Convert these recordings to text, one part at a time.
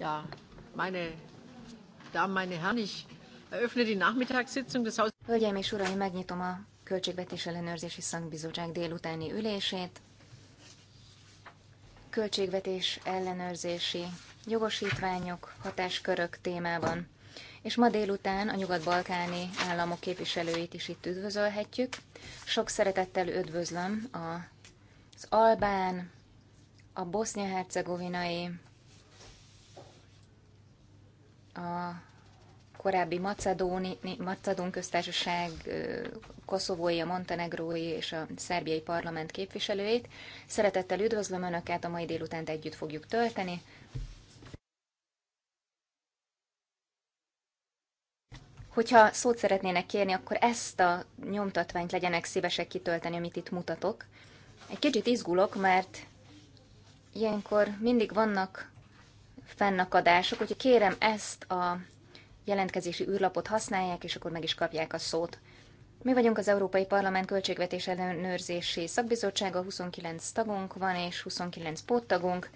Ja, meine Damen, meine Herren, ich eröffne die Nachmittagssitzung des Hölgyeim és uraim, megnyitom a Költségvetés Ellenőrzési Szakbizottság délutáni ülését. Költségvetés ellenőrzési jogosítványok, hatáskörök témában. És ma délután a nyugat-balkáni államok képviselőit is itt üdvözölhetjük. Sok szeretettel üdvözlöm a, az albán, a bosznia-hercegovinai, a korábbi Macedóni, Macedón köztársaság, koszovói, a montenegrói és a szerbiai parlament képviselőit. Szeretettel üdvözlöm Önöket, a mai délutánt együtt fogjuk tölteni. Hogyha szót szeretnének kérni, akkor ezt a nyomtatványt legyenek szívesek kitölteni, amit itt mutatok. Egy kicsit izgulok, mert ilyenkor mindig vannak fennakadások, úgyhogy kérem ezt a jelentkezési űrlapot használják, és akkor meg is kapják a szót. Mi vagyunk az Európai Parlament Költségvetés Ellenőrzési Szakbizottsága, 29 tagunk van, és 29 póttagunk.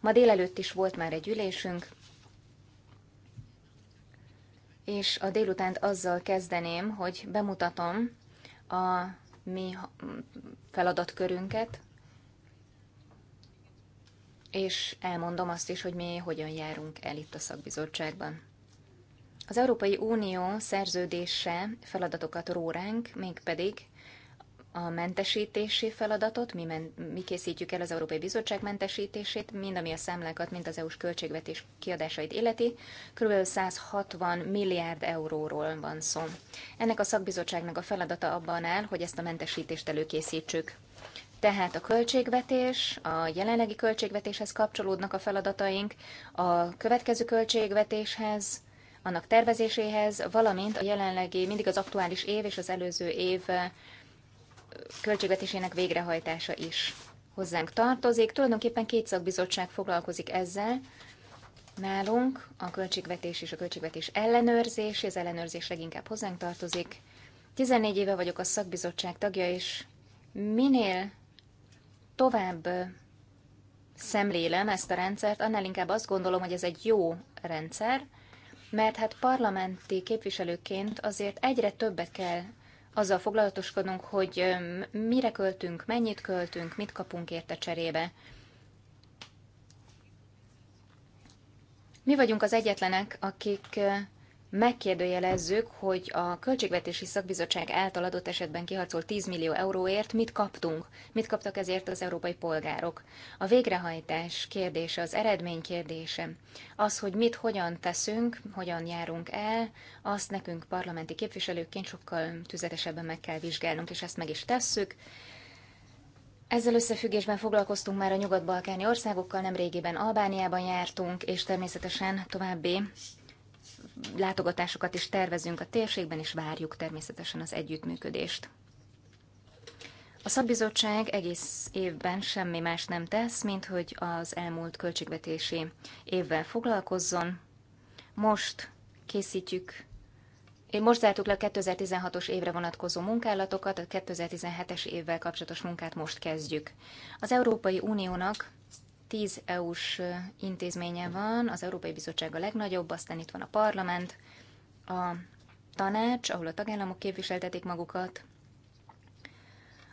Ma délelőtt is volt már egy ülésünk, és a délutánt azzal kezdeném, hogy bemutatom a mi feladatkörünket, és elmondom azt is, hogy mi hogyan járunk el itt a szakbizottságban. Az Európai Unió szerződése feladatokat ró ránk, mégpedig a mentesítési feladatot, mi, men, mi készítjük el az Európai Bizottság mentesítését, mind ami a számlákat, mind az EU-s költségvetés kiadásait életi, kb. 160 milliárd euróról van szó. Ennek a szakbizottságnak a feladata abban áll, hogy ezt a mentesítést előkészítsük. Tehát a költségvetés, a jelenlegi költségvetéshez kapcsolódnak a feladataink, a következő költségvetéshez, annak tervezéséhez, valamint a jelenlegi, mindig az aktuális év és az előző év költségvetésének végrehajtása is hozzánk tartozik. Tulajdonképpen két szakbizottság foglalkozik ezzel, nálunk a költségvetés és a költségvetés ellenőrzés, az ellenőrzés leginkább hozzánk tartozik. 14 éve vagyok a szakbizottság tagja, és minél tovább szemlélem ezt a rendszert, annál inkább azt gondolom, hogy ez egy jó rendszer, mert hát parlamenti képviselőként azért egyre többet kell azzal foglalatoskodunk, hogy mire költünk, mennyit költünk, mit kapunk érte cserébe. Mi vagyunk az egyetlenek, akik megkérdőjelezzük, hogy a Költségvetési Szakbizottság által adott esetben kiharcolt 10 millió euróért mit kaptunk, mit kaptak ezért az európai polgárok. A végrehajtás kérdése, az eredmény kérdése, az, hogy mit hogyan teszünk, hogyan járunk el, azt nekünk parlamenti képviselőként sokkal tüzetesebben meg kell vizsgálnunk, és ezt meg is tesszük. Ezzel összefüggésben foglalkoztunk már a nyugat-balkáni országokkal, nem régiben Albániában jártunk, és természetesen további látogatásokat is tervezünk a térségben, és várjuk természetesen az együttműködést. A szakbizottság egész évben semmi más nem tesz, mint hogy az elmúlt költségvetési évvel foglalkozzon. Most készítjük én most zártuk le a 2016-os évre vonatkozó munkálatokat, a 2017-es évvel kapcsolatos munkát most kezdjük. Az Európai Uniónak tíz EU-s intézménye van, az Európai Bizottság a legnagyobb, aztán itt van a parlament, a tanács, ahol a tagállamok képviseltetik magukat,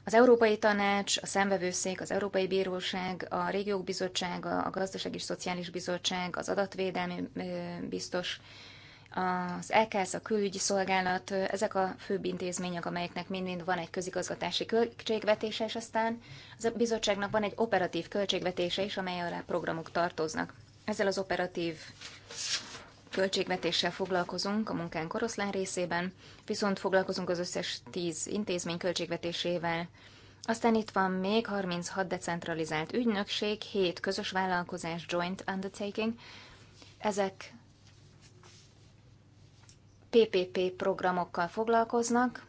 az Európai Tanács, a Szemvevőszék, az Európai Bíróság, a Régiók Bizottsága, a Gazdaság és Szociális Bizottság, az Adatvédelmi Biztos az EKSZ, e a külügyi szolgálat, ezek a főbb intézmények, amelyeknek mind-mind van egy közigazgatási költségvetése, és aztán az a bizottságnak van egy operatív költségvetése is, amely alá programok tartoznak. Ezzel az operatív költségvetéssel foglalkozunk a munkánk oroszlán részében, viszont foglalkozunk az összes 10 intézmény költségvetésével. Aztán itt van még 36 decentralizált ügynökség, 7 közös vállalkozás, joint undertaking. Ezek PPP programokkal foglalkoznak,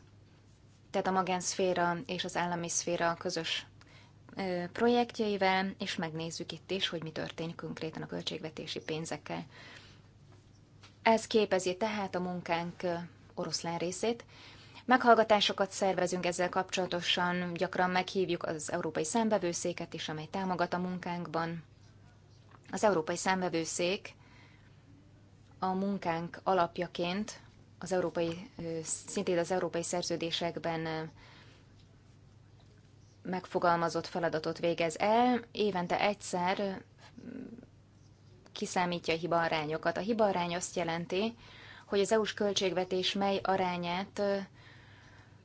tehát a magánszféra és az állami szféra közös projektjeivel, és megnézzük itt is, hogy mi történik konkrétan a költségvetési pénzekkel. Ez képezi tehát a munkánk oroszlán részét. Meghallgatásokat szervezünk ezzel kapcsolatosan, gyakran meghívjuk az Európai Számbevőszéket is, amely támogat a munkánkban. Az Európai Számbevőszék a munkánk alapjaként az európai, szintén az európai szerződésekben megfogalmazott feladatot végez el. Évente egyszer kiszámítja a hibaarányokat. A hibaarány azt jelenti, hogy az EU-s költségvetés mely arányát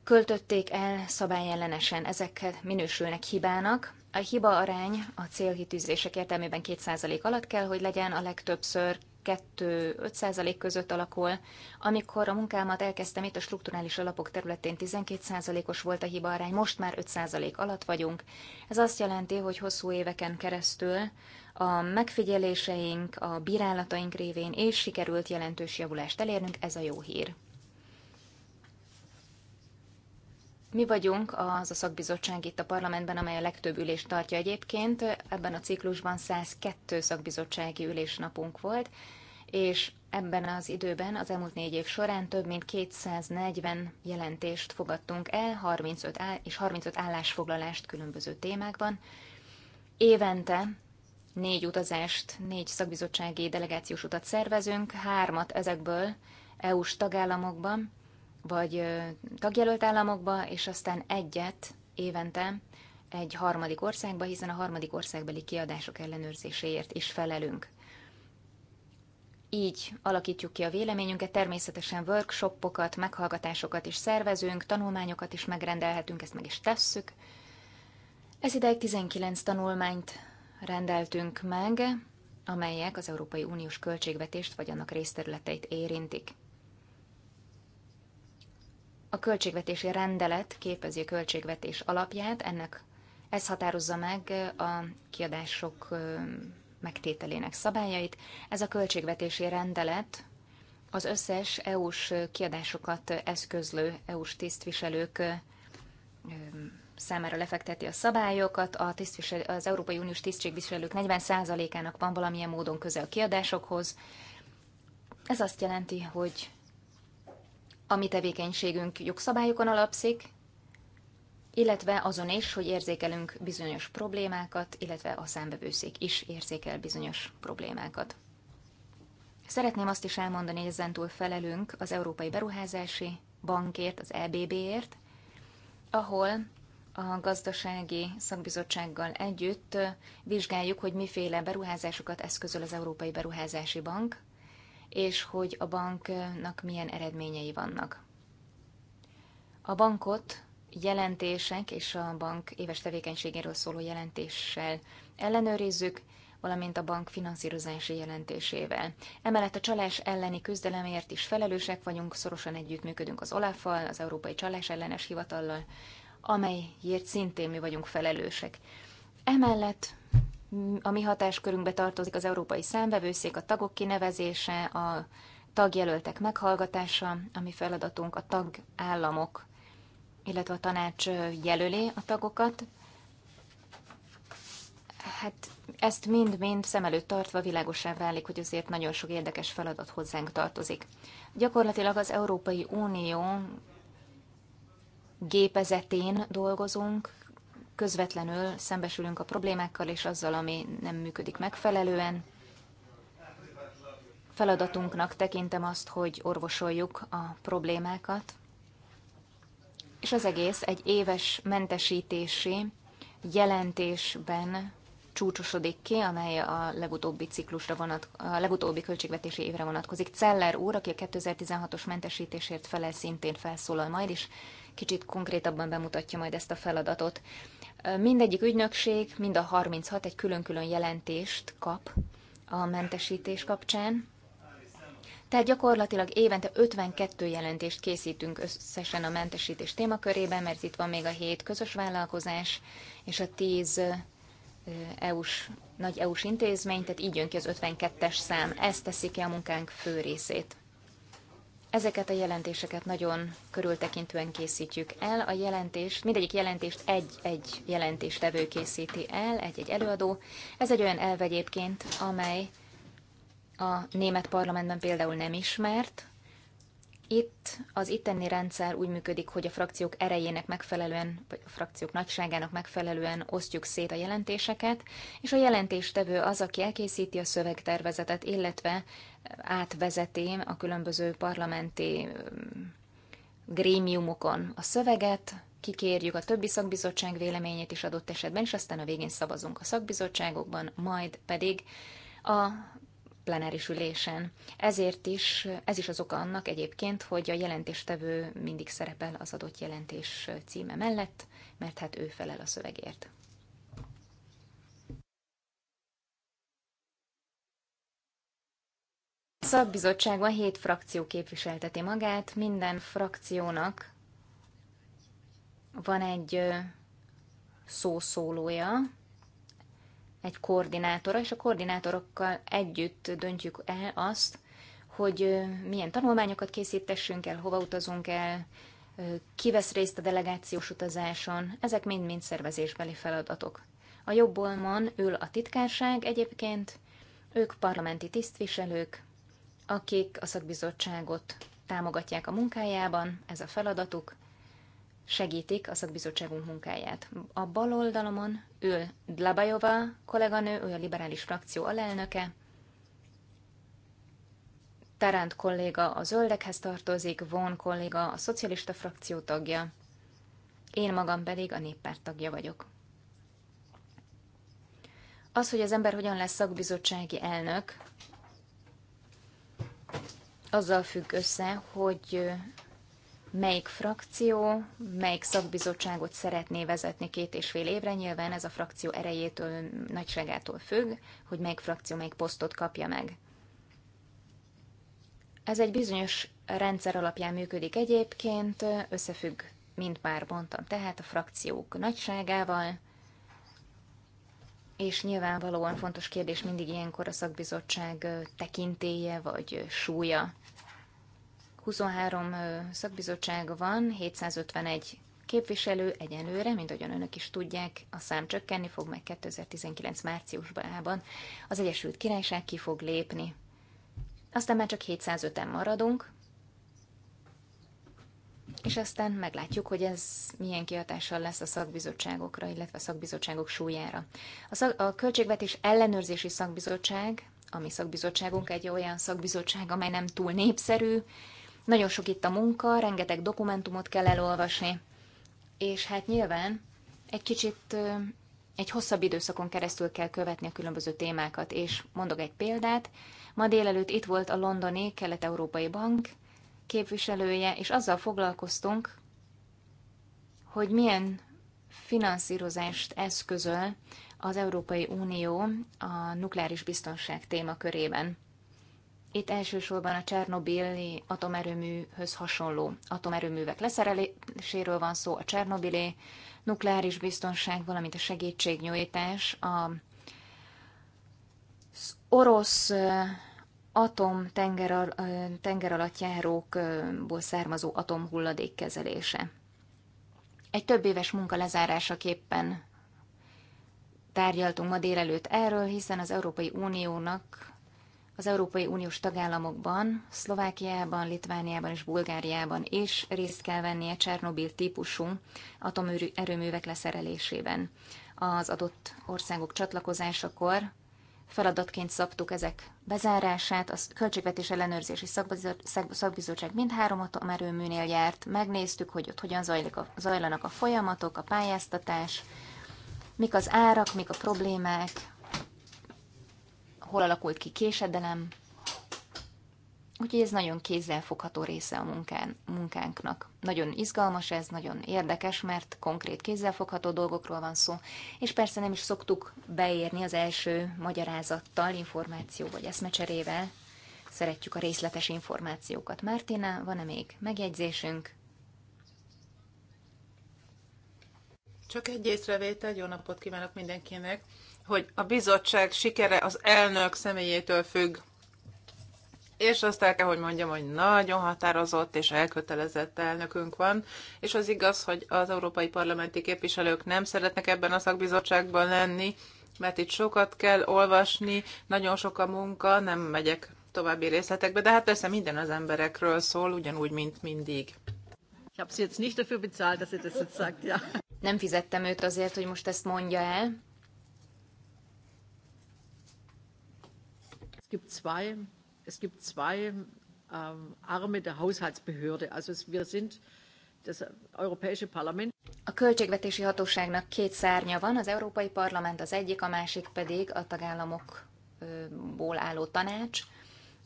költötték el szabályellenesen. Ezek minősülnek hibának. A hiba arány a célhitűzések értelmében 2% alatt kell, hogy legyen, a legtöbbször 2-5% között alakul. Amikor a munkámat elkezdtem itt a strukturális alapok területén 12%-os volt a arány, most már 5% alatt vagyunk. Ez azt jelenti, hogy hosszú éveken keresztül a megfigyeléseink, a bírálataink révén és sikerült jelentős javulást elérnünk, ez a jó hír. Mi vagyunk az a szakbizottság itt a parlamentben, amely a legtöbb ülést tartja egyébként. Ebben a ciklusban 102 szakbizottsági ülésnapunk volt, és ebben az időben, az elmúlt négy év során több mint 240 jelentést fogadtunk el, 35 áll- és 35 állásfoglalást különböző témákban. Évente négy utazást, négy szakbizottsági delegációs utat szervezünk, hármat ezekből EU-s tagállamokban, vagy tagjelölt államokba, és aztán egyet évente egy harmadik országba, hiszen a harmadik országbeli kiadások ellenőrzéséért is felelünk. Így alakítjuk ki a véleményünket, természetesen workshopokat, meghallgatásokat is szervezünk, tanulmányokat is megrendelhetünk, ezt meg is tesszük. Ez ideig 19 tanulmányt rendeltünk meg, amelyek az Európai Uniós költségvetést vagy annak részterületeit érintik a költségvetési rendelet képezi a költségvetés alapját, ennek ez határozza meg a kiadások megtételének szabályait. Ez a költségvetési rendelet az összes EU-s kiadásokat eszközlő EU-s tisztviselők számára lefekteti a szabályokat, a az Európai Uniós tisztségviselők 40%-ának van valamilyen módon köze a kiadásokhoz. Ez azt jelenti, hogy a mi tevékenységünk jogszabályokon alapszik, illetve azon is, hogy érzékelünk bizonyos problémákat, illetve a számbevőszék is érzékel bizonyos problémákat. Szeretném azt is elmondani, hogy ezentúl felelünk az Európai Beruházási Bankért, az EBB-ért, ahol a gazdasági szakbizottsággal együtt vizsgáljuk, hogy miféle beruházásokat eszközöl az Európai Beruházási Bank, és hogy a banknak milyen eredményei vannak. A bankot jelentések és a bank éves tevékenységéről szóló jelentéssel ellenőrizzük, valamint a bank finanszírozási jelentésével. Emellett a csalás elleni küzdelemért is felelősek vagyunk, szorosan együttműködünk az olaf az Európai Csalás Ellenes Hivatallal, amelyért szintén mi vagyunk felelősek. Emellett a mi hatáskörünkbe tartozik az Európai Számbevőszék, a tagok kinevezése, a tagjelöltek meghallgatása, ami feladatunk a tagállamok, illetve a tanács jelölé a tagokat. Hát ezt mind-mind szem előtt tartva világosá válik, hogy azért nagyon sok érdekes feladat hozzánk tartozik. Gyakorlatilag az Európai Unió gépezetén dolgozunk, közvetlenül szembesülünk a problémákkal és azzal, ami nem működik megfelelően. Feladatunknak tekintem azt, hogy orvosoljuk a problémákat, és az egész egy éves mentesítési jelentésben csúcsosodik ki, amely a legutóbbi ciklusra vonat, a legutóbbi költségvetési évre vonatkozik. Celler úr, aki a 2016-os mentesítésért felel, szintén felszólal majd, és kicsit konkrétabban bemutatja majd ezt a feladatot. Mindegyik ügynökség, mind a 36 egy külön-külön jelentést kap a mentesítés kapcsán. Tehát gyakorlatilag évente 52 jelentést készítünk összesen a mentesítés témakörében, mert itt van még a 7 közös vállalkozás és a 10 EU-s, nagy EU-s intézmény, tehát így jön ki az 52-es szám. Ez teszi ki a munkánk fő részét. Ezeket a jelentéseket nagyon körültekintően készítjük el. A jelentés, mindegyik jelentést egy-egy jelentéstevő készíti el, egy-egy előadó. Ez egy olyan elv egyébként, amely a német parlamentben például nem ismert, itt az itteni rendszer úgy működik, hogy a frakciók erejének megfelelően, vagy a frakciók nagyságának megfelelően osztjuk szét a jelentéseket, és a jelentéstevő az, aki elkészíti a szövegtervezetet, illetve eh, átvezeti a különböző parlamenti mm, grémiumokon a szöveget, kikérjük a többi szakbizottság véleményét is adott esetben, és aztán a végén szavazunk a szakbizottságokban, majd pedig a plenáris ülésen. Ezért is, ez is az oka annak egyébként, hogy a jelentéstevő mindig szerepel az adott jelentés címe mellett, mert hát ő felel a szövegért. A szakbizottságban hét frakció képviselteti magát, minden frakciónak van egy szószólója, egy koordinátora, és a koordinátorokkal együtt döntjük el azt, hogy milyen tanulmányokat készítessünk el, hova utazunk el, ki vesz részt a delegációs utazáson, ezek mind-mind szervezésbeli feladatok. A jobb oldalon ül a titkárság egyébként, ők parlamenti tisztviselők, akik a szakbizottságot támogatják a munkájában, ez a feladatuk, segítik a szakbizottságunk munkáját. A bal oldalomon ül Dlabajova kolléganő, ő a liberális frakció alelnöke, Taránt kolléga a zöldekhez tartozik, Von kolléga a szocialista frakció tagja, én magam pedig a néppárt tagja vagyok. Az, hogy az ember hogyan lesz szakbizottsági elnök, azzal függ össze, hogy melyik frakció, melyik szakbizottságot szeretné vezetni két és fél évre. Nyilván ez a frakció erejétől, nagyságától függ, hogy melyik frakció melyik posztot kapja meg. Ez egy bizonyos rendszer alapján működik egyébként, összefügg, mint már mondtam, tehát a frakciók nagyságával, és nyilvánvalóan fontos kérdés mindig ilyenkor a szakbizottság tekintéje vagy súlya. 23 szakbizottsága van, 751 képviselő egyenlőre, mint ahogyan önök is tudják, a szám csökkenni fog meg 2019 márciusban. Az Egyesült Királyság ki fog lépni. Aztán már csak 705-en maradunk, és aztán meglátjuk, hogy ez milyen kihatással lesz a szakbizottságokra, illetve a szakbizottságok súlyára. A, szak, a Költségvetés Ellenőrzési Szakbizottság, ami szakbizottságunk egy olyan szakbizottság, amely nem túl népszerű, nagyon sok itt a munka, rengeteg dokumentumot kell elolvasni, és hát nyilván egy kicsit egy hosszabb időszakon keresztül kell követni a különböző témákat, és mondok egy példát. Ma délelőtt itt volt a londoni Kelet-Európai Bank képviselője, és azzal foglalkoztunk, hogy milyen finanszírozást eszközöl az Európai Unió a nukleáris biztonság témakörében. Itt elsősorban a Csernobili atomerőműhöz hasonló atomerőművek leszereléséről van szó, a Csernobili nukleáris biztonság, valamint a segítségnyújtás, a orosz atom tenger, tenger alatt járókból származó atomhulladék kezelése. Egy több éves munka lezárásaképpen tárgyaltunk ma délelőtt erről, hiszen az Európai Uniónak az Európai Uniós tagállamokban, Szlovákiában, Litvániában és Bulgáriában is részt kell vennie Csernobil típusú atomerőművek leszerelésében. Az adott országok csatlakozásakor feladatként szabtuk ezek bezárását, a Költségvetés Ellenőrzési Szakbizottság mindhárom atomerőműnél járt, megnéztük, hogy ott hogyan zajlik a, zajlanak a folyamatok, a pályáztatás, mik az árak, mik a problémák, hol alakult ki késedelem. Úgyhogy ez nagyon kézzelfogható része a munkán, munkánknak. Nagyon izgalmas ez, nagyon érdekes, mert konkrét kézzelfogható dolgokról van szó, és persze nem is szoktuk beérni az első magyarázattal, információ vagy eszmecserével. Szeretjük a részletes információkat. Mártina, van-e még megjegyzésünk? Csak egy észrevétel, jó napot kívánok mindenkinek! hogy a bizottság sikere az elnök személyétől függ. És azt el kell, hogy mondjam, hogy nagyon határozott és elkötelezett elnökünk van, és az igaz, hogy az európai parlamenti képviselők nem szeretnek ebben a szakbizottságban lenni, mert itt sokat kell olvasni, nagyon sok a munka, nem megyek további részletekbe, de hát persze minden az emberekről szól, ugyanúgy, mint mindig. Nem fizettem őt azért, hogy most ezt mondja el. gibt zwei, es gibt zwei ähm, Arme der Haushaltsbehörde. Also es, wir sind das Europäische Parlament. A költségvetési hatóságnak két szárnya van, az Európai Parlament az egyik, a másik pedig a tagállamokból álló tanács.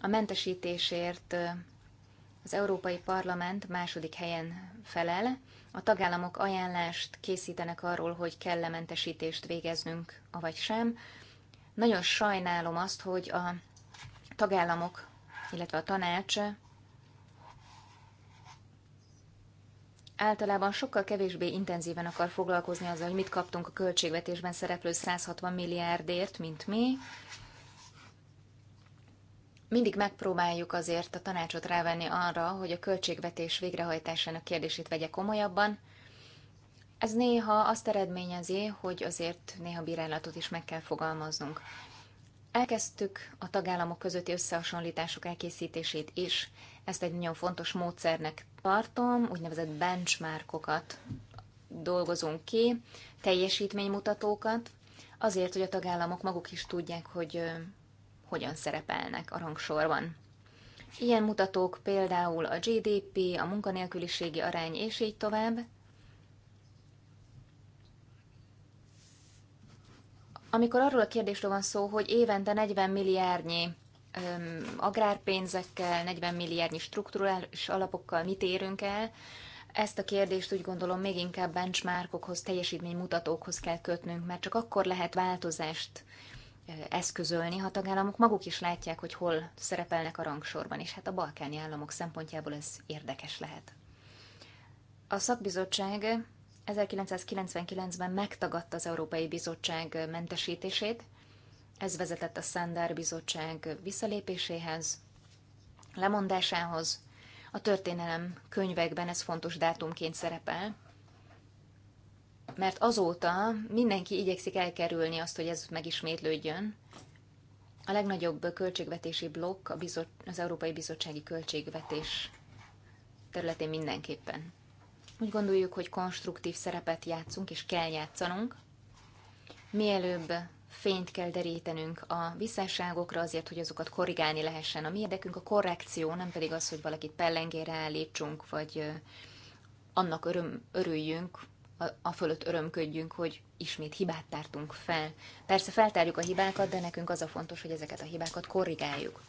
A mentesítésért az Európai Parlament második helyen felel. A tagállamok ajánlást készítenek arról, hogy kell-e mentesítést végeznünk, avagy sem. Nagyon sajnálom azt, hogy a tagállamok, illetve a tanács általában sokkal kevésbé intenzíven akar foglalkozni azzal, hogy mit kaptunk a költségvetésben szereplő 160 milliárdért, mint mi. Mindig megpróbáljuk azért a tanácsot rávenni arra, hogy a költségvetés végrehajtásának kérdését vegye komolyabban. Ez néha azt eredményezi, hogy azért néha bírálatot is meg kell fogalmaznunk. Elkezdtük a tagállamok közötti összehasonlítások elkészítését is. Ezt egy nagyon fontos módszernek tartom, úgynevezett benchmarkokat dolgozunk ki, teljesítménymutatókat, azért, hogy a tagállamok maguk is tudják, hogy hogyan szerepelnek a rangsorban. Ilyen mutatók például a GDP, a munkanélküliségi arány és így tovább, amikor arról a kérdésről van szó, hogy évente 40 milliárdnyi öm, agrárpénzekkel, 40 milliárdnyi strukturális alapokkal mit érünk el, ezt a kérdést úgy gondolom még inkább benchmarkokhoz, teljesítménymutatókhoz kell kötnünk, mert csak akkor lehet változást eszközölni, ha tagállamok maguk is látják, hogy hol szerepelnek a rangsorban, és hát a balkáni államok szempontjából ez érdekes lehet. A szakbizottság 1999-ben megtagadta az Európai Bizottság mentesítését, ez vezetett a Szándár Bizottság visszalépéséhez, lemondásához. A történelem könyvekben ez fontos dátumként szerepel, mert azóta mindenki igyekszik elkerülni azt, hogy ez megismétlődjön. A legnagyobb költségvetési blokk a bizot, az Európai Bizottsági Költségvetés területén mindenképpen. Úgy gondoljuk, hogy konstruktív szerepet játszunk, és kell játszanunk. Mielőbb fényt kell derítenünk a visszáságokra azért, hogy azokat korrigálni lehessen. A mi érdekünk a korrekció, nem pedig az, hogy valakit pellengére állítsunk, vagy annak öröm, örüljünk, a, a fölött örömködjünk, hogy ismét hibát tártunk fel. Persze feltárjuk a hibákat, de nekünk az a fontos, hogy ezeket a hibákat korrigáljuk.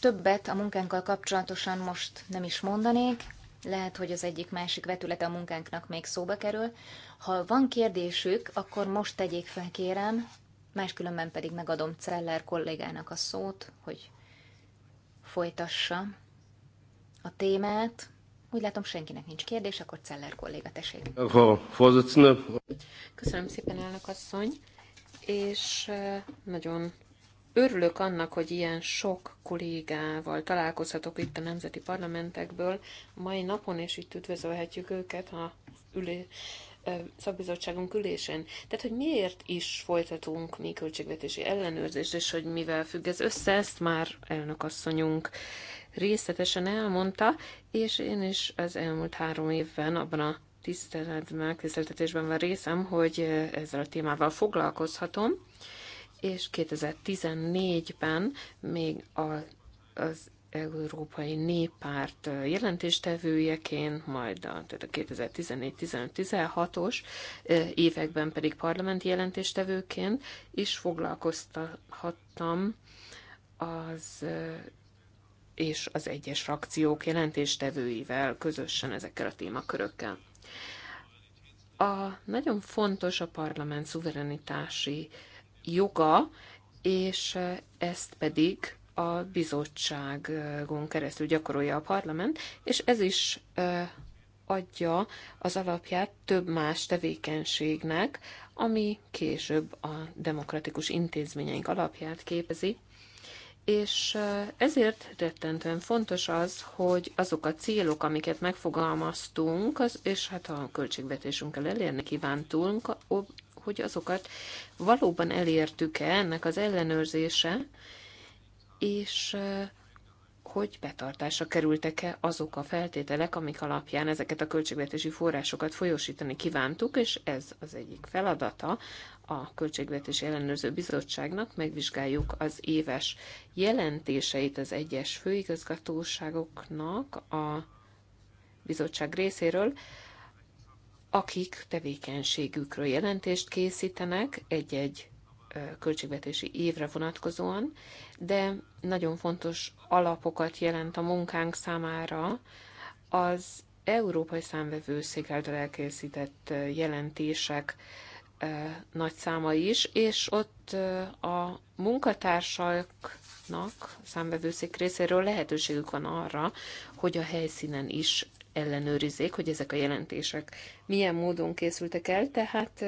Többet a munkánkkal kapcsolatosan most nem is mondanék, lehet, hogy az egyik másik vetülete a munkánknak még szóba kerül. Ha van kérdésük, akkor most tegyék fel, kérem, máskülönben pedig megadom Celler kollégának a szót, hogy folytassa a témát. Úgy látom, senkinek nincs kérdés, akkor Celler kolléga, tessék. Köszönöm szépen, elnök asszony, és nagyon örülök annak, hogy ilyen sok kollégával találkozhatok itt a nemzeti parlamentekből mai napon, és itt üdvözölhetjük őket a ülé, szakbizottságunk ülésén. Tehát, hogy miért is folytatunk mi költségvetési ellenőrzést, és hogy mivel függ ez össze, ezt már elnökasszonyunk részletesen elmondta, és én is az elmúlt három évben abban a tiszteletben, tiszteltetésben van részem, hogy ezzel a témával foglalkozhatom és 2014-ben még a, az Európai Néppárt jelentéstevőjeként, majd a, tehát a 2014-16-os években pedig parlamenti jelentéstevőként is foglalkoztathattam az és az egyes frakciók jelentéstevőivel közösen ezekkel a témakörökkel. A, nagyon fontos a parlament szuverenitási joga, és ezt pedig a bizottságon keresztül gyakorolja a parlament, és ez is adja az alapját több más tevékenységnek, ami később a demokratikus intézményeink alapját képezi. És ezért rettentően fontos az, hogy azok a célok, amiket megfogalmaztunk, az, és hát a költségvetésünkkel elérni kívántunk, hogy azokat valóban elértük-e ennek az ellenőrzése, és hogy betartásra kerültek-e azok a feltételek, amik alapján ezeket a költségvetési forrásokat folyósítani kívántuk, és ez az egyik feladata a Költségvetési Ellenőrző Bizottságnak. Megvizsgáljuk az éves jelentéseit az egyes főigazgatóságoknak a bizottság részéről, akik tevékenységükről jelentést készítenek egy-egy költségvetési évre vonatkozóan, de nagyon fontos alapokat jelent a munkánk számára az Európai Számvevőszék által elkészített jelentések nagy száma is, és ott a munkatársaknak számvevőszék részéről lehetőségük van arra, hogy a helyszínen is ellenőrizzék, hogy ezek a jelentések milyen módon készültek el, tehát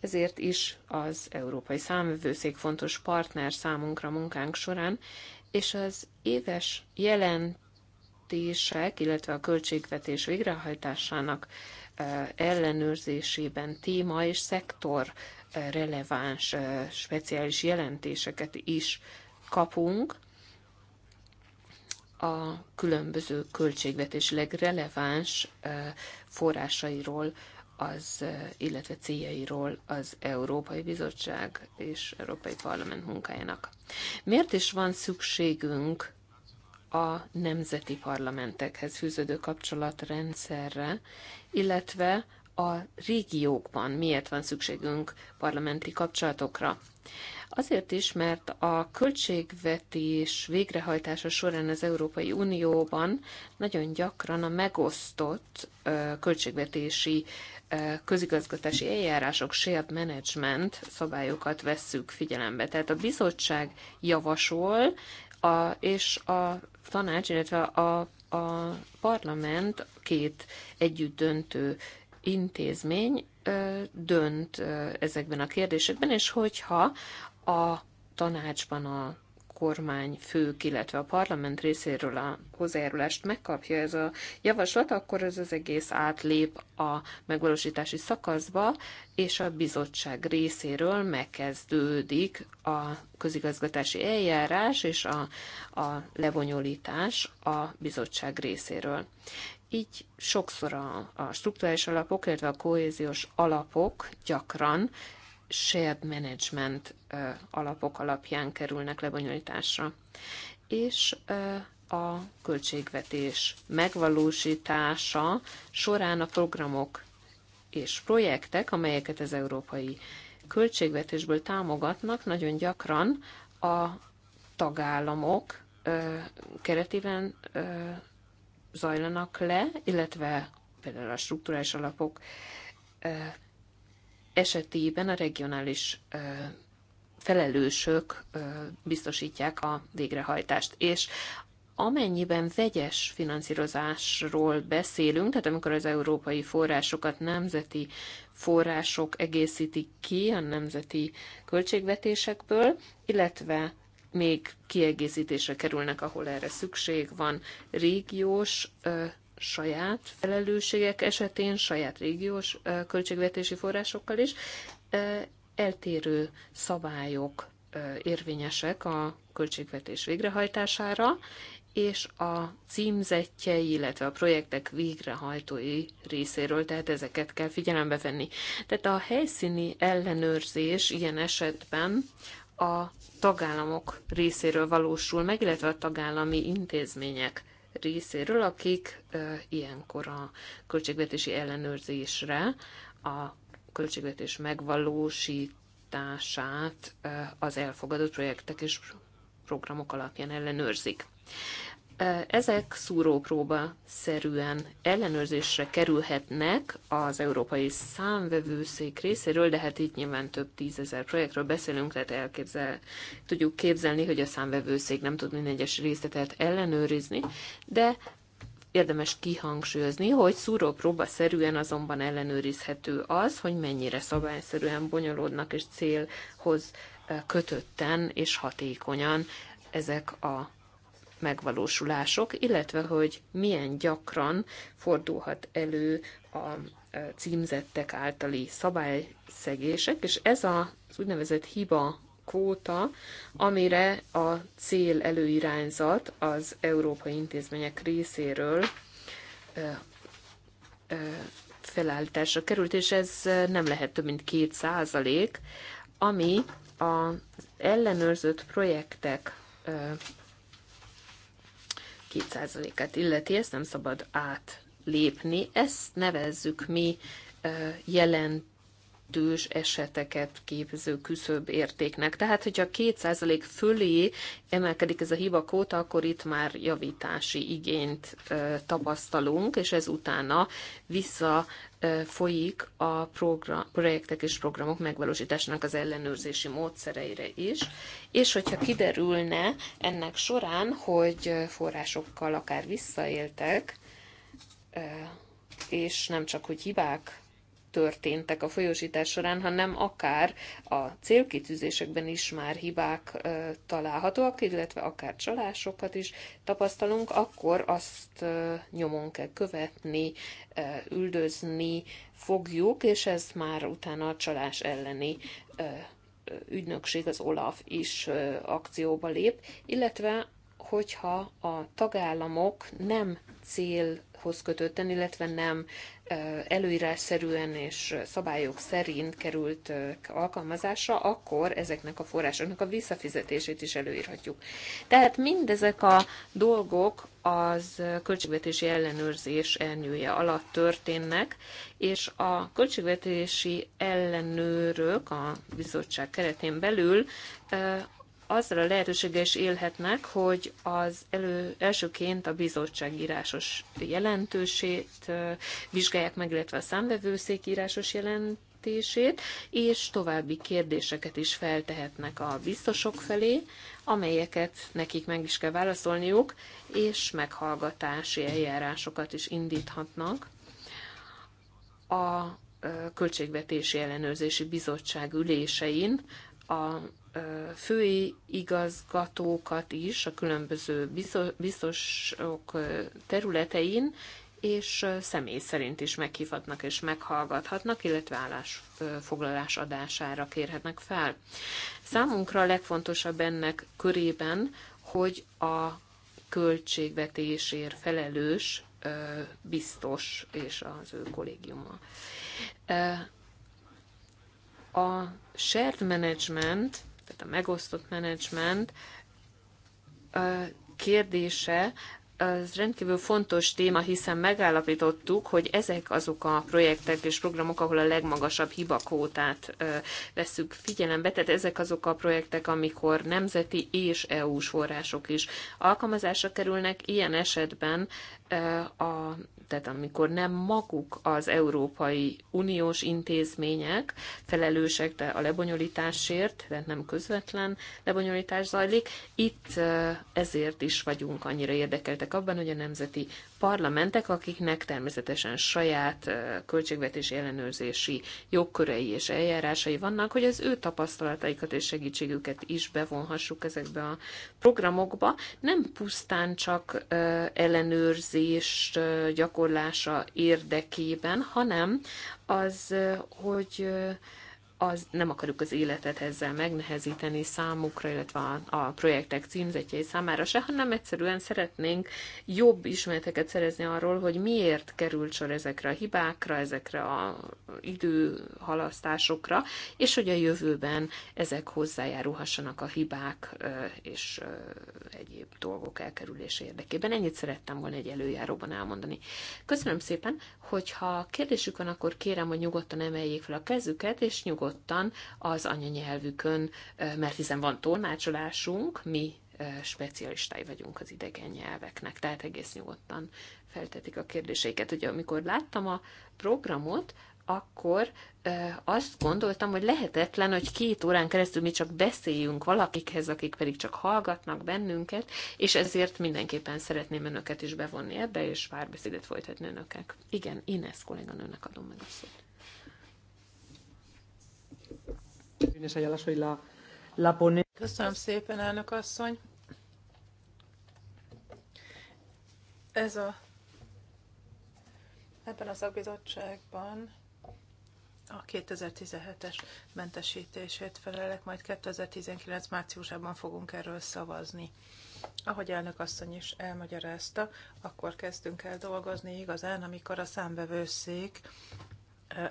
ezért is az Európai Számvevőszék fontos partner számunkra munkánk során, és az éves jelentések, illetve a költségvetés végrehajtásának ellenőrzésében téma és szektor releváns speciális jelentéseket is kapunk, a különböző költségvetésileg releváns forrásairól az, illetve céljairól az Európai Bizottság és Európai Parlament munkájának. Miért is van szükségünk a nemzeti parlamentekhez fűződő kapcsolatrendszerre, illetve a régiókban miért van szükségünk parlamenti kapcsolatokra? Azért is, mert a költségvetés végrehajtása során az Európai Unióban nagyon gyakran a megosztott költségvetési közigazgatási eljárások, shared management szabályokat vesszük figyelembe. Tehát a bizottság javasol, a, és a tanács, illetve a, a parlament két együtt döntő intézmény dönt ezekben a kérdésekben, és hogyha a tanácsban a kormány fők, illetve a parlament részéről a hozzájárulást megkapja ez a javaslat, akkor ez az egész átlép a megvalósítási szakaszba, és a bizottság részéről megkezdődik a közigazgatási eljárás és a, a levonyolítás a bizottság részéről. Így sokszor a, a struktúrális alapok, illetve a kohéziós alapok gyakran shared management alapok alapján kerülnek lebonyolításra. És a költségvetés megvalósítása során a programok és projektek, amelyeket az európai költségvetésből támogatnak, nagyon gyakran a tagállamok keretében zajlanak le, illetve például a struktúrás alapok esetében a regionális felelősök biztosítják a végrehajtást. És amennyiben vegyes finanszírozásról beszélünk, tehát amikor az európai forrásokat nemzeti források egészítik ki a nemzeti költségvetésekből, illetve még kiegészítésre kerülnek, ahol erre szükség van, régiós saját felelősségek esetén, saját régiós költségvetési forrásokkal is eltérő szabályok érvényesek a költségvetés végrehajtására, és a címzetjei, illetve a projektek végrehajtói részéről, tehát ezeket kell figyelembe venni. Tehát a helyszíni ellenőrzés ilyen esetben a tagállamok részéről valósul meg, illetve a tagállami intézmények részéről, akik ilyenkor a költségvetési ellenőrzésre a költségvetés megvalósítását az elfogadott projektek és programok alapján ellenőrzik. Ezek szúrópróba szerűen ellenőrzésre kerülhetnek az Európai Számvevőszék részéről, de hát itt nyilván több tízezer projektről beszélünk, tehát elképzel, tudjuk képzelni, hogy a számvevőszék nem tud minden egyes részletet ellenőrizni, de érdemes kihangsúlyozni, hogy szúrópróba szerűen azonban ellenőrizhető az, hogy mennyire szabályszerűen bonyolódnak és célhoz kötötten és hatékonyan ezek a megvalósulások, illetve hogy milyen gyakran fordulhat elő a e, címzettek általi szabályszegések, és ez az úgynevezett hiba kvóta, amire a cél előirányzat az európai intézmények részéről e, e, felállításra került, és ez nem lehet több mint két százalék, ami az ellenőrzött projektek 2%-át illeti, ezt nem szabad átlépni. Ezt nevezzük mi jelent kettős eseteket képző küszöbb értéknek. Tehát, hogyha 2% fölé emelkedik ez a hiba kóta, akkor itt már javítási igényt tapasztalunk, és ez utána vissza folyik a program, projektek és programok megvalósításának az ellenőrzési módszereire is, és hogyha kiderülne ennek során, hogy forrásokkal akár visszaéltek, és nem csak, hogy hibák történtek a folyósítás során, hanem akár a célkitűzésekben is már hibák találhatóak, illetve akár csalásokat is tapasztalunk, akkor azt nyomon kell követni, üldözni fogjuk, és ez már utána a csalás elleni ügynökség, az OLAF is akcióba lép, illetve hogyha a tagállamok nem célhoz kötötten, illetve nem előírásszerűen és szabályok szerint került alkalmazásra, akkor ezeknek a forrásoknak a visszafizetését is előírhatjuk. Tehát mindezek a dolgok az költségvetési ellenőrzés elnyője alatt történnek, és a költségvetési ellenőrök a bizottság keretén belül azzal a lehetőséggel is élhetnek, hogy az elő, elsőként a bizottság írásos jelentősét vizsgálják meg, illetve a számvevőszék írásos jelentését, és további kérdéseket is feltehetnek a biztosok felé, amelyeket nekik meg is kell válaszolniuk, és meghallgatási eljárásokat is indíthatnak. A Költségvetési Ellenőrzési Bizottság ülésein a fői igazgatókat is a különböző biztosok területein, és személy szerint is meghívhatnak és meghallgathatnak, illetve állásfoglalás adására kérhetnek fel. Számunkra a legfontosabb ennek körében, hogy a költségvetésért felelős biztos és az ő kollégiuma. A shared management, tehát a megosztott management kérdése ez rendkívül fontos téma, hiszen megállapítottuk, hogy ezek azok a projektek és programok, ahol a legmagasabb hibakótát veszük figyelembe, tehát ezek azok a projektek, amikor nemzeti és EU-s források is alkalmazásra kerülnek. Ilyen esetben a, tehát amikor nem maguk az Európai Uniós intézmények felelősek de a lebonyolításért, tehát nem közvetlen lebonyolítás zajlik, itt ezért is vagyunk annyira érdekeltek abban, hogy a nemzeti parlamentek, akiknek természetesen saját költségvetési ellenőrzési jogkörei és eljárásai vannak, hogy az ő tapasztalataikat és segítségüket is bevonhassuk ezekbe a programokba. Nem pusztán csak ellenőrzés gyakorlása érdekében, hanem az, hogy az nem akarjuk az életet ezzel megnehezíteni számukra, illetve a, a projektek címzetjei számára se, hanem egyszerűen szeretnénk jobb ismereteket szerezni arról, hogy miért került sor ezekre a hibákra, ezekre a időhalasztásokra, és hogy a jövőben ezek hozzájárulhassanak a hibák és egyéb dolgok elkerülése érdekében. Ennyit szerettem volna egy előjáróban elmondani. Köszönöm szépen, hogyha kérdésük van, akkor kérem, hogy nyugodtan emeljék fel a kezüket, és nyugodtan nyugodtan az anyanyelvükön, mert hiszen van tolmácsolásunk, mi specialistái vagyunk az idegen nyelveknek, tehát egész nyugodtan feltetik a kérdéseiket. Ugye amikor láttam a programot, akkor ö, azt gondoltam, hogy lehetetlen, hogy két órán keresztül mi csak beszéljünk valakikhez, akik pedig csak hallgatnak bennünket, és ezért mindenképpen szeretném önöket is bevonni ebbe, és párbeszédet folytatni önöknek. Igen, Ines kolléganőnek adom meg a szót. Köszönöm szépen, elnök asszony. Ez a ebben a szakbizottságban a 2017-es mentesítését felelek, majd 2019 márciusában fogunk erről szavazni. Ahogy elnök asszony is elmagyarázta, akkor kezdtünk el dolgozni igazán, amikor a számbevőszék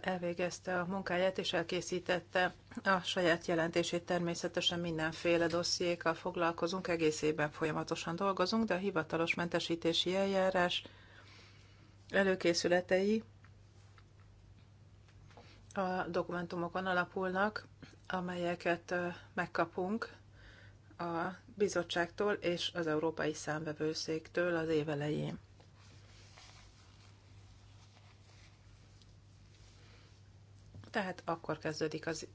elvégezte a munkáját és elkészítette a saját jelentését. Természetesen mindenféle dossziékkal foglalkozunk, egész évben folyamatosan dolgozunk, de a hivatalos mentesítési eljárás előkészületei a dokumentumokon alapulnak, amelyeket megkapunk a bizottságtól és az Európai Számvevőszéktől az évelején. Tehát akkor kezdődik az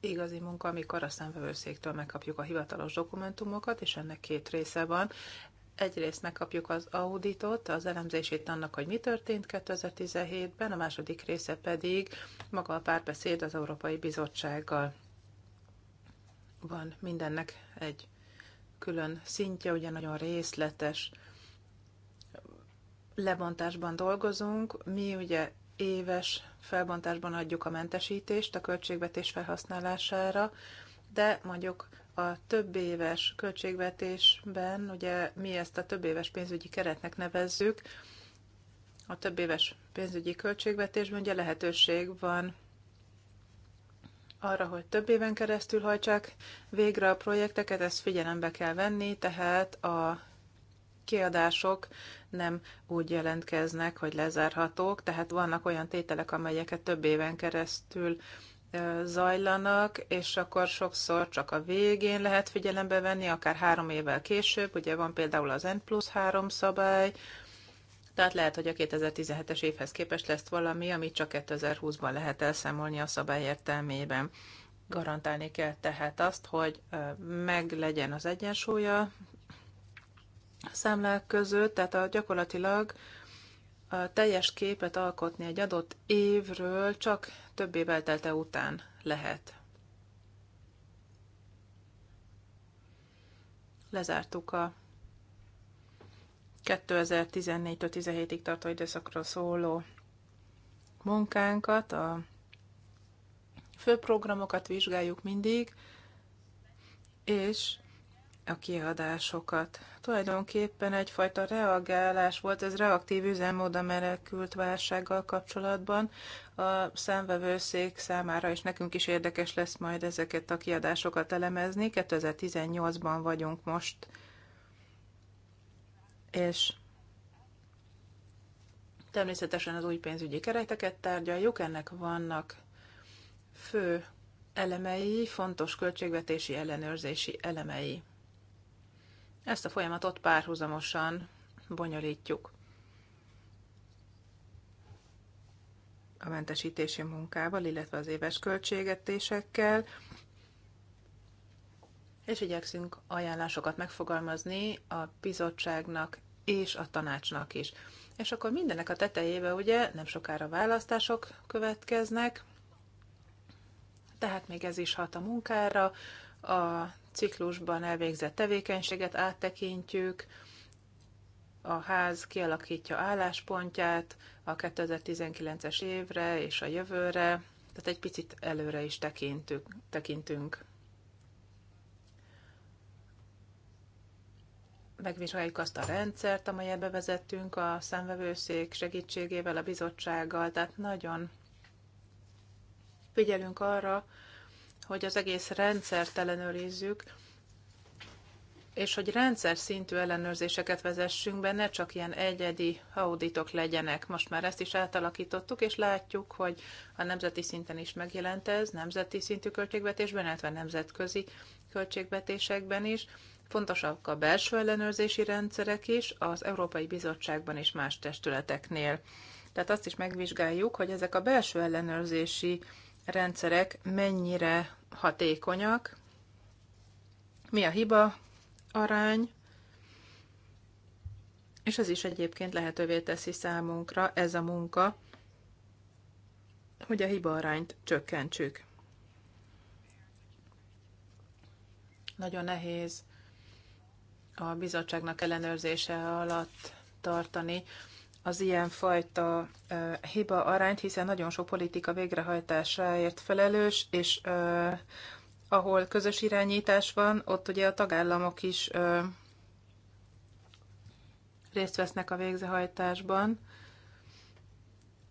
igazi munka, amikor a szemvevőszéktől megkapjuk a hivatalos dokumentumokat, és ennek két része van. Egyrészt megkapjuk az auditot, az elemzését annak, hogy mi történt 2017-ben, a második része pedig maga a párbeszéd az Európai Bizottsággal. Van mindennek egy külön szintje, ugye nagyon részletes lebontásban dolgozunk. Mi ugye éves felbontásban adjuk a mentesítést a költségvetés felhasználására, de mondjuk a több éves költségvetésben, ugye mi ezt a több éves pénzügyi keretnek nevezzük, a több éves pénzügyi költségvetésben ugye lehetőség van arra, hogy több éven keresztül hajtsák végre a projekteket, ezt figyelembe kell venni, tehát a kiadások nem úgy jelentkeznek, hogy lezárhatók, tehát vannak olyan tételek, amelyeket több éven keresztül zajlanak, és akkor sokszor csak a végén lehet figyelembe venni, akár három évvel később, ugye van például az N plusz három szabály, tehát lehet, hogy a 2017-es évhez képest lesz valami, amit csak 2020-ban lehet elszámolni a szabály értelmében. Garantálni kell tehát azt, hogy meg legyen az egyensúlya számlák között, tehát a, gyakorlatilag a teljes képet alkotni egy adott évről csak több év eltelte után lehet. Lezártuk a 2014-17-ig tartó időszakra szóló munkánkat, a főprogramokat vizsgáljuk mindig, és a kiadásokat. Tulajdonképpen egyfajta reagálás volt, ez reaktív üzemmód a menekült válsággal kapcsolatban. A szemvevőszék számára is nekünk is érdekes lesz majd ezeket a kiadásokat elemezni. 2018-ban vagyunk most, és természetesen az új pénzügyi kereteket tárgyaljuk, ennek vannak fő elemei, fontos költségvetési ellenőrzési elemei. Ezt a folyamatot párhuzamosan bonyolítjuk a mentesítési munkával, illetve az éves költségetésekkel, és igyekszünk ajánlásokat megfogalmazni a bizottságnak és a tanácsnak is. És akkor mindenek a tetejébe ugye nem sokára választások következnek, tehát még ez is hat a munkára, a ciklusban elvégzett tevékenységet áttekintjük, a ház kialakítja álláspontját a 2019-es évre és a jövőre, tehát egy picit előre is tekintünk. tekintünk. Megvizsgáljuk azt a rendszert, amelyet bevezettünk a számvevőszék segítségével, a bizottsággal, tehát nagyon figyelünk arra, hogy az egész rendszert ellenőrizzük, és hogy rendszer szintű ellenőrzéseket vezessünk be, ne csak ilyen egyedi auditok legyenek. Most már ezt is átalakítottuk, és látjuk, hogy a nemzeti szinten is megjelent ez, nemzeti szintű költségvetésben, illetve nemzetközi költségvetésekben is. Fontosak a belső ellenőrzési rendszerek is, az Európai Bizottságban és más testületeknél. Tehát azt is megvizsgáljuk, hogy ezek a belső ellenőrzési rendszerek mennyire hatékonyak, mi a hiba arány, és ez is egyébként lehetővé teszi számunkra ez a munka, hogy a hiba arányt csökkentsük. Nagyon nehéz a bizottságnak ellenőrzése alatt tartani az ilyenfajta hiba arányt, hiszen nagyon sok politika végrehajtásáért felelős, és ahol közös irányítás van, ott ugye a tagállamok is részt vesznek a végzehajtásban,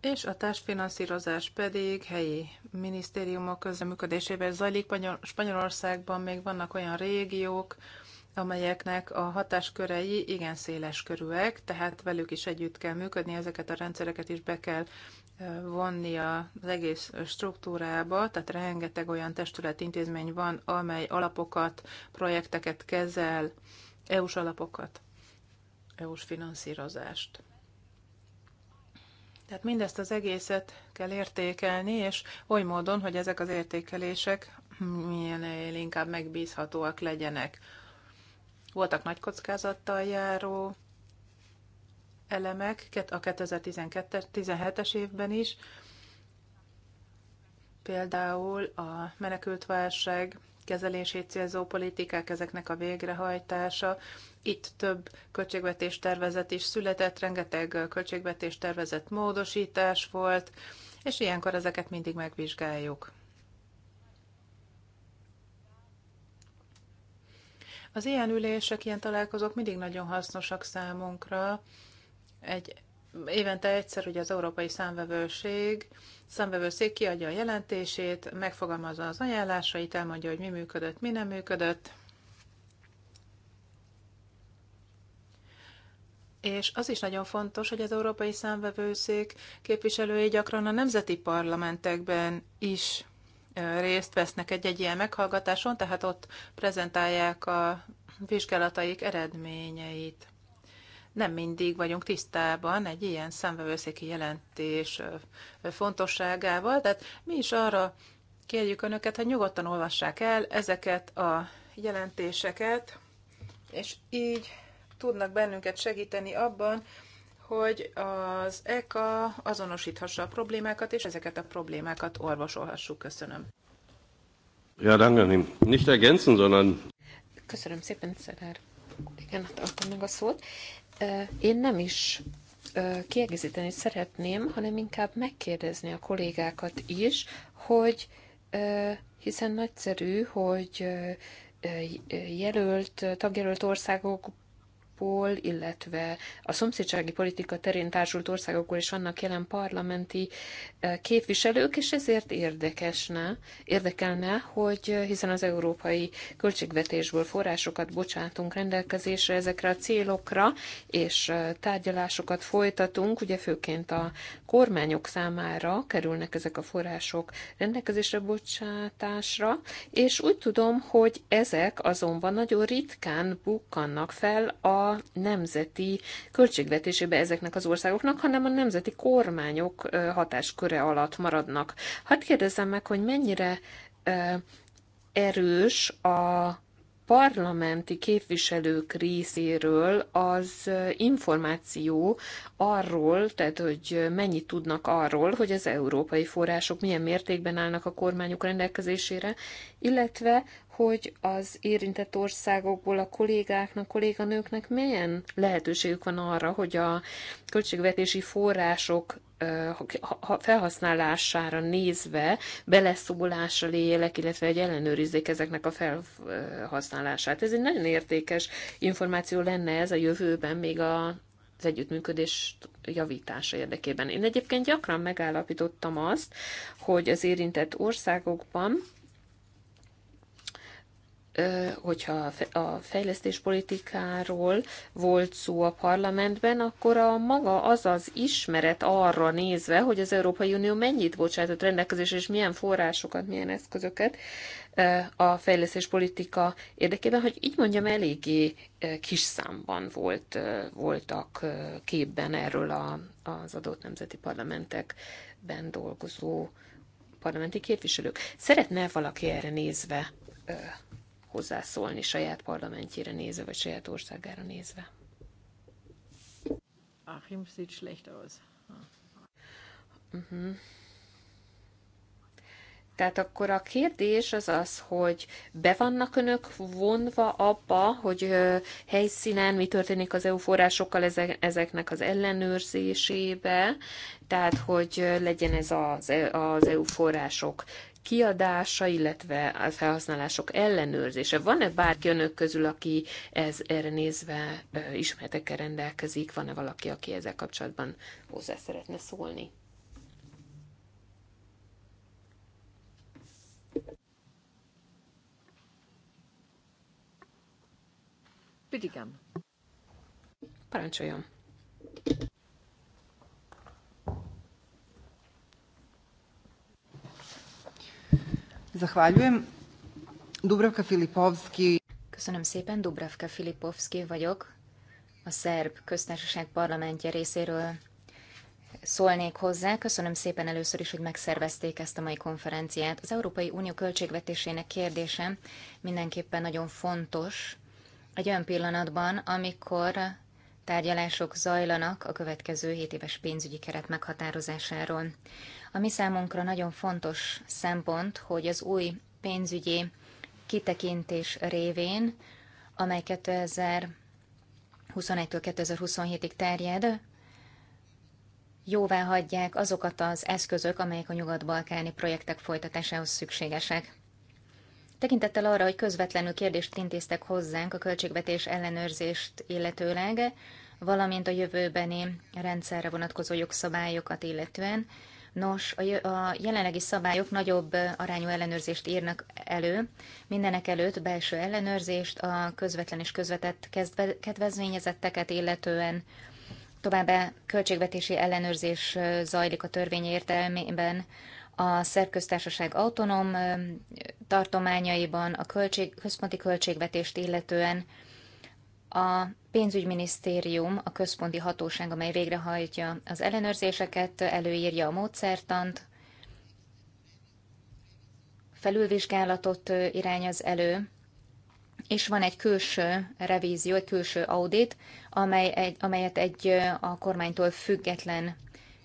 és a társfinanszírozás pedig helyi minisztériumok közreműködésében zajlik. Spanyolországban még vannak olyan régiók, amelyeknek a hatáskörei igen széles körűek, tehát velük is együtt kell működni, ezeket a rendszereket is be kell vonni az egész struktúrába, tehát rengeteg olyan testület, intézmény van, amely alapokat, projekteket kezel, EU-s alapokat, EU-s finanszírozást. Tehát mindezt az egészet kell értékelni, és oly módon, hogy ezek az értékelések minél inkább megbízhatóak legyenek. Voltak nagy kockázattal járó elemek a 2017-es évben is, például a menekültválság kezelését célzó politikák, ezeknek a végrehajtása. Itt több költségvetés tervezet is született, rengeteg költségvetés tervezet módosítás volt, és ilyenkor ezeket mindig megvizsgáljuk. Az ilyen ülések, ilyen találkozók mindig nagyon hasznosak számunkra. Egy, évente egyszer ugye az Európai Számvevőség, számvevőszék kiadja a jelentését, megfogalmazza az ajánlásait, elmondja, hogy mi működött, mi nem működött. És az is nagyon fontos, hogy az Európai Számvevőszék képviselői gyakran a nemzeti parlamentekben is részt vesznek egy-egy ilyen meghallgatáson, tehát ott prezentálják a vizsgálataik eredményeit. Nem mindig vagyunk tisztában egy ilyen számvevőszéki jelentés fontosságával, tehát mi is arra kérjük Önöket, hogy nyugodtan olvassák el ezeket a jelentéseket, és így tudnak bennünket segíteni abban, hogy az ECA azonosíthassa a problémákat, és ezeket a problémákat orvosolhassuk. Köszönöm. Ja, danke. Nicht ergänzen, sondern... Köszönöm szépen, Szerár. Igen, hát adtam meg a szót. Én nem is kiegészíteni szeretném, hanem inkább megkérdezni a kollégákat is, hogy hiszen nagyszerű, hogy jelölt, tagjelölt országok Európából, illetve a szomszédsági politika terén társult országokból is vannak jelen parlamenti eh, képviselők, és ezért érdekesne, érdekelne, hogy eh, hiszen az európai költségvetésből forrásokat bocsátunk rendelkezésre ezekre a célokra, és eh, tárgyalásokat folytatunk, ugye főként a kormányok számára kerülnek ezek a források rendelkezésre bocsátásra, és úgy tudom, hogy ezek azonban nagyon ritkán bukkannak fel a a nemzeti költségvetésébe ezeknek az országoknak, hanem a nemzeti kormányok hatásköre alatt maradnak. Hadd kérdezzem meg, hogy mennyire erős a parlamenti képviselők részéről az információ arról, tehát hogy mennyit tudnak arról, hogy az európai források milyen mértékben állnak a kormányok rendelkezésére, illetve hogy az érintett országokból a kollégáknak, kolléganőknek milyen lehetőségük van arra, hogy a költségvetési források felhasználására nézve beleszólással élek, illetve egy ellenőrizzék ezeknek a felhasználását. Ez egy nagyon értékes információ lenne ez a jövőben még a az együttműködés javítása érdekében. Én egyébként gyakran megállapítottam azt, hogy az érintett országokban hogyha a fejlesztéspolitikáról volt szó a parlamentben, akkor a maga az az ismeret arra nézve, hogy az Európai Unió mennyit bocsátott rendelkezésre, és milyen forrásokat, milyen eszközöket a fejlesztéspolitika érdekében, hogy így mondjam, eléggé kis számban volt, voltak képben erről a, az adott nemzeti parlamentekben dolgozó parlamenti képviselők. Szeretne valaki erre nézve hozzászólni saját parlamentjére nézve, vagy saját országára nézve. Achim sieht schlecht aus. Mhm. Tehát akkor a kérdés az az, hogy be vannak önök vonva abba, hogy helyszínen mi történik az EU forrásokkal ezeknek az ellenőrzésébe, tehát hogy legyen ez az EU e források kiadása, illetve a felhasználások ellenőrzése. Van-e bárki önök közül, aki ez erre nézve ismeretekkel rendelkezik? Van-e valaki, aki ezzel kapcsolatban hozzá szeretne szólni? Pidigám. Parancsoljon. Zahvaljujem. Dubravka Filipovski. Köszönöm szépen, Dubravka Filipovski vagyok. A szerb köztársaság parlamentje részéről szólnék hozzá. Köszönöm szépen először is, hogy megszervezték ezt a mai konferenciát. Az Európai Unió költségvetésének kérdése mindenképpen nagyon fontos egy olyan pillanatban, amikor Tárgyalások zajlanak a következő 7 éves pénzügyi keret meghatározásáról. A mi számunkra nagyon fontos szempont, hogy az új pénzügyi kitekintés révén, amely 2021-től 2027-ig terjed, jóvá hagyják azokat az eszközök, amelyek a nyugat-balkáni projektek folytatásához szükségesek. Tekintettel arra, hogy közvetlenül kérdést intéztek hozzánk a költségvetés ellenőrzést illetőleg, valamint a jövőbeni rendszerre vonatkozó jogszabályokat illetően. Nos, a jelenlegi szabályok nagyobb arányú ellenőrzést írnak elő, mindenek előtt belső ellenőrzést, a közvetlen és közvetett kedvezményezetteket illetően, továbbá költségvetési ellenőrzés zajlik a törvény értelmében a szerköztársaság autonóm tartományaiban, a költség, központi költségvetést illetően, a pénzügyminisztérium, a központi hatóság, amely végrehajtja az ellenőrzéseket, előírja a módszertant, felülvizsgálatot irányoz elő, és van egy külső revízió, egy külső audit, amely egy, amelyet egy a kormánytól független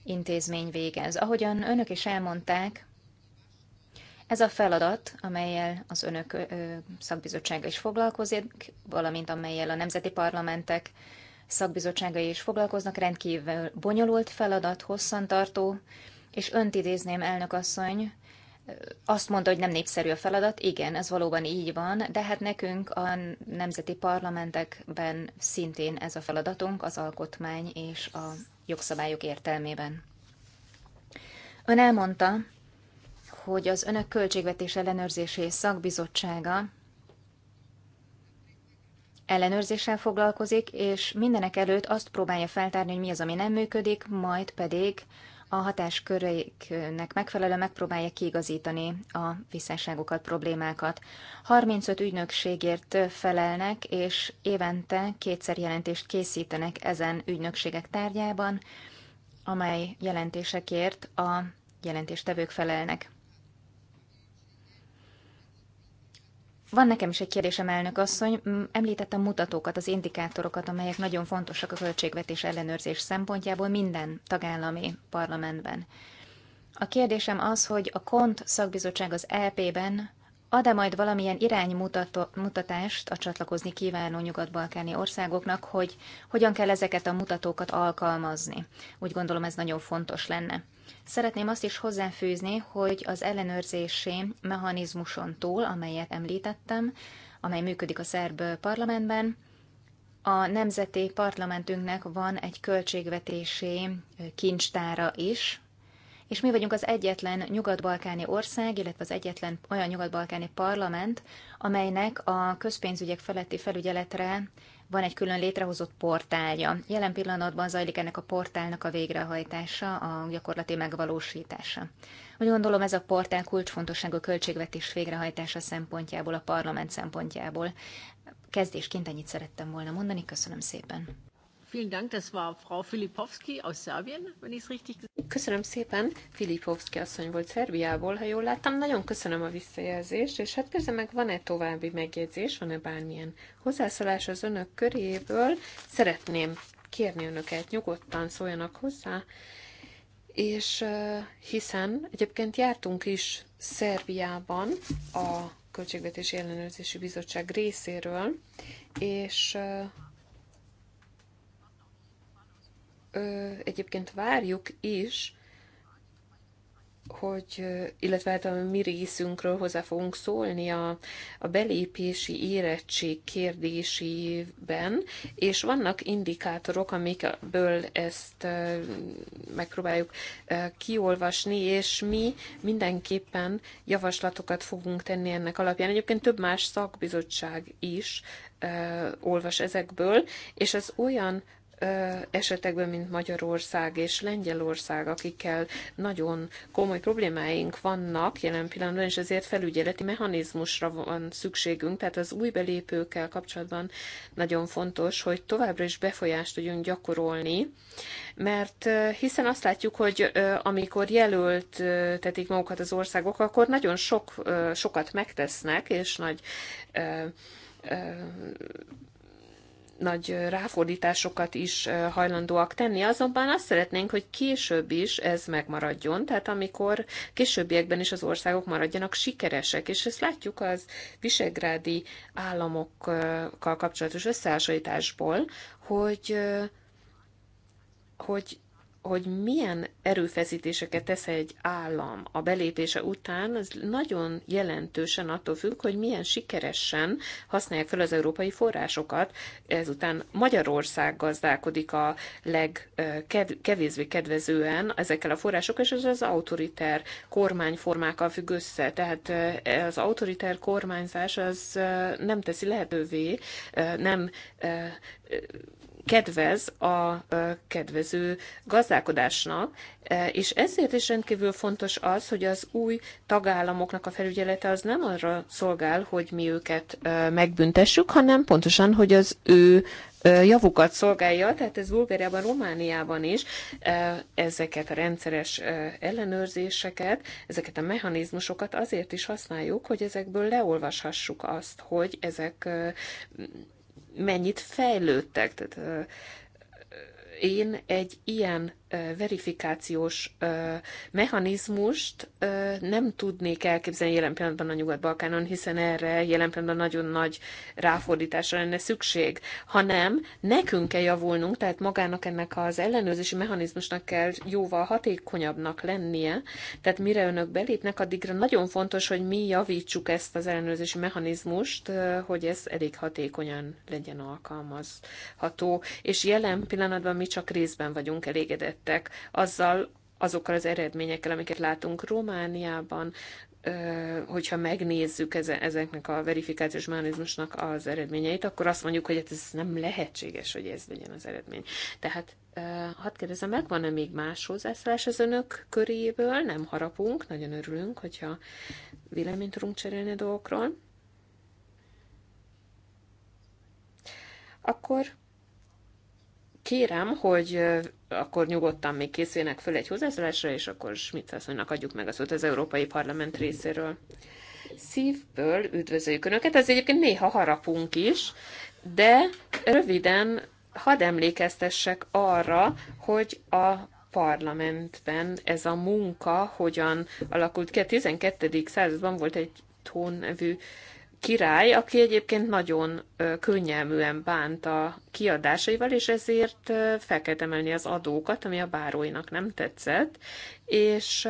intézmény végez. Ahogyan önök is elmondták, ez a feladat, amelyel az önök szakbizottsága is foglalkozik, valamint amelyel a nemzeti parlamentek szakbizottságai is foglalkoznak, rendkívül bonyolult feladat, hosszantartó, és önt idézném, elnök asszony, azt mondta, hogy nem népszerű a feladat. Igen, ez valóban így van, de hát nekünk a nemzeti parlamentekben szintén ez a feladatunk, az alkotmány és a jogszabályok értelmében. Ön elmondta, hogy az Önök Költségvetés Ellenőrzési Szakbizottsága ellenőrzéssel foglalkozik, és mindenek előtt azt próbálja feltárni, hogy mi az, ami nem működik, majd pedig a hatásköröknek megfelelően megpróbálják kiigazítani a visszáságokat, problémákat. 35 ügynökségért felelnek, és évente kétszer jelentést készítenek ezen ügynökségek tárgyában, amely jelentésekért a jelentéstevők felelnek. Van nekem is egy kérdésem, elnök asszony. Mm, Említettem mutatókat, az indikátorokat, amelyek nagyon fontosak a költségvetés ellenőrzés szempontjából minden tagállami parlamentben. A kérdésem az, hogy a KONT szakbizottság az EP-ben ad-e majd valamilyen iránymutatást a csatlakozni kívánó nyugat-balkáni országoknak, hogy hogyan kell ezeket a mutatókat alkalmazni. Úgy gondolom ez nagyon fontos lenne. Szeretném azt is hozzáfűzni, hogy az ellenőrzési mechanizmuson túl, amelyet említettem, amely működik a szerb parlamentben, a nemzeti parlamentünknek van egy költségvetési kincstára is, és mi vagyunk az egyetlen nyugat-balkáni ország, illetve az egyetlen olyan nyugat-balkáni parlament, amelynek a közpénzügyek feletti felügyeletre van egy külön létrehozott portálja. Jelen pillanatban zajlik ennek a portálnak a végrehajtása, a gyakorlati megvalósítása. Úgy gondolom ez a portál kulcsfontosságú költségvetés végrehajtása szempontjából, a parlament szempontjából. Kezdésként ennyit szerettem volna mondani, köszönöm szépen. Köszönöm szépen, Filipovski asszony volt Szerbiából, ha jól láttam. Nagyon köszönöm a visszajelzést, és hát közben meg van-e további megjegyzés, van-e bármilyen hozzászólás az önök köréből? Szeretném kérni önöket, nyugodtan szóljanak hozzá, és hiszen egyébként jártunk is Szerbiában a Költségvetési Ellenőrzési Bizottság részéről, és ö, egyébként várjuk is, hogy, illetve hát a mi részünkről hozzá fogunk szólni a, a belépési érettség kérdésében, és vannak indikátorok, amikből ezt megpróbáljuk kiolvasni, és mi mindenképpen javaslatokat fogunk tenni ennek alapján. Egyébként több más szakbizottság is olvas ezekből, és ez olyan esetekben, mint Magyarország és Lengyelország, akikkel nagyon komoly problémáink vannak jelen pillanatban, és ezért felügyeleti mechanizmusra van szükségünk, tehát az új belépőkkel kapcsolatban nagyon fontos, hogy továbbra is befolyást tudjunk gyakorolni, mert hiszen azt látjuk, hogy amikor jelölt tetik magukat az országok, akkor nagyon sok, sokat megtesznek, és nagy nagy ráfordításokat is hajlandóak tenni, azonban azt szeretnénk, hogy később is ez megmaradjon, tehát amikor későbbiekben is az országok maradjanak sikeresek, és ezt látjuk az visegrádi államokkal kapcsolatos összehasonlításból, hogy hogy hogy milyen erőfeszítéseket tesz egy állam a belépése után, az nagyon jelentősen attól függ, hogy milyen sikeresen használják fel az európai forrásokat. Ezután Magyarország gazdálkodik a legkevésbé kedvezően ezekkel a forrásokkal, és ez az autoriter kormányformákkal függ össze. Tehát az autoriter kormányzás az nem teszi lehetővé, nem kedvez a kedvező gazdálkodásnak, és ezért is rendkívül fontos az, hogy az új tagállamoknak a felügyelete az nem arra szolgál, hogy mi őket megbüntessük, hanem pontosan, hogy az ő javukat szolgálja, tehát ez Bulgáriában, Romániában is ezeket a rendszeres ellenőrzéseket, ezeket a mechanizmusokat azért is használjuk, hogy ezekből leolvashassuk azt, hogy ezek mennyit fejlődtek. Tehát én egy ilyen verifikációs mechanizmust nem tudnék elképzelni jelen pillanatban a Nyugat-Balkánon, hiszen erre jelen pillanatban nagyon nagy ráfordításra lenne szükség, hanem nekünk kell javulnunk, tehát magának ennek az ellenőrzési mechanizmusnak kell jóval hatékonyabbnak lennie, tehát mire önök belépnek, addigra nagyon fontos, hogy mi javítsuk ezt az ellenőrzési mechanizmust, hogy ez elég hatékonyan legyen alkalmazható, és jelen pillanatban mi csak részben vagyunk elégedett elégedettek azzal, azokkal az eredményekkel, amiket látunk Romániában, hogyha megnézzük ezeknek a verifikációs mechanizmusnak az eredményeit, akkor azt mondjuk, hogy hát ez nem lehetséges, hogy ez legyen az eredmény. Tehát hadd kérdezem, megvan-e még más hozzászólás az önök köréből? Nem harapunk, nagyon örülünk, hogyha véleményt tudunk cserélni a dolgokról. Akkor kérem, hogy akkor nyugodtan még készüljenek föl egy hozzászólásra, és akkor Schmidt asszonynak adjuk meg a szót az Európai Parlament részéről. Szívből üdvözöljük Önöket, ez egyébként néha harapunk is, de röviden hadd emlékeztessek arra, hogy a parlamentben ez a munka hogyan alakult ki. A 12. században volt egy Tón nevű király, aki egyébként nagyon könnyelműen bánt a kiadásaival, és ezért fel kell emelni az adókat, ami a báróinak nem tetszett, és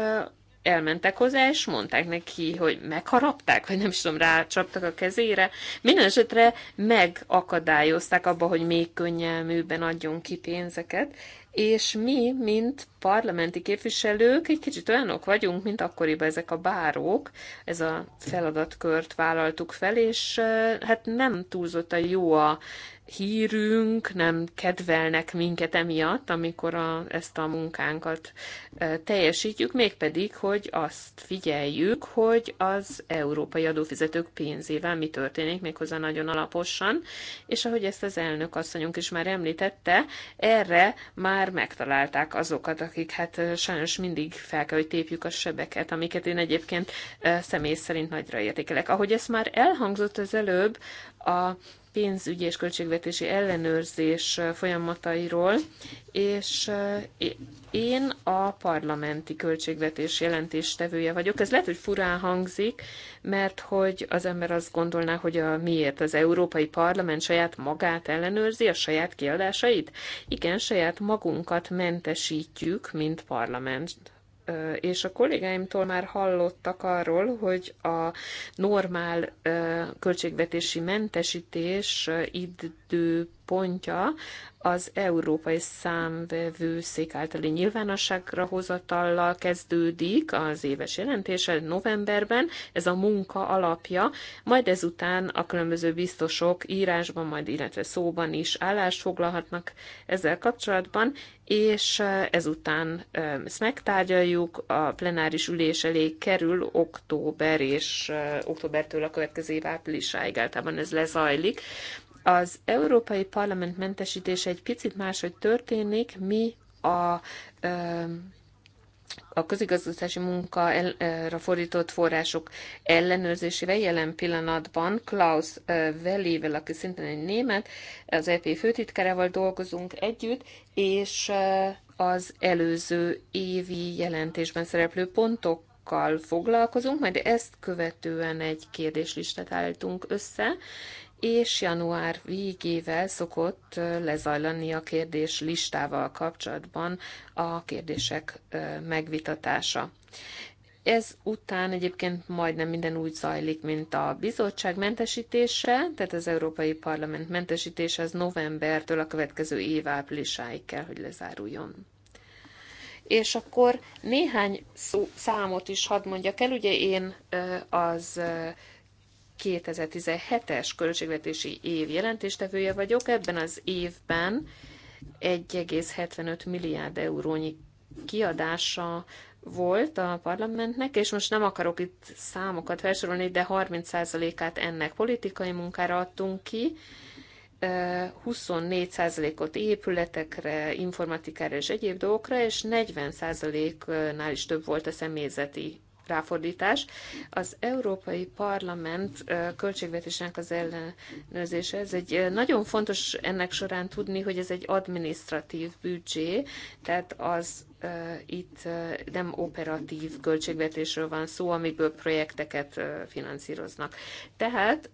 elmentek hozzá, és mondták neki, hogy megharapták, vagy nem is tudom, rácsaptak a kezére. Minden esetre megakadályozták abba, hogy még könnyelműben adjon ki pénzeket, és mi, mint parlamenti képviselők, egy kicsit olyanok vagyunk, mint akkoriban ezek a bárók, ez a feladatkört vállaltuk fel, és eh, hát nem túlzott a jó a hírünk, nem kedvelnek minket emiatt, amikor a, ezt a munkánkat e, teljesítjük, mégpedig, hogy azt figyeljük, hogy az európai adófizetők pénzével mi történik, méghozzá nagyon alaposan, és ahogy ezt az elnök asszonyunk is már említette, erre már megtalálták azokat, akik hát sajnos mindig fel kell, hogy tépjük a sebeket, amiket én egyébként e, személy szerint nagyra értékelek. Ahogy ezt már elhangzott az előbb, a pénzügyi és költségvetési ellenőrzés folyamatairól, és én a parlamenti költségvetés jelentéstevője vagyok. Ez lehet, hogy furán hangzik, mert hogy az ember azt gondolná, hogy a miért az Európai Parlament saját magát ellenőrzi, a saját kiadásait? Igen, saját magunkat mentesítjük, mint parlament és a kollégáimtól már hallottak arról, hogy a normál költségvetési mentesítés idő pontja az Európai Számvevőszék általi nyilvánosságra hozatallal kezdődik az éves jelentése novemberben, ez a munka alapja, majd ezután a különböző biztosok írásban, majd illetve szóban is állást foglalhatnak ezzel kapcsolatban, és ezután ezt megtárgyaljuk, a plenáris ülés elé kerül október és októbertől a következő év áprilisáig általában ez lezajlik. Az Európai Parlament mentesítése egy picit máshogy történik, mi a a közigazgatási munkára fordított források ellenőrzésére jelen pillanatban Klaus Velével, aki szintén egy német, az EP főtitkárával dolgozunk együtt, és az előző évi jelentésben szereplő pontok foglalkozunk, majd ezt követően egy kérdéslistát álltunk össze, és január végével szokott lezajlani a kérdés listával kapcsolatban a kérdések megvitatása. Ez után egyébként majdnem minden úgy zajlik, mint a bizottság mentesítése, tehát az Európai Parlament mentesítése az novembertől a következő év áprilisáig kell, hogy lezáruljon. És akkor néhány szó, számot is hadd mondjak el, ugye én az 2017-es költségvetési év jelentéstevője vagyok. Ebben az évben 1,75 milliárd eurónyi kiadása volt a parlamentnek, és most nem akarok itt számokat felsorolni, de 30%-át ennek politikai munkára adtunk ki, 24%-ot épületekre, informatikára és egyéb dolgokra, és 40%-nál is több volt a személyzeti ráfordítás. Az Európai Parlament költségvetésének az ellenőrzése, ez egy nagyon fontos ennek során tudni, hogy ez egy administratív büdzsé, tehát az itt nem operatív költségvetésről van szó, amiből projekteket finanszíroznak. Tehát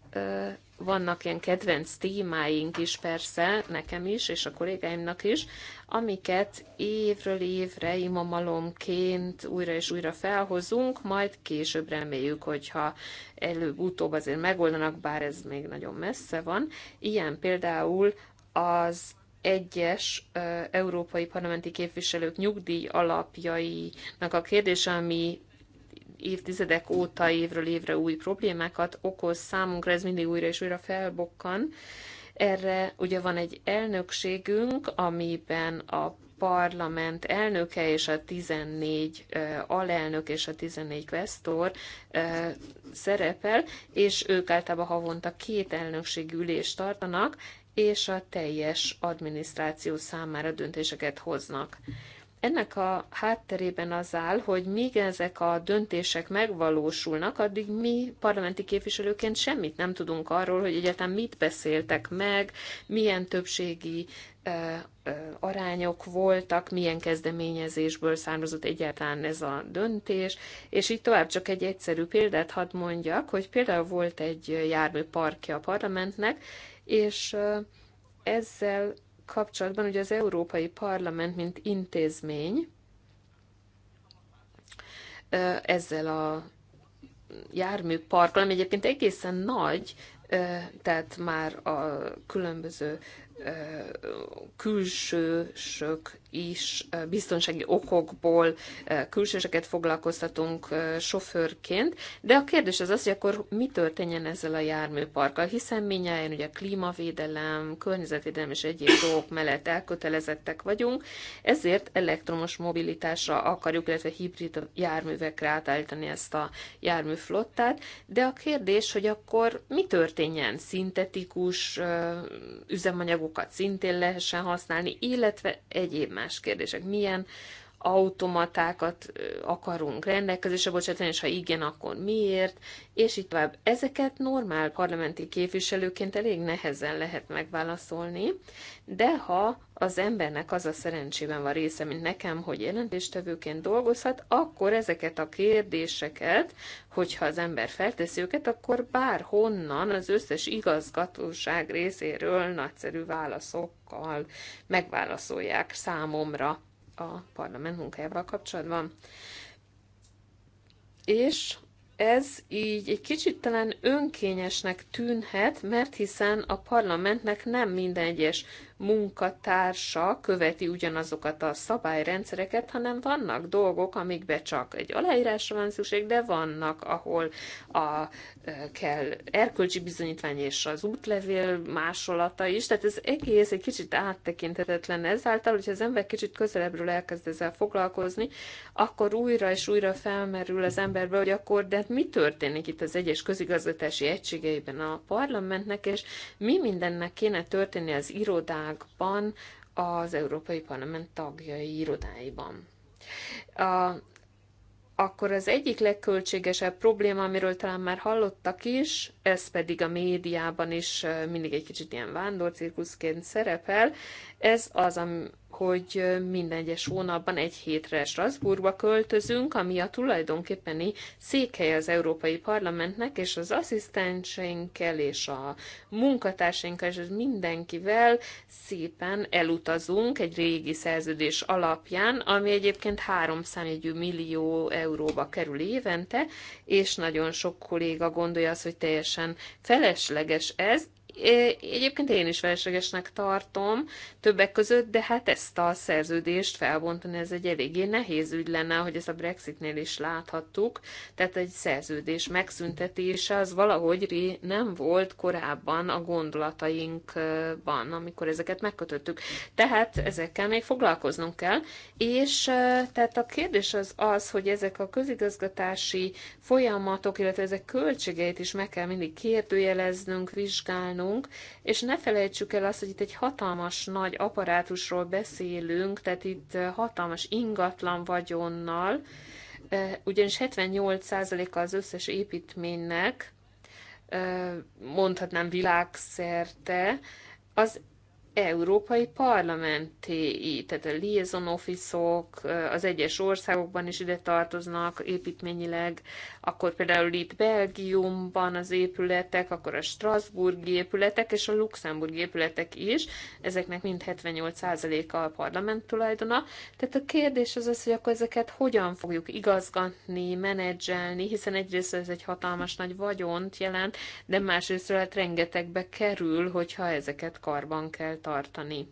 vannak ilyen kedvenc témáink is persze, nekem is, és a kollégáimnak is, amiket évről évre imamalomként újra és újra felhozunk, majd később reméljük, hogyha előbb-utóbb azért megoldanak, bár ez még nagyon messze van. Ilyen például az egyes európai parlamenti képviselők nyugdíj alapjainak a kérdése, ami évtizedek óta évről évre új problémákat okoz számunkra, ez mindig újra és újra felbokkan. Erre ugye van egy elnökségünk, amiben a parlament elnöke és a 14 alelnök és a 14 kvesztor szerepel, és ők általában havonta két elnökségi ülést tartanak, és a teljes adminisztráció számára döntéseket hoznak. Ennek a hátterében az áll, hogy míg ezek a döntések megvalósulnak, addig mi parlamenti képviselőként semmit nem tudunk arról, hogy egyáltalán mit beszéltek meg, milyen többségi arányok voltak, milyen kezdeményezésből származott egyáltalán ez a döntés, és itt tovább csak egy egyszerű példát hadd mondjak, hogy például volt egy járműparkja a parlamentnek, és ezzel kapcsolatban ugye az Európai Parlament, mint intézmény ezzel a járműparkkal, ami egyébként egészen nagy, tehát már a különböző külsősök is biztonsági okokból külsőseket foglalkoztatunk sofőrként, de a kérdés az az, hogy akkor mi történjen ezzel a járműparkkal, hiszen minnyáján ugye klímavédelem, környezetvédelem és egyéb dolgok mellett elkötelezettek vagyunk, ezért elektromos mobilitásra akarjuk, illetve hibrid járművekre átállítani ezt a járműflottát, de a kérdés, hogy akkor mi történjen, szintetikus üzemanyagokat szintén lehessen használni, illetve egyéb más kérdések, milyen automatákat akarunk rendelkezésre bocsátani, és ha igen, akkor miért, és így tovább. Ezeket normál parlamenti képviselőként elég nehezen lehet megválaszolni, de ha az embernek az a szerencsében van része, mint nekem, hogy jelentéstevőként dolgozhat, akkor ezeket a kérdéseket, hogyha az ember felteszi őket, akkor bárhonnan az összes igazgatóság részéről nagyszerű válaszokkal megválaszolják számomra a parlament munkájával kapcsolatban. És ez így egy kicsit talán önkényesnek tűnhet, mert hiszen a parlamentnek nem minden egyes munkatársa követi ugyanazokat a szabályrendszereket, hanem vannak dolgok, amikbe csak egy aláírásra van szükség, de vannak, ahol a, kell erkölcsi bizonyítvány és az útlevél másolata is, tehát ez egész egy kicsit áttekinthetetlen ezáltal, hogyha az ember kicsit közelebbről elkezd ezzel foglalkozni, akkor újra és újra felmerül az emberbe, hogy akkor, de hát mi történik itt az egyes közigazgatási egységeiben a parlamentnek, és mi mindennek kéne történni az irodában, Prágban, az Európai Parlament tagjai irodáiban. A, akkor az egyik legköltségesebb probléma, amiről talán már hallottak is, ez pedig a médiában is mindig egy kicsit ilyen vándorcirkuszként szerepel, ez az, hogy minden egyes hónapban egy hétre Strasbourgba költözünk, ami a tulajdonképpeni székhely az Európai Parlamentnek, és az asszisztenseinkkel és a munkatársainkkal és mindenkivel szépen elutazunk egy régi szerződés alapján, ami egyébként három számjegyű millió euróba kerül évente, és nagyon sok kolléga gondolja azt, hogy teljesen felesleges ez, Egyébként én is versegesnek tartom többek között, de hát ezt a szerződést felbontani, ez egy eléggé nehéz ügy lenne, hogy ezt a Brexitnél is láthattuk. Tehát egy szerződés megszüntetése az valahogy nem volt korábban a gondolatainkban, amikor ezeket megkötöttük. Tehát ezekkel még foglalkoznunk kell. És tehát a kérdés az az, hogy ezek a közigazgatási folyamatok, illetve ezek költségeit is meg kell mindig kérdőjeleznünk, vizsgálnunk, csinálunk, és ne felejtsük el azt, hogy itt egy hatalmas nagy aparátusról beszélünk, tehát itt hatalmas ingatlan vagyonnal, ugyanis 78%-a az összes építménynek, mondhatnám világszerte, az európai parlamenti, tehát a liaison officeok az egyes országokban is ide tartoznak építményileg, akkor például itt Belgiumban az épületek, akkor a Strasburgi épületek és a Luxemburgi épületek is, ezeknek mind 78%-a a parlament tulajdona. Tehát a kérdés az az, hogy akkor ezeket hogyan fogjuk igazgatni, menedzselni, hiszen egyrészt ez egy hatalmas nagy vagyont jelent, de másrészt lehet rengetegbe kerül, hogyha ezeket karban kell tartani.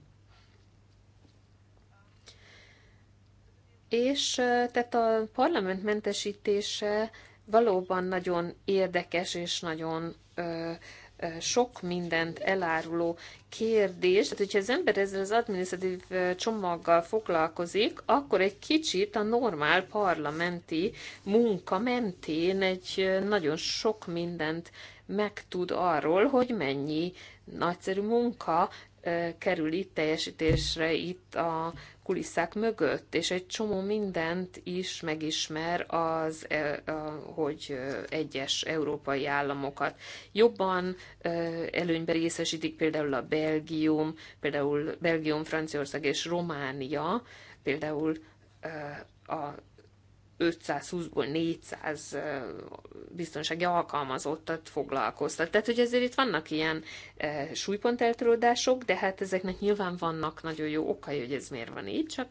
És tehát a parlament mentesítése valóban nagyon érdekes és nagyon ö, sok mindent eláruló kérdés. Tehát, hogyha az ember ezzel az adminisztratív csomaggal foglalkozik, akkor egy kicsit a normál parlamenti munka mentén egy nagyon sok mindent megtud arról, hogy mennyi nagyszerű munka kerül itt teljesítésre, itt a kulisszák mögött, és egy csomó mindent is megismer az, e, hogy egyes európai államokat jobban előnybe részesítik, például a Belgium, például Belgium, Franciaország és Románia, például a 520-ból 400 biztonsági alkalmazottat foglalkoztat. Tehát, hogy ezért itt vannak ilyen súlyponteltolódások, de hát ezeknek nyilván vannak nagyon jó okai, hogy ez miért van így, csak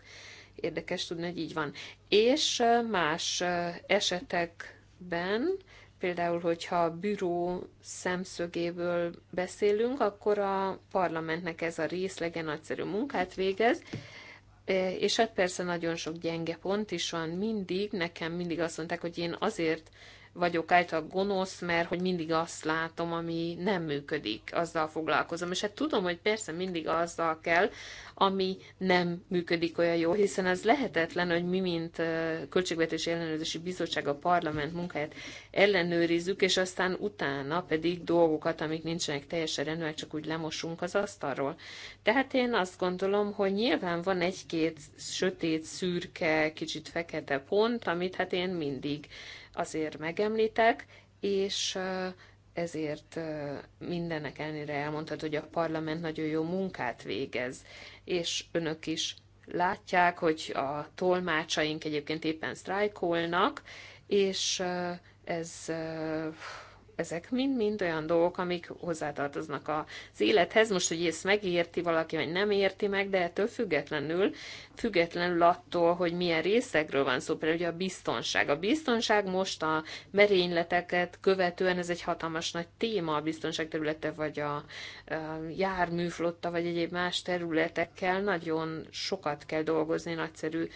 érdekes tudni, hogy így van. És más esetekben, például, hogyha a büró szemszögéből beszélünk, akkor a parlamentnek ez a részlege nagyszerű munkát végez, E, és hát persze nagyon sok gyenge pont is van mindig, nekem mindig azt mondták, hogy én azért vagyok által gonosz, mert hogy mindig azt látom, ami nem működik, azzal foglalkozom. És hát tudom, hogy persze mindig azzal kell, ami nem működik olyan jól, hiszen ez lehetetlen, hogy mi, mint Költségvetési Ellenőrzési Bizottság a parlament munkáját ellenőrizzük, és aztán utána pedig dolgokat, amik nincsenek teljesen rendben, csak úgy lemosunk az asztalról. Tehát én azt gondolom, hogy nyilván van egy-két sötét, szürke, kicsit fekete pont, amit hát én mindig azért megemlítek, és ezért mindennek ellenére elmondhat, hogy a parlament nagyon jó munkát végez, és önök is látják, hogy a tolmácsaink egyébként éppen sztrájkolnak, és ez ezek mind-mind olyan dolgok, amik hozzátartoznak az élethez. Most, hogy ezt megérti valaki, vagy nem érti meg, de ettől függetlenül, függetlenül attól, hogy milyen részekről van szó, például ugye a biztonság. A biztonság most a merényleteket követően, ez egy hatalmas nagy téma a biztonság területe, vagy a, a járműflotta, vagy egyéb más területekkel nagyon sokat kell dolgozni, nagyszerű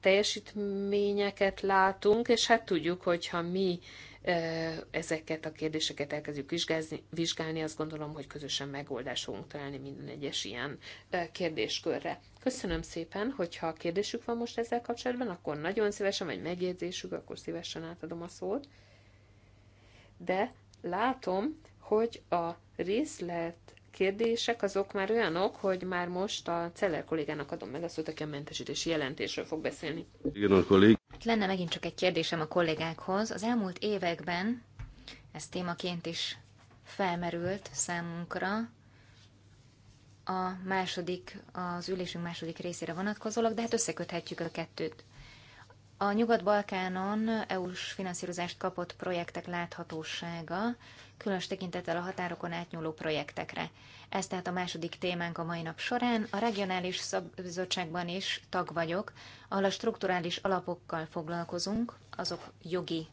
teljesítményeket látunk, és hát tudjuk, hogyha mi ezeket a kérdéseket elkezdjük vizsgálni, vizsgálni, azt gondolom, hogy közösen megoldást fogunk találni minden egyes ilyen kérdéskörre. Köszönöm szépen, hogyha kérdésük van most ezzel kapcsolatban, akkor nagyon szívesen, vagy megjegyzésük, akkor szívesen átadom a szót. De látom, hogy a részlet kérdések azok már olyanok, hogy már most a Celler kollégának adom meg a szót, aki a mentesítési jelentésről fog beszélni. Igen, a kollég. Lenne megint csak egy kérdésem a kollégákhoz. Az elmúlt években, ez témaként is felmerült számunkra, a második, az ülésünk második részére vonatkozólag, de hát összeköthetjük a kettőt. A Nyugat-Balkánon EU-s finanszírozást kapott projektek láthatósága, különös tekintettel a határokon átnyúló projektekre. Ez tehát a második témánk a mai nap során. A regionális szabbizottságban is tag vagyok, ahol a strukturális alapokkal foglalkozunk, azok jogi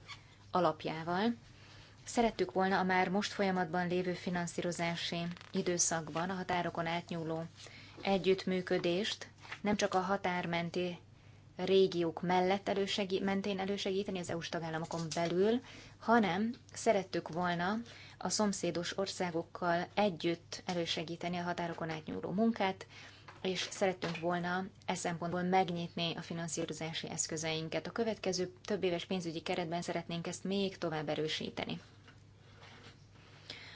alapjával. Szerettük volna a már most folyamatban lévő finanszírozási időszakban a határokon átnyúló együttműködést nem csak a határmenti régiók mellett elősegí- mentén elősegíteni az EU-s tagállamokon belül, hanem szerettük volna a szomszédos országokkal együtt elősegíteni a határokon átnyúló munkát, és szerettünk volna e szempontból megnyitni a finanszírozási eszközeinket. A következő több éves pénzügyi keretben szeretnénk ezt még tovább erősíteni.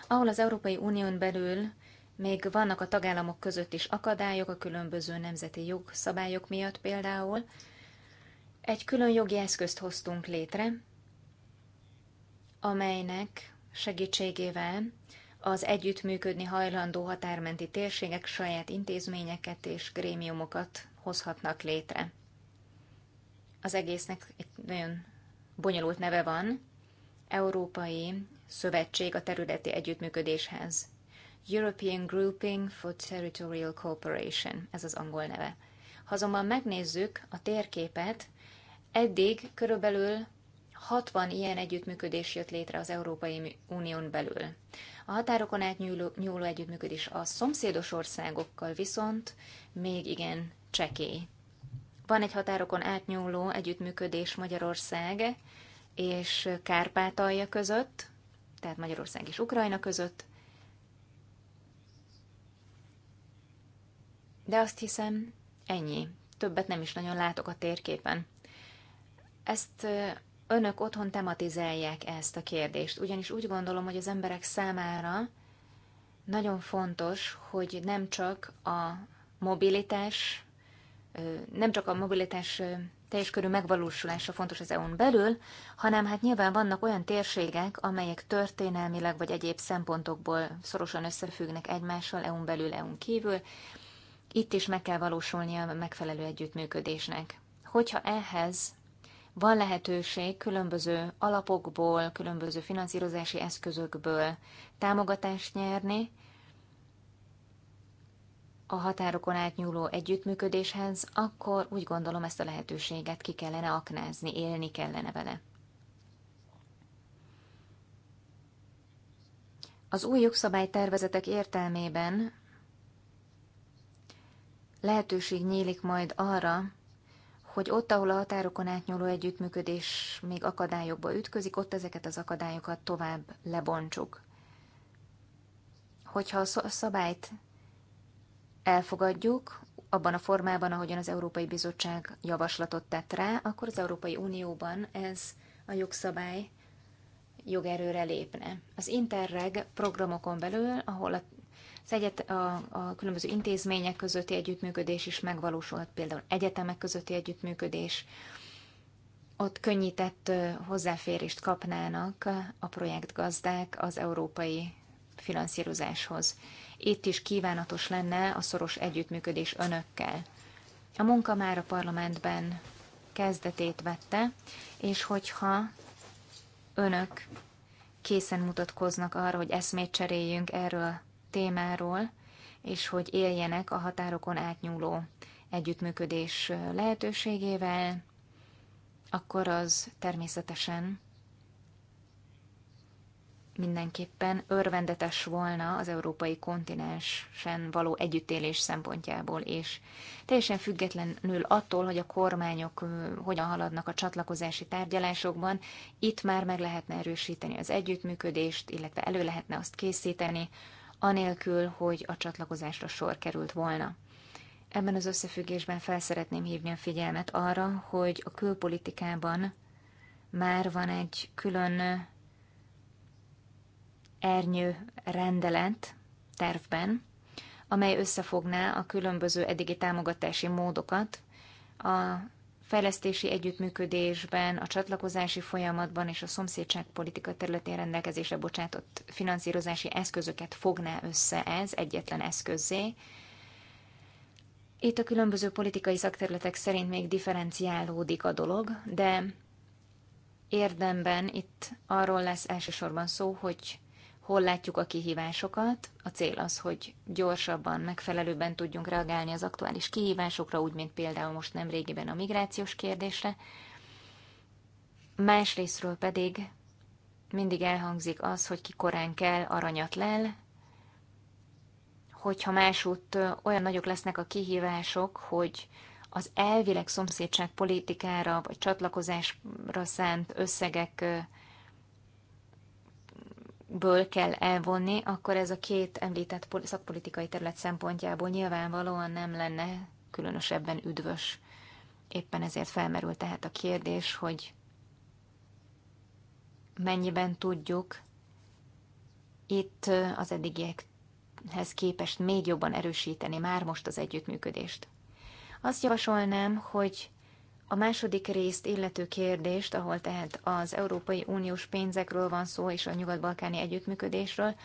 Ahol az Európai Unión belül még vannak a tagállamok között is akadályok a különböző nemzeti jogszabályok miatt például. Egy külön jogi eszközt hoztunk létre, amelynek segítségével az együttműködni hajlandó határmenti térségek saját intézményeket és grémiumokat hozhatnak létre. Az egésznek egy nagyon bonyolult neve van, Európai Szövetség a Területi Együttműködéshez European Grouping for Territorial Cooperation, ez az angol neve. Ha azonban megnézzük a térképet, eddig körülbelül 60 ilyen együttműködés jött létre az Európai Unión belül. A határokon átnyúló nyúló együttműködés a szomszédos országokkal viszont még igen csekély. Van egy határokon átnyúló együttműködés Magyarország és Kárpátalja között, tehát Magyarország és Ukrajna között, De azt hiszem, ennyi. Többet nem is nagyon látok a térképen. Ezt önök otthon tematizálják ezt a kérdést, ugyanis úgy gondolom, hogy az emberek számára nagyon fontos, hogy nem csak a mobilitás, nem csak a mobilitás teljes körű megvalósulása fontos az EU-n belül, hanem hát nyilván vannak olyan térségek, amelyek történelmileg vagy egyéb szempontokból szorosan összefüggnek egymással EU-n belül, EU-n kívül, itt is meg kell valósulnia a megfelelő együttműködésnek. Hogyha ehhez van lehetőség különböző alapokból, különböző finanszírozási eszközökből támogatást nyerni, a határokon átnyúló együttműködéshez, akkor úgy gondolom ezt a lehetőséget ki kellene aknázni, élni kellene vele. Az új jogszabálytervezetek értelmében lehetőség nyílik majd arra, hogy ott, ahol a határokon átnyúló együttműködés még akadályokba ütközik, ott ezeket az akadályokat tovább lebontsuk. Hogyha a szabályt elfogadjuk, abban a formában, ahogyan az Európai Bizottság javaslatot tett rá, akkor az Európai Unióban ez a jogszabály jogerőre lépne. Az Interreg programokon belül, ahol a az egyet, a, a különböző intézmények közötti együttműködés is megvalósult, például egyetemek közötti együttműködés. Ott könnyített hozzáférést kapnának a projektgazdák az európai finanszírozáshoz. Itt is kívánatos lenne a szoros együttműködés önökkel. A munka már a parlamentben kezdetét vette, és hogyha önök készen mutatkoznak arra, hogy eszmét cseréljünk erről témáról, és hogy éljenek a határokon átnyúló együttműködés lehetőségével, akkor az természetesen mindenképpen örvendetes volna az európai kontinensen való együttélés szempontjából, és teljesen függetlenül attól, hogy a kormányok hogyan haladnak a csatlakozási tárgyalásokban, itt már meg lehetne erősíteni az együttműködést, illetve elő lehetne azt készíteni, anélkül, hogy a csatlakozásra sor került volna. Ebben az összefüggésben felszeretném hívni a figyelmet arra, hogy a külpolitikában már van egy külön ernyő rendelet tervben, amely összefogná a különböző eddigi támogatási módokat a fejlesztési együttműködésben, a csatlakozási folyamatban és a szomszédságpolitika területén rendelkezésre bocsátott finanszírozási eszközöket fogná össze ez egyetlen eszközzé. Itt a különböző politikai szakterületek szerint még differenciálódik a dolog, de érdemben itt arról lesz elsősorban szó, hogy hol látjuk a kihívásokat. A cél az, hogy gyorsabban, megfelelőbben tudjunk reagálni az aktuális kihívásokra, úgy, mint például most nem régiben a migrációs kérdésre. Másrésztről pedig mindig elhangzik az, hogy ki korán kell, aranyat lel, hogyha másútt olyan nagyok lesznek a kihívások, hogy az elvileg szomszédság politikára vagy csatlakozásra szánt összegek ből kell elvonni, akkor ez a két említett szakpolitikai terület szempontjából nyilvánvalóan nem lenne különösebben üdvös. Éppen ezért felmerül tehát a kérdés, hogy mennyiben tudjuk itt eh, az eddigiekhez képest még jobban erősíteni már most az együttműködést. Azt javasolnám, hogy a második részt illető kérdést, ahol tehát az Európai Uniós pénzekről van szó és a nyugat-balkáni együttműködésről,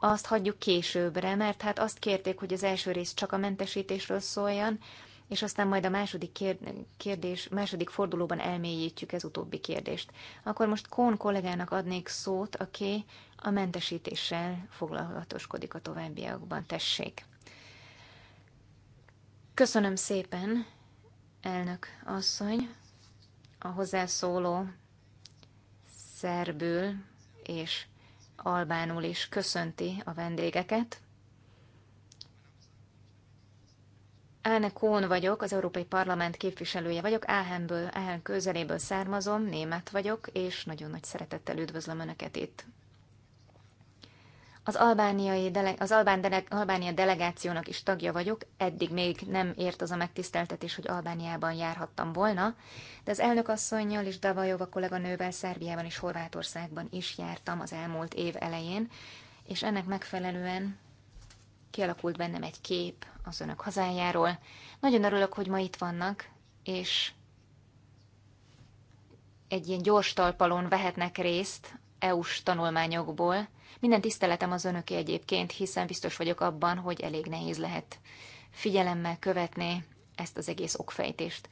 azt hagyjuk későbbre, mert hát azt kérték, hogy az első rész csak a mentesítésről szóljon, és aztán majd a második kérdés, második fordulóban elmélyítjük ez utóbbi kérdést. Akkor most Kón kollégának adnék szót, aki a mentesítéssel foglalatoskodik a továbbiakban. Tessék! Köszönöm szépen! elnök asszony. A hozzászóló szerbül és albánul is köszönti a vendégeket. Áne Kón vagyok, az Európai Parlament képviselője vagyok, Áhenből, Áhen közeléből származom, német vagyok, és nagyon nagy szeretettel üdvözlöm Önöket itt. Az, albániai dele- az Albán dele- Albánia delegációnak is tagja vagyok, eddig még nem ért az a megtiszteltetés, hogy Albániában járhattam volna, de az elnökasszonynal és Davajova kolléganővel Szerbiában és Horvátországban is jártam az elmúlt év elején, és ennek megfelelően kialakult bennem egy kép az önök hazájáról. Nagyon örülök, hogy ma itt vannak, és egy ilyen gyors talpalon vehetnek részt EU-s tanulmányokból, minden tiszteletem az önöki egyébként, hiszen biztos vagyok abban, hogy elég nehéz lehet figyelemmel követni ezt az egész okfejtést.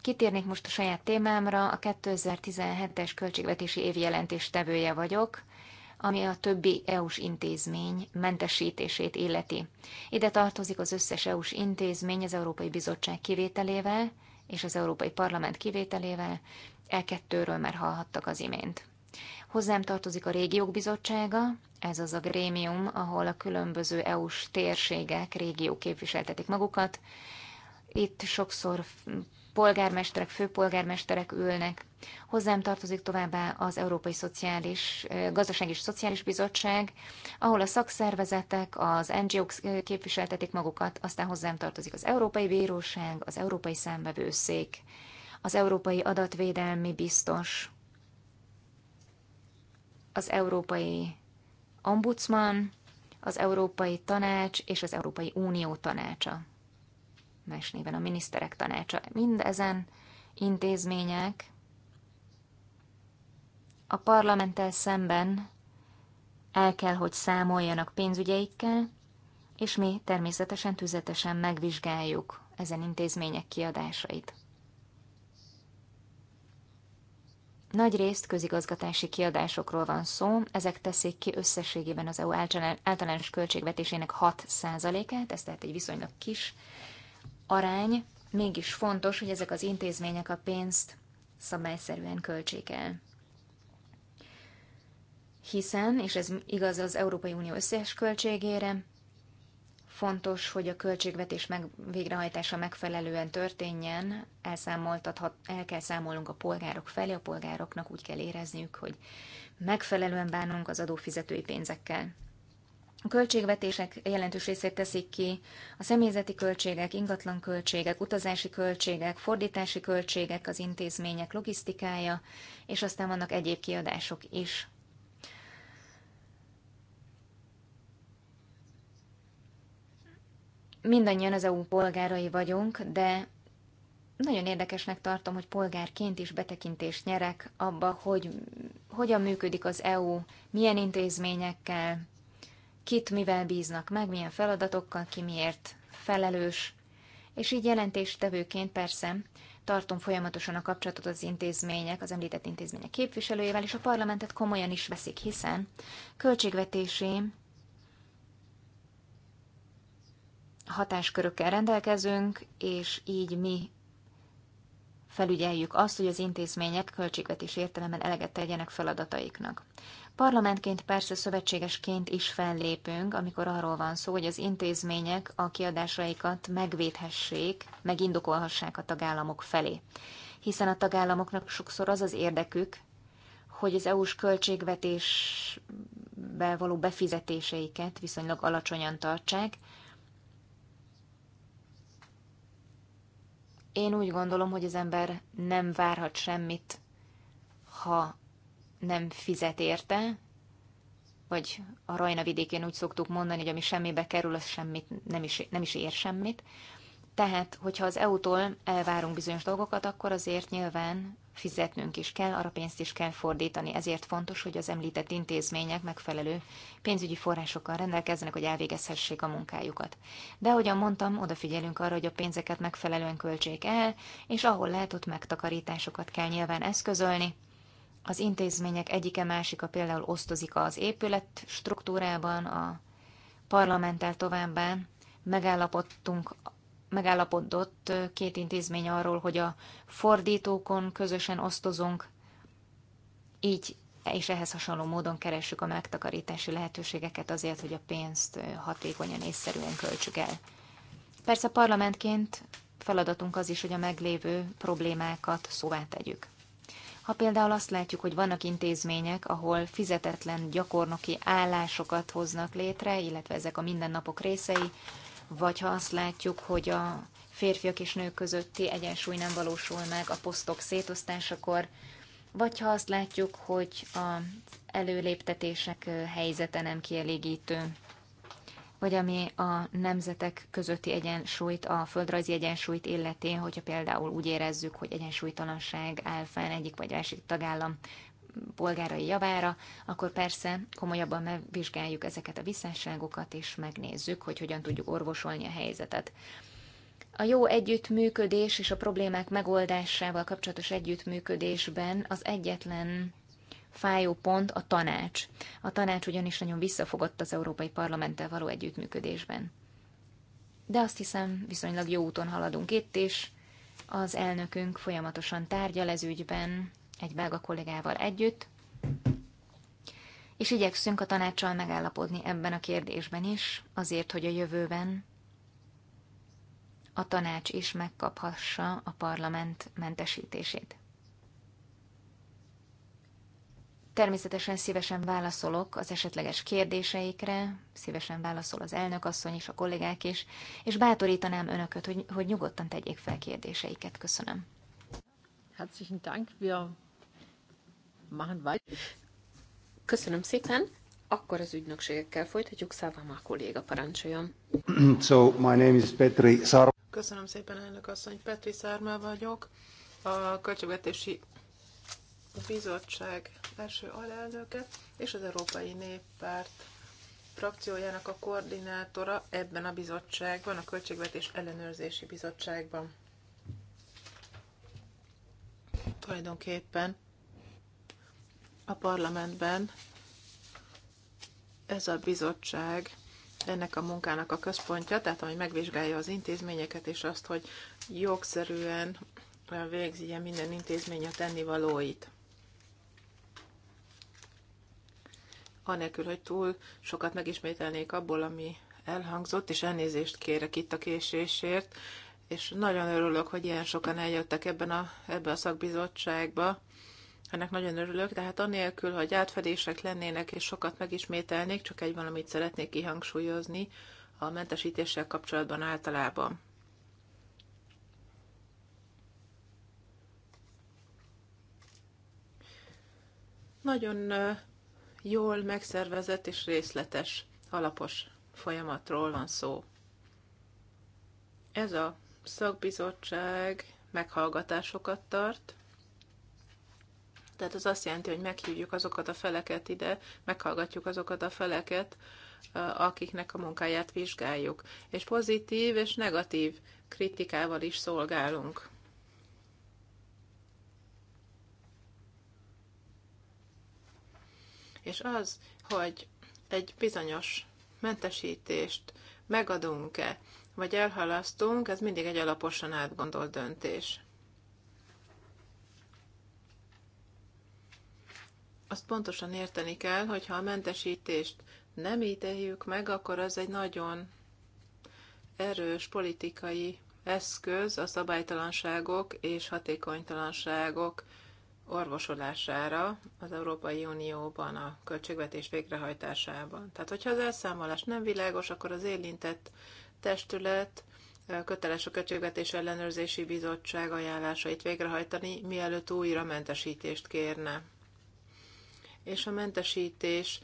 Kitérnék most a saját témámra, a 2017-es költségvetési évjelentés tevője vagyok, ami a többi EU-s intézmény mentesítését illeti. Ide tartozik az összes EU-s intézmény az Európai Bizottság kivételével és az Európai Parlament kivételével, e kettőről már hallhattak az imént. Hozzám tartozik a Régiók Bizottsága, ez az a grémium, ahol a különböző EU-s térségek, régiók képviseltetik magukat. Itt sokszor polgármesterek, főpolgármesterek ülnek. Hozzám tartozik továbbá az Európai Szociális, Gazdasági és Szociális Bizottság, ahol a szakszervezetek, az NGO-k képviseltetik magukat, aztán hozzám tartozik az Európai Bíróság, az Európai Számbevőszék, az Európai Adatvédelmi Biztos, az Európai Ombudsman, az Európai Tanács és az Európai Unió Tanácsa. Más néven a miniszterek tanácsa. Mindezen intézmények a parlamenttel szemben el kell, hogy számoljanak pénzügyeikkel, és mi természetesen tüzetesen megvizsgáljuk ezen intézmények kiadásait. Nagy részt közigazgatási kiadásokról van szó, ezek teszik ki összességében az EU általános költségvetésének 6%-át, ez tehát egy viszonylag kis arány. Mégis fontos, hogy ezek az intézmények a pénzt szabályszerűen költsék el. Hiszen, és ez igaz az Európai Unió összes költségére, Fontos, hogy a költségvetés meg, végrehajtása megfelelően történjen, elszámoltathat, el kell számolnunk a polgárok felé, a polgároknak úgy kell érezniük, hogy megfelelően bánunk az adófizetői pénzekkel. A költségvetések jelentős részét teszik ki a személyzeti költségek, ingatlan költségek, utazási költségek, fordítási költségek, az intézmények logisztikája, és aztán vannak egyéb kiadások is. mindannyian az EU polgárai vagyunk, de nagyon érdekesnek tartom, hogy polgárként is betekintést nyerek abba, hogy hogyan működik az EU, milyen intézményekkel, kit mivel bíznak meg, milyen feladatokkal, ki miért felelős, és így jelentéstevőként persze tartom folyamatosan a kapcsolatot az intézmények, az említett intézmények képviselőjével, és a parlamentet komolyan is veszik, hiszen költségvetési hatáskörökkel rendelkezünk, és így mi felügyeljük azt, hogy az intézmények költségvetés értelemben eleget tegyenek feladataiknak. Parlamentként persze szövetségesként is fellépünk, amikor arról van szó, hogy az intézmények a kiadásaikat megvédhessék, megindokolhassák a tagállamok felé. Hiszen a tagállamoknak sokszor az az érdekük, hogy az EU-s költségvetésbe való befizetéseiket viszonylag alacsonyan tartsák, Én úgy gondolom, hogy az ember nem várhat semmit, ha nem fizet érte, vagy a Rajna vidékén úgy szoktuk mondani, hogy ami semmibe kerül, az semmit, nem is, nem is ér semmit. Tehát, hogyha az EU-tól elvárunk bizonyos dolgokat, akkor azért nyilván fizetnünk is kell, arra pénzt is kell fordítani. Ezért fontos, hogy az említett intézmények megfelelő pénzügyi forrásokkal rendelkezzenek, hogy elvégezhessék a munkájukat. De ahogyan mondtam, odafigyelünk arra, hogy a pénzeket megfelelően költsék el, és ahol lehet, ott megtakarításokat kell nyilván eszközölni. Az intézmények egyike másika például osztozik az épület struktúrában, a parlamenttel továbbá megállapodtunk megállapodott két intézmény arról, hogy a fordítókon közösen osztozunk, így és ehhez hasonló módon keressük a megtakarítási lehetőségeket azért, hogy a pénzt hatékonyan és szerűen költsük el. Persze parlamentként feladatunk az is, hogy a meglévő problémákat szóvá tegyük. Ha például azt látjuk, hogy vannak intézmények, ahol fizetetlen gyakornoki állásokat hoznak létre, illetve ezek a mindennapok részei, vagy ha azt látjuk, hogy a férfiak és nők közötti egyensúly nem valósul meg a posztok szétosztásakor, vagy ha azt látjuk, hogy az előléptetések helyzete nem kielégítő, vagy ami a nemzetek közötti egyensúlyt, a földrajzi egyensúlyt illeti, hogyha például úgy érezzük, hogy egyensúlytalanság áll fenn egyik vagy másik tagállam polgárai javára, akkor persze komolyabban megvizsgáljuk ezeket a visszásságokat, és megnézzük, hogy hogyan tudjuk orvosolni a helyzetet. A jó együttműködés és a problémák megoldásával kapcsolatos együttműködésben az egyetlen fájó pont a tanács. A tanács ugyanis nagyon visszafogott az Európai Parlamenttel való együttműködésben. De azt hiszem, viszonylag jó úton haladunk itt is. Az elnökünk folyamatosan tárgyal ez ügyben, egy belga kollégával együtt, és igyekszünk a tanácssal megállapodni ebben a kérdésben is, azért, hogy a jövőben a tanács is megkaphassa a parlament mentesítését. Természetesen szívesen válaszolok az esetleges kérdéseikre, szívesen válaszol az elnök, asszony és a kollégák is, és bátorítanám önököt, hogy, hogy nyugodtan tegyék fel kérdéseiket. Köszönöm. Herzlichen Dank. Wir machen weiter. Köszönöm szépen. Akkor az ügynökségekkel folytatjuk. a kolléga parancsoljon. So, my name is Petri Sar. Köszönöm szépen, elnök asszony. Petri Szármá vagyok. A Költségvetési Bizottság első alelnöke és az Európai Néppárt frakciójának a koordinátora ebben a bizottságban, a Költségvetés Ellenőrzési Bizottságban. Tulajdonképpen a parlamentben ez a bizottság ennek a munkának a központja, tehát ami megvizsgálja az intézményeket, és azt, hogy jogszerűen végzi minden intézmény a tennivalóit. Anélkül, hogy túl sokat megismételnék abból, ami elhangzott, és elnézést kérek itt a késésért, és nagyon örülök, hogy ilyen sokan eljöttek ebben a, ebbe a szakbizottságba, ennek nagyon örülök, de hát anélkül, hogy átfedések lennének és sokat megismételnék, csak egy valamit szeretnék kihangsúlyozni a mentesítéssel kapcsolatban általában. Nagyon jól megszervezett és részletes, alapos folyamatról van szó. Ez a szakbizottság meghallgatásokat tart, tehát az azt jelenti, hogy meghívjuk azokat a feleket ide, meghallgatjuk azokat a feleket, akiknek a munkáját vizsgáljuk. És pozitív és negatív kritikával is szolgálunk. És az, hogy egy bizonyos mentesítést megadunk-e, vagy elhalasztunk, ez mindig egy alaposan átgondolt döntés. azt pontosan érteni kell, hogy ha a mentesítést nem ítéljük meg, akkor az egy nagyon erős politikai eszköz a szabálytalanságok és hatékonytalanságok orvosolására az Európai Unióban, a költségvetés végrehajtásában. Tehát, hogyha az elszámolás nem világos, akkor az érintett testület köteles a Költségvetés Ellenőrzési Bizottság ajánlásait végrehajtani, mielőtt újra mentesítést kérne és a mentesítés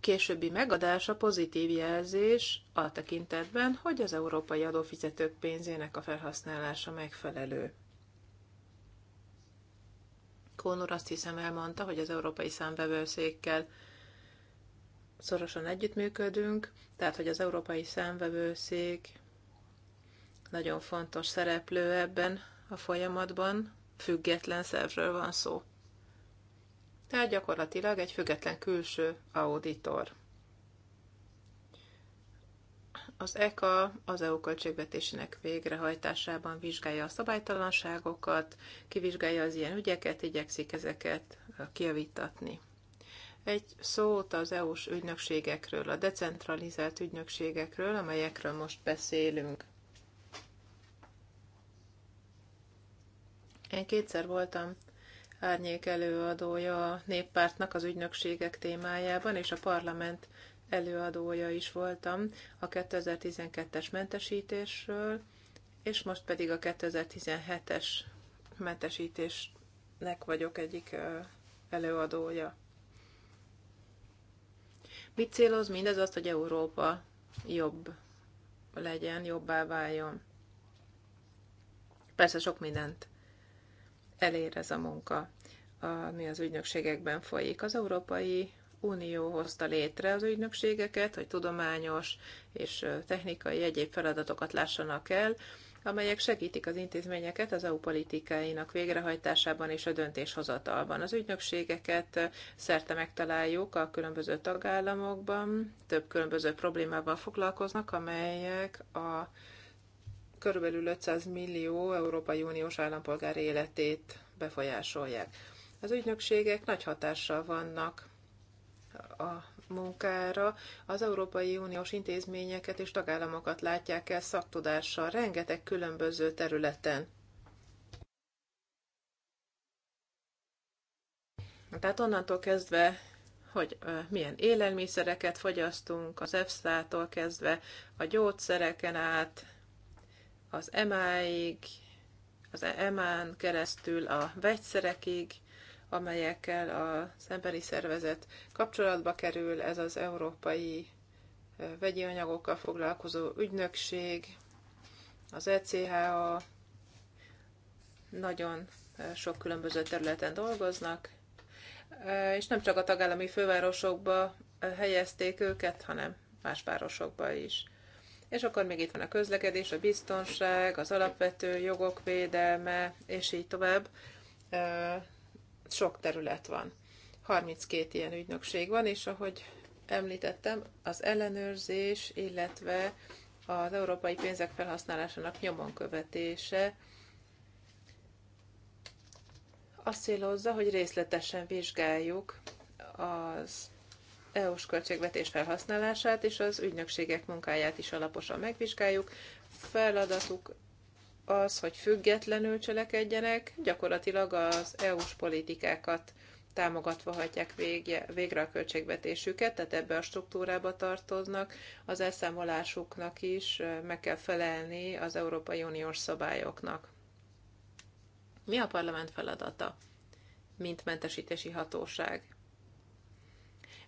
későbbi megadása pozitív jelzés a tekintetben, hogy az európai adófizetők pénzének a felhasználása megfelelő. Kónor azt hiszem elmondta, hogy az Európai Számvevőszékkel szorosan együttműködünk, tehát hogy az Európai Számvevőszék nagyon fontos szereplő ebben a folyamatban, független szervről van szó. Tehát gyakorlatilag egy független külső auditor. Az ECA az EU költségvetésének végrehajtásában vizsgálja a szabálytalanságokat, kivizsgálja az ilyen ügyeket, igyekszik ezeket kiavítatni. Egy szót az EU-s ügynökségekről, a decentralizált ügynökségekről, amelyekről most beszélünk. Én kétszer voltam árnyék előadója a néppártnak az ügynökségek témájában, és a parlament előadója is voltam a 2012-es mentesítésről, és most pedig a 2017-es mentesítésnek vagyok egyik előadója. Mit céloz mindez azt, hogy Európa jobb legyen, jobbá váljon? Persze sok mindent elér ez a munka ami az ügynökségekben folyik. Az Európai Unió hozta létre az ügynökségeket, hogy tudományos és technikai egyéb feladatokat lássanak el, amelyek segítik az intézményeket az EU politikáinak végrehajtásában és a döntéshozatalban. Az ügynökségeket szerte megtaláljuk a különböző tagállamokban, több különböző problémával foglalkoznak, amelyek a körülbelül 500 millió Európai Uniós állampolgár életét befolyásolják. Az ügynökségek nagy hatással vannak a munkára. Az Európai Uniós intézményeket és tagállamokat látják el szaktudással rengeteg különböző területen. Tehát onnantól kezdve, hogy milyen élelmiszereket fogyasztunk, az EFSA-tól kezdve a gyógyszereken át, az EMA-ig, az EMA-n keresztül a vegyszerekig, amelyekkel az emberi szervezet kapcsolatba kerül. Ez az Európai Vegyi Anyagokkal Foglalkozó Ügynökség, az ECHA, nagyon sok különböző területen dolgoznak, és nem csak a tagállami fővárosokba helyezték őket, hanem más városokba is. És akkor még itt van a közlekedés, a biztonság, az alapvető jogok védelme, és így tovább sok terület van. 32 ilyen ügynökség van, és ahogy említettem, az ellenőrzés, illetve az európai pénzek felhasználásának nyomon követése azt célozza, hogy részletesen vizsgáljuk az EU-s költségvetés felhasználását és az ügynökségek munkáját is alaposan megvizsgáljuk. Feladatuk az, hogy függetlenül cselekedjenek, gyakorlatilag az EU-s politikákat támogatva hagyják végje, végre a költségvetésüket, tehát ebbe a struktúrába tartoznak, az elszámolásuknak is meg kell felelni az Európai Uniós szabályoknak. Mi a parlament feladata, mint mentesítési hatóság?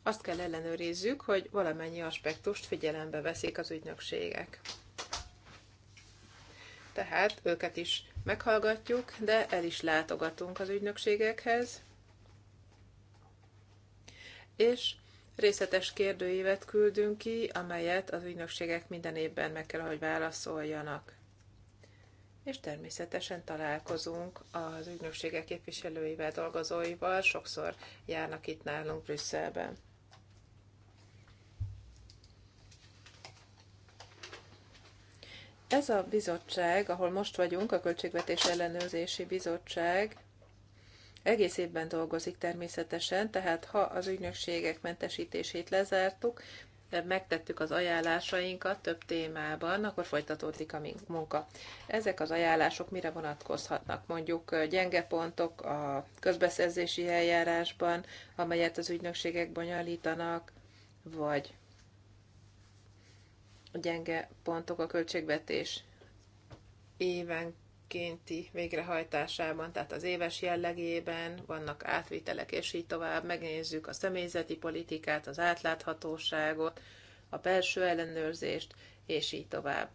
Azt kell ellenőrizzük, hogy valamennyi aspektust figyelembe veszik az ügynökségek tehát őket is meghallgatjuk, de el is látogatunk az ügynökségekhez, és részletes kérdőívet küldünk ki, amelyet az ügynökségek minden évben meg kell, hogy válaszoljanak. És természetesen találkozunk az ügynökségek képviselőivel, dolgozóival, sokszor járnak itt nálunk Brüsszelben. Ez a bizottság, ahol most vagyunk, a Költségvetés Ellenőrzési Bizottság, egész évben dolgozik természetesen, tehát ha az ügynökségek mentesítését lezártuk, megtettük az ajánlásainkat több témában, akkor folytatódik a munka. Ezek az ajánlások mire vonatkozhatnak? Mondjuk gyenge pontok a közbeszerzési eljárásban, amelyet az ügynökségek bonyolítanak, vagy gyenge pontok a költségvetés évenkénti végrehajtásában, tehát az éves jellegében vannak átvitelek, és így tovább megnézzük a személyzeti politikát, az átláthatóságot, a belső ellenőrzést, és így tovább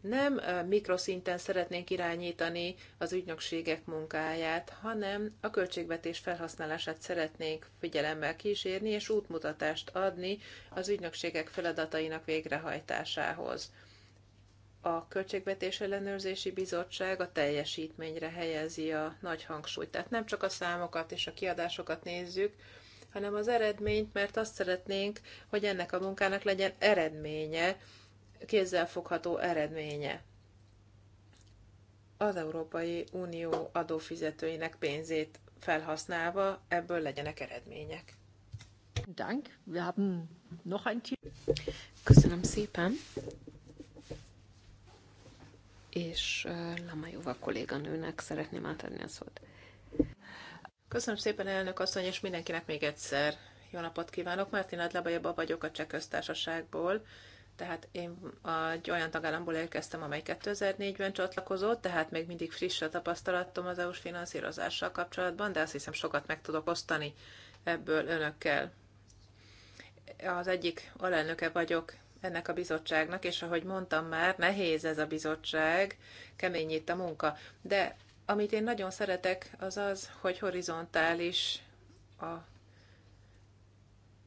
nem mikroszinten szeretnénk irányítani az ügynökségek munkáját, hanem a költségvetés felhasználását szeretnénk figyelemmel kísérni és útmutatást adni az ügynökségek feladatainak végrehajtásához. A Költségvetés Ellenőrzési Bizottság a teljesítményre helyezi a nagy hangsúlyt. Tehát nem csak a számokat és a kiadásokat nézzük, hanem az eredményt, mert azt szeretnénk, hogy ennek a munkának legyen eredménye, kézzelfogható eredménye az Európai Unió adófizetőinek pénzét felhasználva ebből legyenek eredmények. Dank. Wir haben noch ein Köszönöm szépen. És Lamajóva kolléganőnek szeretném átadni a szót. Köszönöm szépen, elnök asszony, és mindenkinek még egyszer jó napot kívánok. Mártin Adlabajaba vagyok a Cseh Köztársaságból tehát én egy olyan tagállamból érkeztem, amely 2004-ben csatlakozott, tehát még mindig friss a tapasztalatom az EU-s finanszírozással kapcsolatban, de azt hiszem sokat meg tudok osztani ebből önökkel. Az egyik alelnöke vagyok ennek a bizottságnak, és ahogy mondtam már, nehéz ez a bizottság, kemény itt a munka. De amit én nagyon szeretek, az az, hogy horizontális a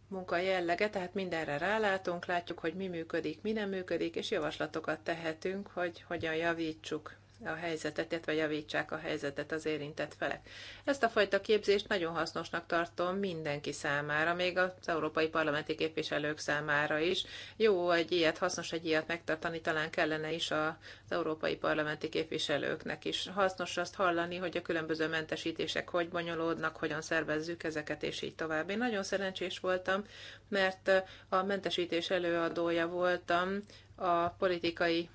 munka jellege, tehát mindenre rálátunk, látjuk, hogy mi működik, mi nem működik, és javaslatokat tehetünk, hogy hogyan javítsuk a helyzetet, illetve javítsák a helyzetet az érintett felek. Ezt a fajta képzést nagyon hasznosnak tartom mindenki számára, még az európai parlamenti képviselők számára is. Jó egy ilyet, hasznos egy ilyet megtartani, talán kellene is az európai parlamenti képviselőknek is. Hasznos azt hallani, hogy a különböző mentesítések hogy bonyolódnak, hogyan szervezzük ezeket, és így tovább. Én nagyon szerencsés voltam, mert a mentesítés előadója voltam a politikai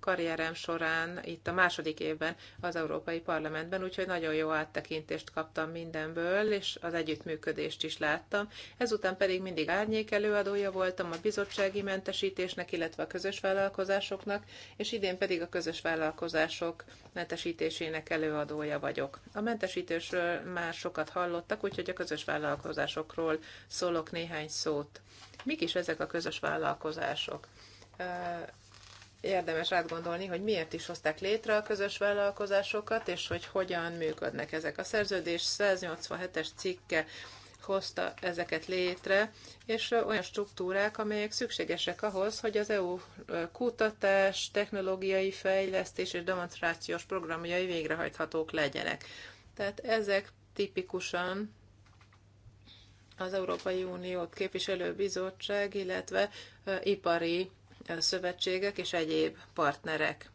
karrierem során, itt a második évben az Európai Parlamentben, úgyhogy nagyon jó áttekintést kaptam mindenből, és az együttműködést is láttam. Ezután pedig mindig árnyék előadója voltam a bizottsági mentesítésnek, illetve a közös vállalkozásoknak, és idén pedig a közös vállalkozások mentesítésének előadója vagyok. A mentesítésről már sokat hallottak, úgyhogy a közös vállalkozásokról szólok néhány szót. Mik is ezek a közös vállalkozások? érdemes átgondolni, hogy miért is hozták létre a közös vállalkozásokat, és hogy hogyan működnek ezek. A szerződés 187-es cikke hozta ezeket létre, és olyan struktúrák, amelyek szükségesek ahhoz, hogy az EU kutatás, technológiai fejlesztés és demonstrációs programjai végrehajthatók legyenek. Tehát ezek tipikusan az Európai Uniót képviselő bizottság, illetve ipari szövetségek és egyéb partnerek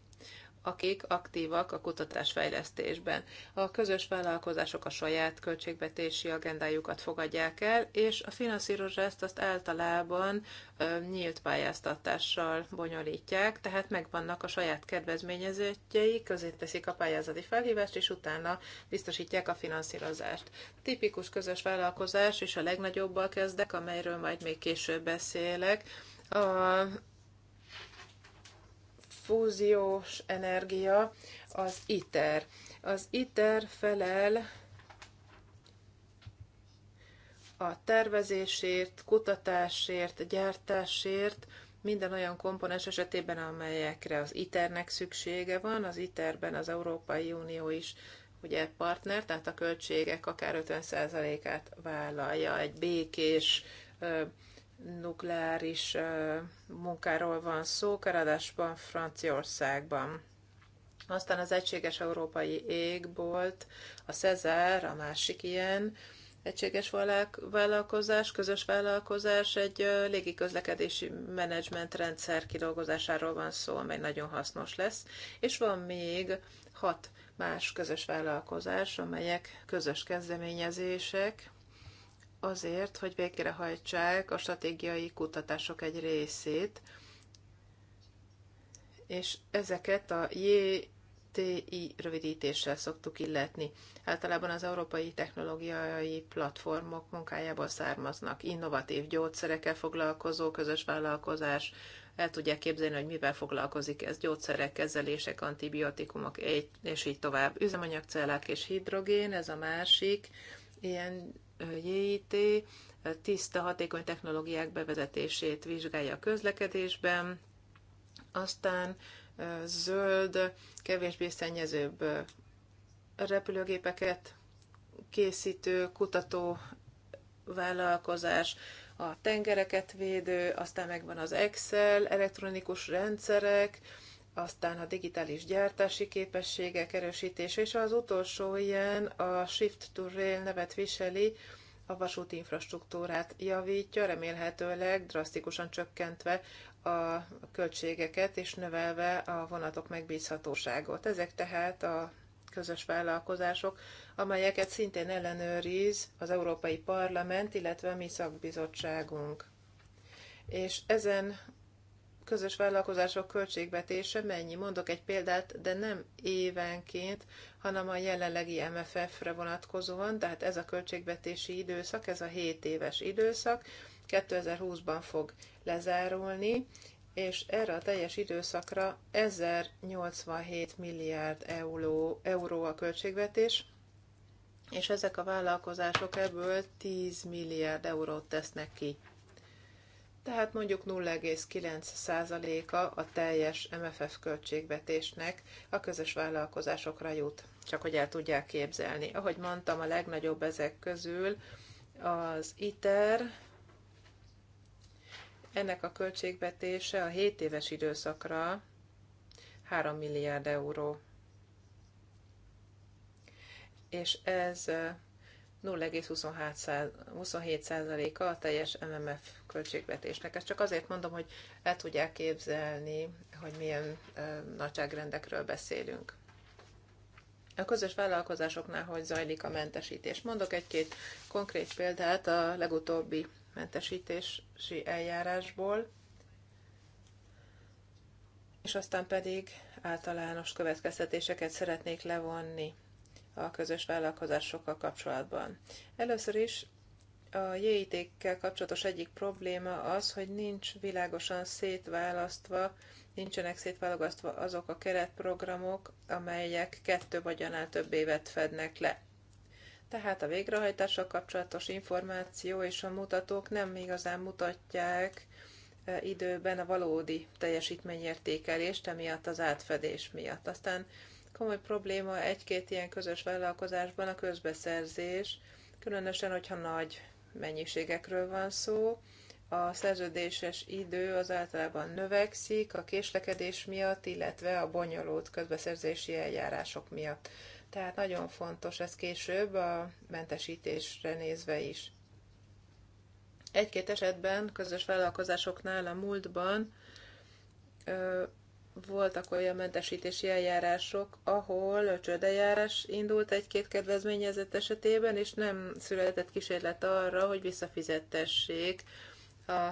akik aktívak a kutatásfejlesztésben. A közös vállalkozások a saját költségvetési agendájukat fogadják el, és a finanszírozást azt általában ö, nyílt pályáztatással bonyolítják, tehát megvannak a saját kedvezményezetjei, közé teszik a pályázati felhívást, és utána biztosítják a finanszírozást. Tipikus közös vállalkozás, és a legnagyobbal kezdek, amelyről majd még később beszélek, a fúziós energia, az ITER. Az ITER felel a tervezésért, kutatásért, gyártásért, minden olyan komponens esetében, amelyekre az ITER-nek szüksége van. Az ITER-ben az Európai Unió is ugye partner, tehát a költségek akár 50%-át vállalja egy békés nukleáris munkáról van szó, Karadásban, Franciaországban. Aztán az Egységes Európai Égbolt, a Cezár, a másik ilyen, egységes vállalkozás, közös vállalkozás, egy légiközlekedési menedzsment rendszer kidolgozásáról van szó, amely nagyon hasznos lesz, és van még hat más közös vállalkozás, amelyek közös kezdeményezések, azért, hogy végrehajtsák a stratégiai kutatások egy részét, és ezeket a JTI rövidítéssel szoktuk illetni. Általában az európai technológiai platformok munkájából származnak. Innovatív gyógyszerekkel foglalkozó közös vállalkozás, el tudják képzelni, hogy mivel foglalkozik ez, gyógyszerek, kezelések, antibiotikumok, és így tovább. Üzemanyagcellák és hidrogén, ez a másik ilyen JIT tiszta, hatékony technológiák bevezetését vizsgálja a közlekedésben, aztán zöld, kevésbé szennyezőbb repülőgépeket készítő, kutató vállalkozás, a tengereket védő, aztán megvan az Excel, elektronikus rendszerek, aztán a digitális gyártási képességek erősítése, és az utolsó ilyen a Shift to Rail nevet viseli, a vasúti infrastruktúrát javítja, remélhetőleg drasztikusan csökkentve a költségeket és növelve a vonatok megbízhatóságot. Ezek tehát a közös vállalkozások, amelyeket szintén ellenőriz az Európai Parlament, illetve a mi szakbizottságunk. És ezen közös vállalkozások költségvetése mennyi? Mondok egy példát, de nem évenként, hanem a jelenlegi MFF-re vonatkozóan, tehát ez a költségvetési időszak, ez a 7 éves időszak, 2020-ban fog lezárulni, és erre a teljes időszakra 1087 milliárd euró, euró a költségvetés, és ezek a vállalkozások ebből 10 milliárd eurót tesznek ki tehát mondjuk 0,9%-a a teljes MFF költségvetésnek a közös vállalkozásokra jut, csak hogy el tudják képzelni. Ahogy mondtam, a legnagyobb ezek közül az ITER, ennek a költségvetése a 7 éves időszakra 3 milliárd euró. És ez 0,27%-a a teljes MMF költségvetésnek. Ezt csak azért mondom, hogy el tudják képzelni, hogy milyen ö, nagyságrendekről beszélünk. A közös vállalkozásoknál hogy zajlik a mentesítés? Mondok egy-két konkrét példát a legutóbbi mentesítési eljárásból, és aztán pedig általános következtetéseket szeretnék levonni a közös vállalkozásokkal kapcsolatban. Először is a JIT-kkel kapcsolatos egyik probléma az, hogy nincs világosan szétválasztva, nincsenek szétválasztva azok a keretprogramok, amelyek kettő vagy annál több évet fednek le. Tehát a végrehajtással kapcsolatos információ és a mutatók nem igazán mutatják e, időben a valódi teljesítményértékelést, emiatt az átfedés miatt. Aztán Komoly probléma egy-két ilyen közös vállalkozásban a közbeszerzés, különösen, hogyha nagy mennyiségekről van szó. A szerződéses idő az általában növekszik a késlekedés miatt, illetve a bonyolult közbeszerzési eljárások miatt. Tehát nagyon fontos ez később a mentesítésre nézve is. Egy-két esetben közös vállalkozásoknál a múltban voltak olyan mentesítési eljárások, ahol csődeljárás indult egy-két kedvezményezett esetében, és nem született kísérlet arra, hogy visszafizettessék a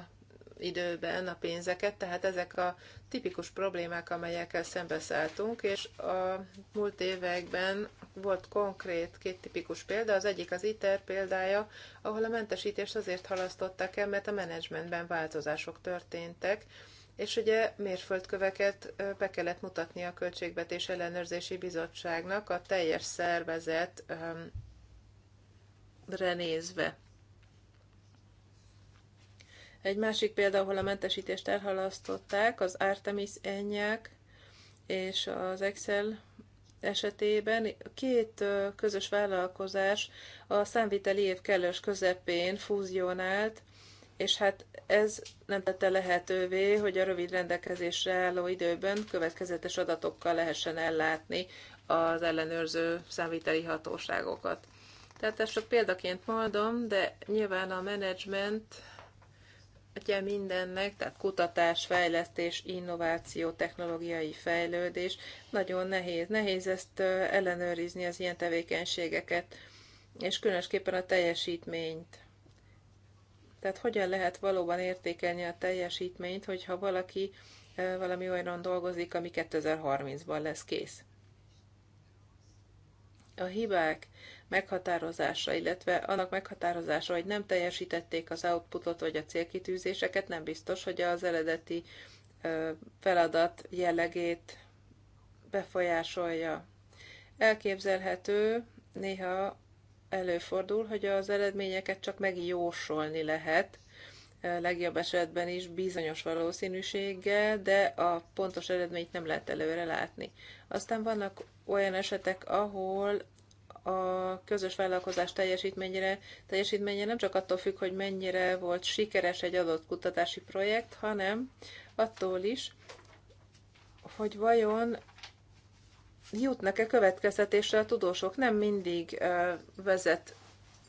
időben a pénzeket, tehát ezek a tipikus problémák, amelyekkel szembeszálltunk, és a múlt években volt konkrét két tipikus példa, az egyik az ITER példája, ahol a mentesítést azért halasztották el, mert a menedzsmentben változások történtek, és ugye mérföldköveket be kellett mutatni a Költségvetés Ellenőrzési Bizottságnak a teljes szervezetre nézve. Egy másik példa, ahol a mentesítést elhalasztották, az Artemis Enyák és az Excel esetében két közös vállalkozás a számviteli év kellős közepén fúzionált, és hát ez nem tette lehetővé, hogy a rövid rendelkezésre álló időben következetes adatokkal lehessen ellátni az ellenőrző számviteli hatóságokat. Tehát ezt csak példaként mondom, de nyilván a menedzsment ugye mindennek, tehát kutatás, fejlesztés, innováció, technológiai fejlődés, nagyon nehéz. Nehéz ezt ellenőrizni az ilyen tevékenységeket, és különösképpen a teljesítményt. Tehát hogyan lehet valóban értékelni a teljesítményt, hogyha valaki valami olyan dolgozik, ami 2030-ban lesz kész. A hibák meghatározása, illetve annak meghatározása, hogy nem teljesítették az outputot vagy a célkitűzéseket, nem biztos, hogy az eredeti feladat jellegét befolyásolja. Elképzelhető néha előfordul, hogy az eredményeket csak megjósolni lehet, eh, legjobb esetben is bizonyos valószínűséggel, de a pontos eredményt nem lehet előre látni. Aztán vannak olyan esetek, ahol a közös vállalkozás teljesítményre, teljesítménye nem csak attól függ, hogy mennyire volt sikeres egy adott kutatási projekt, hanem attól is, hogy vajon jutnak-e következtetésre a tudósok? Nem mindig vezet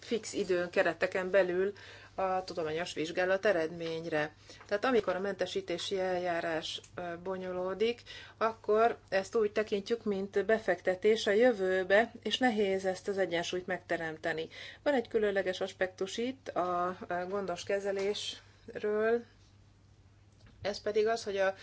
fix időn, kereteken belül a tudományos vizsgálat eredményre. Tehát amikor a mentesítési eljárás bonyolódik, akkor ezt úgy tekintjük, mint befektetés a jövőbe, és nehéz ezt az egyensúlyt megteremteni. Van egy különleges aspektus itt a gondos kezelésről, ez pedig az, hogy a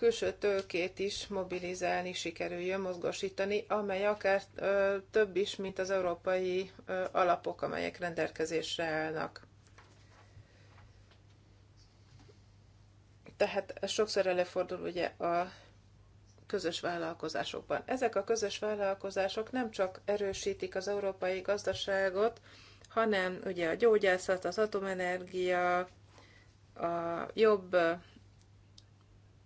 külső tőkét is mobilizálni sikerüljön, mozgosítani, amely akár ö, több is, mint az európai ö, alapok, amelyek rendelkezésre állnak. Tehát ez sokszor előfordul ugye a közös vállalkozásokban. Ezek a közös vállalkozások nem csak erősítik az európai gazdaságot, hanem ugye a gyógyászat, az atomenergia, a jobb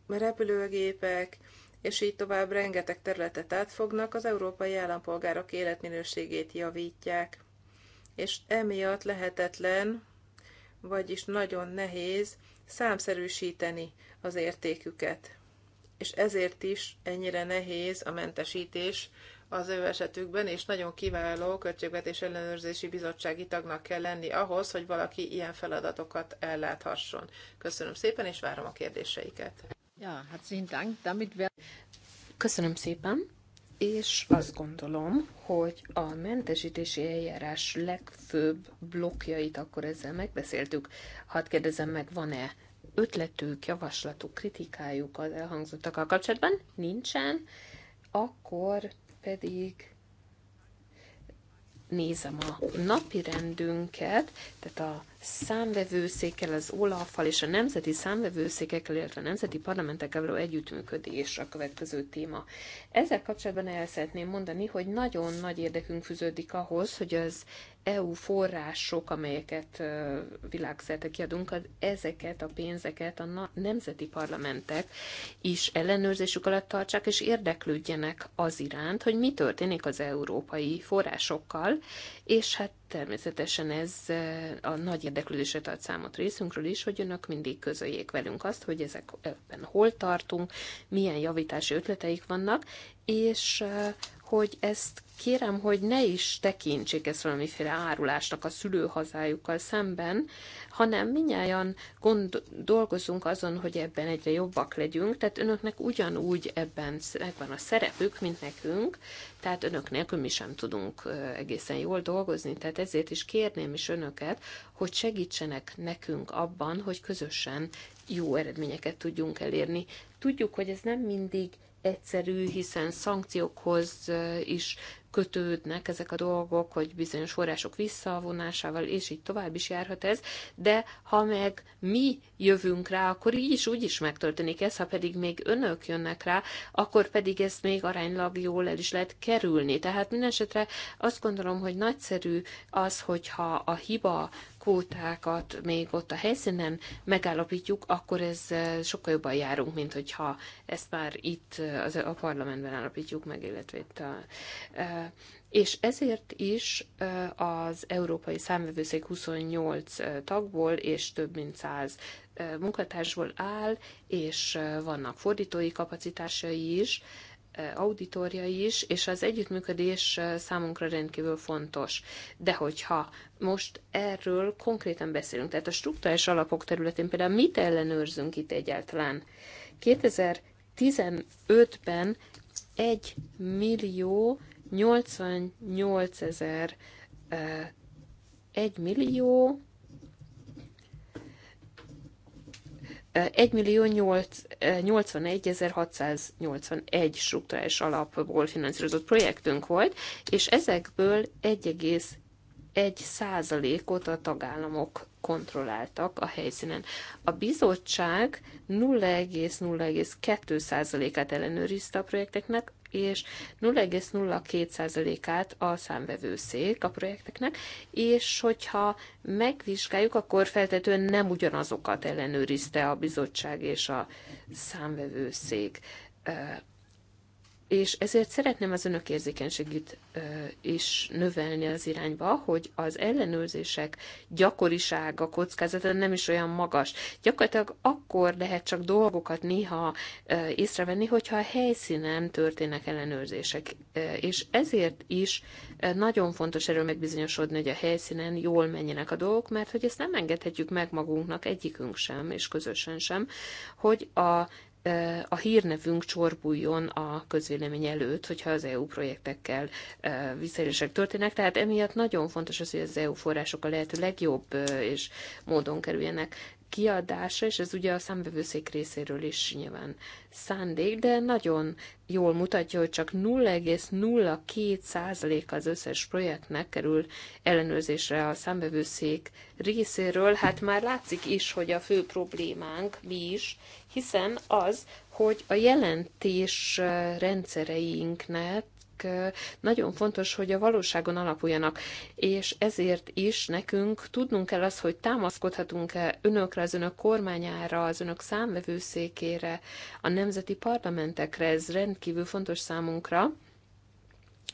repülőgépek, és így tovább rengeteg területet átfognak, az európai állampolgárok életminőségét javítják, és emiatt lehetetlen, vagyis nagyon nehéz számszerűsíteni az értéküket. És ezért is ennyire nehéz a mentesítés az ő esetükben, és nagyon kiváló költségvetés ellenőrzési bizottsági tagnak kell lenni ahhoz, hogy valaki ilyen feladatokat elláthasson. Köszönöm szépen, és várom a kérdéseiket. Hát Köszönöm szépen. És azt gondolom, hogy a mentesítési eljárás legfőbb blokkjait akkor ezzel megbeszéltük. Hadd kérdezem meg, van-e ötletük, javaslatuk, kritikájuk az elhangzottakkal kapcsolatban? Nincsen. Akkor pedig nézem a napi rendünket, tehát a számvevőszékkel, az Olaffal és a nemzeti számvevőszékekkel, illetve a nemzeti parlamentekkel való együttműködés a következő téma. Ezzel kapcsolatban el szeretném mondani, hogy nagyon nagy érdekünk fűződik ahhoz, hogy az EU források, amelyeket világszerte kiadunk, az ezeket a pénzeket a nemzeti parlamentek is ellenőrzésük alatt tartsák, és érdeklődjenek az iránt, hogy mi történik az európai forrásokkal, és hát természetesen ez a nagy érdeklődésre tart számot részünkről is, hogy önök mindig közöljék velünk azt, hogy ezekben hol tartunk, milyen javítási ötleteik vannak, és hogy ezt kérem, hogy ne is tekintsék ezt valamiféle árulásnak a szülőhazájukkal szemben, hanem minnyáján gond, dolgozunk azon, hogy ebben egyre jobbak legyünk, tehát önöknek ugyanúgy ebben van a szerepük, mint nekünk, tehát önök nélkül mi sem tudunk egészen jól dolgozni, tehát ezért is kérném is önöket, hogy segítsenek nekünk abban, hogy közösen jó eredményeket tudjunk elérni. Tudjuk, hogy ez nem mindig egyszerű, hiszen szankciókhoz is kötődnek ezek a dolgok, hogy bizonyos források visszavonásával, és így tovább is járhat ez, de ha meg mi jövünk rá, akkor így is úgy is megtörténik ez, ha pedig még önök jönnek rá, akkor pedig ezt még aránylag jól el is lehet kerülni. Tehát minden esetre azt gondolom, hogy nagyszerű az, hogyha a hiba kvótákat még ott a helyszínen megállapítjuk, akkor ez eh, sokkal jobban járunk, mint hogyha ezt már itt eh, az, a parlamentben állapítjuk meg, illetve itt a, eh, és ezért is az Európai Számvevőszék 28 tagból és több mint 100 munkatársból áll, és vannak fordítói kapacitásai is, auditorja is, és az együttműködés számunkra rendkívül fontos. De hogyha most erről konkrétan beszélünk, tehát a struktúrás alapok területén például mit ellenőrzünk itt egyáltalán? 2015-ben 1 millió 88 ezer 1 millió 1.081.681 struktúrás alapból finanszírozott projektünk volt, és ezekből 1,1 százalékot a tagállamok kontrolláltak a helyszínen. A bizottság 0,02%-át ellenőrizte a projekteknek, és 0,02%-át a szék a projekteknek, és hogyha megvizsgáljuk, akkor feltétlenül nem ugyanazokat ellenőrizte a bizottság és a szék és ezért szeretném az önök érzékenységét is növelni az irányba, hogy az ellenőrzések gyakorisága, kockázata nem is olyan magas. Gyakorlatilag akkor lehet csak dolgokat néha észrevenni, hogyha a helyszínen történnek ellenőrzések. És ezért is nagyon fontos erről megbizonyosodni, hogy a helyszínen jól menjenek a dolgok, mert hogy ezt nem engedhetjük meg magunknak egyikünk sem, és közösen sem, hogy a a hírnevünk csorbuljon a közvélemény előtt, hogyha az EU projektekkel visszaélések történnek. Tehát emiatt nagyon fontos az, hogy az EU források a lehető legjobb és módon kerüljenek kiadása, és ez ugye a számbevőszék részéről is nyilván szándék, de nagyon jól mutatja, hogy csak 0,02% az összes projektnek kerül ellenőrzésre a számbevőszék részéről. Hát már látszik is, hogy a fő problémánk mi is, hiszen az, hogy a jelentés rendszereinknek nagyon fontos, hogy a valóságon alapuljanak, és ezért is nekünk tudnunk kell azt, hogy támaszkodhatunk-e önökre, az önök kormányára, az önök számvevőszékére, a nemzeti parlamentekre, ez rendkívül fontos számunkra,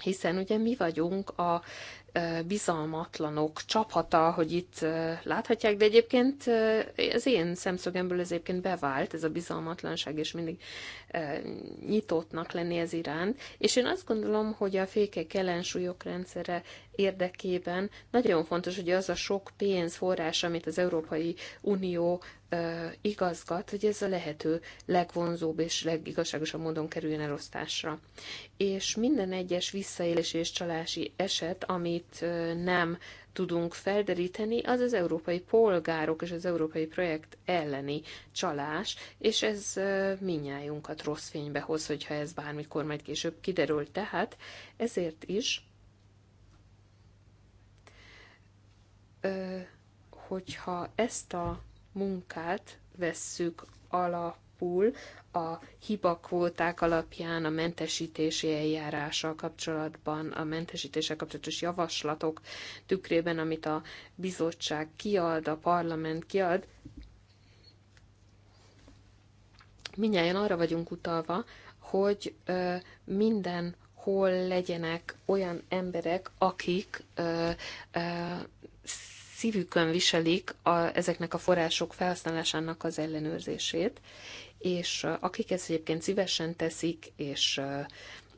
hiszen ugye mi vagyunk a bizalmatlanok csaphata, hogy itt láthatják, de egyébként az én szemszögemből ez egyébként bevált, ez a bizalmatlanság, és mindig nyitottnak lenni ez iránt. És én azt gondolom, hogy a fékek ellensúlyok rendszere érdekében nagyon fontos, hogy az a sok forrás, amit az Európai Unió igazgat, hogy ez a lehető legvonzóbb és legigazságosabb módon kerüljön elosztásra. És minden egyes visszaélés és csalási eset, amit nem tudunk felderíteni, az az európai polgárok és az európai projekt elleni csalás, és ez minnyájunkat rossz fénybe hoz, hogyha ez bármikor majd később kiderül. Tehát ezért is hogyha ezt a munkát vesszük alapul a hibakvóták alapján a mentesítési eljárással kapcsolatban, a mentesítéssel kapcsolatos javaslatok tükrében, amit a bizottság kiad, a parlament kiad, mindjárt arra vagyunk utalva, hogy ö, mindenhol legyenek olyan emberek, akik ö, ö, szívükön viselik a, ezeknek a források felhasználásának az ellenőrzését, és akik ezt egyébként szívesen teszik, és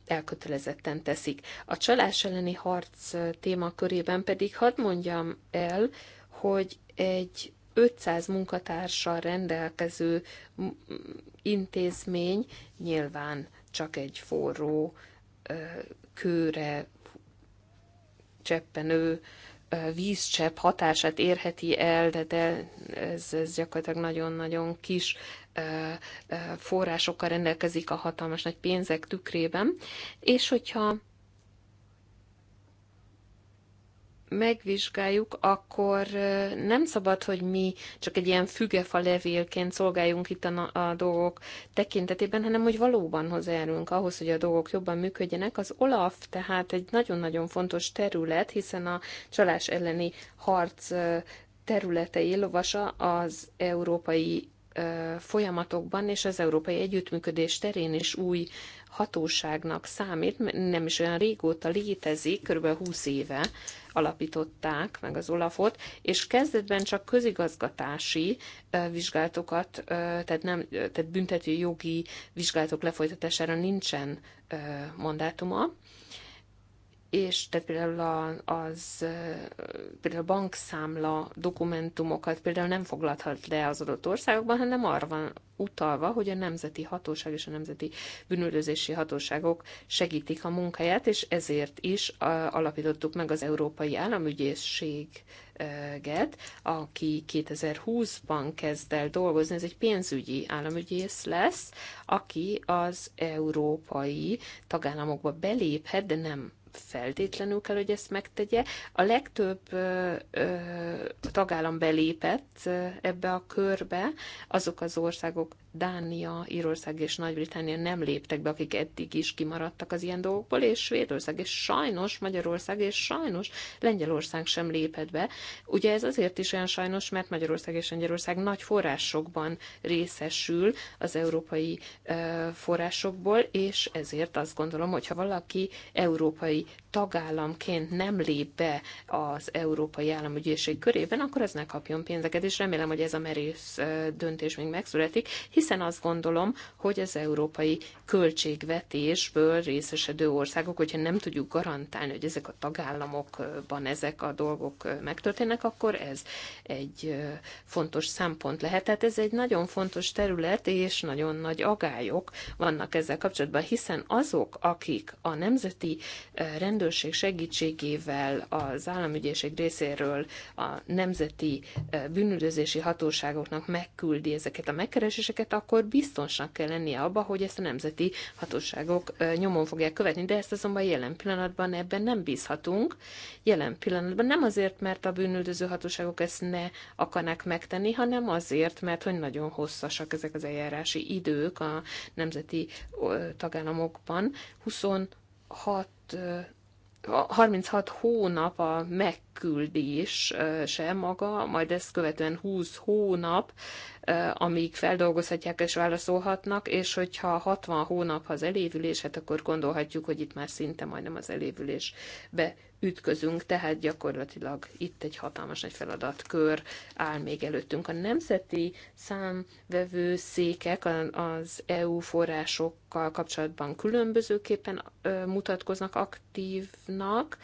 elkötelezetten teszik. A csalás elleni harc témakörében pedig hadd mondjam el, hogy egy 500 munkatársal rendelkező intézmény nyilván csak egy forró kőre cseppenő vízcsepp hatását érheti el, de, de ez, ez gyakorlatilag nagyon-nagyon kis forrásokkal rendelkezik a hatalmas nagy pénzek tükrében, és hogyha megvizsgáljuk, akkor nem szabad, hogy mi csak egy ilyen fügefa levélként szolgáljunk itt a, a dolgok tekintetében, hanem hogy valóban hozzájárulunk ahhoz, hogy a dolgok jobban működjenek. Az OLAF tehát egy nagyon-nagyon fontos terület, hiszen a csalás elleni harc területei lovasa az európai folyamatokban és az európai együttműködés terén is új hatóságnak számít, nem is olyan régóta létezik, kb. 20 éve alapították meg az Olafot, és kezdetben csak közigazgatási vizsgálatokat, tehát, nem, tehát büntető jogi vizsgálatok lefolytatására nincsen mandátuma, és tehát például a, az például a bankszámla dokumentumokat például nem foglalhat le az adott országokban, hanem arra van utalva, hogy a nemzeti hatóság és a nemzeti bűnüldözési hatóságok segítik a munkáját, és ezért is alapítottuk meg az Európai Államügyészséget, aki 2020-ban kezd el dolgozni, ez egy pénzügyi államügyész lesz, aki az európai tagállamokba beléphet, de nem feltétlenül kell, hogy ezt megtegye. A legtöbb ö, ö, tagállam belépett ebbe a körbe, azok az országok Dánia, Írország és Nagy-Britannia nem léptek be, akik eddig is kimaradtak az ilyen dolgokból, és Svédország, és sajnos Magyarország, és sajnos Lengyelország sem lépett be. Ugye ez azért is olyan sajnos, mert Magyarország és Lengyelország nagy forrásokban részesül az európai forrásokból, és ezért azt gondolom, hogy ha valaki európai tagállamként nem lép be az Európai Államügyészség körében, akkor ez ne kapjon pénzeket, és remélem, hogy ez a merész döntés még megszületik, hiszen azt gondolom, hogy az európai költségvetésből részesedő országok, hogyha nem tudjuk garantálni, hogy ezek a tagállamokban ezek a dolgok megtörténnek, akkor ez egy fontos szempont lehet. Tehát ez egy nagyon fontos terület, és nagyon nagy agályok vannak ezzel kapcsolatban, hiszen azok, akik a nemzeti rendőrség segítségével az államügyészség részéről a nemzeti bűnüldözési hatóságoknak megküldi ezeket a megkereséseket, Hát akkor biztonság kell lennie abba, hogy ezt a nemzeti hatóságok nyomon fogják követni, de ezt azonban jelen pillanatban ebben nem bízhatunk. Jelen pillanatban nem azért, mert a bűnöldöző hatóságok ezt ne akarnak megtenni, hanem azért, mert hogy nagyon hosszasak ezek az eljárási idők a nemzeti tagállamokban. 26 36 hónap a megküldés se maga, majd ezt követően 20 hónap amíg feldolgozhatják és válaszolhatnak, és hogyha 60 hónap az elévülés, hát akkor gondolhatjuk, hogy itt már szinte majdnem az elévülésbe ütközünk, tehát gyakorlatilag itt egy hatalmas nagy feladatkör áll még előttünk. A nemzeti számvevő székek az EU forrásokkal kapcsolatban különbözőképpen mutatkoznak aktívnak,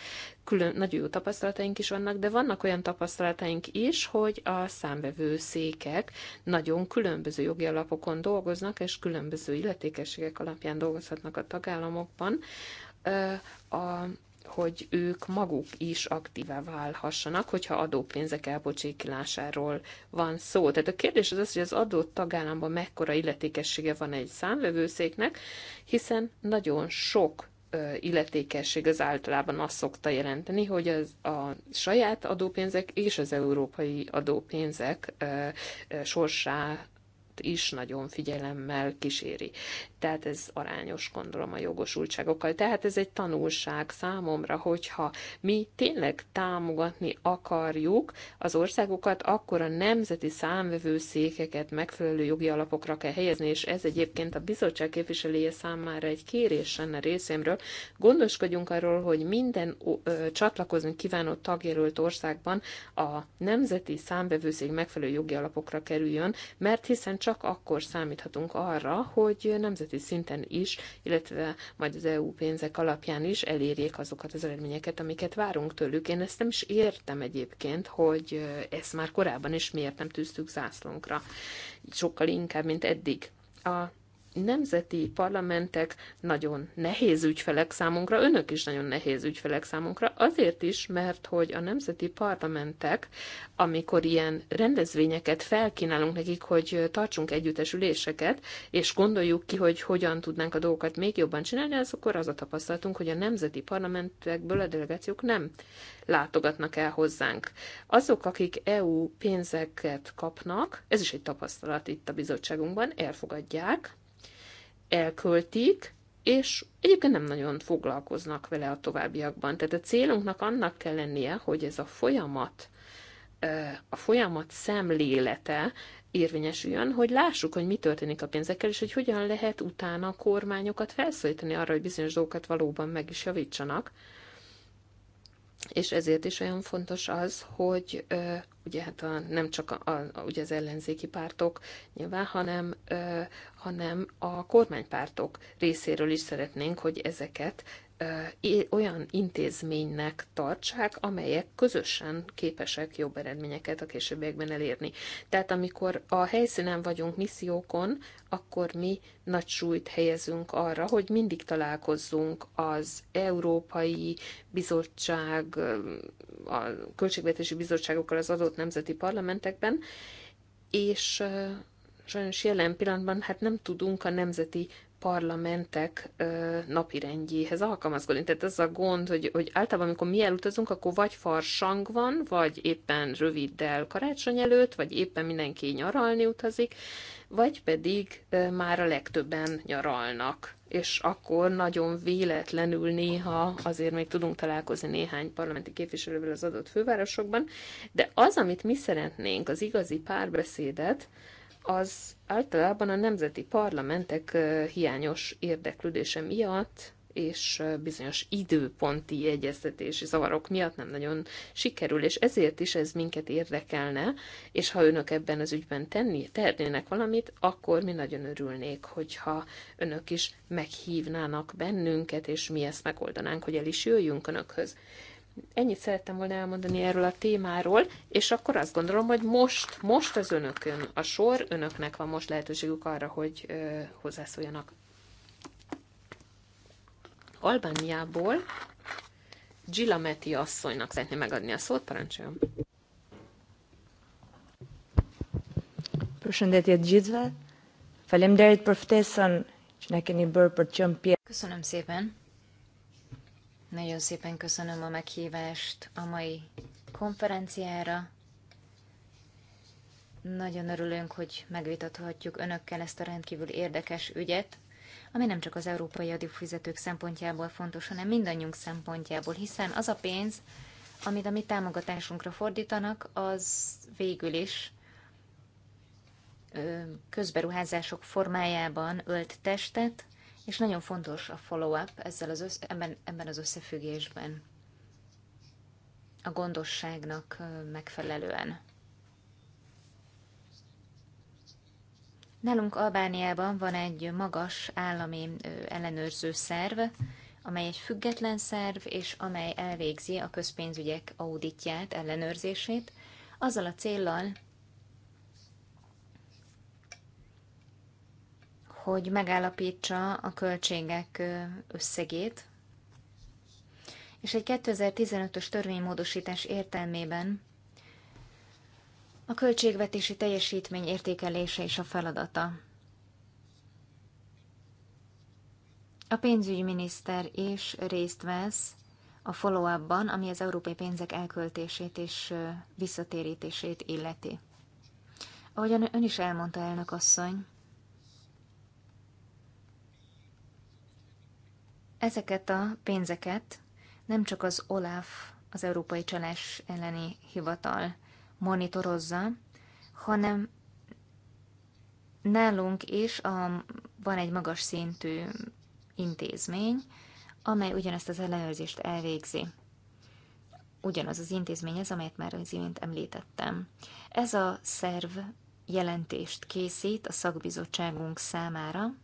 külön, nagyon jó tapasztalataink is vannak, de vannak olyan tapasztalataink is, hogy a számvevő székek nagyon különböző jogi alapokon dolgoznak, és különböző illetékességek alapján dolgozhatnak a tagállamokban, a hogy ők maguk is aktívá válhassanak, hogyha adópénzek elbocsékilásáról van szó. Tehát a kérdés az az, hogy az adott tagállamban mekkora illetékessége van egy számvevőszéknek, hiszen nagyon sok illetékesség az általában azt szokta jelenteni, hogy az a saját adópénzek és az európai adópénzek sorsát is nagyon figyelemmel kíséri tehát ez arányos, gondolom, a jogosultságokkal. Tehát ez egy tanulság számomra, hogyha mi tényleg támogatni akarjuk az országokat, akkor a nemzeti számvevőszékeket megfelelő jogi alapokra kell helyezni, és ez egyébként a bizottság képviselője számára egy kérés lenne részémről. Gondoskodjunk arról, hogy minden ö, csatlakozni kívánó tagjelölt országban a nemzeti számvevőszék megfelelő jogi alapokra kerüljön, mert hiszen csak akkor számíthatunk arra, hogy nemzeti nemzeti szinten is, illetve majd az EU pénzek alapján is elérjék azokat az eredményeket, amiket várunk tőlük. Én ezt nem is értem egyébként, hogy ezt már korábban is miért nem tűztük zászlónkra, sokkal inkább, mint eddig. A nemzeti parlamentek nagyon nehéz ügyfelek számunkra, önök is nagyon nehéz ügyfelek számunkra, azért is, mert hogy a nemzeti parlamentek, amikor ilyen rendezvényeket felkínálunk nekik, hogy tartsunk együttes üléseket, és gondoljuk ki, hogy hogyan tudnánk a dolgokat még jobban csinálni, az akkor az a tapasztalatunk, hogy a nemzeti parlamentekből a delegációk nem látogatnak el hozzánk. Azok, akik EU pénzeket kapnak, ez is egy tapasztalat itt a bizottságunkban, elfogadják, elköltik, és egyébként nem nagyon foglalkoznak vele a továbbiakban. Tehát a célunknak annak kell lennie, hogy ez a folyamat, a folyamat szemlélete érvényesüljön, hogy lássuk, hogy mi történik a pénzekkel, és hogy hogyan lehet utána a kormányokat felszólítani arra, hogy bizonyos dolgokat valóban meg is javítsanak és ezért is olyan fontos az, hogy ö, ugye hát a, nem csak a, a, ugye az ellenzéki pártok nyilván, hanem, ö, hanem a kormánypártok részéről is szeretnénk, hogy ezeket olyan intézménynek tartsák, amelyek közösen képesek jobb eredményeket a későbbiekben elérni. Tehát amikor a helyszínen vagyunk missziókon, akkor mi nagy súlyt helyezünk arra, hogy mindig találkozzunk az Európai Bizottság, a Költségvetési Bizottságokkal az adott nemzeti parlamentekben, és sajnos jelen pillanatban hát nem tudunk a nemzeti parlamentek napirendjéhez alkalmazkodni. Tehát ez a gond, hogy, hogy általában amikor mi elutazunk, akkor vagy farsang van, vagy éppen röviddel karácsony előtt, vagy éppen mindenki nyaralni utazik, vagy pedig már a legtöbben nyaralnak és akkor nagyon véletlenül néha azért még tudunk találkozni néhány parlamenti képviselővel az adott fővárosokban, de az, amit mi szeretnénk, az igazi párbeszédet, az általában a nemzeti parlamentek hiányos érdeklődése miatt és bizonyos időponti egyeztetési zavarok miatt nem nagyon sikerül, és ezért is ez minket érdekelne, és ha önök ebben az ügyben tenni, tennének valamit, akkor mi nagyon örülnék, hogyha önök is meghívnának bennünket, és mi ezt megoldanánk, hogy el is jöjjünk önökhöz. Ennyit szerettem volna elmondani erről a témáról, és akkor azt gondolom, hogy most, most az önökön a sor, önöknek van most lehetőségük arra, hogy ö, hozzászóljanak. Albániából Gilameti asszonynak szeretném megadni a szót, parancsoljon. Köszönöm szépen. Nagyon szépen köszönöm a meghívást a mai konferenciára. Nagyon örülünk, hogy megvitathatjuk önökkel ezt a rendkívül érdekes ügyet, ami nem csak az európai adófizetők szempontjából fontos, hanem mindannyiunk szempontjából, hiszen az a pénz, amit a mi támogatásunkra fordítanak, az végül is közberuházások formájában ölt testet, és nagyon fontos a follow-up ezzel az össze, ebben, ebben az összefüggésben a gondosságnak megfelelően. Nálunk Albániában van egy magas állami ellenőrző szerv, amely egy független szerv, és amely elvégzi a közpénzügyek auditját, ellenőrzését, azzal a céllal, hogy megállapítsa a költségek összegét, és egy 2015-ös törvénymódosítás értelmében a költségvetési teljesítmény értékelése is a feladata. A pénzügyminiszter is részt vesz a follow-upban, ami az európai pénzek elköltését és visszatérítését illeti. Ahogyan ön is elmondta, elnök asszony, Ezeket a pénzeket nem csak az OLAF, az Európai Csalás elleni hivatal monitorozza, hanem nálunk is a, van egy magas szintű intézmény, amely ugyanezt az ellenőrzést elvégzi. Ugyanaz az intézmény ez, amelyet már az imént említettem. Ez a szerv jelentést készít a szakbizottságunk számára,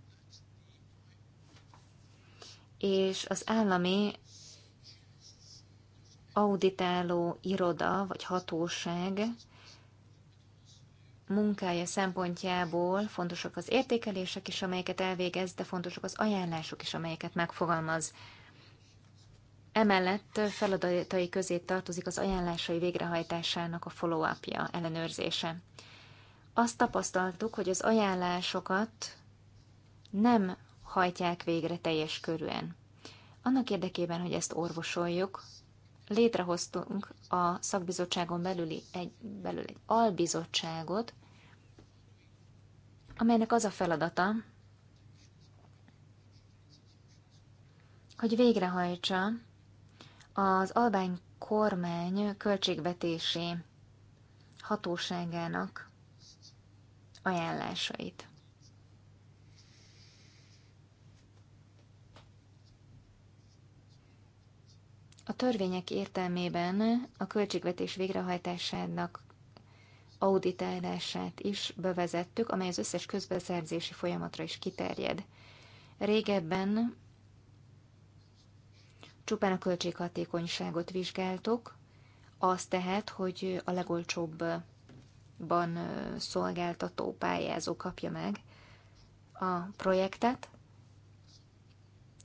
és az állami auditáló iroda vagy hatóság munkája szempontjából fontosak az értékelések is, amelyeket elvégez, de fontosak az ajánlások is, amelyeket megfogalmaz. Emellett feladatai közé tartozik az ajánlásai végrehajtásának a follow-upja, ellenőrzése. Azt tapasztaltuk, hogy az ajánlásokat nem hajtják végre teljes körűen. Annak érdekében, hogy ezt orvosoljuk, létrehoztunk a szakbizottságon belüli egy, belül egy albizottságot, amelynek az a feladata, hogy végrehajtsa az albány kormány költségvetési hatóságának ajánlásait. A törvények értelmében a költségvetés végrehajtásának auditálását is bevezettük, amely az összes közbeszerzési folyamatra is kiterjed. Régebben csupán a költséghatékonyságot vizsgáltuk, az tehát, hogy a legolcsóbbban szolgáltató pályázó kapja meg a projektet,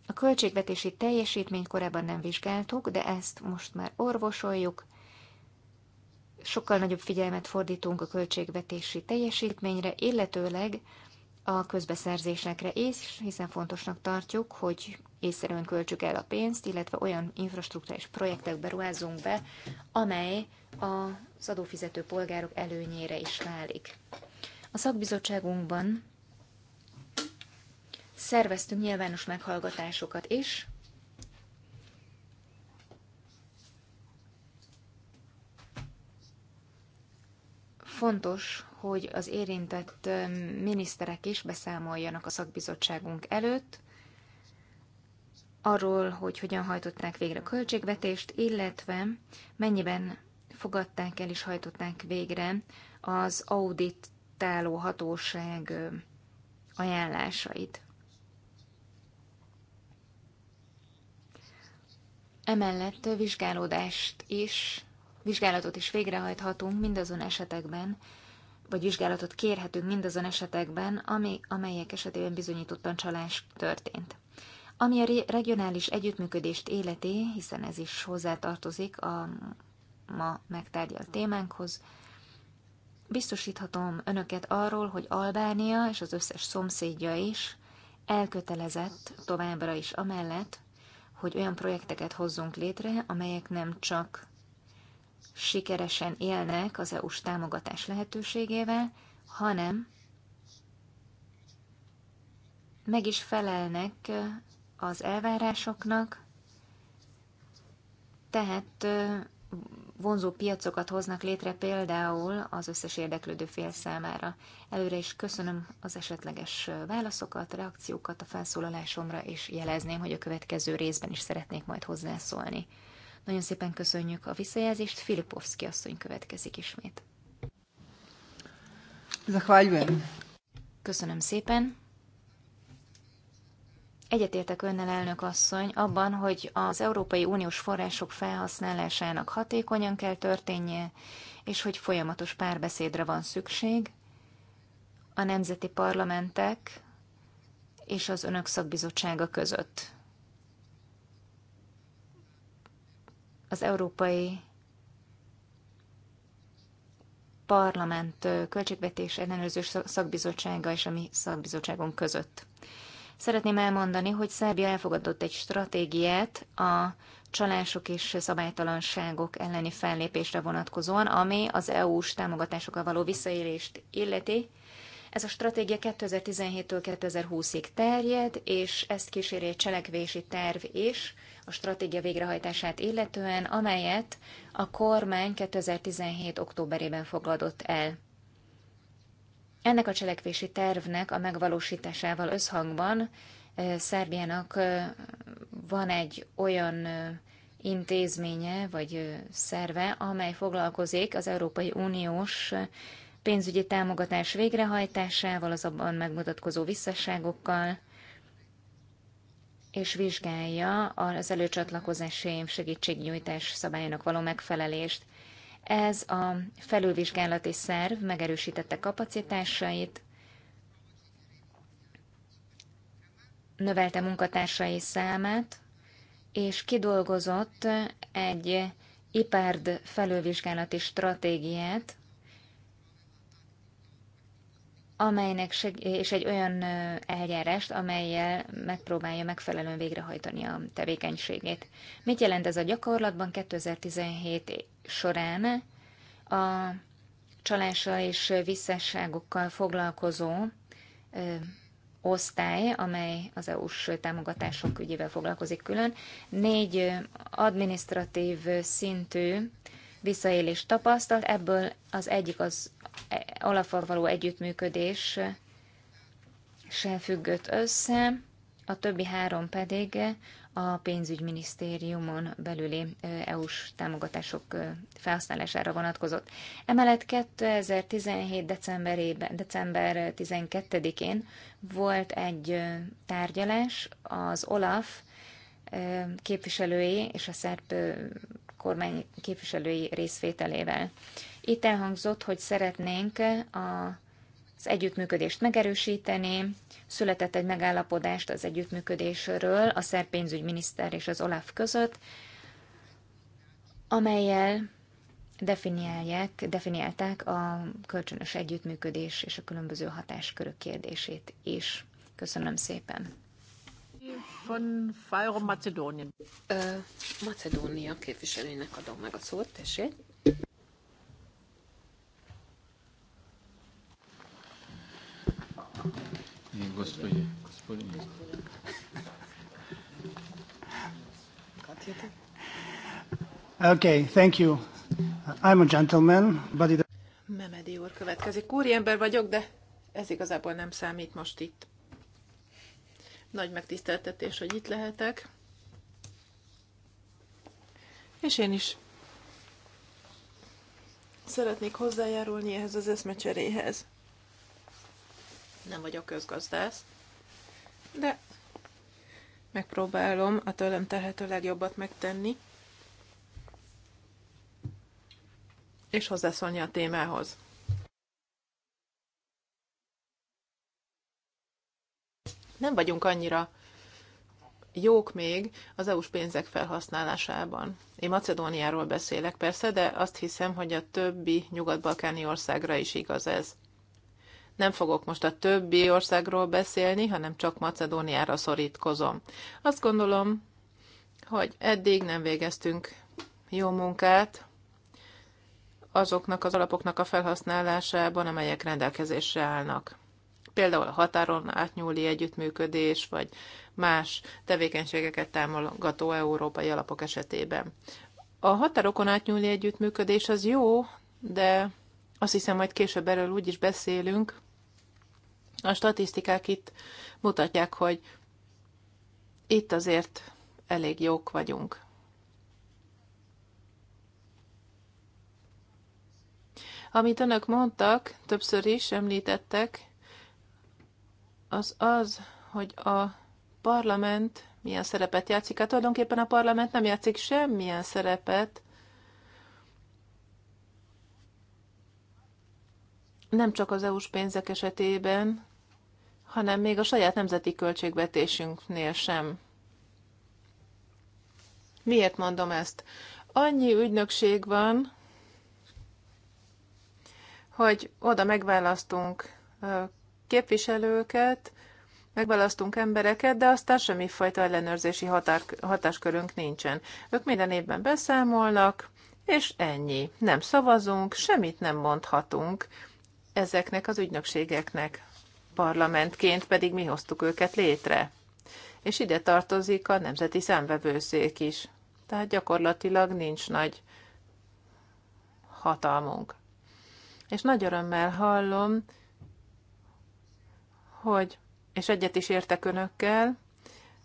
a költségvetési teljesítményt korábban nem vizsgáltuk, de ezt most már orvosoljuk. Sokkal nagyobb figyelmet fordítunk a költségvetési teljesítményre, illetőleg a közbeszerzésekre is, hiszen fontosnak tartjuk, hogy észszerűen költsük el a pénzt, illetve olyan infrastruktúrális projektekbe ruházunk be, amely az adófizető polgárok előnyére is válik. A szakbizottságunkban Szerveztünk nyilvános meghallgatásokat is. Fontos, hogy az érintett miniszterek is beszámoljanak a szakbizottságunk előtt, arról, hogy hogyan hajtották végre a költségvetést, illetve mennyiben fogadták el és hajtották végre az auditáló hatóság ajánlásait. Emellett vizsgálódást is, vizsgálatot is végrehajthatunk mindazon esetekben, vagy vizsgálatot kérhetünk mindazon esetekben, ami, amelyek esetében bizonyítottan csalás történt. Ami a regionális együttműködést életé, hiszen ez is hozzátartozik a ma megtárgyalt témánkhoz, biztosíthatom önöket arról, hogy Albánia és az összes szomszédja is elkötelezett továbbra is amellett, hogy olyan projekteket hozzunk létre, amelyek nem csak sikeresen élnek az EU-s támogatás lehetőségével, hanem meg is felelnek az elvárásoknak, tehát vonzó piacokat hoznak létre például az összes érdeklődő fél számára. Előre is köszönöm az esetleges válaszokat, reakciókat a felszólalásomra, és jelezném, hogy a következő részben is szeretnék majd hozzászólni. Nagyon szépen köszönjük a visszajelzést, Filipovszki asszony következik ismét. Zahvaljujem. Köszönöm szépen. Egyetértek önnel, elnök asszony, abban, hogy az Európai Uniós források felhasználásának hatékonyan kell történnie, és hogy folyamatos párbeszédre van szükség. A nemzeti parlamentek és az önök szakbizottsága között. Az Európai Parlament Költségvetés Ellenőrző Szakbizottsága és a mi szakbizottságunk között. Szeretném elmondani, hogy Szerbia elfogadott egy stratégiát a csalások és szabálytalanságok elleni fellépésre vonatkozóan, ami az EU-s támogatásokkal való visszaélést illeti. Ez a stratégia 2017-től 2020-ig terjed, és ezt kíséri egy cselekvési terv is a stratégia végrehajtását illetően, amelyet a kormány 2017. októberében fogadott el. Ennek a cselekvési tervnek a megvalósításával összhangban Szerbiának van egy olyan intézménye vagy szerve, amely foglalkozik az Európai Uniós pénzügyi támogatás végrehajtásával, az abban megmutatkozó visszasságokkal, és vizsgálja az előcsatlakozási segítségnyújtás szabályának való megfelelést. Ez a felülvizsgálati szerv megerősítette kapacitásait, növelte munkatársai számát, és kidolgozott egy IPARD felülvizsgálati stratégiát, amelynek seg- és egy olyan eljárást, amelyel megpróbálja megfelelően végrehajtani a tevékenységét. Mit jelent ez a gyakorlatban? 2017 során a csalása és visszásságokkal foglalkozó osztály, amely az EU-s támogatások ügyével foglalkozik külön, négy administratív szintű visszaélést tapasztalt, ebből az egyik az alapval e, való együttműködés sem függött össze, a többi három pedig a pénzügyminisztériumon belüli EU-s támogatások felhasználására vonatkozott. Emellett 2017. decemberében, december 12-én volt egy tárgyalás az OLAF képviselői és a szerb kormány képviselői részvételével. Itt elhangzott, hogy szeretnénk a az együttműködést megerősíteni. Született egy megállapodást az együttműködésről a szerb és az OLAF között, amelyel definiálják, definiálták a kölcsönös együttműködés és a különböző hatáskörök kérdését is. Köszönöm szépen. Von Fajro Macedónia. Macedónia képviselőnek adom meg a szót, tessék. Okay, thank you. I'm a gentleman, but it... Memedi úr következik. Úriember vagyok, de ez igazából nem számít most itt. Nagy megtiszteltetés, hogy itt lehetek. És én is szeretnék hozzájárulni ehhez az eszmecseréhez nem vagyok közgazdász, de megpróbálom a tőlem telhető legjobbat megtenni, és hozzászólni a témához. Nem vagyunk annyira jók még az EU-s pénzek felhasználásában. Én Macedóniáról beszélek persze, de azt hiszem, hogy a többi nyugat-balkáni országra is igaz ez. Nem fogok most a többi országról beszélni, hanem csak Macedóniára szorítkozom. Azt gondolom, hogy eddig nem végeztünk jó munkát azoknak az alapoknak a felhasználásában, amelyek rendelkezésre állnak. Például a határon átnyúli együttműködés, vagy más tevékenységeket támogató európai alapok esetében. A határokon átnyúli együttműködés az jó, de azt hiszem, majd később erről úgy is beszélünk, a statisztikák itt mutatják, hogy itt azért elég jók vagyunk. Amit önök mondtak, többször is említettek, az az, hogy a parlament milyen szerepet játszik. Hát tulajdonképpen a parlament nem játszik semmilyen szerepet, nem csak az EU-s pénzek esetében, hanem még a saját nemzeti költségvetésünknél sem. Miért mondom ezt? Annyi ügynökség van, hogy oda megválasztunk képviselőket, megválasztunk embereket, de aztán semmifajta ellenőrzési határ, hatáskörünk nincsen. Ők minden évben beszámolnak, és ennyi. Nem szavazunk, semmit nem mondhatunk ezeknek az ügynökségeknek parlamentként pedig mi hoztuk őket létre. És ide tartozik a Nemzeti Számvevőszék is. Tehát gyakorlatilag nincs nagy hatalmunk. És nagy örömmel hallom, hogy, és egyet is értek önökkel,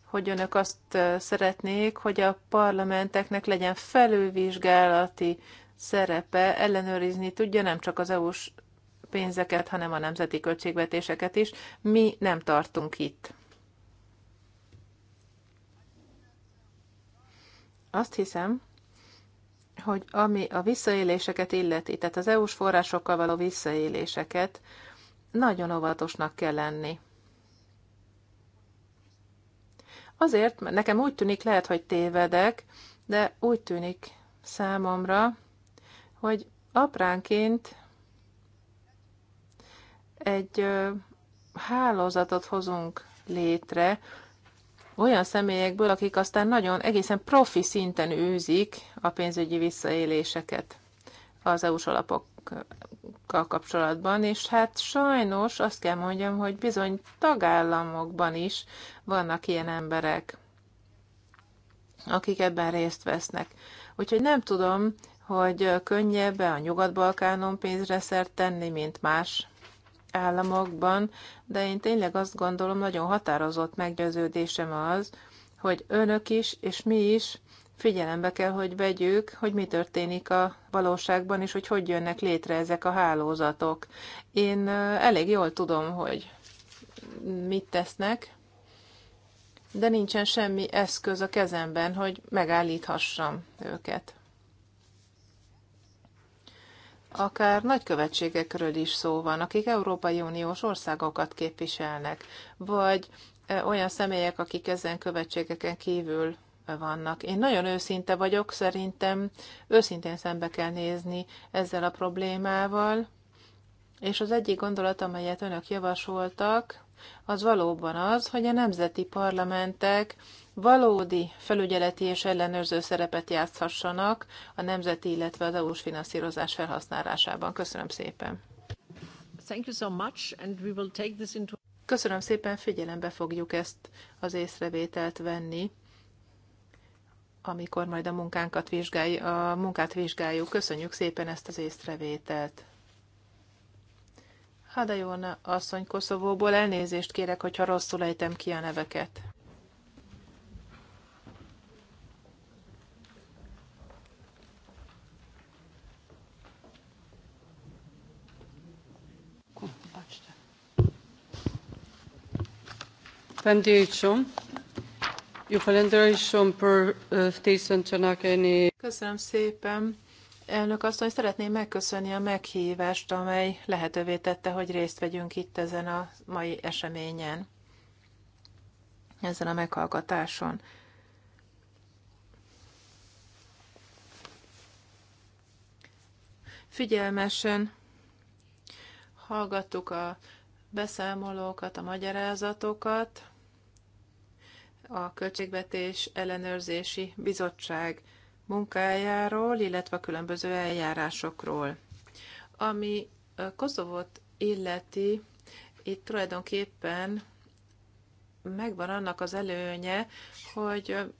hogy önök azt szeretnék, hogy a parlamenteknek legyen felülvizsgálati szerepe, ellenőrizni tudja nem csak az EU-s pénzeket, hanem a nemzeti költségvetéseket is. Mi nem tartunk itt. Azt hiszem, hogy ami a visszaéléseket illeti, tehát az EU-s forrásokkal való visszaéléseket, nagyon óvatosnak kell lenni. Azért, mert nekem úgy tűnik, lehet, hogy tévedek, de úgy tűnik számomra, hogy apránként egy hálózatot hozunk létre olyan személyekből, akik aztán nagyon egészen profi szinten űzik a pénzügyi visszaéléseket az EU-s alapokkal kapcsolatban, és hát sajnos azt kell mondjam, hogy bizony tagállamokban is vannak ilyen emberek, akik ebben részt vesznek. Úgyhogy nem tudom, hogy könnyebb a Nyugat-Balkánon pénzre szert tenni, mint más államokban, de én tényleg azt gondolom, nagyon határozott meggyőződésem az, hogy önök is, és mi is figyelembe kell, hogy vegyük, hogy mi történik a valóságban, és hogy hogy jönnek létre ezek a hálózatok. Én elég jól tudom, hogy mit tesznek, de nincsen semmi eszköz a kezemben, hogy megállíthassam őket akár nagykövetségekről is szó van, akik Európai Uniós országokat képviselnek, vagy e, olyan személyek, akik ezen követségeken kívül vannak. Én nagyon őszinte vagyok, szerintem őszintén szembe kell nézni ezzel a problémával, és az egyik gondolat, amelyet önök javasoltak, az valóban az, hogy a nemzeti parlamentek valódi felügyeleti és ellenőrző szerepet játszhassanak a nemzeti, illetve az EU-s finanszírozás felhasználásában. Köszönöm szépen! Thank you so much, and we will take this into... Köszönöm szépen, figyelembe fogjuk ezt az észrevételt venni, amikor majd a munkánkat vizsgálj, a munkát vizsgáljuk. Köszönjük szépen ezt az észrevételt! Hadajóna asszony Koszovóból elnézést kérek, hogyha rosszul ejtem ki a neveket. Köszönöm szépen. Elnök asszony, szeretném megköszönni a meghívást, amely lehetővé tette, hogy részt vegyünk itt ezen a mai eseményen, ezen a meghallgatáson. Figyelmesen hallgattuk a beszámolókat, a magyarázatokat, a Költségvetés Ellenőrzési Bizottság munkájáról, illetve a különböző eljárásokról. Ami Koszovot illeti, itt tulajdonképpen megvan annak az előnye, hogy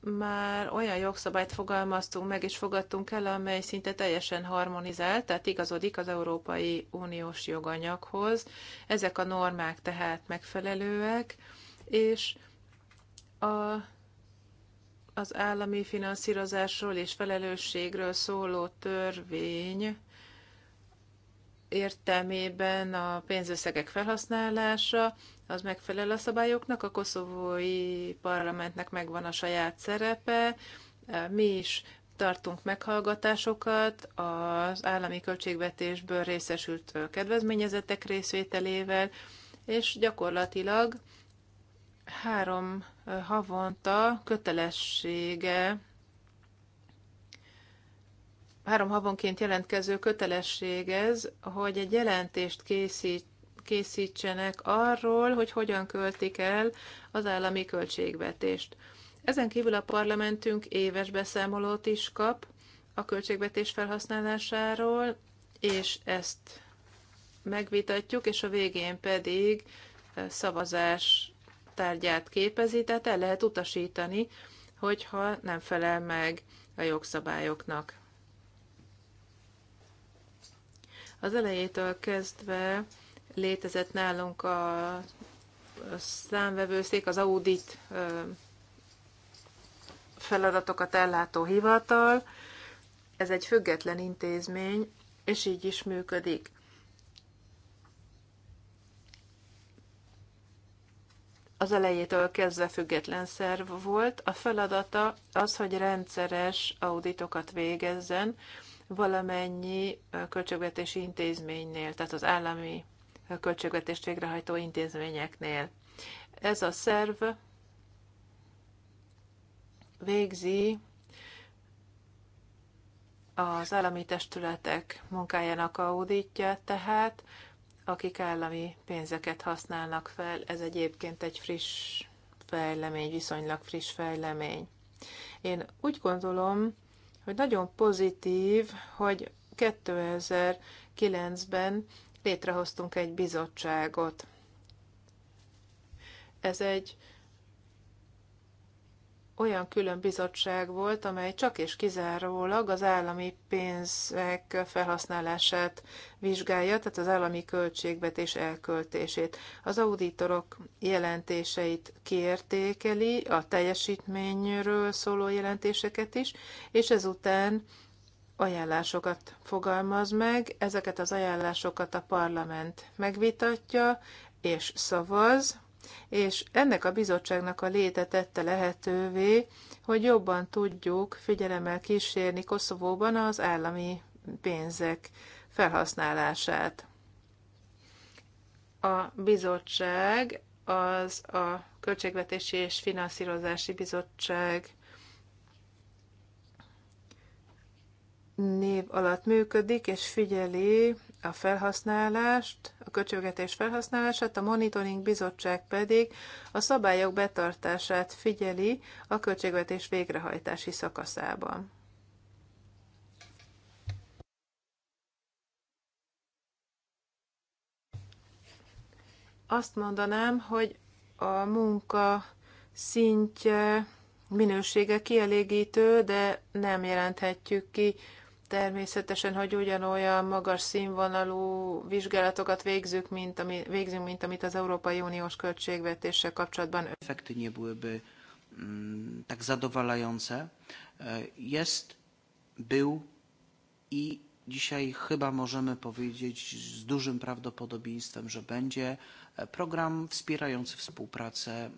már olyan jogszabályt fogalmaztunk meg és fogadtunk el, amely szinte teljesen harmonizált, tehát igazodik az Európai Uniós joganyaghoz. Ezek a normák tehát megfelelőek, és a az állami finanszírozásról és felelősségről szóló törvény értelmében a pénzösszegek felhasználása az megfelel a szabályoknak, a koszovói parlamentnek megvan a saját szerepe, mi is tartunk meghallgatásokat az állami költségvetésből részesült kedvezményezettek részvételével, és gyakorlatilag három havonta kötelessége, három havonként jelentkező kötelesség ez, hogy egy jelentést készít, készítsenek arról, hogy hogyan költik el az állami költségvetést. Ezen kívül a parlamentünk éves beszámolót is kap a költségvetés felhasználásáról, és ezt megvitatjuk, és a végén pedig szavazás tárgyát képezi, tehát el lehet utasítani, hogyha nem felel meg a jogszabályoknak. Az elejétől kezdve létezett nálunk a számvevőszék, az audit feladatokat ellátó hivatal. Ez egy független intézmény, és így is működik. az elejétől kezdve független szerv volt. A feladata az, hogy rendszeres auditokat végezzen valamennyi költségvetési intézménynél, tehát az állami költségvetést végrehajtó intézményeknél. Ez a szerv végzi az állami testületek munkájának auditját, tehát akik állami pénzeket használnak fel. Ez egyébként egy friss fejlemény, viszonylag friss fejlemény. Én úgy gondolom, hogy nagyon pozitív, hogy 2009-ben létrehoztunk egy bizottságot. Ez egy olyan külön bizottság volt, amely csak és kizárólag az állami pénzek felhasználását vizsgálja, tehát az állami költségvetés elköltését. Az auditorok jelentéseit kiértékeli, a teljesítményről szóló jelentéseket is, és ezután ajánlásokat fogalmaz meg, ezeket az ajánlásokat a parlament megvitatja és szavaz, és ennek a bizottságnak a léte tette lehetővé, hogy jobban tudjuk figyelemmel kísérni Koszovóban az állami pénzek felhasználását. A bizottság az a Költségvetési és Finanszírozási Bizottság név alatt működik, és figyeli a felhasználást, a köcsögetés felhasználását, a monitoring bizottság pedig a szabályok betartását figyeli a költségvetés végrehajtási szakaszában. Azt mondanám, hogy a munka szintje, minősége kielégítő, de nem jelenthetjük ki természetesen, hogy ugyanolyan magas színvonalú vizsgálatokat végzünk, mint, ami, végzünk, mint amit az Európai Uniós költségvetéssel kapcsolatban. Efekty nie byłyby mm, tak zadowalające. E, jest, był i dzisiaj chyba możemy powiedzieć z dużym prawdopodobieństwem, że będzie e, program wspierający współpracę, e,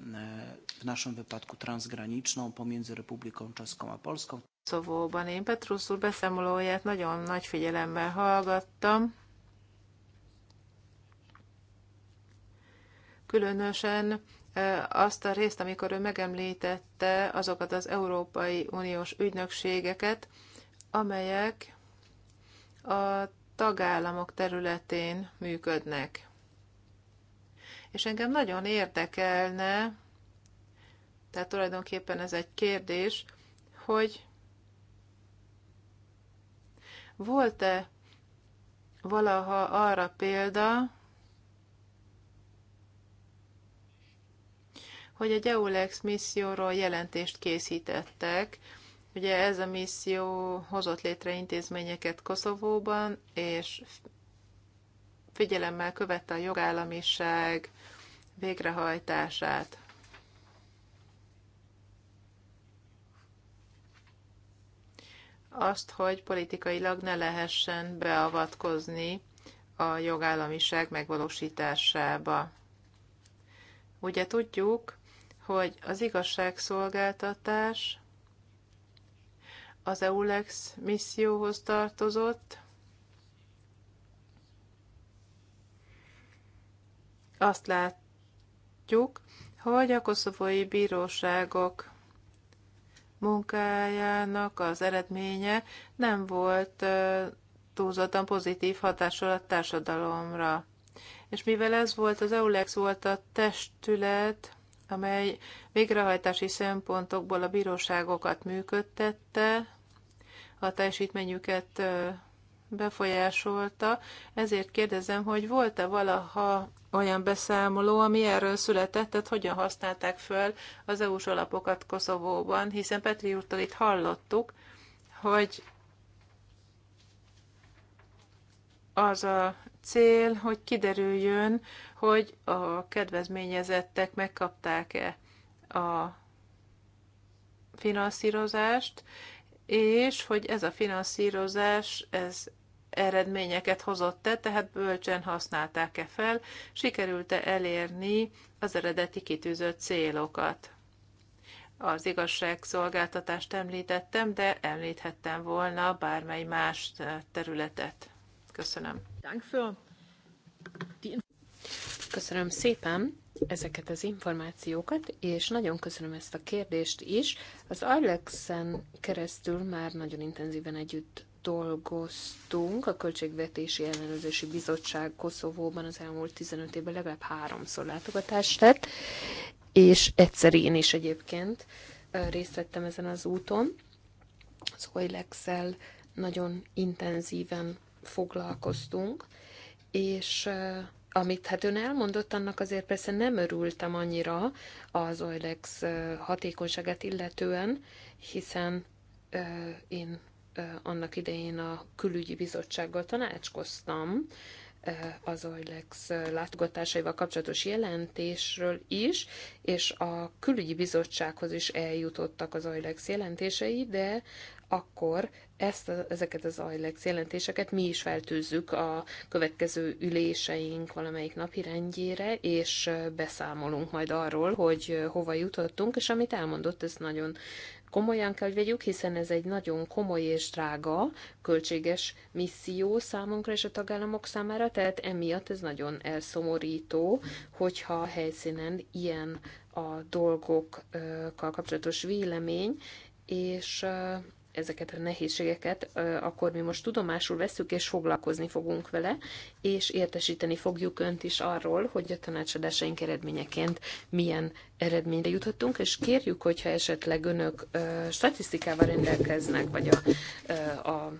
w naszym wypadku transgraniczną, pomiędzy Republiką Czeską a Polską. Koszovóban. Én Petrusz úr beszámolóját nagyon nagy figyelemmel hallgattam. Különösen e, azt a részt, amikor ő megemlítette azokat az Európai Uniós ügynökségeket, amelyek a tagállamok területén működnek. És engem nagyon érdekelne, tehát tulajdonképpen ez egy kérdés, hogy volt-e valaha arra példa, hogy egy Geolex misszióról jelentést készítettek. Ugye ez a misszió hozott létre intézményeket Koszovóban, és figyelemmel követte a jogállamiság végrehajtását. azt, hogy politikailag ne lehessen beavatkozni a jogállamiság megvalósításába. Ugye tudjuk, hogy az igazságszolgáltatás az EULEX misszióhoz tartozott, azt látjuk, hogy a koszovói bíróságok munkájának az eredménye nem volt túlzottan pozitív hatással a társadalomra. És mivel ez volt, az EULEX volt a testület, amely végrehajtási szempontokból a bíróságokat működtette, a teljesítményüket befolyásolta. Ezért kérdezem, hogy volt-e valaha olyan beszámoló, ami erről született, tehát hogyan használták föl az EU-s alapokat Koszovóban, hiszen Petri úrtól itt hallottuk, hogy az a cél, hogy kiderüljön, hogy a kedvezményezettek megkapták-e a finanszírozást, és hogy ez a finanszírozás, ez eredményeket hozott-e, tehát bölcsen használták-e fel, sikerült-e elérni az eredeti kitűzött célokat. Az igazságszolgáltatást említettem, de említhettem volna bármely más területet. Köszönöm. Köszönöm szépen ezeket az információkat, és nagyon köszönöm ezt a kérdést is. Az Alexen keresztül már nagyon intenzíven együtt dolgoztunk a Költségvetési Ellenőrzési Bizottság Koszovóban az elmúlt 15 évben legalább háromszor látogatást tett, és egyszer én is egyébként részt vettem ezen az úton. Az oilex nagyon intenzíven foglalkoztunk, és amit hát ön elmondott, annak azért persze nem örültem annyira az Oilex hatékonyságát illetően, hiszen ö, én ö, annak idején a külügyi bizottsággal tanácskoztam, az OILEX látogatásaival kapcsolatos jelentésről is, és a külügyi bizottsághoz is eljutottak az OILEX jelentései, de akkor ezt, ezeket az ajlex jelentéseket mi is feltűzzük a következő üléseink valamelyik napirendjére, és beszámolunk majd arról, hogy hova jutottunk, és amit elmondott, ez nagyon komolyan kell, hogy vegyük, hiszen ez egy nagyon komoly és drága, költséges misszió számunkra és a tagállamok számára, tehát emiatt ez nagyon elszomorító, hogyha a helyszínen ilyen a dolgokkal kapcsolatos vélemény, és ezeket a nehézségeket, akkor mi most tudomásul veszük és foglalkozni fogunk vele, és értesíteni fogjuk Önt is arról, hogy a tanácsadásaink eredményeként milyen eredményre jutottunk, és kérjük, hogyha esetleg Önök statisztikával rendelkeznek, vagy a, a, a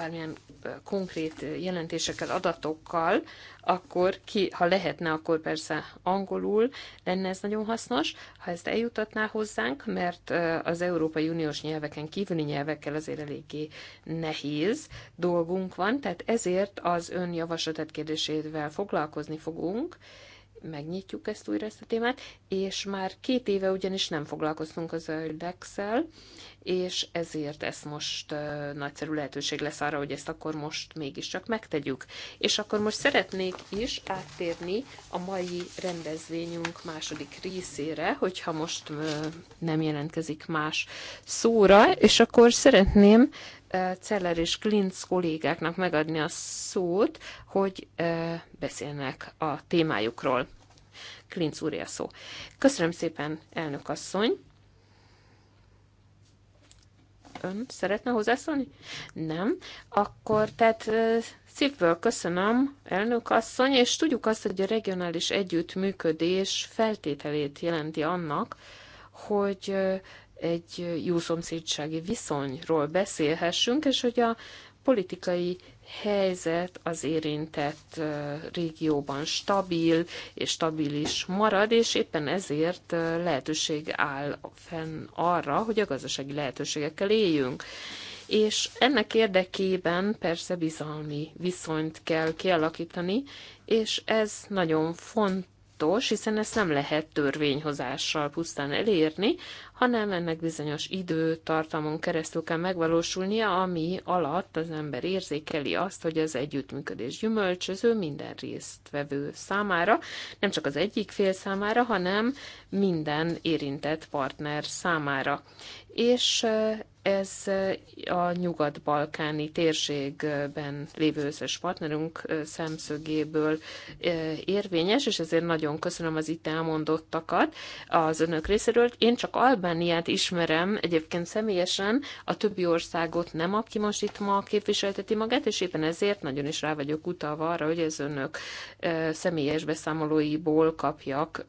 bármilyen konkrét jelentésekkel, adatokkal, akkor ki, ha lehetne, akkor persze angolul lenne ez nagyon hasznos, ha ezt eljutatná hozzánk, mert az Európai Uniós nyelveken kívüli nyelvekkel azért eléggé nehéz dolgunk van, tehát ezért az ön javaslatát kérdésével foglalkozni fogunk, megnyitjuk ezt újra ezt a témát, és már két éve ugyanis nem foglalkoztunk az öldex és ezért ez most nagyszerű lehetőség lesz arra, hogy ezt akkor most mégiscsak megtegyük. És akkor most szeretnék is áttérni a mai rendezvényünk második részére, hogyha most nem jelentkezik más szóra, és akkor szeretném Celler és Klinc kollégáknak megadni a szót, hogy beszélnek a témájukról. Klinc úr szó. Köszönöm szépen, elnök asszony! Ön szeretne hozzászólni? Nem. Akkor tehát szívből köszönöm, elnök asszony, és tudjuk azt, hogy a regionális együttműködés feltételét jelenti annak, hogy egy jó szomszédsági viszonyról beszélhessünk, és hogy a politikai helyzet az érintett régióban stabil és stabilis marad, és éppen ezért lehetőség áll fenn arra, hogy a gazdasági lehetőségekkel éljünk. És ennek érdekében persze bizalmi viszonyt kell kialakítani, és ez nagyon fontos fontos, hiszen ezt nem lehet törvényhozással pusztán elérni, hanem ennek bizonyos időtartamon keresztül kell megvalósulnia, ami alatt az ember érzékeli azt, hogy az együttműködés gyümölcsöző minden résztvevő számára, nem csak az egyik fél számára, hanem minden érintett partner számára. És ez eh, a nyugat-balkáni térségben lévő összes partnerünk eh, szemszögéből eh, érvényes, és ezért nagyon köszönöm az itt elmondottakat az önök részéről. Én csak Albániát ismerem egyébként személyesen, a többi országot nem, aki most itt ma képviselteti magát, és éppen ezért nagyon is rá vagyok utalva arra, hogy az önök személyes beszámolóiból kapjak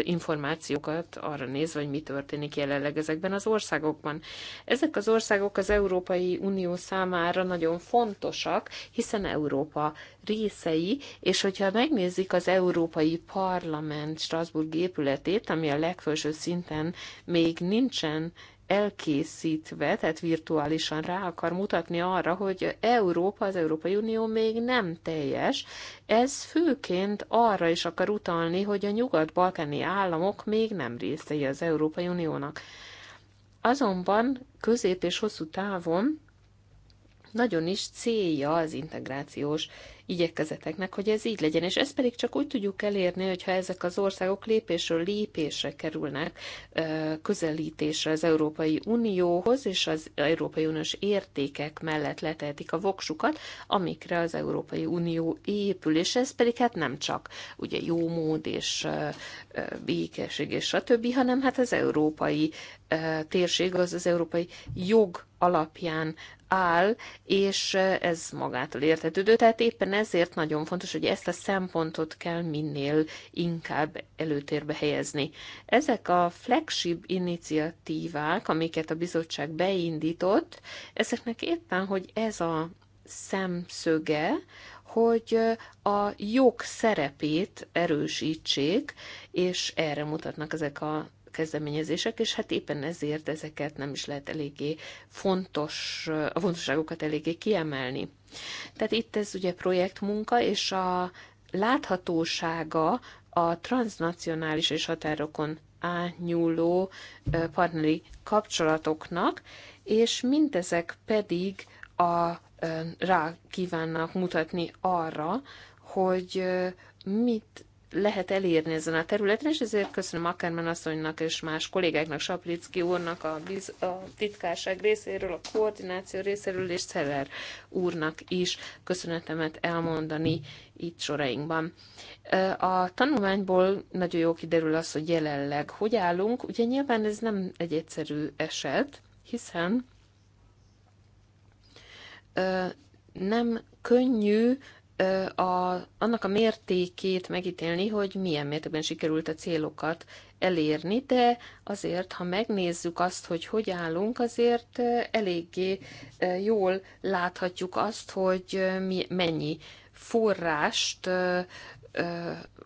információkat arra nézve, hogy mi történik jelenleg ezekben az országokban. Ezek ezek az országok az Európai Unió számára nagyon fontosak, hiszen Európa részei, és hogyha megnézik az Európai Parlament Strasbourg épületét, ami a legfelső szinten még nincsen elkészítve, tehát virtuálisan rá akar mutatni arra, hogy Európa, az Európai Unió még nem teljes. Ez főként arra is akar utalni, hogy a nyugat-balkáni államok még nem részei az Európai Uniónak. Azonban közép és hosszú távon nagyon is célja az integrációs igyekezeteknek, hogy ez így legyen. És ezt pedig csak úgy tudjuk elérni, hogyha ezek az országok lépésről lépésre kerülnek közelítésre az Európai Unióhoz, és az Európai Uniós értékek mellett letehetik a voksukat, amikre az Európai Unió épül, és ez pedig hát nem csak ugye jó mód és békesség és stb., hanem hát az európai térség az az európai jog alapján áll, és ez magától értetődő. Tehát éppen ezért nagyon fontos, hogy ezt a szempontot kell minél inkább előtérbe helyezni. Ezek a flagship iniciatívák, amiket a bizottság beindított, ezeknek éppen, hogy ez a szemszöge, hogy a jog szerepét erősítsék, és erre mutatnak ezek a kezdeményezések, és hát éppen ezért ezeket nem is lehet eléggé fontos, a fontosságokat eléggé kiemelni. Tehát itt ez ugye projektmunka, és a láthatósága a transnacionális és határokon átnyúló partneri kapcsolatoknak, és mindezek pedig a, rá kívánnak mutatni arra, hogy mit lehet elérni ezen a területen, és ezért köszönöm Akkerman asszonynak és más kollégáknak, Saplicki úrnak a, biz, a titkárság részéről, a koordináció részéről, és Szeller úrnak is köszönetemet elmondani itt sorainkban. A tanulmányból nagyon jó kiderül az, hogy jelenleg hogy állunk. Ugye nyilván ez nem egy egyszerű eset, hiszen nem könnyű a, annak a mértékét megítélni, hogy milyen mértékben sikerült a célokat elérni, de azért, ha megnézzük azt, hogy hogy állunk, azért eléggé jól láthatjuk azt, hogy mi, mennyi forrást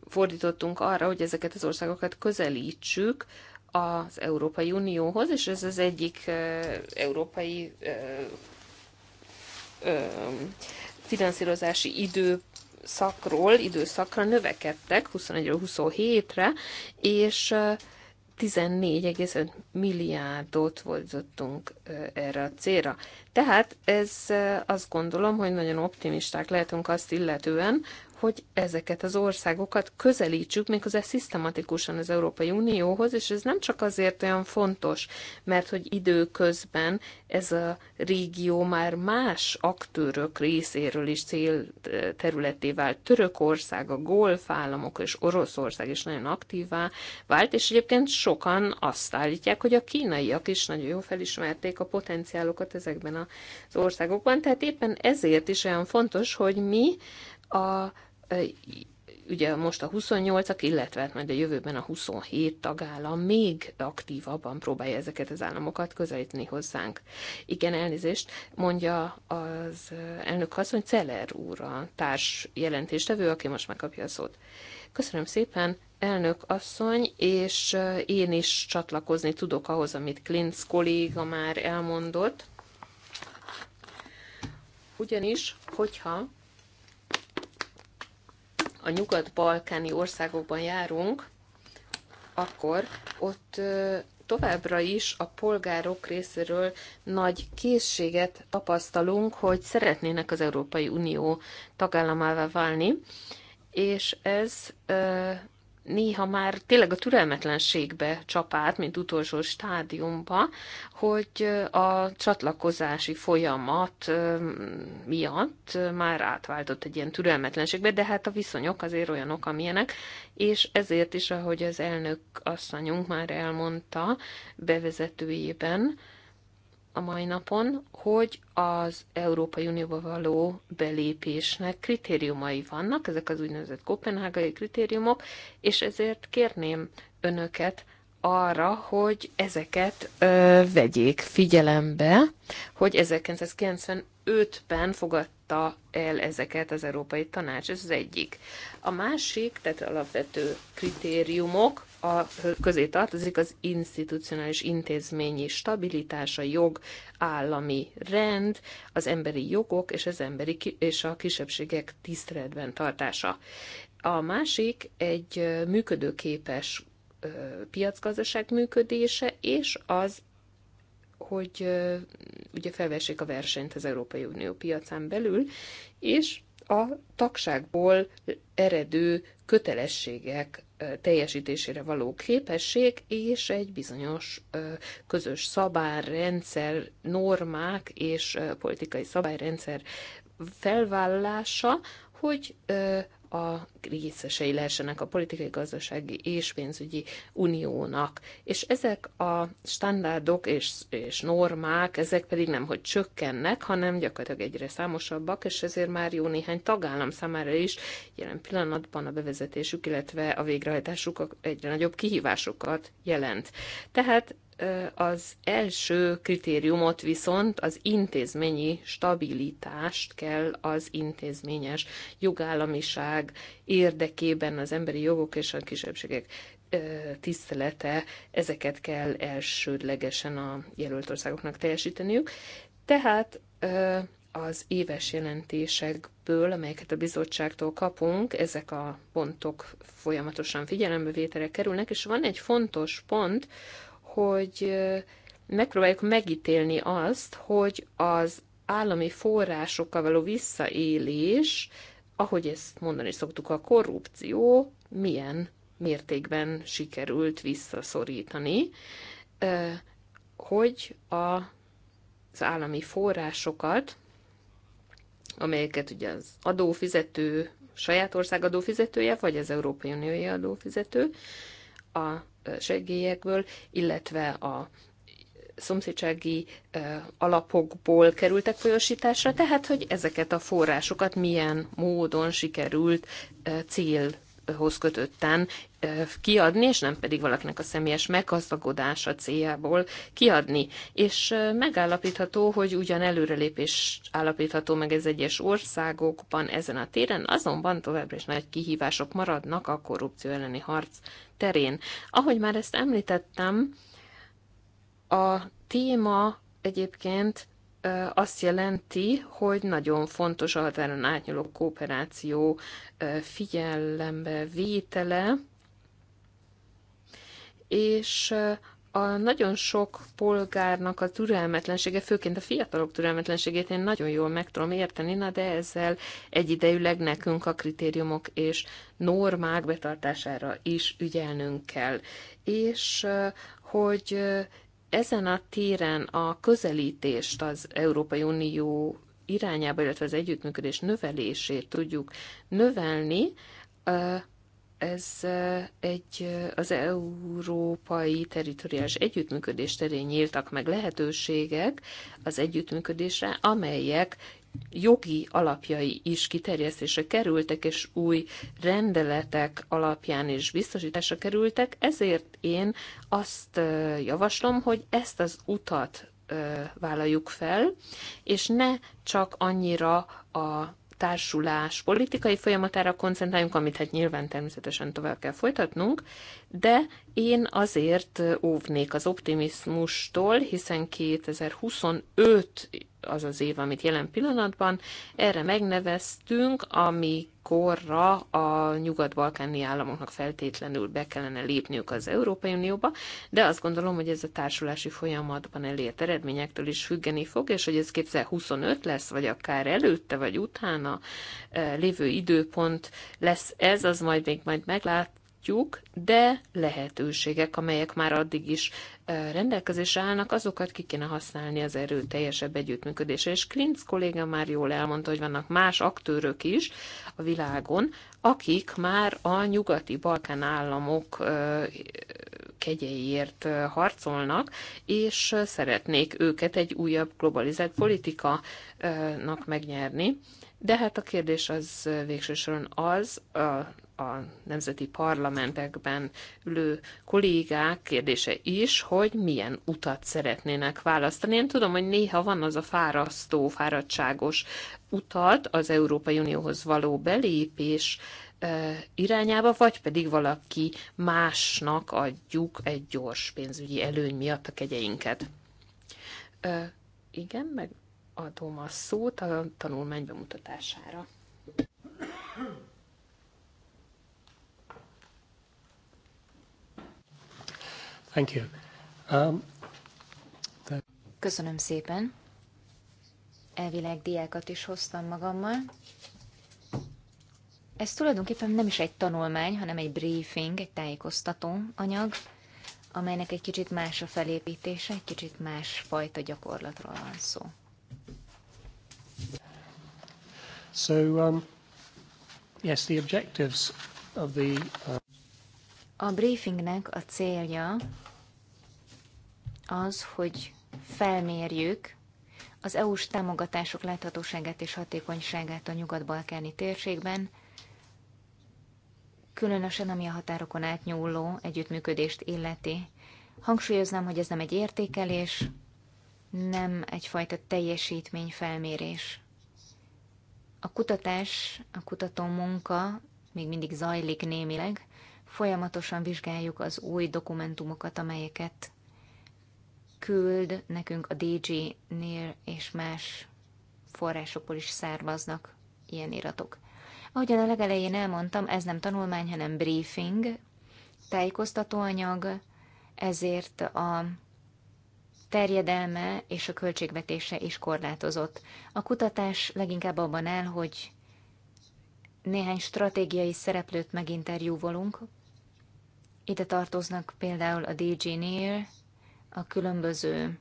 fordítottunk arra, hogy ezeket az országokat közelítsük az Európai Unióhoz, és ez az egyik európai finanszírozási idő szakról, időszakra növekedtek 21-27-re, és 14,5 milliárdot fordítottunk erre a célra. Tehát ez azt gondolom, hogy nagyon optimisták lehetünk azt illetően, hogy ezeket az országokat közelítsük méghozzá szisztematikusan az Európai Unióhoz, és ez nem csak azért olyan fontos, mert hogy időközben ez a régió már más aktőrök részéről is célterületé eh, vált. Törökország, a Golf államok és Oroszország is nagyon aktívá vált, és egyébként sokan azt állítják, hogy a kínaiak is nagyon jól felismerték a potenciálokat ezekben az országokban, tehát éppen ezért is olyan fontos, hogy mi a ugye most a 28-ak, illetve hát majd a jövőben a 27 tagállam még aktívabban próbálja ezeket az államokat közelíteni hozzánk. Igen, elnézést, mondja az elnök asszony Celer úr, a társ jelentéstevő, aki most megkapja a szót. Köszönöm szépen, elnök asszony, és én is csatlakozni tudok ahhoz, amit Klintz kolléga már elmondott. Ugyanis, hogyha a nyugat-balkáni országokban járunk, akkor ott továbbra is a polgárok részéről nagy készséget tapasztalunk, hogy szeretnének az Európai Unió tagállamává válni, és ez néha már tényleg a türelmetlenségbe csapát, mint utolsó stádiumba, hogy a csatlakozási folyamat miatt már átváltott egy ilyen türelmetlenségbe, de hát a viszonyok azért olyanok, amilyenek, és ezért is, ahogy az elnök asszonyunk már elmondta bevezetőjében, a mai napon, hogy az Európai Unióba való belépésnek kritériumai vannak, ezek az úgynevezett kopenhágai kritériumok, és ezért kérném önöket arra, hogy ezeket ö, vegyék figyelembe, hogy 1995-ben fogadta el ezeket az Európai Tanács, ez az egyik. A másik, tehát alapvető kritériumok, a, közé tartozik az institucionális intézményi stabilitás, a jog, állami rend, az emberi jogok és, az emberi ki, és a kisebbségek tiszteletben tartása. A másik egy működőképes piacgazdaság működése, és az hogy ugye felvessék a versenyt az Európai Unió piacán belül, és a tagságból eredő kötelességek teljesítésére való képesség és egy bizonyos közös szabályrendszer, normák és politikai szabályrendszer felvállalása, hogy a részesei lehessenek a politikai, gazdasági és pénzügyi uniónak. És ezek a standardok és, és normák, ezek pedig nem, hogy csökkennek, hanem gyakorlatilag egyre számosabbak, és ezért már jó néhány tagállam számára is jelen pillanatban a bevezetésük, illetve a végrehajtásuk egyre nagyobb kihívásokat jelent. Tehát az első kritériumot viszont az intézményi stabilitást kell az intézményes jogállamiság érdekében az emberi jogok és a kisebbségek tisztelete, ezeket kell elsődlegesen a jelölt országoknak teljesíteniük. Tehát az éves jelentésekből, amelyeket a bizottságtól kapunk, ezek a pontok folyamatosan figyelembevételre kerülnek, és van egy fontos pont, hogy megpróbáljuk megítélni azt, hogy az állami forrásokkal való visszaélés, ahogy ezt mondani szoktuk, a korrupció milyen mértékben sikerült visszaszorítani, hogy a, az állami forrásokat, amelyeket ugye az adófizető, saját ország adófizetője, vagy az Európai Uniói adófizető, a segélyekből, illetve a szomszédsági alapokból kerültek folyosításra, tehát hogy ezeket a forrásokat milyen módon sikerült cél hoz kötötten kiadni, és nem pedig valakinek a személyes meggazdagodása céljából kiadni. És megállapítható, hogy ugyan előrelépés állapítható meg ez egyes országokban ezen a téren, azonban továbbra is nagy kihívások maradnak a korrupció elleni harc terén. Ahogy már ezt említettem, a téma egyébként azt jelenti, hogy nagyon fontos a határon átnyúló kooperáció figyelembe vétele, és a nagyon sok polgárnak a türelmetlensége, főként a fiatalok türelmetlenségét én nagyon jól meg tudom érteni, na de ezzel egyidejűleg nekünk a kritériumok és normák betartására is ügyelnünk kell. És hogy ezen a téren a közelítést az Európai Unió irányába, illetve az együttműködés növelését tudjuk növelni, ez egy az európai teritoriális együttműködés terén nyíltak meg lehetőségek az együttműködésre, amelyek jogi alapjai is kiterjesztésre kerültek, és új rendeletek alapján is biztosításra kerültek, ezért én azt javaslom, hogy ezt az utat vállaljuk fel, és ne csak annyira a társulás politikai folyamatára koncentráljunk, amit hát nyilván természetesen tovább kell folytatnunk, de én azért óvnék az optimizmustól, hiszen 2025 az az év, amit jelen pillanatban erre megneveztünk, amikorra a nyugat-balkáni államoknak feltétlenül be kellene lépniük az Európai Unióba, de azt gondolom, hogy ez a társulási folyamatban elért eredményektől is függeni fog, és hogy ez 2025 lesz, vagy akár előtte, vagy utána lévő időpont lesz ez, az majd még majd meglát, látjuk, de lehetőségek, amelyek már addig is rendelkezésre állnak, azokat ki kéne használni az erő teljesebb együttműködésre. És Klinz kolléga már jól elmondta, hogy vannak más aktőrök is a világon, akik már a nyugati Balkán államok kegyeiért harcolnak, és szeretnék őket egy újabb globalizált politikanak megnyerni. De hát a kérdés az végső soron az, a nemzeti parlamentekben ülő kollégák kérdése is, hogy milyen utat szeretnének választani. Én tudom, hogy néha van az a fárasztó, fáradtságos utat az Európai Unióhoz való belépés irányába, vagy pedig valaki másnak adjuk egy gyors pénzügyi előny miatt a kegyeinket. Igen, meg adom a szót a tanulmány bemutatására. Thank you. Um, the... Köszönöm szépen. Elvileg diákat is hoztam magammal. Ez tulajdonképpen nem is egy tanulmány, hanem egy briefing, egy tájékoztató anyag, amelynek egy kicsit más a felépítése, egy kicsit más fajta gyakorlatról van szó. So, um, yes, the objectives of the... Uh... A briefingnek a célja az, hogy felmérjük az EU-s támogatások láthatóságát és hatékonyságát a nyugat-balkáni térségben, különösen ami a határokon átnyúló együttműködést illeti. Hangsúlyoznám, hogy ez nem egy értékelés, nem egyfajta felmérés A kutatás, a kutató munka még mindig zajlik némileg, Folyamatosan vizsgáljuk az új dokumentumokat, amelyeket küld nekünk a DG-nél és más forrásokból is származnak ilyen iratok. Ahogyan a legelején elmondtam, ez nem tanulmány, hanem briefing, tájékoztatóanyag, ezért a terjedelme és a költségvetése is korlátozott. A kutatás leginkább abban áll, hogy néhány stratégiai szereplőt meginterjúvolunk, ide tartoznak például a DG-nél a különböző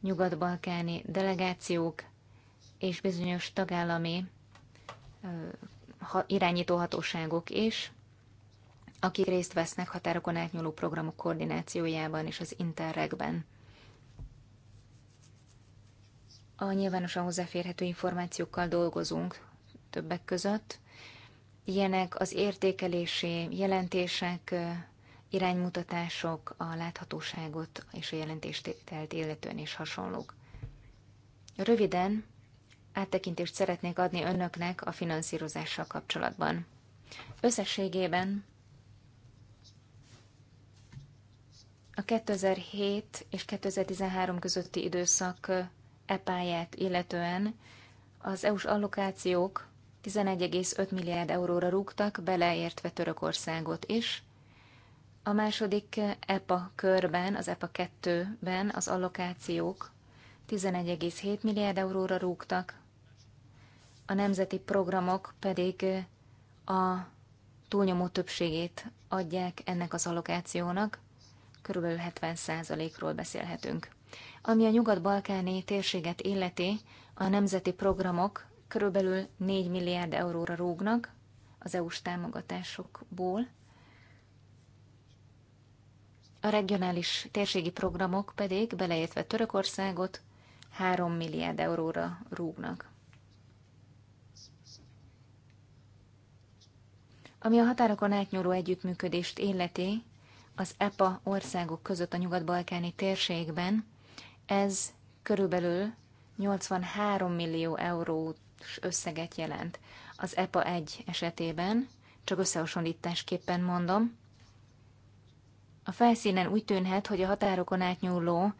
nyugat-balkáni delegációk és bizonyos tagállami irányítóhatóságok is, akik részt vesznek határokon átnyúló programok koordinációjában és az Interregben. A nyilvánosan hozzáférhető információkkal dolgozunk többek között. Ilyenek az értékelési jelentések, iránymutatások, a láthatóságot és a jelentéstételt illetően is hasonlók. Röviden áttekintést szeretnék adni önöknek a finanszírozással kapcsolatban. Összességében a 2007 és 2013 közötti időszak epáját illetően az EU-s allokációk 11,5 milliárd euróra rúgtak, beleértve Törökországot is, a második EPA körben, az EPA 2-ben az allokációk 11,7 milliárd euróra rúgtak, a nemzeti programok pedig a túlnyomó többségét adják ennek az allokációnak, körülbelül 70%-ról beszélhetünk. Ami a nyugat-balkáni térséget illeti, a nemzeti programok körülbelül 4 milliárd euróra rúgnak az EU-s támogatásokból, a regionális térségi programok pedig, beleértve Törökországot, 3 milliárd euróra rúgnak. Ami a határokon átnyúló együttműködést illeti, az EPA országok között a nyugat-balkáni térségben, ez körülbelül 83 millió eurós összeget jelent. Az EPA 1 esetében, csak összehasonlításképpen mondom, a felszínen úgy tűnhet, hogy a határokon átnyúló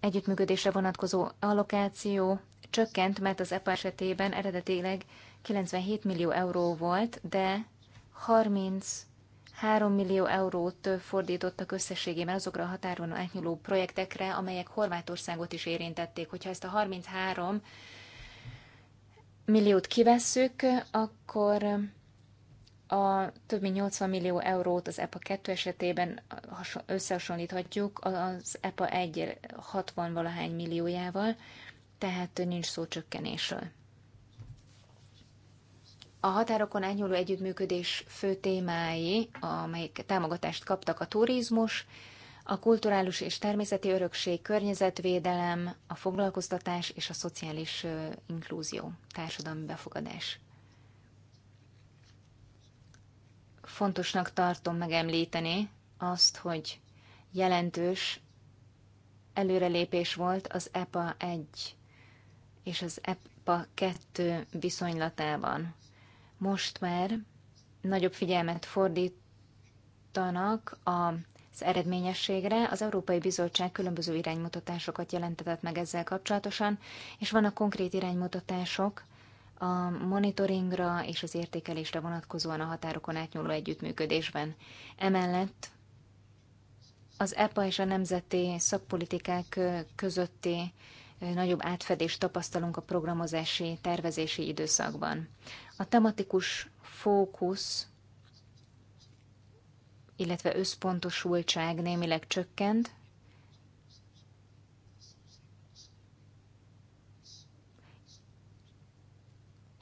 együttműködésre vonatkozó allokáció csökkent, mert az EPA esetében eredetileg 97 millió euró volt, de 30 3 millió eurót fordítottak összességében azokra a határon átnyúló projektekre, amelyek Horvátországot is érintették. Hogyha ezt a 33 milliót kivesszük, akkor a több mint 80 millió eurót az EPA 2 esetében összehasonlíthatjuk az EPA 1 60 valahány milliójával, tehát nincs szó csökkenésről. A határokon átnyúló együttműködés fő témái, amelyek támogatást kaptak a turizmus, a kulturális és természeti örökség, környezetvédelem, a foglalkoztatás és a szociális inklúzió, társadalmi befogadás. fontosnak tartom megemlíteni azt, hogy jelentős előrelépés volt az EPA 1 és az EPA 2 viszonylatában. Most már nagyobb figyelmet fordítanak a az eredményességre az Európai Bizottság különböző iránymutatásokat jelentetett meg ezzel kapcsolatosan, és vannak konkrét iránymutatások, a monitoringra és az értékelésre vonatkozóan a határokon átnyúló együttműködésben. Emellett az EPA és a nemzeti szakpolitikák közötti nagyobb átfedést tapasztalunk a programozási, tervezési időszakban. A tematikus fókusz, illetve összpontosultság némileg csökkent,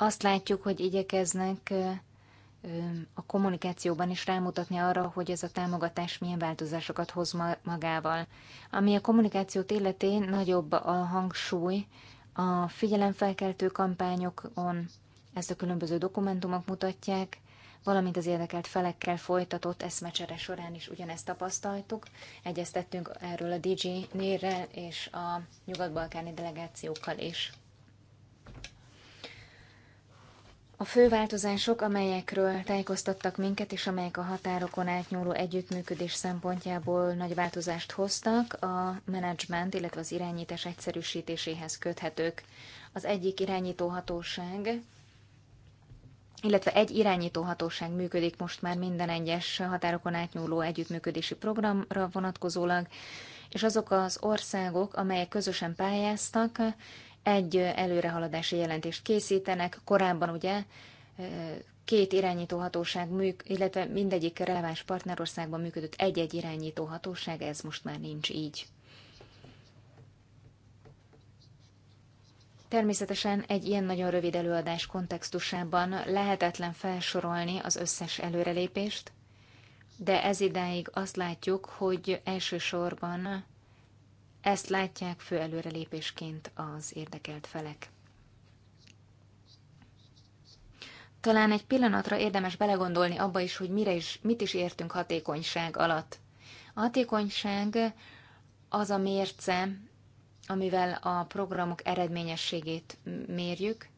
Azt látjuk, hogy igyekeznek a kommunikációban is rámutatni arra, hogy ez a támogatás milyen változásokat hoz magával. Ami a kommunikációt illeti, nagyobb a hangsúly a figyelemfelkeltő kampányokon, ezt a különböző dokumentumok mutatják, valamint az érdekelt felekkel folytatott eszmecsere során is ugyanezt tapasztaltuk. Egyeztettünk erről a DJ-nérrel és a nyugat-balkáni delegációkkal is. A fő változások, amelyekről tájékoztattak minket, és amelyek a határokon átnyúló együttműködés szempontjából nagy változást hoztak, a menedzsment, illetve az irányítás egyszerűsítéséhez köthetők. Az egyik irányítóhatóság, illetve egy irányítóhatóság működik most már minden egyes határokon átnyúló együttműködési programra vonatkozólag, és azok az országok, amelyek közösen pályáztak, egy előrehaladási jelentést készítenek. Korábban ugye két irányítóhatóság, műk, illetve mindegyik releváns partnerországban működött egy-egy irányítóhatóság, ez most már nincs így. Természetesen egy ilyen nagyon rövid előadás kontextusában lehetetlen felsorolni az összes előrelépést, de ez idáig azt látjuk, hogy elsősorban ezt látják fő előrelépésként az érdekelt felek. Talán egy pillanatra érdemes belegondolni abba is, hogy mire is, mit is értünk hatékonyság alatt. A hatékonyság az a mérce, amivel a programok eredményességét mérjük,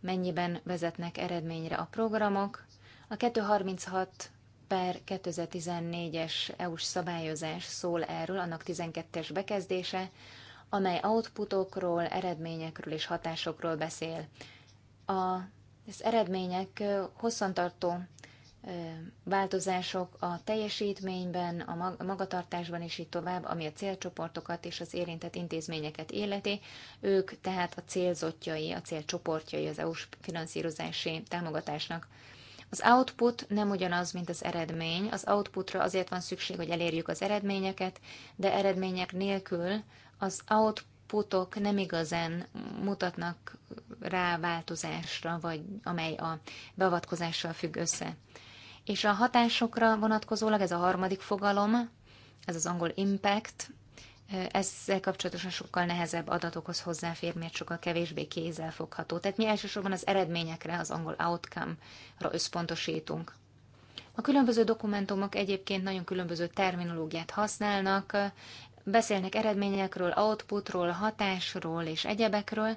mennyiben vezetnek eredményre a programok. A 236 per 2014-es EU-s szabályozás szól erről, annak 12-es bekezdése, amely outputokról, eredményekről és hatásokról beszél. A, az eredmények hosszantartó változások a teljesítményben, a magatartásban és így tovább, ami a célcsoportokat és az érintett intézményeket életi. Ők tehát a célzottjai, a célcsoportjai az EU-s finanszírozási támogatásnak. Az output nem ugyanaz, mint az eredmény. Az outputra azért van szükség, hogy elérjük az eredményeket, de eredmények nélkül az outputok nem igazán mutatnak rá változásra, vagy amely a beavatkozással függ össze. És a hatásokra vonatkozólag ez a harmadik fogalom, ez az angol impact, ezzel kapcsolatosan sokkal nehezebb adatokhoz hozzáfér, mert sokkal kevésbé kézzelfogható. Tehát mi elsősorban az eredményekre, az angol outcome-ra összpontosítunk. A különböző dokumentumok egyébként nagyon különböző terminológiát használnak, beszélnek eredményekről, outputról, hatásról és egyebekről,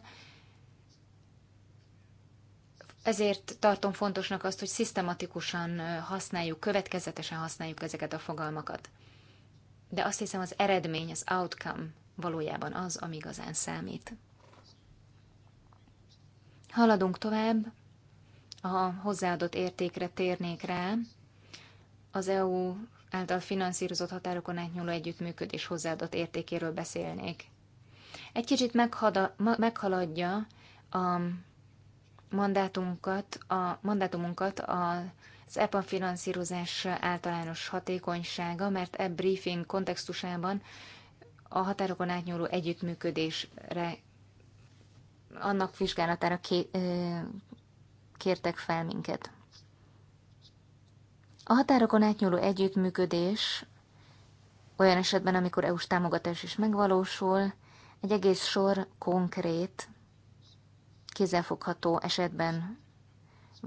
ezért tartom fontosnak azt, hogy szisztematikusan használjuk, következetesen használjuk ezeket a fogalmakat de azt hiszem az eredmény, az outcome valójában az, ami igazán számít. Haladunk tovább, a hozzáadott értékre térnék rá, az EU által finanszírozott határokon átnyúló együttműködés hozzáadott értékéről beszélnék. Egy kicsit meghada, meghaladja a mandátumunkat, a mandátumunkat a az EPA finanszírozás általános hatékonysága, mert e briefing kontextusában a határokon átnyúló együttműködésre, annak vizsgálatára kértek fel minket. A határokon átnyúló együttműködés olyan esetben, amikor EU-s támogatás is megvalósul, egy egész sor konkrét, kézzelfogható esetben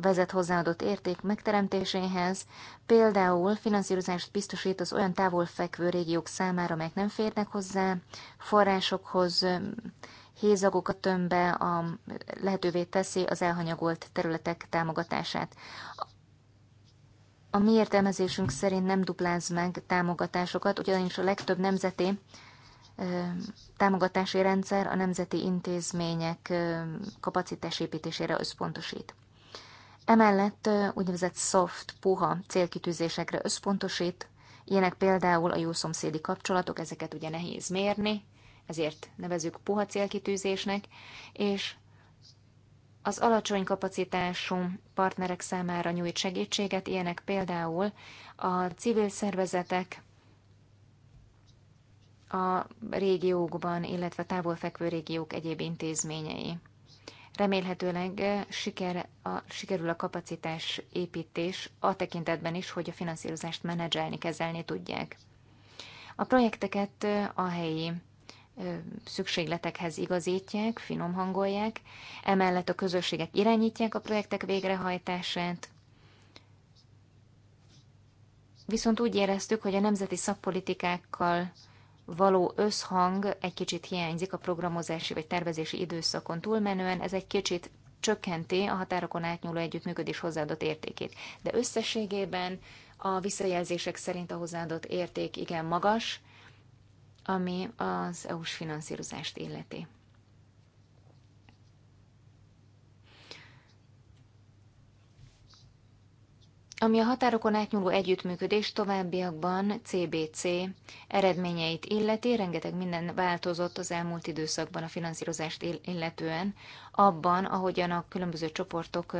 vezet hozzáadott érték megteremtéséhez, például finanszírozást biztosít az olyan fekvő régiók számára, amelyek nem férnek hozzá forrásokhoz, hézagok a tömbbe a, lehetővé teszi az elhanyagolt területek támogatását. A mi értelmezésünk szerint nem dupláz meg támogatásokat, ugyanis a legtöbb nemzeti támogatási rendszer a nemzeti intézmények kapacitásépítésére összpontosít. Emellett úgynevezett soft, puha célkitűzésekre összpontosít, ilyenek például a jó szomszédi kapcsolatok, ezeket ugye nehéz mérni, ezért nevezük puha célkitűzésnek, és az alacsony kapacitású partnerek számára nyújt segítséget, ilyenek például a civil szervezetek, a régiókban, illetve távolfekvő régiók egyéb intézményei. Remélhetőleg eh, siker a, sikerül a kapacitás építés a tekintetben is, hogy a finanszírozást menedzselni, kezelni tudják. A projekteket eh, a helyi eh, szükségletekhez igazítják, finom hangolják, emellett a közösségek irányítják a projektek végrehajtását, viszont úgy éreztük, hogy a nemzeti szakpolitikákkal való összhang egy kicsit hiányzik a programozási vagy tervezési időszakon túlmenően, ez egy kicsit csökkenti a határokon átnyúló együttműködés hozzáadott értékét. De összességében a visszajelzések szerint a hozzáadott érték igen magas, ami az EU-s finanszírozást illeti. Ami a határokon átnyúló együttműködés továbbiakban CBC eredményeit illeti, rengeteg minden változott az elmúlt időszakban a finanszírozást illetően, abban, ahogyan a különböző csoportok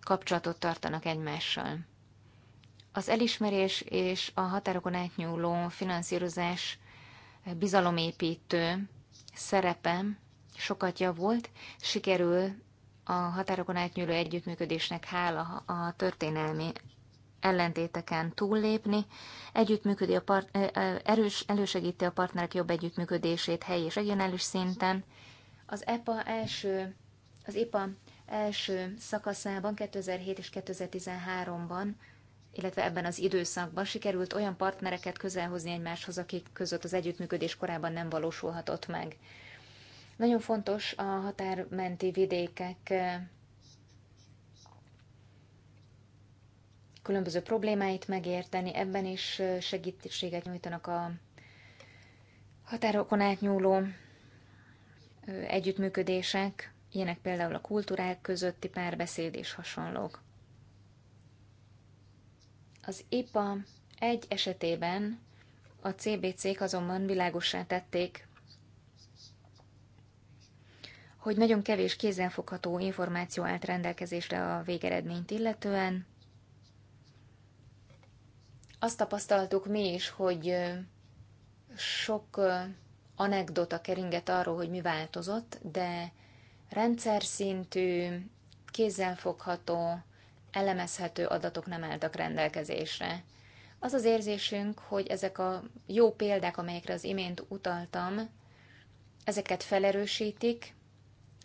kapcsolatot tartanak egymással. Az elismerés és a határokon átnyúló finanszírozás bizalomépítő szerepe sokat javult, sikerül a határokon átnyúló együttműködésnek hála a történelmi ellentéteken túllépni, együttműködi a part, erős, elősegíti a partnerek jobb együttműködését helyi és regionális szinten. Az EPA első, az EPA első szakaszában 2007 és 2013-ban, illetve ebben az időszakban sikerült olyan partnereket közelhozni egymáshoz, akik között az együttműködés korábban nem valósulhatott meg. Nagyon fontos a határmenti vidékek különböző problémáit megérteni, ebben is segítséget nyújtanak a határokon átnyúló együttműködések, ilyenek például a kultúrák közötti párbeszéd és hasonlók. Az IPA egy esetében a CBC-k azonban világosá tették hogy nagyon kevés kézzelfogható információ állt rendelkezésre a végeredményt illetően. Azt tapasztaltuk mi is, hogy sok anekdota keringett arról, hogy mi változott, de rendszer szintű, kézzelfogható, elemezhető adatok nem álltak rendelkezésre. Az az érzésünk, hogy ezek a jó példák, amelyekre az imént utaltam, ezeket felerősítik,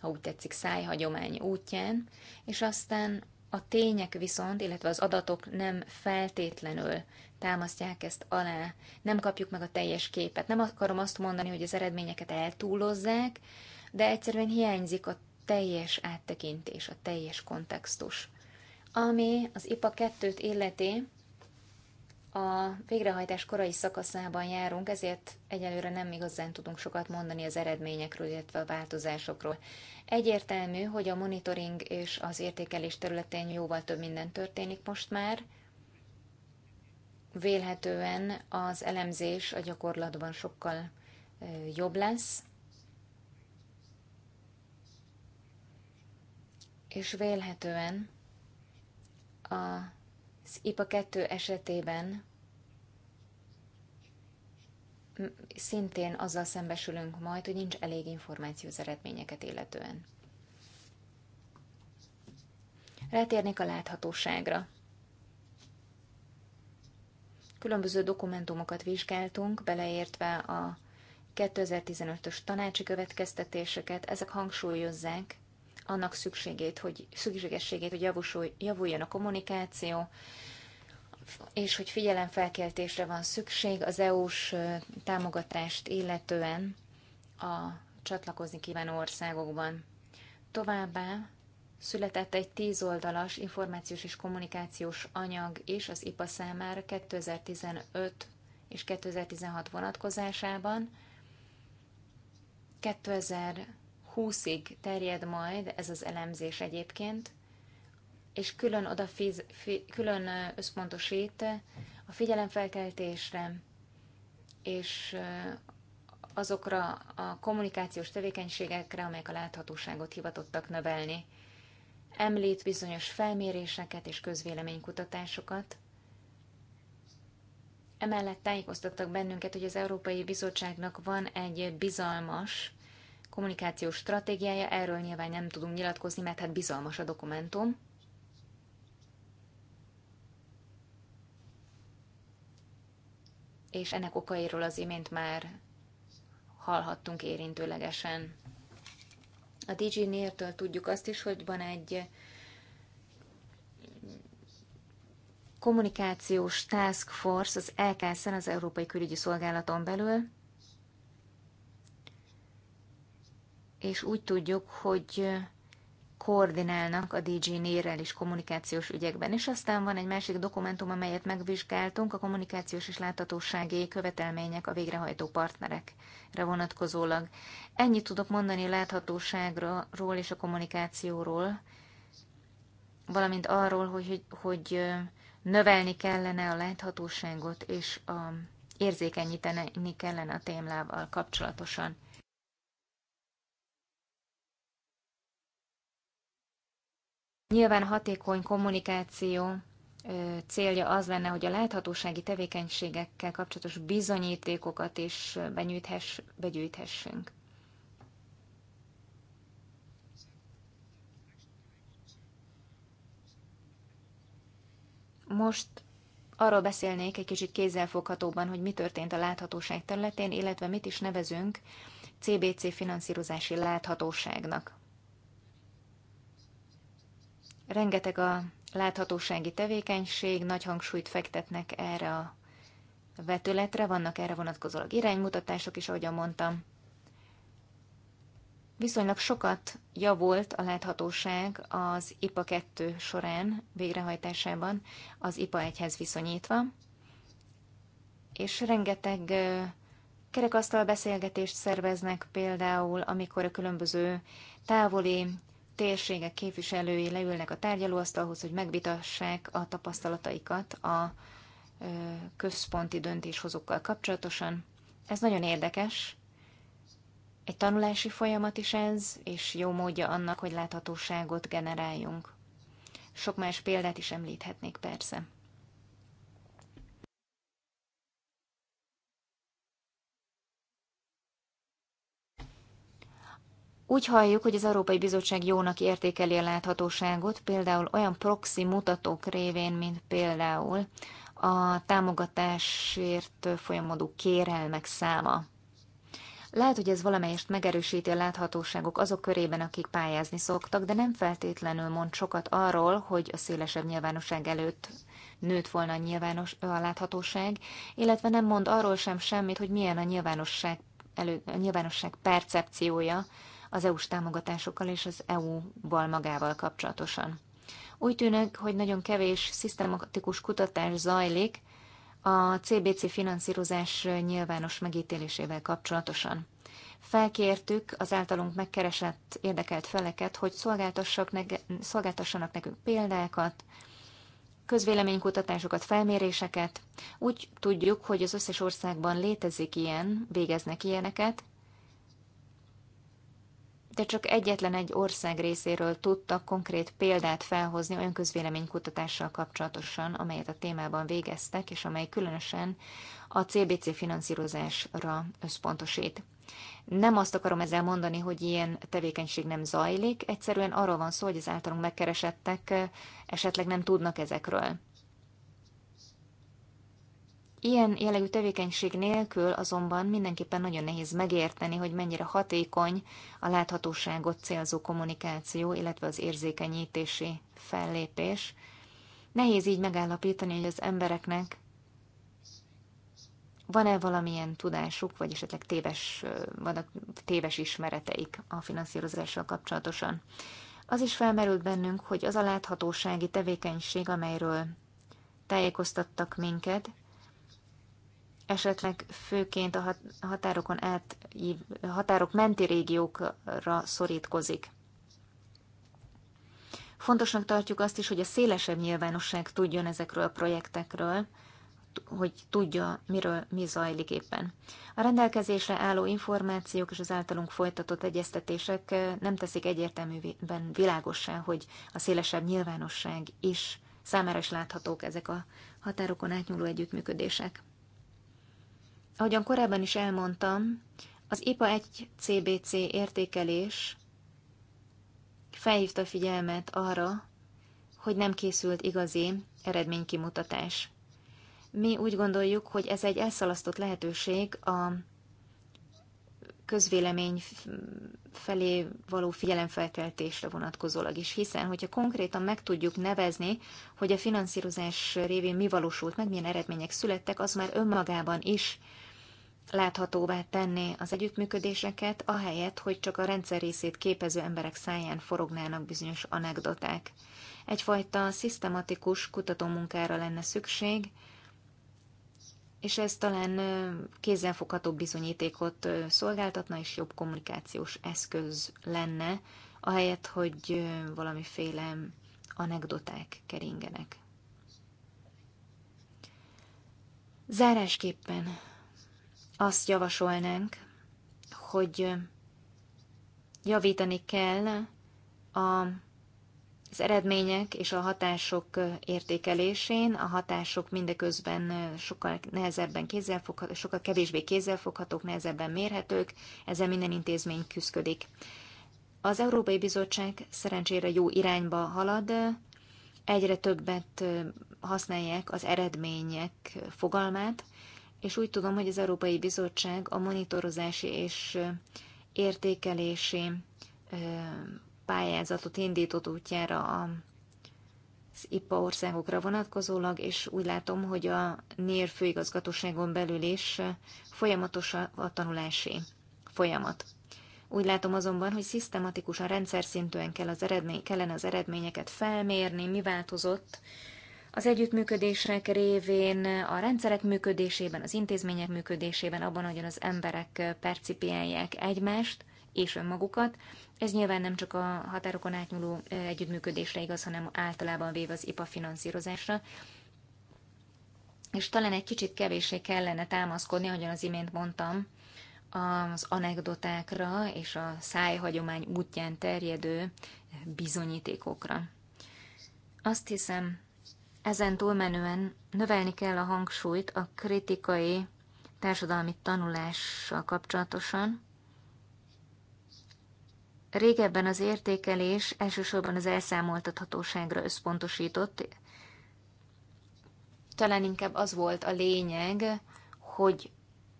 ha úgy tetszik, szájhagyomány útján, és aztán a tények viszont, illetve az adatok nem feltétlenül támasztják ezt alá, nem kapjuk meg a teljes képet. Nem akarom azt mondani, hogy az eredményeket eltúlozzák, de egyszerűen hiányzik a teljes áttekintés, a teljes kontextus. Ami az IPA 2-t illeti, a végrehajtás korai szakaszában járunk, ezért egyelőre nem igazán tudunk sokat mondani az eredményekről, illetve a változásokról. Egyértelmű, hogy a monitoring és az értékelés területén jóval több minden történik most már. Vélhetően az elemzés a gyakorlatban sokkal jobb lesz, és vélhetően a az IPA 2 esetében szintén azzal szembesülünk majd, hogy nincs elég információ az eredményeket illetően. Rátérnék a láthatóságra. Különböző dokumentumokat vizsgáltunk, beleértve a 2015-ös tanácsi következtetéseket, ezek hangsúlyozzák annak szükségét, hogy szükségességét, hogy javusul, javuljon a kommunikáció, és hogy figyelemfelkeltésre van szükség az EU-s támogatást illetően a csatlakozni kívánó országokban. Továbbá született egy tízoldalas információs és kommunikációs anyag is az IPA számára 2015 és 2016 vonatkozásában. 2000 20-ig terjed majd ez az elemzés egyébként, és külön, oda fiz, fi, külön összpontosít a figyelemfelkeltésre, és azokra a kommunikációs tevékenységekre, amelyek a láthatóságot hivatottak növelni. Említ bizonyos felméréseket és közvéleménykutatásokat. Emellett tájékoztattak bennünket, hogy az Európai Bizottságnak van egy bizalmas kommunikációs stratégiája, erről nyilván nem tudunk nyilatkozni, mert hát bizalmas a dokumentum. És ennek okairól az imént már hallhattunk érintőlegesen. A DG Nértől tudjuk azt is, hogy van egy kommunikációs task force az EKSZ-en, az Európai Külügyi Szolgálaton belül, és úgy tudjuk, hogy koordinálnak a DG nérrel is kommunikációs ügyekben. És aztán van egy másik dokumentum, amelyet megvizsgáltunk, a kommunikációs és láthatósági követelmények a végrehajtó partnerekre vonatkozólag. Ennyit tudok mondani a láthatóságról és a kommunikációról, valamint arról, hogy, hogy, hogy növelni kellene a láthatóságot, és a, érzékenyíteni kellene a témlával kapcsolatosan. Nyilván hatékony kommunikáció célja az lenne, hogy a láthatósági tevékenységekkel kapcsolatos bizonyítékokat is benyűjthess, begyűjthessünk. Most arról beszélnék egy kicsit kézzelfoghatóban, hogy mi történt a láthatóság területén, illetve mit is nevezünk CBC finanszírozási láthatóságnak. Rengeteg a láthatósági tevékenység, nagy hangsúlyt fektetnek erre a vetületre, vannak erre vonatkozólag iránymutatások is, ahogyan mondtam. Viszonylag sokat javult a láthatóság az IPA 2 során végrehajtásában az IPA 1-hez viszonyítva, és rengeteg kerekasztal beszélgetést szerveznek például, amikor a különböző távoli térségek képviselői leülnek a tárgyalóasztalhoz, hogy megvitassák a tapasztalataikat a központi döntéshozókkal kapcsolatosan. Ez nagyon érdekes. Egy tanulási folyamat is ez, és jó módja annak, hogy láthatóságot generáljunk. Sok más példát is említhetnék persze. Úgy halljuk, hogy az Európai Bizottság jónak értékeli a láthatóságot, például olyan proxy mutatók révén, mint például a támogatásért folyamodó kérelmek száma. Lehet, hogy ez valamelyest megerősíti a láthatóságok azok körében, akik pályázni szoktak, de nem feltétlenül mond sokat arról, hogy a szélesebb nyilvánosság előtt nőtt volna a, nyilvános, a láthatóság, illetve nem mond arról sem semmit, hogy milyen a nyilvánosság, elő, a nyilvánosság percepciója az EU-s támogatásokkal és az EU-val magával kapcsolatosan. Úgy tűnik, hogy nagyon kevés szisztematikus kutatás zajlik a CBC finanszírozás nyilvános megítélésével kapcsolatosan. Felkértük az általunk megkeresett érdekelt feleket, hogy szolgáltassanak nekünk példákat, közvéleménykutatásokat, felméréseket. Úgy tudjuk, hogy az összes országban létezik ilyen, végeznek ilyeneket, de csak egyetlen egy ország részéről tudtak konkrét példát felhozni olyan közvéleménykutatással kapcsolatosan, amelyet a témában végeztek, és amely különösen a CBC finanszírozásra összpontosít. Nem azt akarom ezzel mondani, hogy ilyen tevékenység nem zajlik, egyszerűen arról van szó, hogy az általunk megkeresettek eh, esetleg nem tudnak ezekről. Ilyen jellegű tevékenység nélkül azonban mindenképpen nagyon nehéz megérteni, hogy mennyire hatékony a láthatóságot célzó kommunikáció, illetve az érzékenyítési fellépés. Nehéz így megállapítani, hogy az embereknek van-e valamilyen tudásuk, vagy esetleg téves, vannak téves ismereteik a finanszírozással kapcsolatosan. Az is felmerült bennünk, hogy az a láthatósági tevékenység, amelyről tájékoztattak minket, esetleg főként a határokon át, határok menti régiókra szorítkozik. Fontosnak tartjuk azt is, hogy a szélesebb nyilvánosság tudjon ezekről a projektekről, hogy tudja, miről mi zajlik éppen. A rendelkezésre álló információk és az általunk folytatott egyeztetések eh, nem teszik egyértelműben világossá, hogy a szélesebb nyilvánosság is számára is láthatók ezek a határokon átnyúló együttműködések. Ahogyan korábban is elmondtam, az IPA 1 CBC értékelés felhívta a figyelmet arra, hogy nem készült igazi eredménykimutatás. Mi úgy gondoljuk, hogy ez egy elszalasztott lehetőség a közvélemény felé való figyelemfelkeltésre vonatkozólag is, hiszen hogyha konkrétan meg tudjuk nevezni, hogy a finanszírozás révén mi valósult meg, milyen eredmények születtek, az már önmagában is láthatóvá tenné az együttműködéseket, ahelyett, hogy csak a rendszer részét képező emberek száján forognának bizonyos anekdoták. Egyfajta szisztematikus kutatómunkára lenne szükség, és ez talán kézzelfogható bizonyítékot szolgáltatna, és jobb kommunikációs eszköz lenne, ahelyett, hogy valamiféle anekdoták keringenek. Zárásképpen azt javasolnánk, hogy javítani kell a az eredmények és a hatások értékelésén a hatások mindeközben sokkal nehezebben kézzelfoghatók, sokkal kevésbé kézzelfoghatók, nehezebben mérhetők, ezzel minden intézmény küzdik. Az Európai Bizottság szerencsére jó irányba halad, egyre többet használják az eredmények fogalmát, és úgy tudom, hogy az Európai Bizottság a monitorozási és értékelési pályázatot indított útjára az IPA országokra vonatkozólag, és úgy látom, hogy a NIR főigazgatóságon belül is folyamatos a tanulási folyamat. Úgy látom azonban, hogy szisztematikusan, rendszer szintűen kell az eredmény, kellene az eredményeket felmérni, mi változott, az együttműködések révén, a rendszerek működésében, az intézmények működésében, abban, hogy az emberek percipiálják egymást és önmagukat. Ez nyilván nem csak a határokon átnyúló együttműködésre igaz, hanem általában véve az IPA finanszírozásra. És talán egy kicsit kevéssé kellene támaszkodni, ahogyan az imént mondtam, az anekdotákra és a szájhagyomány útján terjedő bizonyítékokra. Azt hiszem, ezen túlmenően növelni kell a hangsúlyt a kritikai társadalmi tanulással kapcsolatosan. Régebben az értékelés elsősorban az elszámoltathatóságra összpontosított. Talán inkább az volt a lényeg, hogy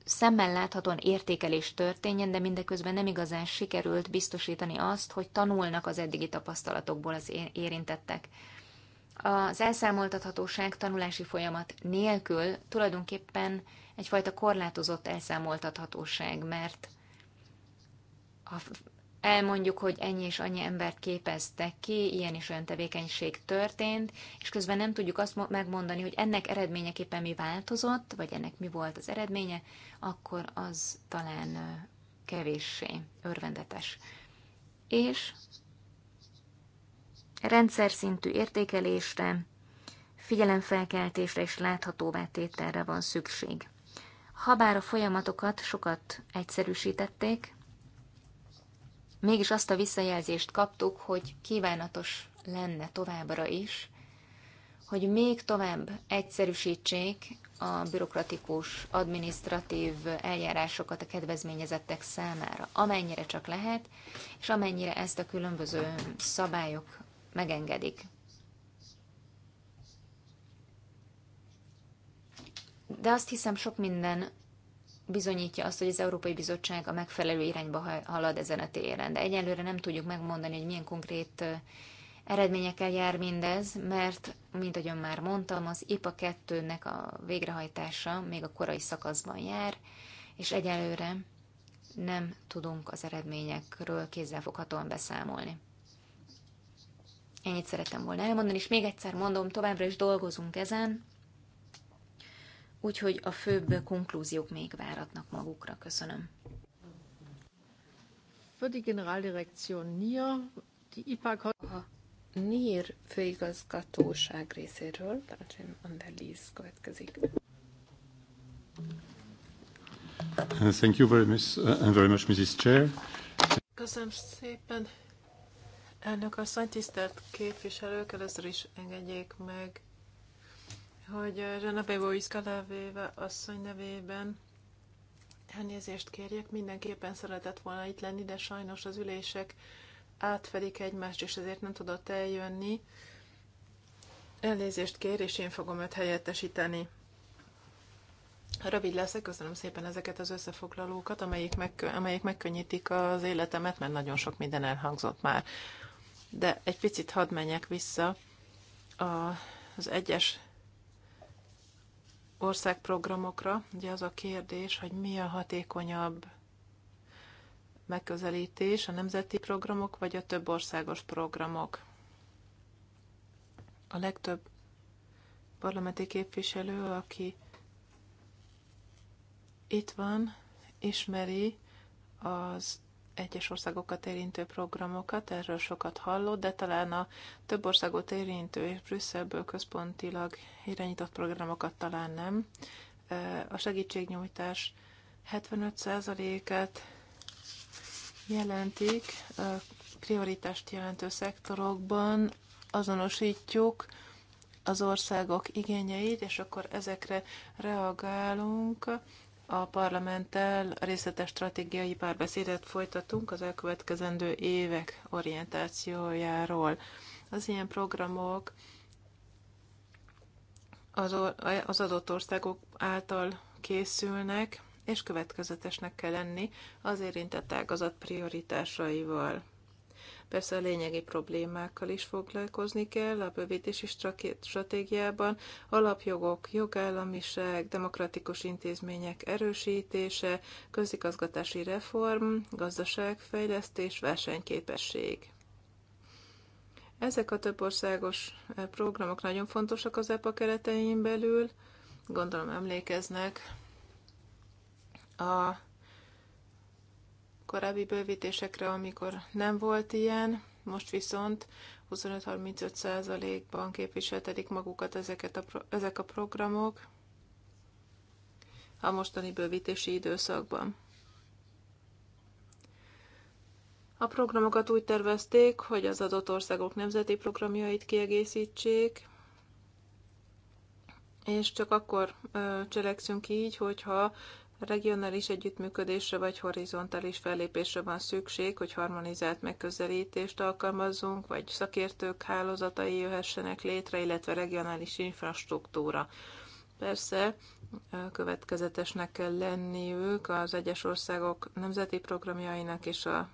szemmel láthatóan értékelés történjen, de mindeközben nem igazán sikerült biztosítani azt, hogy tanulnak az eddigi tapasztalatokból az érintettek az elszámoltathatóság tanulási folyamat nélkül tulajdonképpen egyfajta korlátozott elszámoltathatóság, mert ha elmondjuk, hogy ennyi és annyi embert képeztek ki, ilyen és olyan tevékenység történt, és közben nem tudjuk azt megmondani, hogy ennek eredményeképpen mi változott, vagy ennek mi volt az eredménye, akkor az talán kevéssé örvendetes. És rendszer szintű értékelésre, figyelemfelkeltésre és láthatóvá tételre van szükség. Habár a folyamatokat sokat egyszerűsítették, mégis azt a visszajelzést kaptuk, hogy kívánatos lenne továbbra is, hogy még tovább egyszerűsítsék a bürokratikus, adminisztratív eljárásokat a kedvezményezettek számára, amennyire csak lehet, és amennyire ezt a különböző szabályok megengedik. De azt hiszem, sok minden bizonyítja azt, hogy az Európai Bizottság a megfelelő irányba halad ezen a téren. De egyelőre nem tudjuk megmondani, hogy milyen konkrét eredményekkel jár mindez, mert, mint ahogy már mondtam, az IPA 2-nek a végrehajtása még a korai szakaszban jár, és egyelőre nem tudunk az eredményekről kézzelfoghatóan beszámolni. Ennyit szerettem volna elmondani, és még egyszer mondom, továbbra is dolgozunk ezen, úgyhogy a főbb konklúziók még váratnak magukra. Köszönöm. A NIR főigazgatóság részéről, Tartsen Anderlis következik. Thank you very much, uh, very much, Mrs. Chair. Köszönöm szépen, Elnök asszony, tisztelt képviselők, először is engedjék meg, hogy Renabebo Iszkalavéve asszony nevében elnézést kérjek. Mindenképpen szeretett volna itt lenni, de sajnos az ülések átfedik egymást, és ezért nem tudott eljönni. Elnézést kér, és én fogom őt helyettesíteni. Rövid leszek, köszönöm szépen ezeket az összefoglalókat, amelyik, megkö- amelyik megkönnyítik az életemet, mert nagyon sok minden elhangzott már de egy picit hadd menjek vissza az egyes országprogramokra. Ugye az a kérdés, hogy mi a hatékonyabb megközelítés, a nemzeti programok vagy a több országos programok. A legtöbb parlamenti képviselő, aki itt van, ismeri az egyes országokat érintő programokat, erről sokat hallott, de talán a több országot érintő és Brüsszelből központilag irányított programokat talán nem. A segítségnyújtás 75%-át jelentik, prioritást jelentő szektorokban azonosítjuk az országok igényeit, és akkor ezekre reagálunk a parlamenttel részletes stratégiai párbeszédet folytatunk az elkövetkezendő évek orientációjáról. Az ilyen programok az adott országok által készülnek, és következetesnek kell lenni az érintett ágazat prioritásaival. Persze a lényegi problémákkal is foglalkozni kell a bővítési stratégiában, alapjogok, jogállamiság, demokratikus intézmények erősítése, közigazgatási reform, gazdaságfejlesztés, versenyképesség. Ezek a több országos eh, programok nagyon fontosak az EPA keretein belül, gondolom emlékeznek a korábbi bővítésekre, amikor nem volt ilyen, most viszont 25-35%-ban képviseltedik magukat ezeket a, ezek a programok a mostani bővítési időszakban. A programokat úgy tervezték, hogy az adott országok nemzeti programjait kiegészítsék, és csak akkor ö, cselekszünk így, hogyha Regionális együttműködésre vagy horizontális fellépésre van szükség, hogy harmonizált megközelítést alkalmazzunk, vagy szakértők hálózatai jöhessenek létre, illetve regionális infrastruktúra. Persze következetesnek kell lenniük az egyes országok nemzeti programjainak és a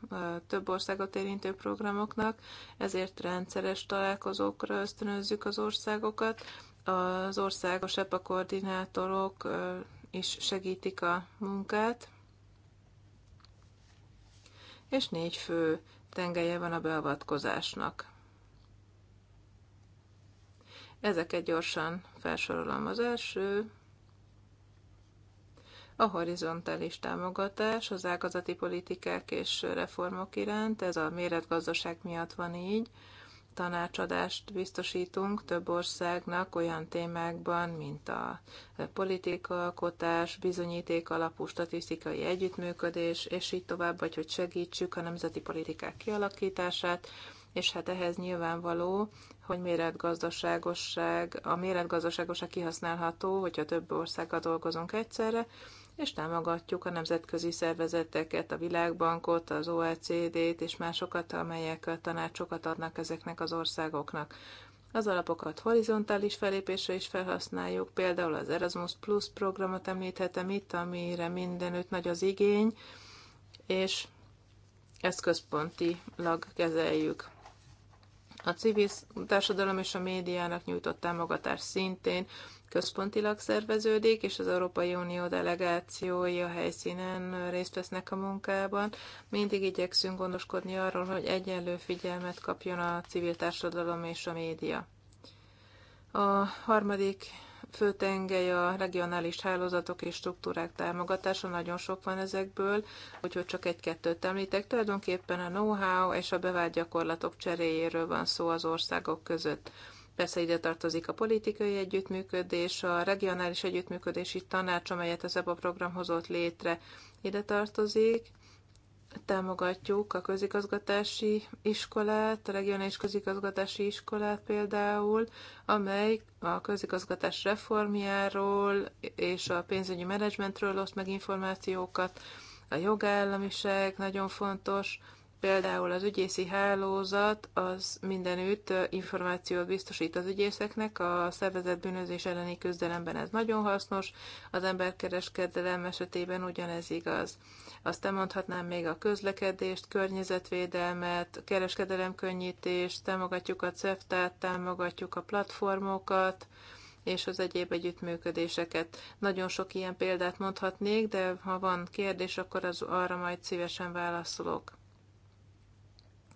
több országot érintő programoknak, ezért rendszeres találkozókra ösztönözzük az országokat. Az országos EPA koordinátorok is segítik a munkát, és négy fő tengelye van a beavatkozásnak. Ezeket gyorsan felsorolom. Az első a horizontális támogatás az ágazati politikák és reformok iránt, ez a méretgazdaság miatt van így, tanácsadást biztosítunk több országnak olyan témákban, mint a politikalkotás, bizonyíték alapú statisztikai együttműködés, és így tovább, vagy hogy segítsük a nemzeti politikák kialakítását, és hát ehhez nyilvánvaló, hogy méretgazdaságosság, a méretgazdaságosság kihasználható, hogyha több országgal dolgozunk egyszerre, és támogatjuk a nemzetközi szervezeteket, a Világbankot, az OECD-t és másokat, amelyek tanácsokat adnak ezeknek az országoknak. Az alapokat horizontális felépésre is felhasználjuk, például az Erasmus Plus programot említhetem itt, amire mindenütt nagy az igény, és ezt központilag kezeljük. A civil társadalom és a médiának nyújtott támogatás szintén központilag szerveződik, és az Európai Unió delegációi a helyszínen részt vesznek a munkában. Mindig igyekszünk gondoskodni arról, hogy egyenlő figyelmet kapjon a civil társadalom és a média. A harmadik fő tengely a regionális hálózatok és struktúrák támogatása, nagyon sok van ezekből, úgyhogy csak egy-kettőt említek. Tulajdonképpen a know-how és a bevált gyakorlatok cseréjéről van szó az országok között. Persze ide tartozik a politikai együttműködés, a regionális együttműködési tanács, amelyet az EBA program hozott létre, ide tartozik, támogatjuk a közigazgatási iskolát, a regionális közigazgatási iskolát például, amely a közigazgatás reformjáról és a pénzügyi menedzsmentről oszt meg információkat. A jogállamiság nagyon fontos, például az ügyészi hálózat az mindenütt információt biztosít az ügyészeknek, a szervezett bűnözés elleni küzdelemben ez nagyon hasznos, az emberkereskedelem esetében ugyanez igaz azt mondhatnám még a közlekedést, környezetvédelmet, kereskedelemkönnyítést, támogatjuk a CEFTA-t, támogatjuk a platformokat, és az egyéb együttműködéseket. Nagyon sok ilyen példát mondhatnék, de ha van kérdés, akkor az arra majd szívesen válaszolok.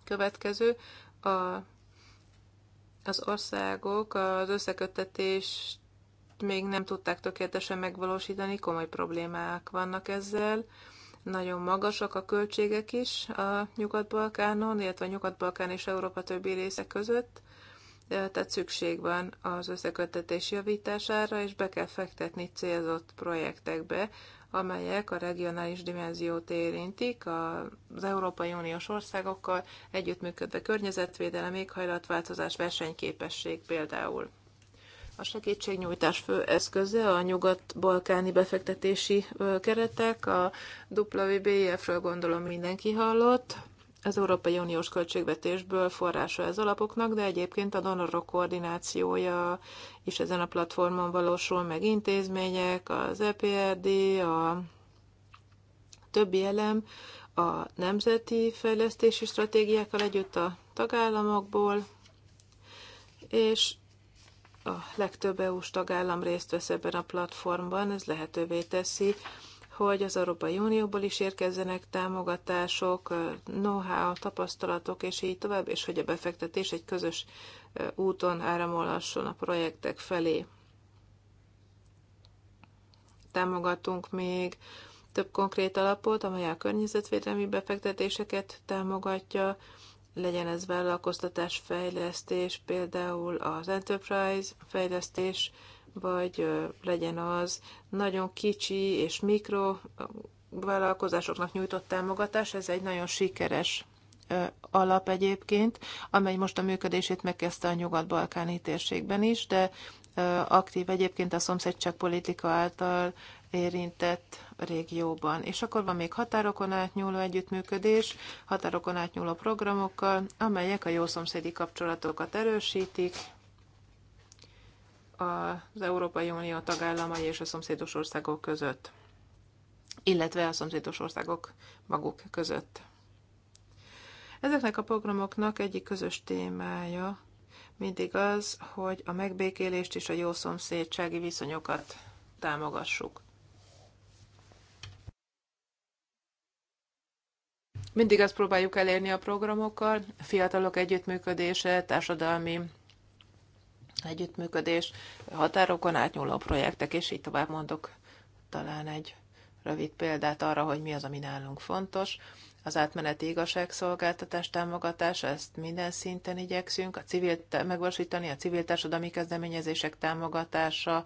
Következő, a, az országok az összeköttetést még nem tudták tökéletesen megvalósítani, komoly problémák vannak ezzel nagyon magasak a költségek is a Nyugat-Balkánon, illetve a Nyugat-Balkán és Európa többi része között, tehát szükség van az összeköttetés javítására, és be kell fektetni célzott projektekbe, amelyek a regionális dimenziót érintik, az Európai Uniós országokkal együttműködve környezetvédelem, éghajlatváltozás, versenyképesség például. A segítségnyújtás fő eszköze a nyugat-balkáni befektetési keretek, a WBF-ről gondolom mindenki hallott, az Európai Uniós költségvetésből forrása ez alapoknak, de egyébként a donorok koordinációja is ezen a platformon valósul meg intézmények, az EPRD, a többi elem, a nemzeti fejlesztési stratégiákkal együtt a tagállamokból, és a legtöbb EU-s tagállam részt vesz ebben a platformban, ez lehetővé teszi, hogy az Európai Unióból is érkezzenek támogatások, know-how, tapasztalatok, és így tovább, és hogy a befektetés egy közös úton áramolhasson a projektek felé. Támogatunk még több konkrét alapot, amely a környezetvédelmi befektetéseket támogatja, legyen ez vállalkoztatás fejlesztés, például az enterprise fejlesztés, vagy legyen az nagyon kicsi és mikro vállalkozásoknak nyújtott támogatás, ez egy nagyon sikeres alap egyébként, amely most a működését megkezdte a nyugat-balkáni térségben is, de aktív egyébként a politika által érintett régióban. És akkor van még határokon átnyúló együttműködés, határokon átnyúló programokkal, amelyek a jószomszédi kapcsolatokat erősítik, az Európai Unió tagállamai és a szomszédos országok között, illetve a szomszédos országok maguk között. Ezeknek a programoknak egyik közös témája mindig az, hogy a megbékélést és a jó szomszédsági viszonyokat támogassuk. Mindig azt próbáljuk elérni a programokkal, fiatalok együttműködése, társadalmi együttműködés, határokon átnyúló projektek, és így tovább mondok talán egy rövid példát arra, hogy mi az, ami nálunk fontos. Az átmeneti igazságszolgáltatás támogatása, ezt minden szinten igyekszünk, a civil megvalósítani, a civil társadalmi kezdeményezések támogatása,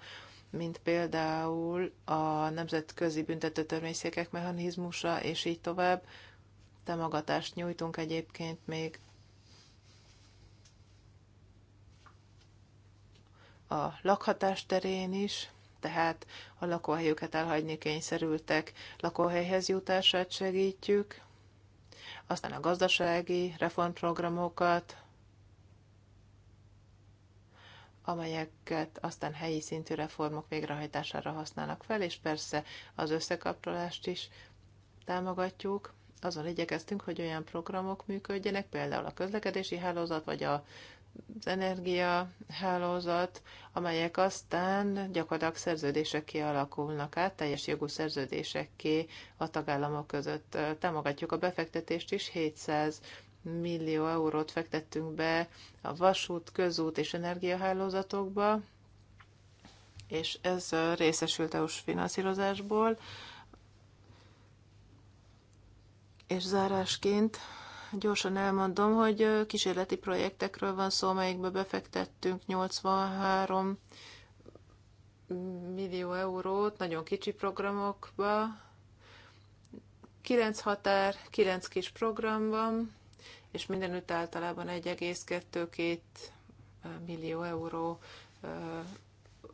mint például a nemzetközi büntetőtörvényszékek mechanizmusa, és így tovább támogatást nyújtunk egyébként még a lakhatás terén is, tehát a lakóhelyüket elhagyni kényszerültek lakóhelyhez jutását segítjük, aztán a gazdasági reformprogramokat, amelyeket aztán helyi szintű reformok végrehajtására használnak fel, és persze az összekapcsolást is támogatjuk azon igyekeztünk, hogy olyan programok működjenek, például a közlekedési hálózat, vagy a az energiahálózat, amelyek aztán gyakorlatilag szerződésekké alakulnak át, teljes jogú szerződésekké a tagállamok között. Támogatjuk a befektetést is, 700 millió eurót fektettünk be a vasút, közút és energiahálózatokba, és ez részesült EU-s finanszírozásból. És zárásként gyorsan elmondom, hogy kísérleti projektekről van szó, amelyikbe befektettünk 83 millió eurót, nagyon kicsi programokba, 9 határ, 9 kis program van, és mindenütt általában 1,2 millió euró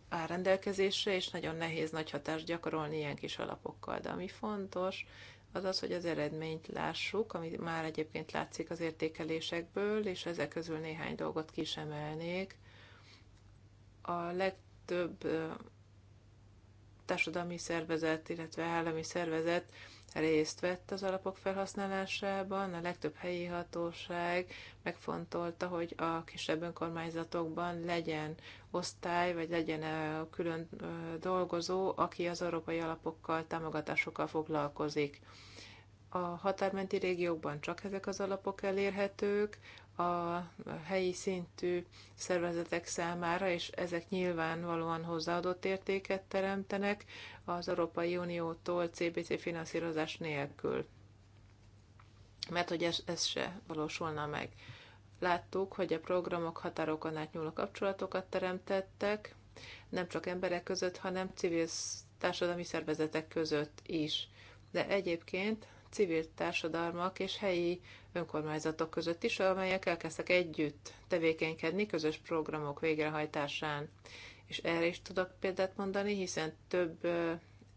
áll rendelkezésre, és nagyon nehéz nagy hatást gyakorolni ilyen kis alapokkal. De ami fontos, az az, hogy az eredményt lássuk, ami már egyébként látszik az értékelésekből, és ezek közül néhány dolgot kisemelnék. A legtöbb társadalmi szervezet, illetve állami szervezet részt vett az alapok felhasználásában, a legtöbb helyi hatóság megfontolta, hogy a kisebb önkormányzatokban legyen osztály, vagy legyen -e külön dolgozó, aki az európai alapokkal, támogatásokkal foglalkozik. A határmenti régiókban csak ezek az alapok elérhetők, a helyi szintű szervezetek számára, és ezek nyilvánvalóan hozzáadott értéket teremtenek az Európai Uniótól CBC finanszírozás nélkül. Mert hogy ez, ez se valósulna meg. Láttuk, hogy a programok határokon átnyúló kapcsolatokat teremtettek, nem csak emberek között, hanem civil társadalmi szervezetek között is. De egyébként civil társadalmak és helyi önkormányzatok között is, amelyek elkezdtek együtt tevékenykedni közös programok végrehajtásán. És erre is tudok példát mondani, hiszen több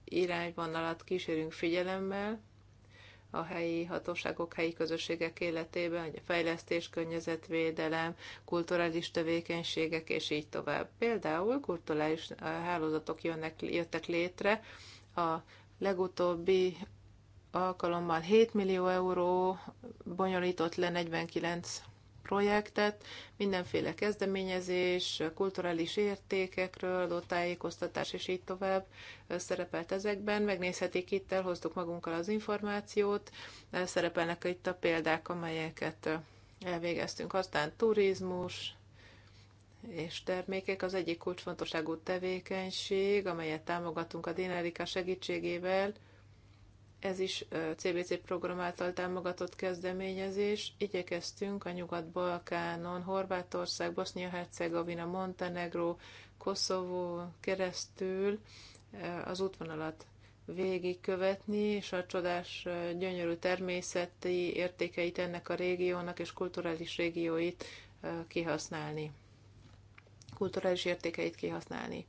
irányvonalat kísérünk figyelemmel a helyi hatóságok, helyi közösségek életében, a fejlesztés, környezetvédelem, kulturális tevékenységek, és így tovább. Például kulturális hálózatok jönnek, jöttek létre a legutóbbi alkalommal 7 millió euró bonyolított le 49 projektet, mindenféle kezdeményezés, kulturális értékekről, adott tájékoztatás és így tovább szerepelt ezekben. Megnézhetik itt, elhoztuk magunkkal az információt, szerepelnek itt a példák, amelyeket elvégeztünk. Aztán turizmus, és termékek az egyik kulcsfontosságú tevékenység, amelyet támogatunk a Dénerika segítségével, ez is CBC program által támogatott kezdeményezés. Igyekeztünk a Nyugat-Balkánon, Horvátország, bosnia hercegovina Montenegro, Koszovó keresztül az útvonalat végigkövetni, és a csodás, gyönyörű természeti értékeit ennek a régiónak és kulturális régióit kihasználni. Kulturális értékeit kihasználni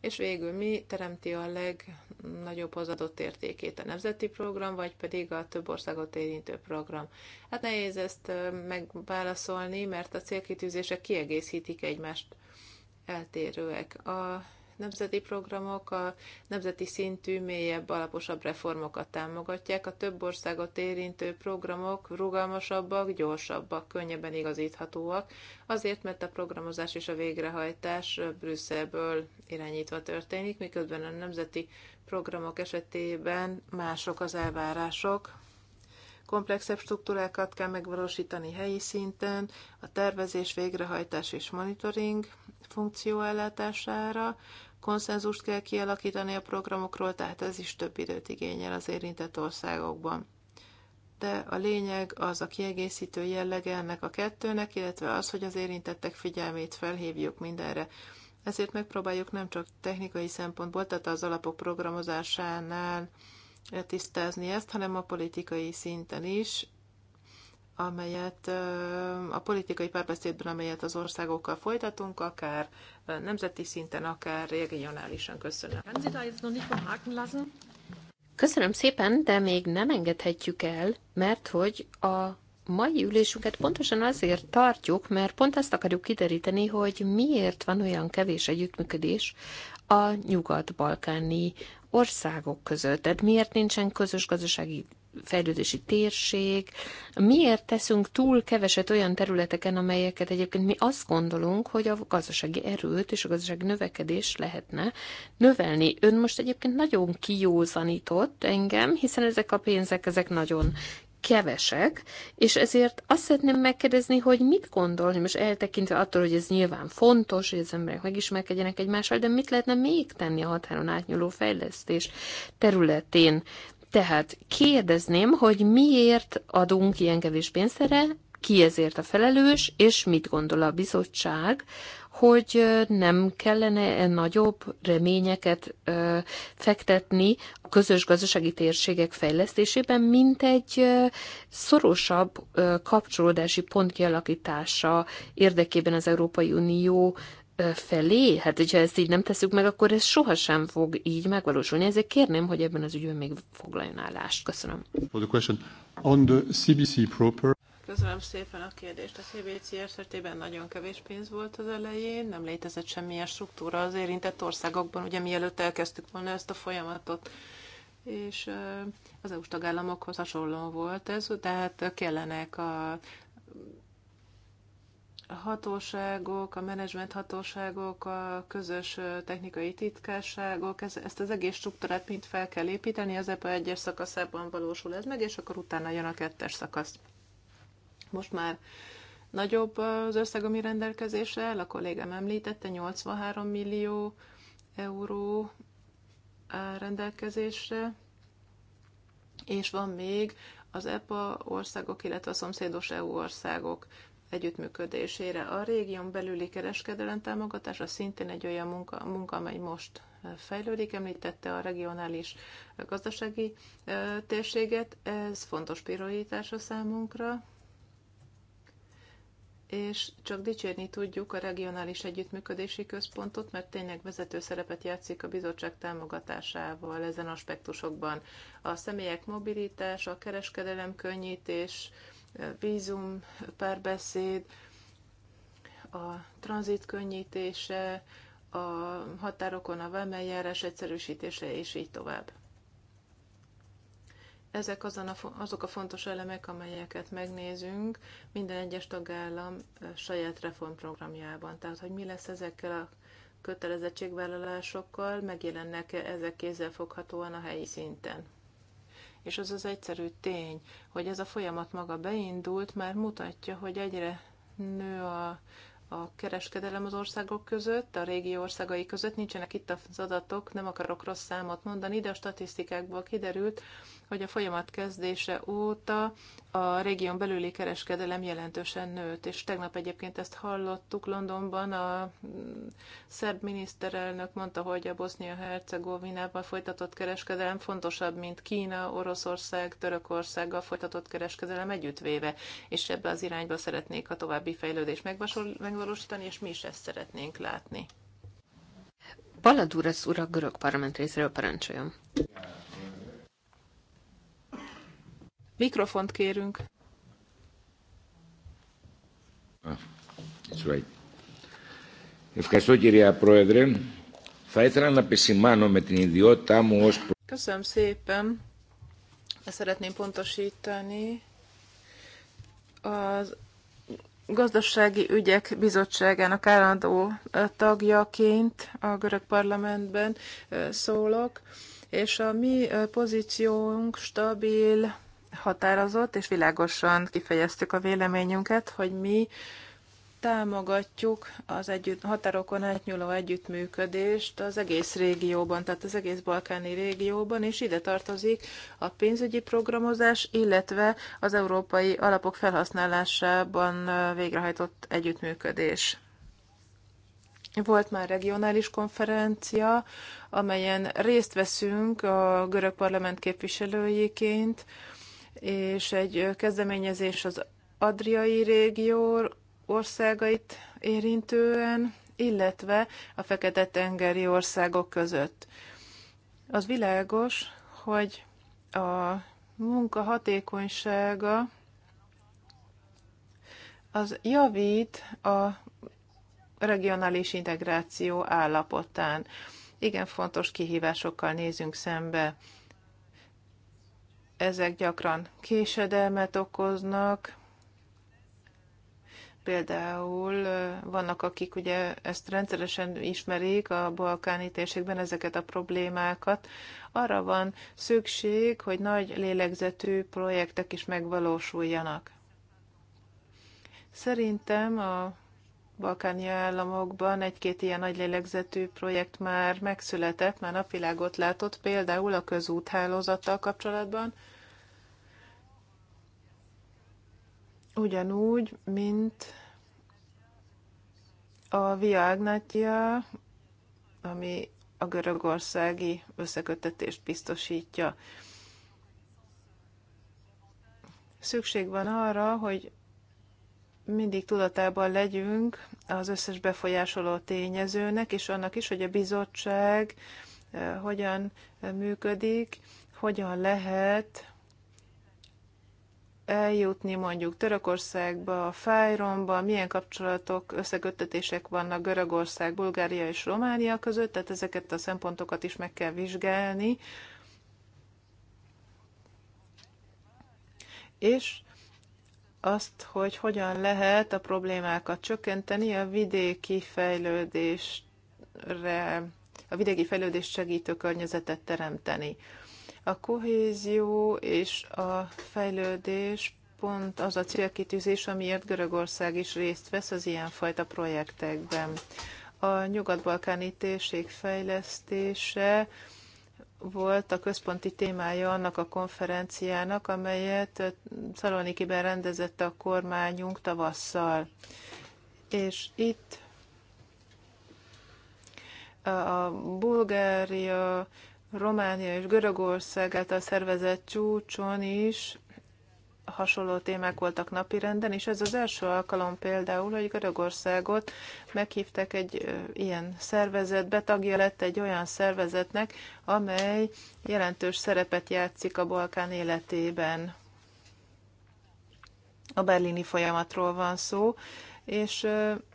és végül mi teremti a legnagyobb hozadott értékét, a nemzeti program, vagy pedig a több országot érintő program. Hát nehéz ezt megválaszolni, mert a célkitűzések kiegészítik egymást, eltérőek. A nemzeti programok a nemzeti szintű, mélyebb, alaposabb reformokat támogatják. A több országot érintő programok rugalmasabbak, gyorsabbak, könnyebben igazíthatóak, azért, mert a programozás és a végrehajtás Brüsszelből irányítva történik, miközben a nemzeti programok esetében mások az elvárások, komplexebb struktúrákat kell megvalósítani helyi szinten, a tervezés, végrehajtás és monitoring funkció ellátására, konszenzust kell kialakítani a programokról, tehát ez is több időt igényel az érintett országokban. De a lényeg az a kiegészítő jellege ennek a kettőnek, illetve az, hogy az érintettek figyelmét felhívjuk mindenre. Ezért megpróbáljuk nem csak technikai szempontból, tehát az alapok programozásánál tisztázni ezt, hanem a politikai szinten is, amelyet a politikai párbeszédben, amelyet az országokkal folytatunk, akár nemzeti szinten, akár regionálisan. Köszönöm. Köszönöm szépen, de még nem engedhetjük el, mert hogy a mai ülésünket pontosan azért tartjuk, mert pont azt akarjuk kideríteni, hogy miért van olyan kevés együttműködés a nyugat-balkáni országok között. Tehát miért nincsen közös gazdasági fejlődési térség. Miért teszünk túl keveset olyan területeken, amelyeket egyébként mi azt gondolunk, hogy a gazdasági erőt és a gazdasági növekedés lehetne növelni? Ön most egyébként nagyon kijózanított engem, hiszen ezek a pénzek, ezek nagyon kevesek, és ezért azt szeretném megkérdezni, hogy mit gondol, most eltekintve attól, hogy ez nyilván fontos, hogy az emberek megismerkedjenek egymással, de mit lehetne még tenni a határon átnyúló fejlesztés területén? Tehát kérdezném, hogy miért adunk ilyen kevés pénzt erre, ki ezért a felelős, és mit gondol a bizottság, hogy nem kellene e nagyobb reményeket fektetni a közös gazdasági térségek fejlesztésében, mint egy szorosabb kapcsolódási pont kialakítása érdekében az Európai Unió felé, hát hogyha ezt így nem teszük meg, akkor ez sohasem fog így megvalósulni. Ezért kérném, hogy ebben az ügyben még foglaljon állást. Köszönöm. For the question. On the CBC proper... Köszönöm szépen a kérdést. A CBC esetében nagyon kevés pénz volt az elején, nem létezett semmilyen struktúra az érintett országokban, ugye mielőtt elkezdtük volna ezt a folyamatot és az EU-s tagállamokhoz hasonló volt ez, tehát kellenek a hatóságok, a menedzsment hatóságok, a közös technikai titkárságok, ez, ezt az egész struktúrát mind fel kell építeni, az EPA egyes szakaszában valósul ez meg, és akkor utána jön a kettes szakasz. Most már nagyobb az összeg, ami rendelkezésre áll, a kollégám említette, 83 millió euró rendelkezésre, és van még az EPA országok, illetve a szomszédos EU országok együttműködésére. A régión belüli kereskedelem támogatása szintén egy olyan munka, munka amely most eh, fejlődik, említette a regionális eh, gazdasági eh, térséget, ez fontos a számunkra, és csak dicsérni tudjuk a regionális együttműködési központot, mert tényleg vezető szerepet játszik a bizottság támogatásával ezen aspektusokban. A személyek mobilitása, a kereskedelem könnyítés, vízum, párbeszéd, a tranzit könnyítése, a határokon a vámeljárás egyszerűsítése, és így tovább. Ezek azon a, azok a fontos elemek, amelyeket megnézünk minden egyes tagállam saját reformprogramjában. Tehát, hogy mi lesz ezekkel a kötelezettségvállalásokkal, megjelennek -e ezek kézzelfoghatóan a helyi szinten. És az az egyszerű tény, hogy ez a folyamat maga beindult, már mutatja, hogy egyre nő a, a kereskedelem az országok között, a régi országai között. Nincsenek itt az adatok, nem akarok rossz számot mondani, de a statisztikákból kiderült, hogy a folyamat kezdése óta a régión belüli kereskedelem jelentősen nőtt, és tegnap egyébként ezt hallottuk Londonban, a mm, szerb miniszterelnök mondta, hogy a Bosznia-Hercegovinában folytatott kereskedelem fontosabb, mint Kína, Oroszország, Törökországgal folytatott kereskedelem együttvéve, és ebbe az irányba szeretnék a további fejlődést megvalósítani, és mi is ezt szeretnénk látni. Baladúrasz ura görög parlament részéről parancsoljon. Mikrofont kérünk. That's ah, right. Ευχαριστώ κυρία Πρόεδρε. Θα ήθελα να επισημάνω με την ιδιότητά μου ως... Köszönöm szépen. Szeretném pontosítani a gazdasági ügyek bizottságának állandó tagjaként a görög parlamentben szólok, és a mi pozíciónk stabil, határozott, és világosan kifejeztük a véleményünket, hogy mi támogatjuk az együtt, határokon átnyúló együttműködést az egész régióban, tehát az egész balkáni régióban, és ide tartozik a pénzügyi programozás, illetve az európai alapok felhasználásában végrehajtott együttműködés. Volt már regionális konferencia, amelyen részt veszünk a görög parlament képviselőjéként, és egy kezdeményezés az Adriai régió országait érintően, illetve a Fekete-tengeri országok között. Az világos, hogy a munka hatékonysága az javít a regionális integráció állapotán. Igen fontos kihívásokkal nézünk szembe ezek gyakran késedelmet okoznak, például vannak, akik ugye ezt rendszeresen ismerik a balkáni térségben ezeket a problémákat. Arra van szükség, hogy nagy lélegzetű projektek is megvalósuljanak. Szerintem a balkáni államokban egy-két ilyen nagy lélegzetű projekt már megszületett, már napvilágot látott, például a közúthálózattal kapcsolatban, ugyanúgy, mint a Via Agnatia, ami a görögországi összekötetést biztosítja. Szükség van arra, hogy mindig tudatában legyünk az összes befolyásoló tényezőnek, és annak is, hogy a bizottság eh, hogyan eh, működik, hogyan lehet eljutni mondjuk Törökországba, a Fájromba, milyen kapcsolatok, összeköttetések vannak Görögország, Bulgária és Románia között, tehát ezeket a szempontokat is meg kell vizsgálni. És azt, hogy hogyan lehet a problémákat csökkenteni a vidéki fejlődésre, a vidéki fejlődést segítő környezetet teremteni. A kohézió és a fejlődés pont az a célkitűzés, amiért Görögország is részt vesz az ilyenfajta projektekben. A nyugat-balkáni térség fejlesztése volt a központi témája annak a konferenciának, amelyet Szalonikiben rendezett a kormányunk tavasszal. És itt a Bulgária, Románia és Görögország által szervezett csúcson is hasonló témák voltak napirenden, és ez az első alkalom például, hogy Görögországot meghívtak egy ilyen szervezetbe, tagja lett egy olyan szervezetnek, amely jelentős szerepet játszik a Balkán életében. A berlini folyamatról van szó, és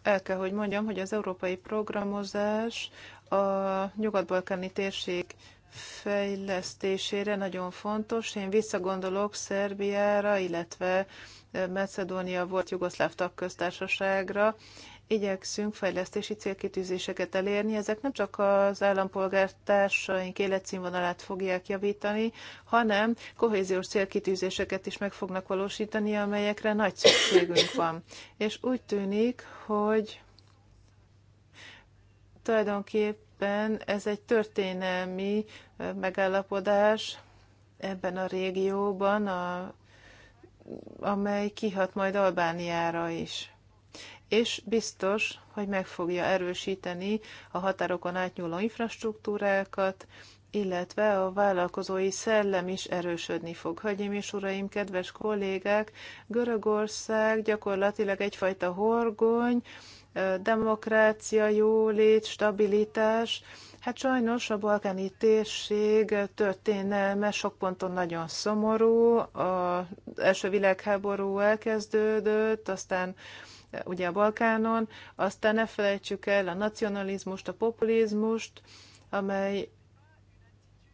el kell, hogy mondjam, hogy az európai programozás a nyugat-balkáni térség fejlesztésére nagyon fontos. Én visszagondolok Szerbiára, illetve Macedónia volt jugoszláv tagköztársaságra. Igyekszünk fejlesztési célkitűzéseket elérni. Ezek nem csak az állampolgártársaink életszínvonalát fogják javítani, hanem kohéziós célkitűzéseket is meg fognak valósítani, amelyekre nagy szükségünk van. És úgy tűnik, hogy tulajdonképpen tulajdonképpen Ez egy történelmi megállapodás ebben a régióban, a, amely kihat majd Albániára is. És biztos, hogy meg fogja erősíteni a határokon átnyúló infrastruktúrákat, illetve a vállalkozói szellem is erősödni fog. Hagyim és uraim, kedves kollégák, Görögország gyakorlatilag egyfajta horgony, demokrácia, jólét, stabilitás. Hát sajnos a balkáni térség történelme sok ponton nagyon szomorú. Az első világháború elkezdődött, aztán ugye a Balkánon, aztán ne felejtsük el a nacionalizmust, a populizmust, amely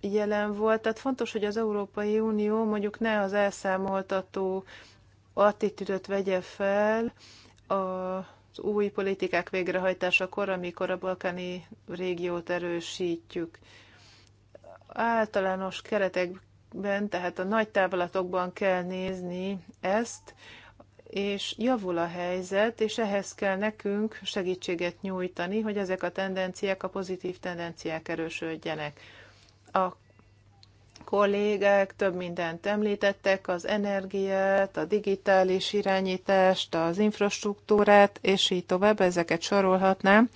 jelen volt. Tehát fontos, hogy az Európai Unió mondjuk ne az elszámoltató attitűdöt vegye fel a új politikák végrehajtásakor, amikor a balkáni régiót erősítjük. Általános keretekben, tehát a nagy távlatokban kell nézni ezt, és javul a helyzet, és ehhez kell nekünk segítséget nyújtani, hogy ezek a tendenciák, a pozitív tendenciák erősödjenek. A kollégák több mindent említettek, az energiát, a digitális irányítást, az infrastruktúrát, és így tovább, ezeket sorolhatnám.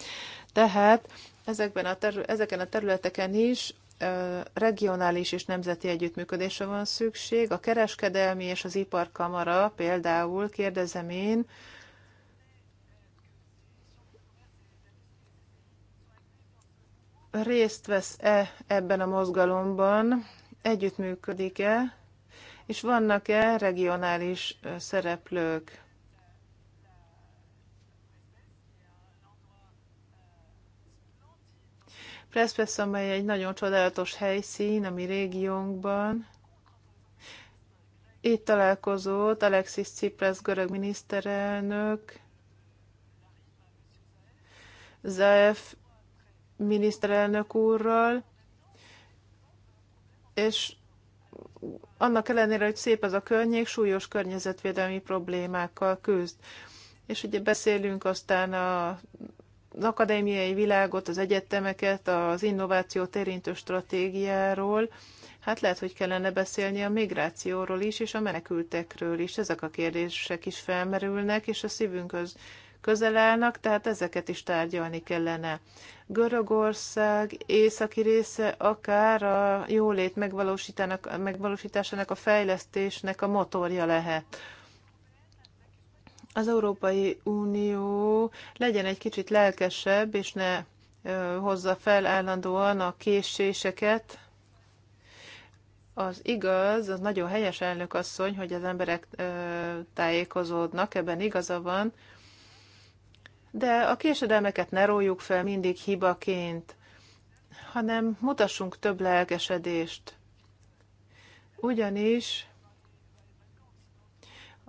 Tehát ezekben a terü- ezeken a területeken is regionális és nemzeti együttműködésre van szükség. A kereskedelmi és az iparkamara például, kérdezem én, részt vesz-e ebben a mozgalomban, együttműködik-e, és vannak-e regionális szereplők. Prespesz, amely egy nagyon csodálatos helyszín a mi régiónkban. Itt találkozott Alexis Tsipras görög miniszterelnök, Zaev miniszterelnök úrral, és annak ellenére, hogy szép ez a környék, súlyos környezetvédelmi problémákkal küzd. És ugye beszélünk aztán a, az akadémiai világot, az egyetemeket, az innovációt érintő stratégiáról, hát lehet, hogy kellene beszélni a migrációról is, és a menekültekről is. Ezek a kérdések is felmerülnek, és a szívünkhöz közel állnak, tehát ezeket is tárgyalni kellene. Görögország északi része akár a jólét megvalósításának, a fejlesztésnek a motorja lehet az Európai Unió legyen egy kicsit lelkesebb, és ne hozza fel állandóan a késéseket. Az igaz, az nagyon helyes elnök asszony, hogy az emberek tájékozódnak, ebben igaza van, de a késedelmeket ne róljuk fel mindig hibaként, hanem mutassunk több lelkesedést. Ugyanis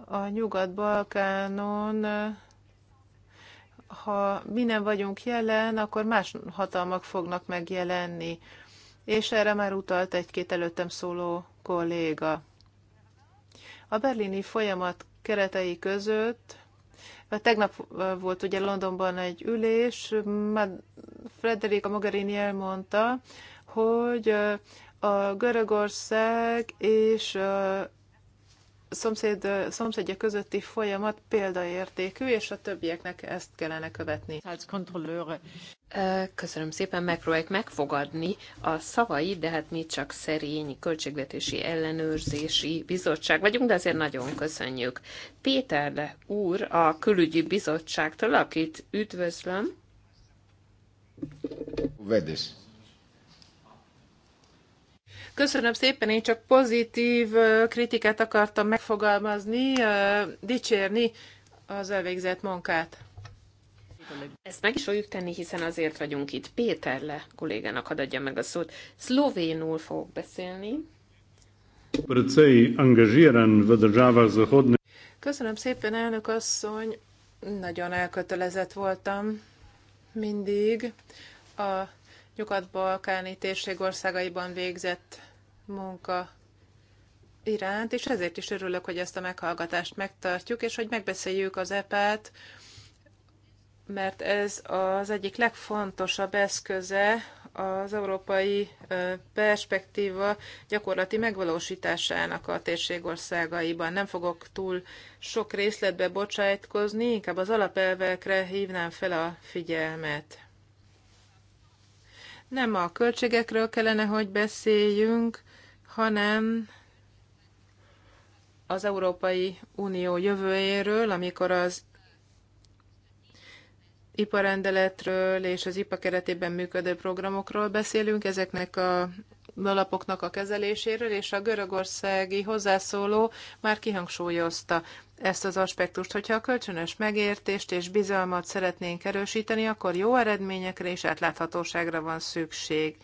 a Nyugat-Balkánon, ha mi nem vagyunk jelen, akkor más hatalmak fognak megjelenni. És erre már utalt egy-két előttem szóló kolléga. A berlini folyamat keretei között Tegnap volt ugye Londonban egy ülés, Frederica Mogherini elmondta, hogy a Görögország és szomszéd, szomszédja közötti folyamat példaértékű, és a többieknek ezt kellene követni. Köszönöm szépen, megpróbáljuk megfogadni a szavai, de hát mi csak szerény költségvetési ellenőrzési bizottság vagyunk, de azért nagyon köszönjük. Péter úr a külügyi bizottságtól, akit üdvözlöm. Vedes. Köszönöm szépen, én csak pozitív kritikát akartam megfogalmazni, dicsérni az elvégzett munkát. Ezt meg is fogjuk tenni, hiszen azért vagyunk itt. Péter le kollégának hadd adja meg a szót. Szlovénul fogok beszélni. Köszönöm szépen, elnök asszony. Nagyon elkötelezett voltam mindig a nyugat-balkáni térség országaiban végzett munka iránt, és ezért is örülök, hogy ezt a meghallgatást megtartjuk, és hogy megbeszéljük az epe-t, mert ez az egyik legfontosabb eszköze az európai perspektíva gyakorlati megvalósításának a térségországaiban. Nem fogok túl sok részletbe bocsájtkozni, inkább az alapelvekre hívnám fel a figyelmet nem a költségekről kellene, hogy beszéljünk, hanem az Európai Unió jövőjéről, amikor az iparrendeletről és az IPA keretében működő programokról beszélünk, ezeknek a alapoknak a kezeléséről, és a görögországi hozzászóló már kihangsúlyozta ezt az aspektust. Hogyha a kölcsönös megértést és bizalmat szeretnénk erősíteni, akkor jó eredményekre és átláthatóságra van szükség.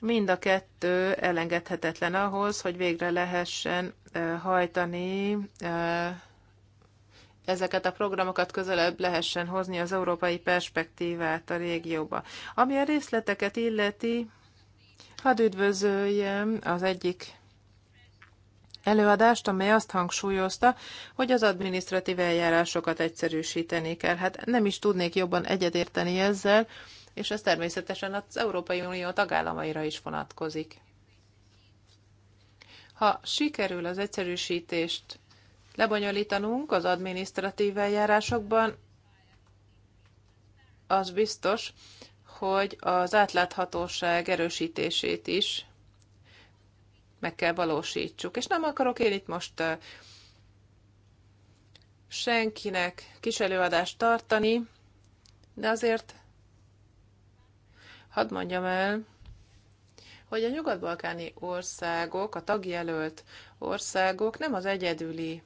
Mind a kettő elengedhetetlen ahhoz, hogy végre lehessen hajtani ezeket a programokat közelebb lehessen hozni az európai perspektívát a régióba. Ami a részleteket illeti, hadd üdvözöljem az egyik előadást, amely azt hangsúlyozta, hogy az adminisztratív eljárásokat egyszerűsíteni kell. Hát nem is tudnék jobban egyetérteni ezzel, és ez természetesen az Európai Unió tagállamaira is vonatkozik. Ha sikerül az egyszerűsítést lebonyolítanunk az adminisztratív eljárásokban, az biztos, hogy az átláthatóság erősítését is meg kell valósítsuk. És nem akarok én itt most senkinek kis előadást tartani, de azért hadd mondjam el, hogy a nyugat-balkáni országok, a tagjelölt országok nem az egyedüli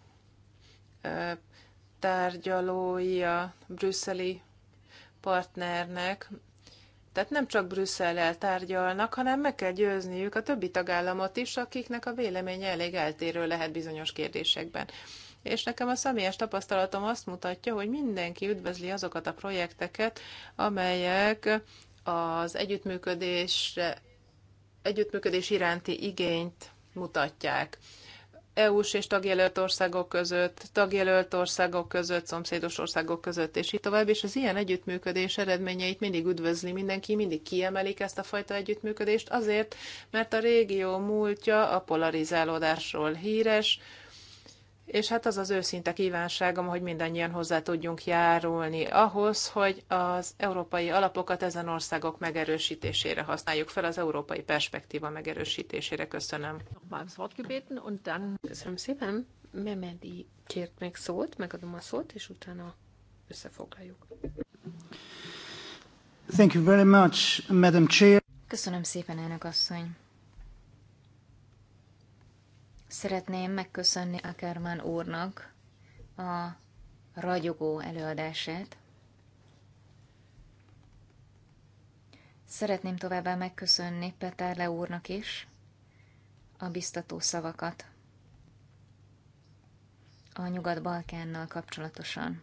tárgyalói a brüsszeli partnernek, tehát nem csak Brüsszellel tárgyalnak, hanem meg kell győzniük a többi tagállamot is, akiknek a véleménye elég eltérő lehet bizonyos kérdésekben. És nekem a személyes tapasztalatom azt mutatja, hogy mindenki üdvözli azokat a projekteket, amelyek az együttműködés, együttműködés iránti igényt mutatják. EU-s és tagjelölt országok között, tagjelölt országok között, szomszédos országok között, és így tovább, és az ilyen együttműködés eredményeit mindig üdvözli mindenki, mindig kiemelik ezt a fajta együttműködést, azért, mert a régió múltja a polarizálódásról híres, és hát az az őszinte kívánságom, hogy mindannyian hozzá tudjunk járulni ahhoz, hogy az európai alapokat ezen országok megerősítésére használjuk fel, az európai perspektíva megerősítésére. Köszönöm. Köszönöm szépen. Memedi kért meg szót, megadom a szót, és utána összefoglaljuk. Thank you very much, Madam Chair. Köszönöm szépen, elnök asszony. Szeretném megköszönni Ackerman úrnak a ragyogó előadását. Szeretném továbbá megköszönni Peterle úrnak is a biztató szavakat a Nyugat-Balkánnal kapcsolatosan.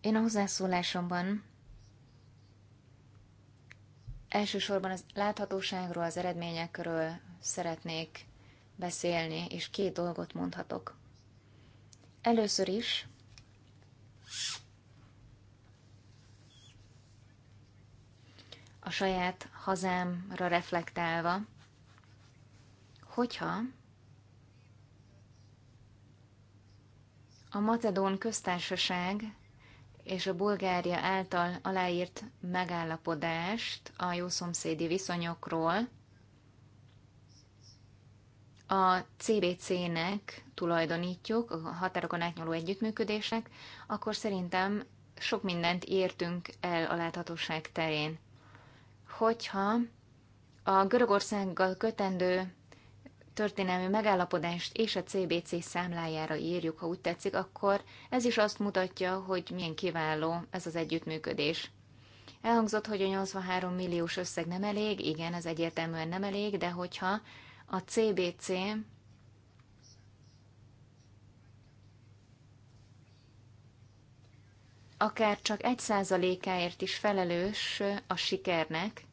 Én a hozzászólásomban elsősorban az láthatóságról, az eredményekről szeretnék beszélni, és két dolgot mondhatok. Először is a saját hazámra reflektálva, hogyha a Macedón köztársaság és a Bulgária által aláírt megállapodást a jószomszédi viszonyokról a CBC-nek tulajdonítjuk, a határokon átnyúló együttműködésnek, akkor szerintem sok mindent értünk el a láthatóság terén. Hogyha a Görögországgal kötendő történelmi megállapodást és a CBC számlájára írjuk, ha úgy tetszik, akkor ez is azt mutatja, hogy milyen kiváló ez az együttműködés. Elhangzott, hogy a 83 milliós összeg nem elég, igen, ez egyértelműen nem elég, de hogyha a CBC akár csak egy százalékáért is felelős a sikernek,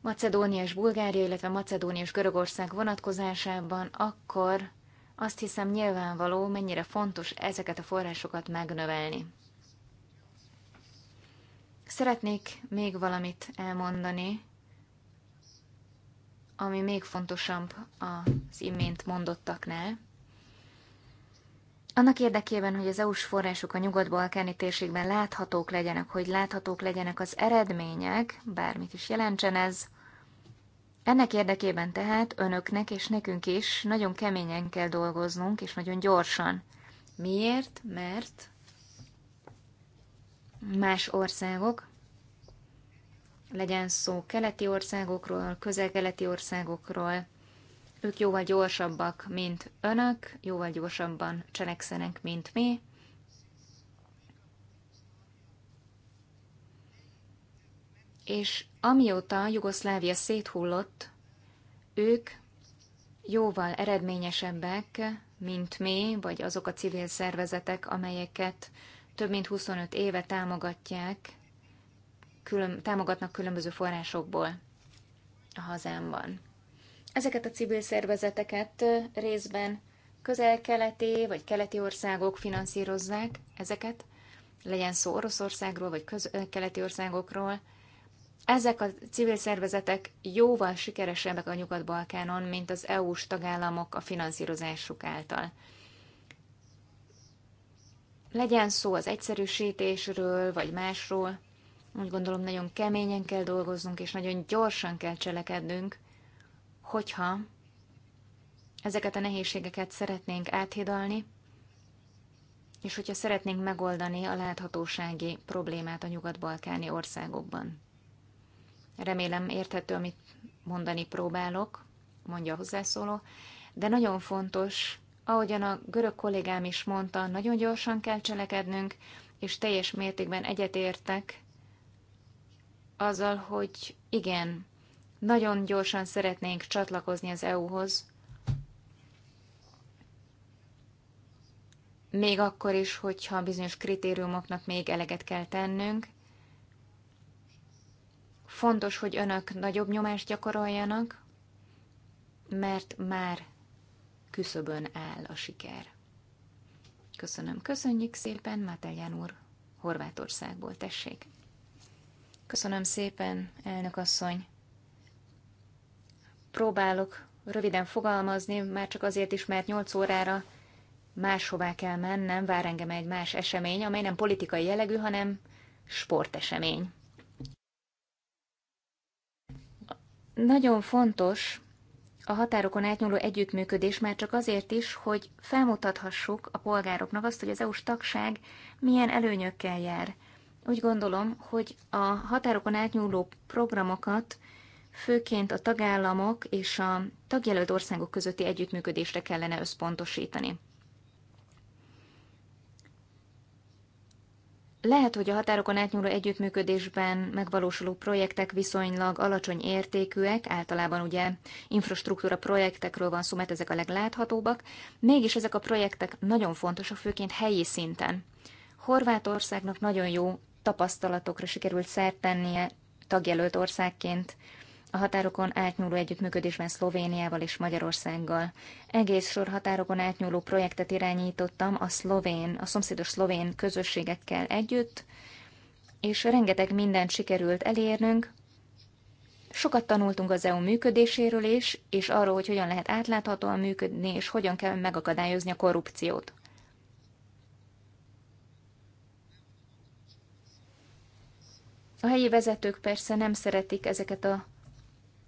Macedónia és Bulgária, illetve Macedónia és Görögország vonatkozásában, akkor azt hiszem nyilvánvaló, mennyire fontos ezeket a forrásokat megnövelni. Szeretnék még valamit elmondani ami még fontosabb az imént mondottaknál, annak érdekében, hogy az EU-s források a nyugat-balkáni térségben láthatók legyenek, hogy láthatók legyenek az eredmények, bármit is jelentsen ez, ennek érdekében tehát önöknek és nekünk is nagyon keményen kell dolgoznunk, és nagyon gyorsan. Miért? Mert más országok legyen szó keleti országokról, közel-keleti országokról, ők jóval gyorsabbak, mint önök, jóval gyorsabban cselekszenek, mint mi. És amióta Jugoszlávia széthullott, ők jóval eredményesebbek, mint mi, vagy azok a civil szervezetek, amelyeket több mint 25 éve támogatják külön, támogatnak különböző forrásokból a hazámban. Ezeket a civil szervezeteket részben közel-keleti vagy keleti országok finanszírozzák ezeket, legyen szó Oroszországról vagy keleti országokról. Ezek a civil szervezetek jóval sikeresebbek a Nyugat-Balkánon, mint az EU-s tagállamok a finanszírozásuk által. Legyen szó az egyszerűsítésről vagy másról, úgy gondolom, nagyon keményen kell dolgoznunk, és nagyon gyorsan kell cselekednünk, hogyha ezeket a nehézségeket szeretnénk áthidalni, és hogyha szeretnénk megoldani a láthatósági problémát a nyugat-balkáni országokban. Remélem érthető, amit mondani próbálok, mondja a hozzászóló, de nagyon fontos, ahogyan a görög kollégám is mondta, nagyon gyorsan kell cselekednünk, és teljes mértékben egyetértek azzal, hogy igen, nagyon gyorsan szeretnénk csatlakozni az EU-hoz, még akkor is, hogyha bizonyos kritériumoknak még eleget kell tennünk. Fontos, hogy önök nagyobb nyomást gyakoroljanak, mert már küszöbön áll a siker. Köszönöm, köszönjük szépen, Mátelján úr, Horvátországból tessék. Köszönöm szépen, elnök asszony. Próbálok röviden fogalmazni, már csak azért is, mert 8 órára máshová kell mennem, vár engem egy más esemény, amely nem politikai jellegű, hanem sportesemény. Nagyon fontos a határokon átnyúló együttműködés már csak azért is, hogy felmutathassuk a polgároknak azt, hogy az EU-s tagság milyen előnyökkel jár – úgy gondolom, hogy a határokon átnyúló programokat főként a tagállamok és a tagjelölt országok közötti együttműködésre kellene összpontosítani. Lehet, hogy a határokon átnyúló együttműködésben megvalósuló projektek viszonylag alacsony értékűek, általában ugye infrastruktúra projektekről van szó, mert ezek a legláthatóbbak, mégis ezek a projektek nagyon fontosak, főként helyi szinten. Horvátországnak nagyon jó tapasztalatokra sikerült szert tennie tagjelölt országként a határokon átnyúló együttműködésben Szlovéniával és Magyarországgal. Egész sor határokon átnyúló projektet irányítottam a szlovén, a szomszédos szlovén közösségekkel együtt, és rengeteg mindent sikerült elérnünk. Sokat tanultunk az EU működéséről is, és arról, hogy hogyan lehet átláthatóan működni, és hogyan kell megakadályozni a korrupciót. A helyi vezetők persze nem szeretik ezeket a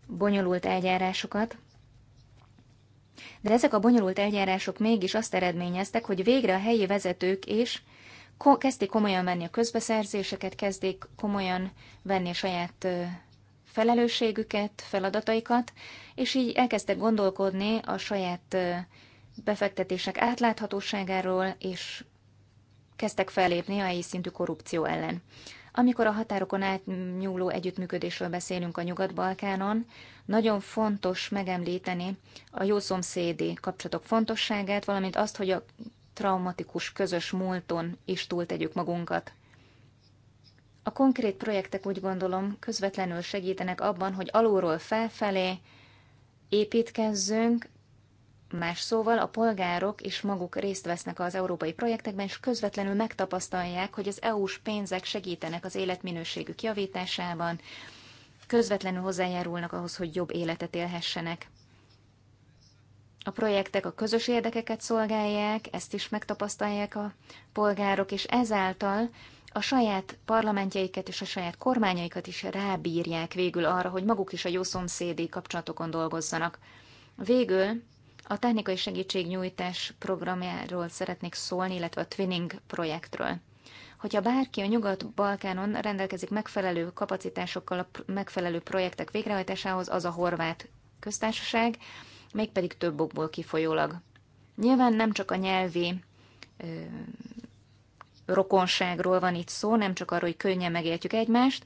bonyolult eljárásokat, de ezek a bonyolult eljárások mégis azt eredményeztek, hogy végre a helyi vezetők is kezdték komolyan venni a közbeszerzéseket, kezdték komolyan venni a saját felelősségüket, feladataikat, és így elkezdtek gondolkodni a saját befektetések átláthatóságáról, és kezdtek fellépni a helyi szintű korrupció ellen. Amikor a határokon átnyúló együttműködésről beszélünk a Nyugat-Balkánon, nagyon fontos megemlíteni a jó szomszédi kapcsolatok fontosságát, valamint azt, hogy a traumatikus közös múlton is túltegyük magunkat. A konkrét projektek úgy gondolom közvetlenül segítenek abban, hogy alulról felfelé építkezzünk, Más szóval a polgárok is maguk részt vesznek az európai projektekben, és közvetlenül megtapasztalják, hogy az EU-s pénzek segítenek az életminőségük javításában, közvetlenül hozzájárulnak ahhoz, hogy jobb életet élhessenek. A projektek a közös érdekeket szolgálják, ezt is megtapasztalják a polgárok, és ezáltal a saját parlamentjeiket és a saját kormányaikat is rábírják végül arra, hogy maguk is a jó szomszédi kapcsolatokon dolgozzanak. Végül a technikai segítségnyújtás programjáról szeretnék szólni, illetve a Twinning projektről. Hogyha bárki a Nyugat-Balkánon rendelkezik megfelelő kapacitásokkal a megfelelő projektek végrehajtásához, az a horvát köztársaság, mégpedig több okból kifolyólag. Nyilván nem csak a nyelvi ö, rokonságról van itt szó, nem csak arról, hogy könnyen megértjük egymást,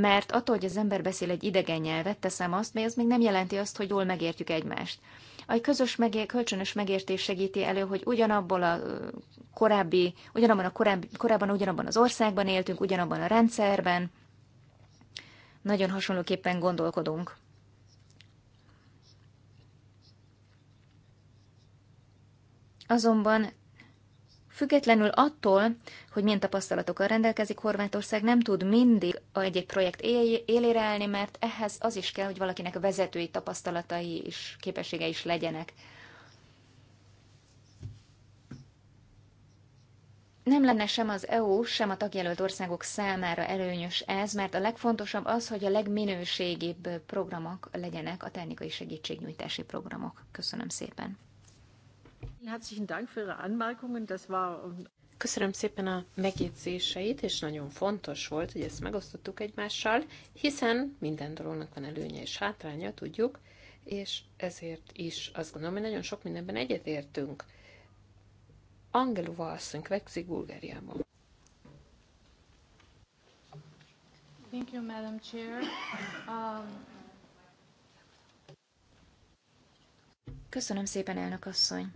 mert attól, hogy az ember beszél egy idegen nyelvet, teszem azt, mert az még nem jelenti azt, hogy jól megértjük egymást. A közös megér, kölcsönös megértés segíti elő, hogy ugyanabból a korábbi, ugyanabban a korábbi, korábban ugyanabban az országban éltünk, ugyanabban a rendszerben, nagyon hasonlóképpen gondolkodunk. Azonban Függetlenül attól, hogy milyen tapasztalatokkal rendelkezik Horvátország, nem tud mindig egy-egy projekt élére állni, mert ehhez az is kell, hogy valakinek vezetői tapasztalatai és képessége is legyenek. Nem lenne sem az EU, sem a tagjelölt országok számára előnyös ez, mert a legfontosabb az, hogy a legminőségibb programok legyenek a technikai segítségnyújtási programok. Köszönöm szépen! Ähm, Köszönöm szépen a megjegyzéseit, és nagyon fontos volt, hogy ezt megosztottuk egymással, hiszen minden dolognak van előnye és hátránya, tudjuk, és ezért is azt gondolom, hogy nagyon sok mindenben egyetértünk. Angelova asszony kvekszik Bulgáriában. Thank you, Madam Chair. Um... Köszönöm szépen, elnök asszony.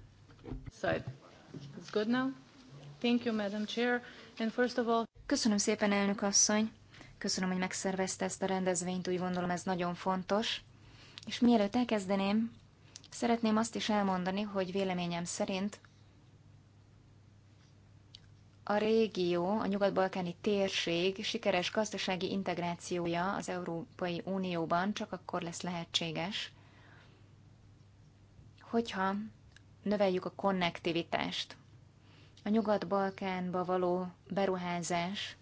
Köszönöm szépen, elnök asszony. Köszönöm, hogy megszervezte ezt a rendezvényt, úgy gondolom ez nagyon fontos. És mielőtt elkezdeném, szeretném azt is elmondani, hogy véleményem szerint a régió, a nyugat-balkáni térség sikeres gazdasági integrációja az Európai Unióban csak akkor lesz lehetséges, hogyha növeljük a konnektivitást. A Nyugat-Balkánba való beruházás,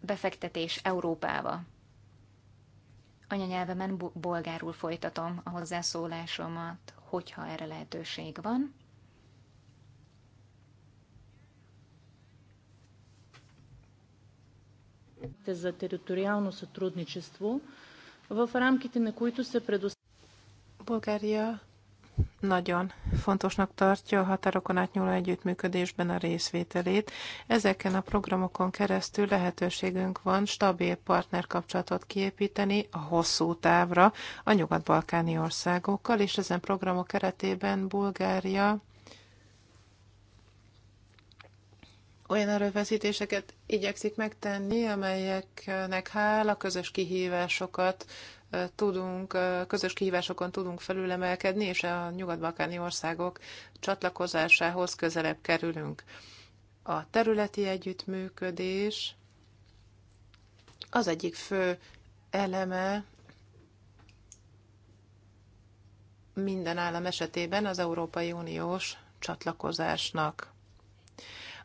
befektetés Európába. Anyanyelvemen bolgárul folytatom a hozzászólásomat, hogyha erre lehetőség van. за териториално сътрудничество, в рамките на които се предоставя. България nagyon fontosnak tartja a határokon átnyúló együttműködésben a részvételét. Ezeken a programokon keresztül lehetőségünk van stabil partnerkapcsolatot kiépíteni a hosszú távra a nyugat-balkáni országokkal, és ezen programok keretében Bulgária olyan erővezítéseket igyekszik megtenni, amelyeknek a közös kihívásokat tudunk, közös kihívásokon tudunk felülemelkedni, és a nyugat-balkáni országok csatlakozásához közelebb kerülünk. A területi együttműködés az egyik fő eleme minden állam esetében az Európai Uniós csatlakozásnak.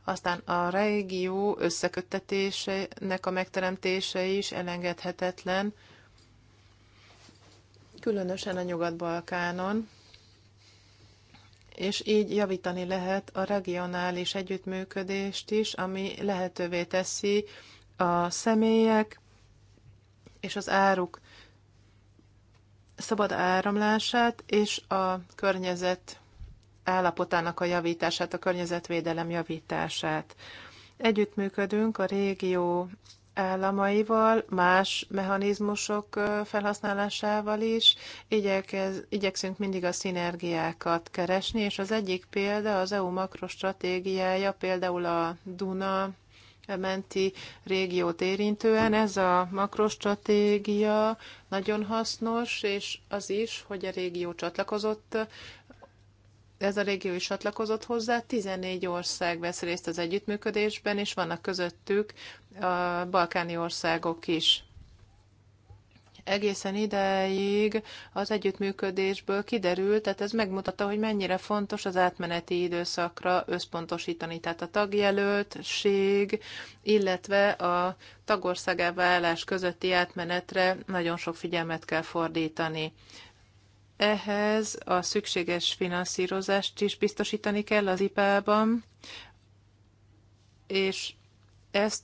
Aztán a régió összeköttetésének a megteremtése is elengedhetetlen, különösen a Nyugat-Balkánon, és így javítani lehet a regionális együttműködést is, ami lehetővé teszi a személyek és az áruk szabad áramlását és a környezet állapotának a javítását, a környezetvédelem javítását. Együttműködünk a régió államaival, más mechanizmusok felhasználásával is igyekez, igyekszünk mindig a szinergiákat keresni, és az egyik példa az EU makrostratégiája, például a Duna menti régiót érintően. Ez a makrostratégia nagyon hasznos, és az is, hogy a régió csatlakozott ez a régió is csatlakozott hozzá, 14 ország vesz részt az együttműködésben, és vannak közöttük a balkáni országok is. Egészen idáig az együttműködésből kiderült, tehát ez megmutatta, hogy mennyire fontos az átmeneti időszakra összpontosítani, tehát a tagjelöltség, illetve a tagországá állás közötti átmenetre nagyon sok figyelmet kell fordítani. Ehhez a szükséges finanszírozást is biztosítani kell az IPA-ban, és ezt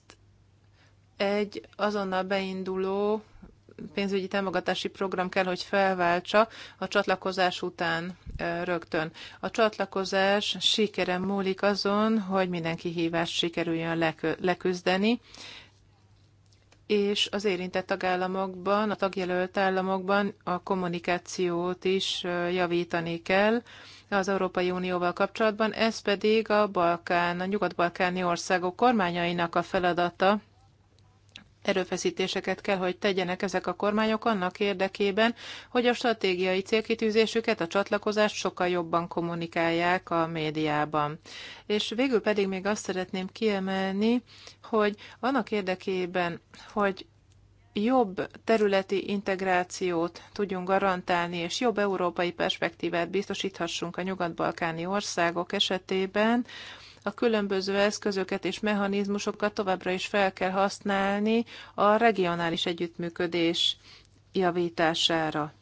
egy azonnal beinduló pénzügyi támogatási program kell, hogy felváltsa a csatlakozás után rögtön. A csatlakozás sikere múlik azon, hogy minden kihívást sikerüljön leküzdeni, és az érintett tagállamokban, a tagjelölt államokban a kommunikációt is javítani kell az Európai Unióval kapcsolatban, ez pedig a Balkán, a nyugat-balkáni országok kormányainak a feladata, erőfeszítéseket kell, hogy tegyenek ezek a kormányok annak érdekében, hogy a stratégiai célkitűzésüket, a csatlakozást sokkal jobban kommunikálják a médiában. És végül pedig még azt szeretném kiemelni, hogy annak érdekében, hogy jobb területi integrációt tudjunk garantálni, és jobb európai perspektívát biztosíthassunk a nyugat-balkáni országok esetében, a különböző eszközöket és mechanizmusokat továbbra is fel kell használni a regionális együttműködés javítására.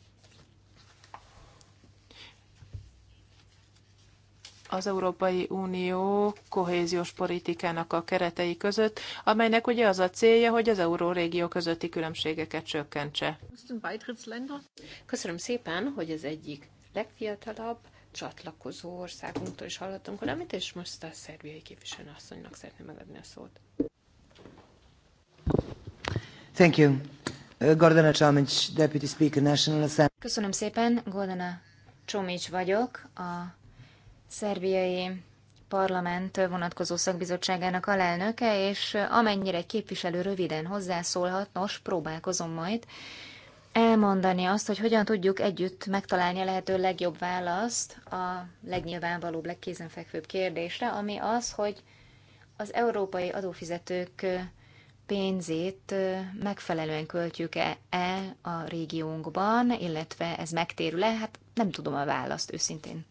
az Európai Unió kohéziós politikának a keretei között, amelynek ugye az a célja, hogy az eurórégió közötti különbségeket csökkentse. Köszönöm szépen, hogy az egyik legfiatalabb csatlakozó országunktól is hallottunk valamit, és most a szerbiai képviselő asszonynak szeretném megadni a szót. Thank you. Uh, Gordana Chomich, Deputy Speaker, National Assembly. Köszönöm szépen, Gordana Csomics vagyok, a szerbiai parlament vonatkozó szakbizottságának alelnöke, és amennyire egy képviselő röviden hozzászólhat, nos, próbálkozom majd elmondani azt, hogy hogyan tudjuk együtt megtalálni a lehető legjobb választ a legnyilvánvalóbb, legkézenfekvőbb kérdésre, ami az, hogy az európai adófizetők pénzét megfelelően költjük-e e a régiónkban, illetve ez megtérül-e? Hát nem tudom a választ őszintén.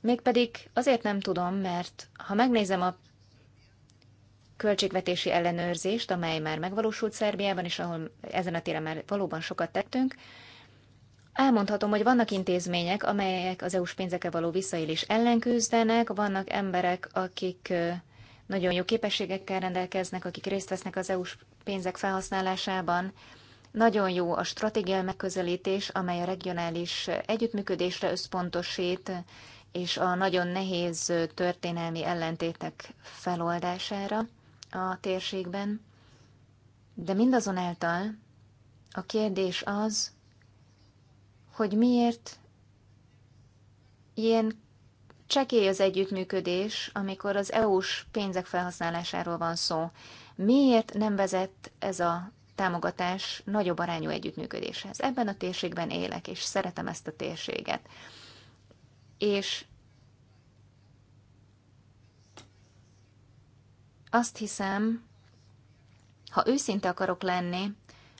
Mégpedig azért nem tudom, mert ha megnézem a költségvetési ellenőrzést, amely már megvalósult Szerbiában, és ahol ezen a téren már valóban sokat tettünk, Elmondhatom, hogy vannak intézmények, amelyek az EU-s pénzekkel való visszaélés ellen küzdenek, vannak emberek, akik nagyon jó képességekkel rendelkeznek, akik részt vesznek az EU-s pénzek felhasználásában. Nagyon jó a stratégiai megközelítés, amely a regionális együttműködésre összpontosít, és a nagyon nehéz történelmi ellentétek feloldására a térségben, de mindazonáltal a kérdés az, hogy miért ilyen csekély az együttműködés, amikor az EU-s pénzek felhasználásáról van szó. Miért nem vezet ez a támogatás nagyobb arányú együttműködéshez? Ebben a térségben élek, és szeretem ezt a térséget. És Azt hiszem, ha őszinte akarok lenni,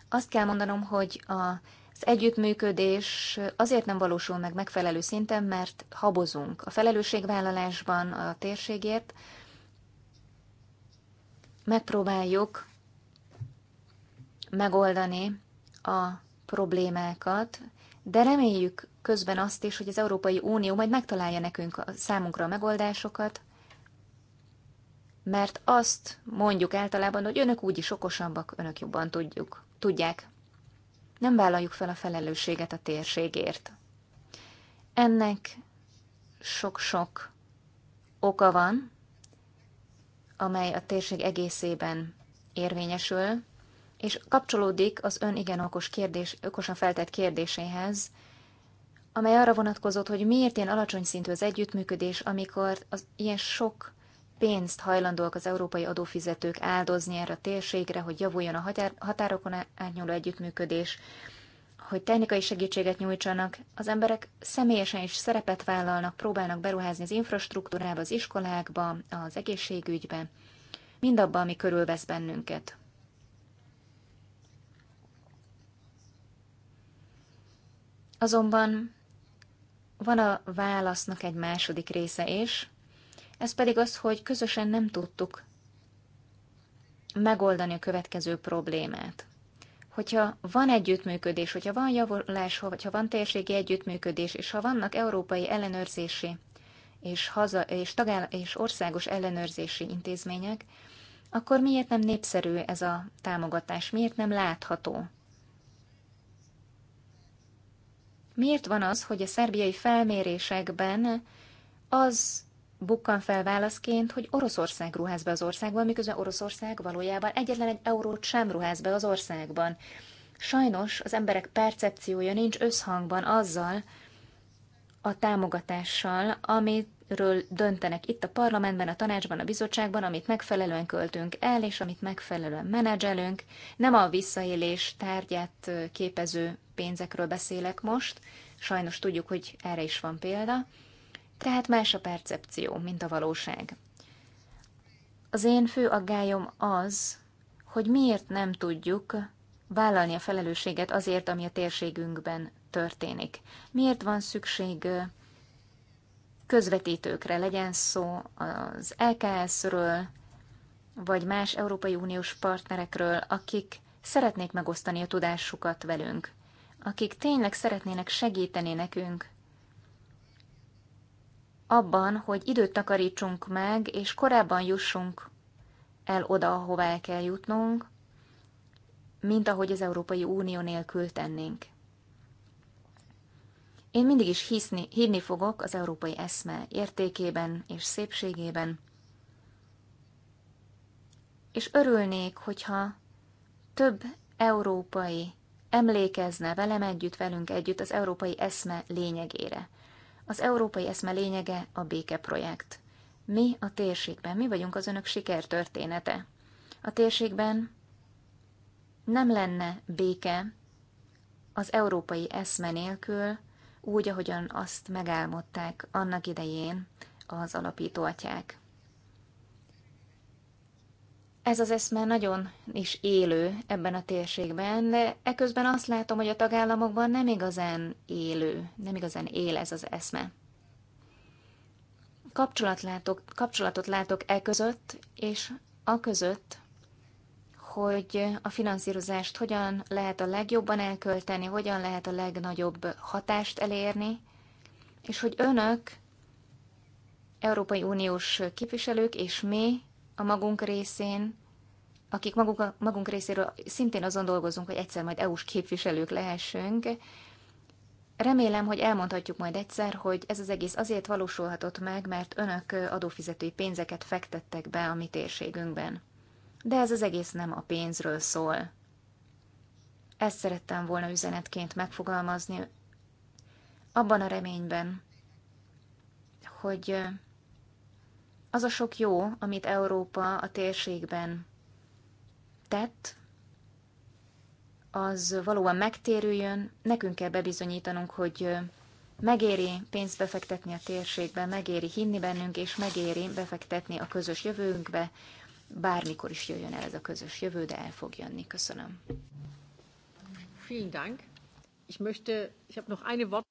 azt kell mondanom, hogy az együttműködés azért nem valósul meg megfelelő szinten, mert habozunk a felelősségvállalásban, a térségért. Megpróbáljuk megoldani a problémákat, de reméljük közben azt is, hogy az Európai Unió majd megtalálja nekünk a számunkra a megoldásokat, mert azt mondjuk általában, hogy önök úgyis okosabbak, önök jobban tudjuk, tudják. Nem vállaljuk fel a felelősséget a térségért. Ennek sok-sok oka van, amely a térség egészében érvényesül, és kapcsolódik az ön igen okos kérdés, okosan feltett kérdéséhez, amely arra vonatkozott, hogy miért ilyen alacsony szintű az együttműködés, amikor az ilyen sok pénzt hajlandóak az európai adófizetők áldozni erre a térségre, hogy javuljon a határokon átnyúló együttműködés, hogy technikai segítséget nyújtsanak, az emberek személyesen is szerepet vállalnak, próbálnak beruházni az infrastruktúrába, az iskolákba, az egészségügybe, mindabba, ami körülvesz bennünket. Azonban van a válasznak egy második része is, ez pedig az, hogy közösen nem tudtuk megoldani a következő problémát. Hogyha van együttműködés, hogyha van javulás, hogyha van térségi együttműködés, és ha vannak európai ellenőrzési és, haza, és, tagáll, és országos ellenőrzési intézmények, akkor miért nem népszerű ez a támogatás, miért nem látható? Miért van az, hogy a szerbiai felmérésekben az bukkan fel válaszként, hogy Oroszország ruház be az országban, miközben Oroszország valójában egyetlen egy eurót sem ruház be az országban. Sajnos az emberek percepciója nincs összhangban azzal a támogatással, amiről döntenek itt a parlamentben, a tanácsban, a bizottságban, amit megfelelően költünk el, és amit megfelelően menedzselünk. Nem a visszaélés tárgyát képező pénzekről beszélek most, sajnos tudjuk, hogy erre is van példa, tehát más a percepció, mint a valóság. Az én fő aggályom az, hogy miért nem tudjuk vállalni a felelősséget azért, ami a térségünkben történik. Miért van szükség közvetítőkre, legyen szó az LKS-ről, vagy más Európai Uniós partnerekről, akik szeretnék megosztani a tudásukat velünk, akik tényleg szeretnének segíteni nekünk abban, hogy időt takarítsunk meg, és korábban jussunk el oda, ahová el kell jutnunk, mint ahogy az Európai Unió nélkül tennénk. Én mindig is hiszni, hinni fogok az európai eszme értékében és szépségében, és örülnék, hogyha több európai emlékezne velem együtt, velünk együtt az európai eszme lényegére – az európai eszme lényege a békeprojekt. Mi a térségben, mi vagyunk az önök sikertörténete. A térségben nem lenne béke az európai eszme nélkül, úgy, ahogyan azt megálmodták annak idején az alapítóatyák ez az eszme nagyon is élő ebben a térségben, de eközben azt látom, hogy a tagállamokban nem igazán élő, nem igazán él ez az eszme. Kapcsolat látok, kapcsolatot látok e között, és a között, hogy a finanszírozást hogyan lehet a legjobban elkölteni, hogyan lehet a legnagyobb hatást elérni, és hogy önök, Európai Uniós képviselők és mi a magunk részén, akik magunk, magunk részéről szintén azon dolgozunk, hogy egyszer majd EU-s képviselők lehessünk. Remélem, hogy elmondhatjuk majd egyszer, hogy ez az egész azért valósulhatott meg, mert önök adófizetői pénzeket fektettek be a mi térségünkben. De ez az egész nem a pénzről szól. Ezt szerettem volna üzenetként megfogalmazni, abban a reményben, hogy az a sok jó, amit Európa a térségben tett, az valóban megtérüljön, nekünk kell bebizonyítanunk, hogy megéri pénzt befektetni a térségbe, megéri hinni bennünk, és megéri befektetni a közös jövőnkbe, bármikor is jöjjön el ez a közös jövő, de el fog jönni. Köszönöm. Vielen Dank. Ich möchte, ich habe noch eine Wort.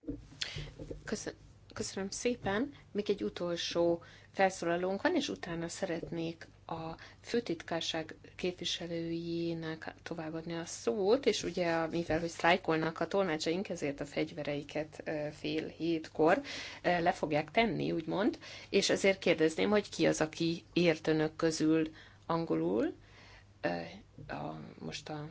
Köszönöm. Köszönöm szépen. Még egy utolsó felszólalónk van, és utána szeretnék a főtitkárság képviselőjének továbbadni a szót, és ugye, mivel hogy sztrájkolnak a tolmácsaink, ezért a fegyvereiket fél hétkor le fogják tenni, úgymond, és ezért kérdezném, hogy ki az, aki értőnök közül angolul, a, most a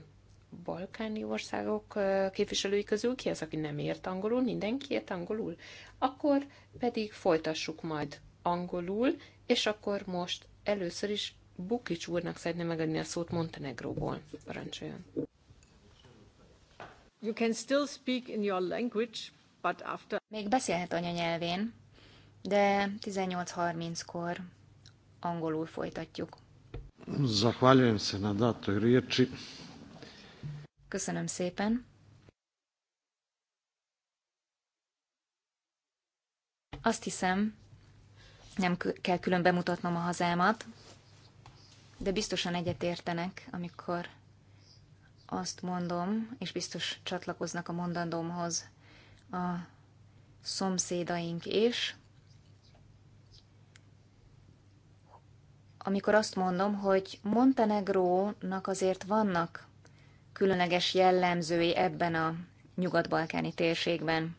balkáni országok képviselői közül ki az, aki nem ért angolul, mindenki ért angolul, akkor pedig folytassuk majd angolul, és akkor most először is Bukics úrnak szeretném megadni a szót Montenegróból. Parancsoljon. You can still speak in your language, but after... Még beszélhet anyanyelvén, de 18.30-kor angolul folytatjuk. Zahvaljujem se na datoj riječi. Köszönöm szépen. Azt hiszem, nem kell külön bemutatnom a hazámat, de biztosan egyetértenek, amikor azt mondom, és biztos csatlakoznak a mondandómhoz a szomszédaink is, amikor azt mondom, hogy Montenegrónak azért vannak különleges jellemzői ebben a nyugat-balkáni térségben.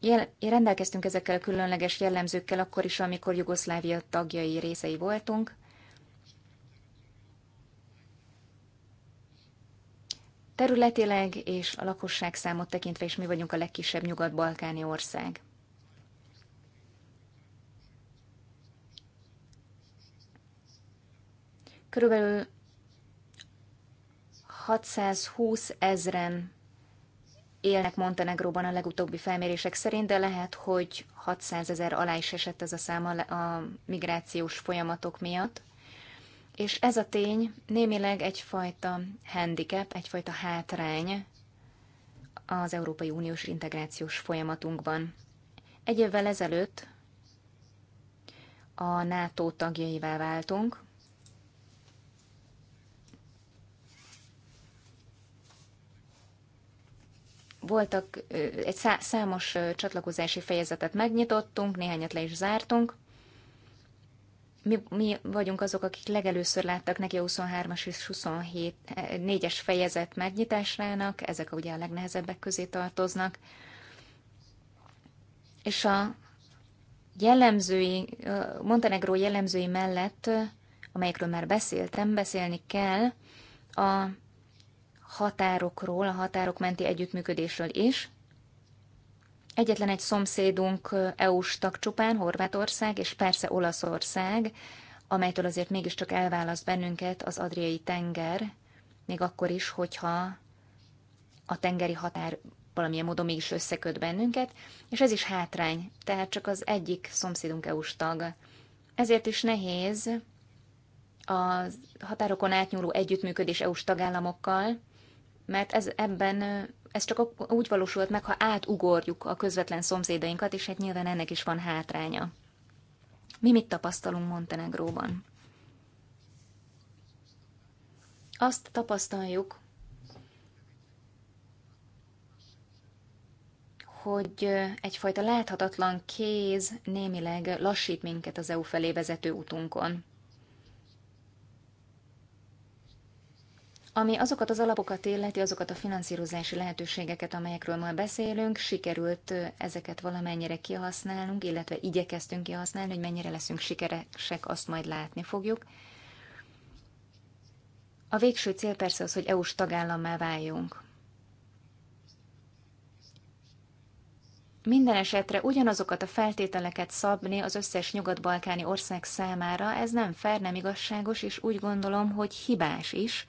Jel- rendelkeztünk ezekkel a különleges jellemzőkkel akkor is, amikor Jugoszlávia tagjai részei voltunk. Területileg és a lakosság számot tekintve is mi vagyunk a legkisebb nyugat-balkáni ország. Körülbelül 620 ezren élnek Montenegróban a legutóbbi felmérések szerint, de lehet, hogy 600 ezer alá is esett ez a szám a migrációs folyamatok miatt. És ez a tény némileg egyfajta handicap, egyfajta hátrány az Európai Uniós integrációs folyamatunkban. Egy évvel ezelőtt a NATO tagjaivá váltunk, voltak, egy számos csatlakozási fejezetet megnyitottunk, néhányat le is zártunk. Mi, mi vagyunk azok, akik legelőször láttak neki a 23-as és 24 eh, es fejezet megnyitásának, ezek ugye a legnehezebbek közé tartoznak. És a jellemzői, Montenegró jellemzői mellett, amelyekről már beszéltem, beszélni kell a határokról, a határok menti együttműködésről is. Egyetlen egy szomszédunk EU-s tagcsupán, Horvátország, és persze Olaszország, amelytől azért mégiscsak elválaszt bennünket az Adriai tenger, még akkor is, hogyha a tengeri határ valamilyen módon mégis összeköt bennünket, és ez is hátrány, tehát csak az egyik szomszédunk EU-s tag. Ezért is nehéz a határokon átnyúló együttműködés EU-s tagállamokkal, mert ez ebben ez csak úgy valósult meg, ha átugorjuk a közvetlen szomszédainkat, és hát nyilván ennek is van hátránya. Mi mit tapasztalunk Montenegróban? Azt tapasztaljuk, hogy egyfajta láthatatlan kéz némileg lassít minket az EU felé vezető utunkon. Ami azokat az alapokat illeti, azokat a finanszírozási lehetőségeket, amelyekről ma beszélünk, sikerült ezeket valamennyire kihasználnunk, illetve igyekeztünk kihasználni, hogy mennyire leszünk sikeresek, azt majd látni fogjuk. A végső cél persze az, hogy EU-s tagállammá váljunk. Minden esetre ugyanazokat a feltételeket szabni az összes nyugat-balkáni ország számára, ez nem fair, nem igazságos, és úgy gondolom, hogy hibás is,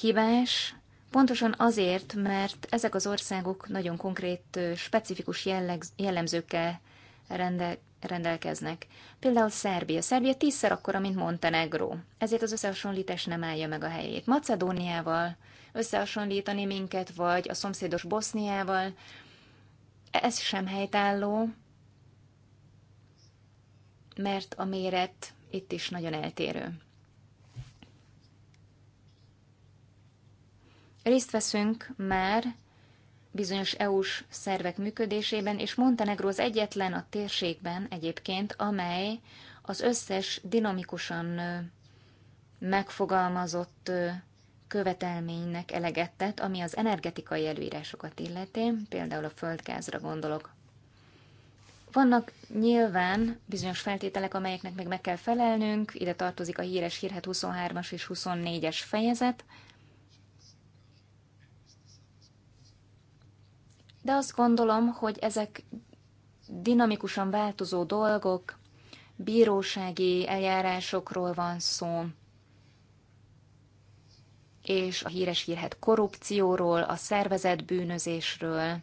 hibás, pontosan azért, mert ezek az országok nagyon konkrét, specifikus jelleg, jellemzőkkel rendel, rendelkeznek. Például Szerbia. Szerbia tízszer akkora, mint Montenegro. Ezért az összehasonlítás nem állja meg a helyét. Macedóniával összehasonlítani minket, vagy a szomszédos Boszniával, ez sem helytálló, mert a méret itt is nagyon eltérő. Részt veszünk már bizonyos EU-s szervek működésében, és Montenegro az egyetlen a térségben egyébként, amely az összes dinamikusan megfogalmazott követelménynek eleget tett, ami az energetikai előírásokat illeti, például a földgázra gondolok. Vannak nyilván bizonyos feltételek, amelyeknek még meg kell felelnünk, ide tartozik a híres hírhet 23-as és 24-es fejezet, de azt gondolom, hogy ezek dinamikusan változó dolgok, bírósági eljárásokról van szó, és a híres hírhet korrupcióról, a szervezet bűnözésről.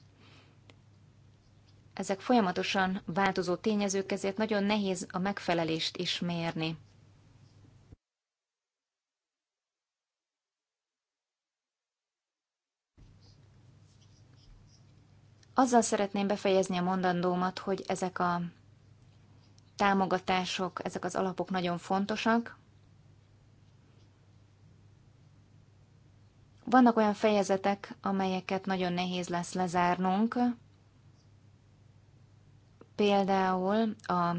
Ezek folyamatosan változó tényezők, ezért nagyon nehéz a megfelelést is mérni. Azzal szeretném befejezni a mondandómat, hogy ezek a támogatások, ezek az alapok nagyon fontosak. Vannak olyan fejezetek, amelyeket nagyon nehéz lesz lezárnunk, például a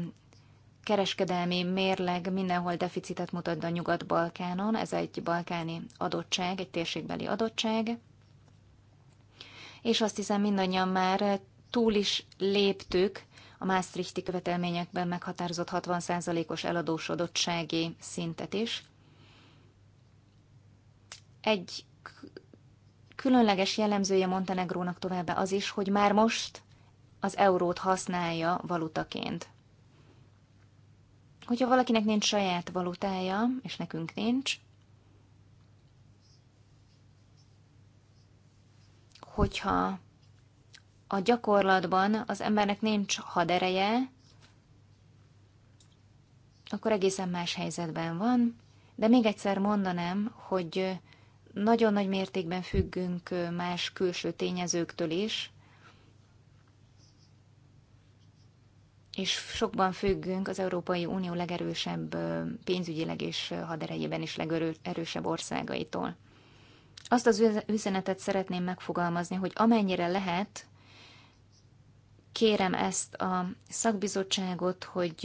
kereskedelmi mérleg mindenhol deficitet mutat a Nyugat-Balkánon, ez egy balkáni adottság, egy térségbeli adottság és azt hiszem mindannyian már eh, túl is léptük a Maastrichti követelményekben meghatározott 60%-os eladósodottsági szintet is. Egy különleges jellemzője Montenegrónak továbbá az is, hogy már most az eurót használja valutaként. Hogyha valakinek nincs saját valutája, és nekünk nincs, hogyha a gyakorlatban az embernek nincs hadereje, akkor egészen más helyzetben van. De még egyszer mondanám, hogy nagyon nagy mértékben függünk más külső tényezőktől is, és sokban függünk az Európai Unió legerősebb pénzügyileg és haderejében is legerősebb országaitól. Azt az üzenetet szeretném megfogalmazni, hogy amennyire lehet, kérem ezt a szakbizottságot, hogy,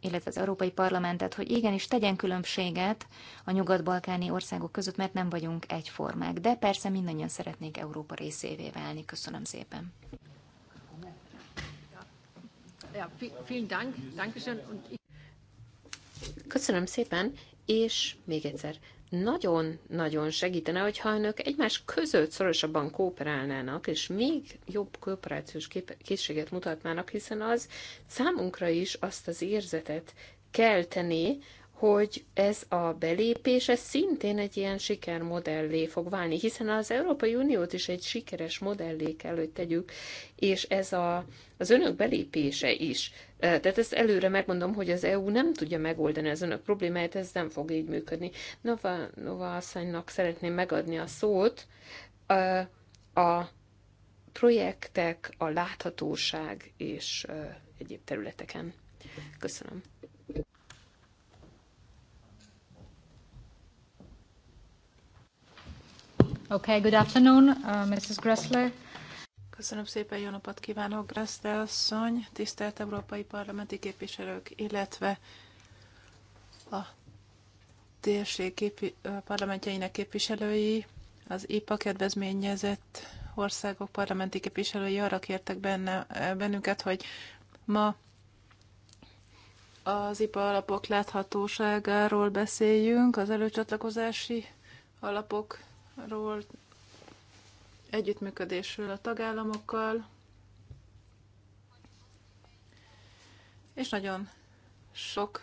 illetve az Európai Parlamentet, hogy igenis tegyen különbséget a nyugat-balkáni országok között, mert nem vagyunk egyformák. De persze mindannyian szeretnék Európa részévé válni. Köszönöm szépen. Köszönöm szépen, és még egyszer nagyon-nagyon segítene, hogyha önök egymás között szorosabban kooperálnának, és még jobb kooperációs készséget mutatnának, hiszen az számunkra is azt az érzetet kelteni, hogy ez a belépés ez szintén egy ilyen sikermodellé fog válni, hiszen az Európai Uniót is egy sikeres modellé kell, hogy tegyük, és ez a, az önök belépése is Eh, tehát ezt előre megmondom, hogy az EU nem tudja megoldani az önök problémáját, ez nem fog így működni. Nova, Nova asszonynak szeretném megadni a szót. Eh, a projektek, a láthatóság és eh, egyéb területeken. Köszönöm. Okay, good afternoon, uh, Mrs. Gressler. Köszönöm szépen, jó napot kívánok, Greszte asszony, tisztelt európai parlamenti képviselők, illetve a térség képi, parlamentjeinek képviselői, az IPA kedvezményezett országok parlamenti képviselői arra kértek benne, bennünket, hogy ma az IPA alapok láthatóságáról beszéljünk, az előcsatlakozási alapokról együttműködésről a tagállamokkal, és nagyon sok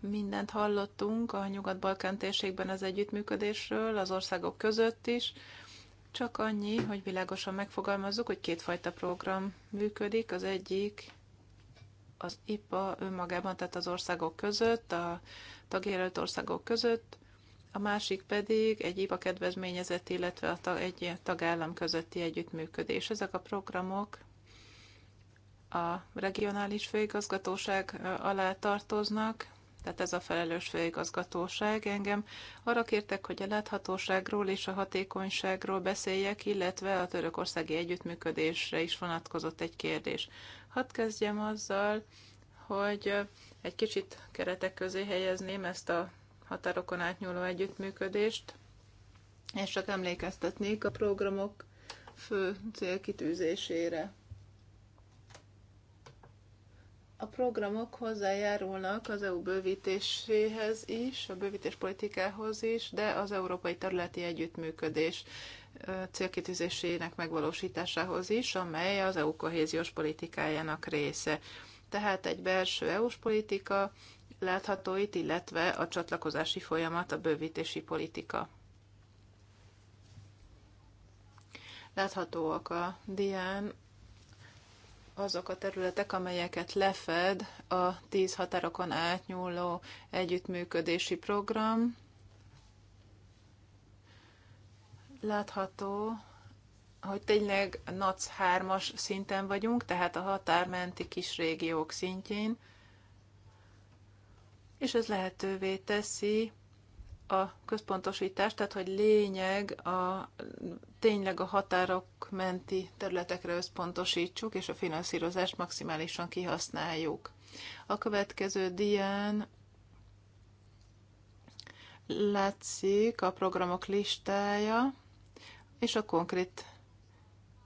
mindent hallottunk a Nyugat-Balkán térségben az együttműködésről, az országok között is, csak annyi, hogy világosan megfogalmazzuk, hogy kétfajta program működik. Az egyik az IPA önmagában, tehát az országok között, a tagjelölt országok között, a másik pedig egyéb a kedvezményezett, illetve a tag, egy tagállam közötti együttműködés. Ezek a programok a regionális főigazgatóság alá tartoznak, tehát ez a felelős főigazgatóság. Engem arra kértek, hogy a láthatóságról és a hatékonyságról beszéljek, illetve a törökországi együttműködésre is vonatkozott egy kérdés. Hadd kezdjem azzal, hogy egy kicsit keretek közé helyezném ezt a határokon átnyúló együttműködést, és csak emlékeztetnék a programok fő célkitűzésére. A programok hozzájárulnak az EU bővítéséhez is, a bővítéspolitikához is, de az európai területi együttműködés célkitűzésének megvalósításához is, amely az EU kohéziós politikájának része. Tehát egy belső EU-s politika, látható itt, illetve a csatlakozási folyamat, a bővítési politika. Láthatóak a dián azok a területek, amelyeket lefed a tíz határokon átnyúló együttműködési program. Látható, hogy tényleg NAC 3-as szinten vagyunk, tehát a határmenti kis régiók szintjén és ez lehetővé teszi a központosítást, tehát hogy lényeg a tényleg a határok menti területekre összpontosítsuk, és a finanszírozást maximálisan kihasználjuk. A következő dián látszik a programok listája, és a konkrét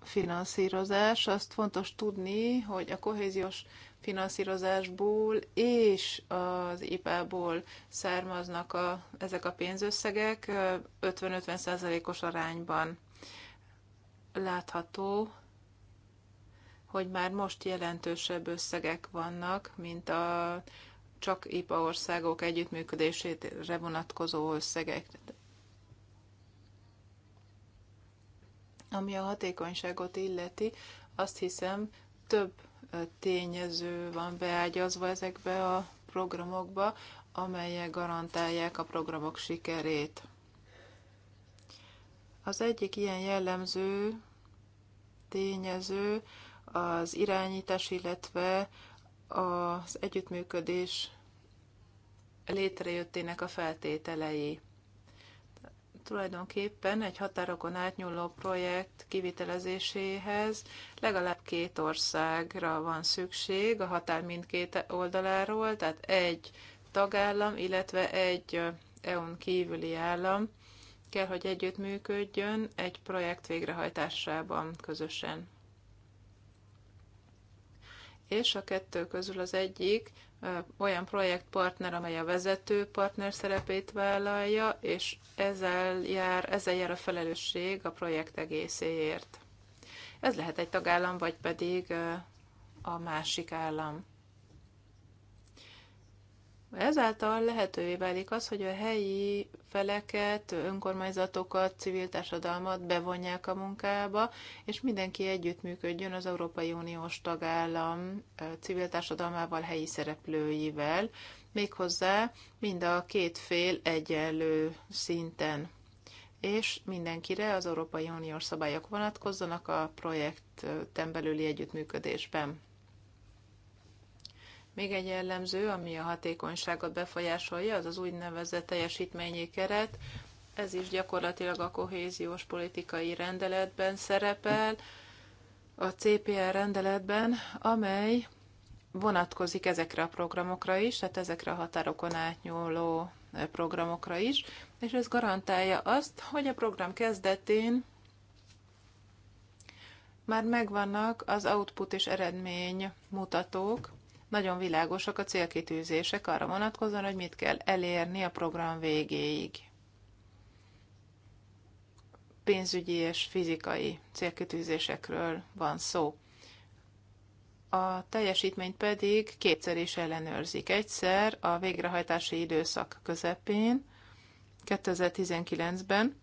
finanszírozás. Azt fontos tudni, hogy a kohéziós finanszírozásból és az IPA-ból származnak a, ezek a pénzösszegek 50-50 százalékos -50 arányban látható, hogy már most jelentősebb összegek vannak, mint a csak IPA országok együttműködésére vonatkozó összegek. Ami a hatékonyságot illeti, azt hiszem, több tényező van beágyazva ezekbe a programokba, amelyek garantálják a programok sikerét. Az egyik ilyen jellemző tényező az irányítás, illetve az együttműködés létrejöttének a feltételei tulajdonképpen egy határokon átnyúló projekt kivitelezéséhez legalább két országra van szükség a határ mindkét oldaláról, tehát egy tagállam, illetve egy EU-n kívüli állam kell, hogy együttműködjön egy projekt végrehajtásában közösen. És a kettő közül az egyik olyan projektpartner, amely a vezető partner szerepét vállalja, és ezzel jár, ezzel jár a felelősség a projekt egészéért. Ez lehet egy tagállam, vagy pedig a másik állam. Ezáltal lehetővé válik az, hogy a helyi feleket, önkormányzatokat, civil társadalmat bevonják a munkába, és mindenki együttműködjön az Európai Uniós tagállam civil társadalmával, helyi szereplőivel, méghozzá mind a két fél egyenlő szinten és mindenkire az Európai Uniós szabályok vonatkozzanak a projekt belüli együttműködésben. Még egy jellemző, ami a hatékonyságot befolyásolja, az az úgynevezett teljesítményi keret. Ez is gyakorlatilag a kohéziós politikai rendeletben szerepel, a CPR rendeletben, amely vonatkozik ezekre a programokra is, tehát ezekre a határokon átnyúló e, programokra is, és ez garantálja azt, hogy a program kezdetén már megvannak az output és eredmény mutatók, nagyon világosak a célkitűzések arra vonatkozóan, hogy mit kell elérni a program végéig. Pénzügyi és fizikai célkitűzésekről van szó. A teljesítményt pedig kétszer is ellenőrzik. Egyszer a végrehajtási időszak közepén, 2019-ben,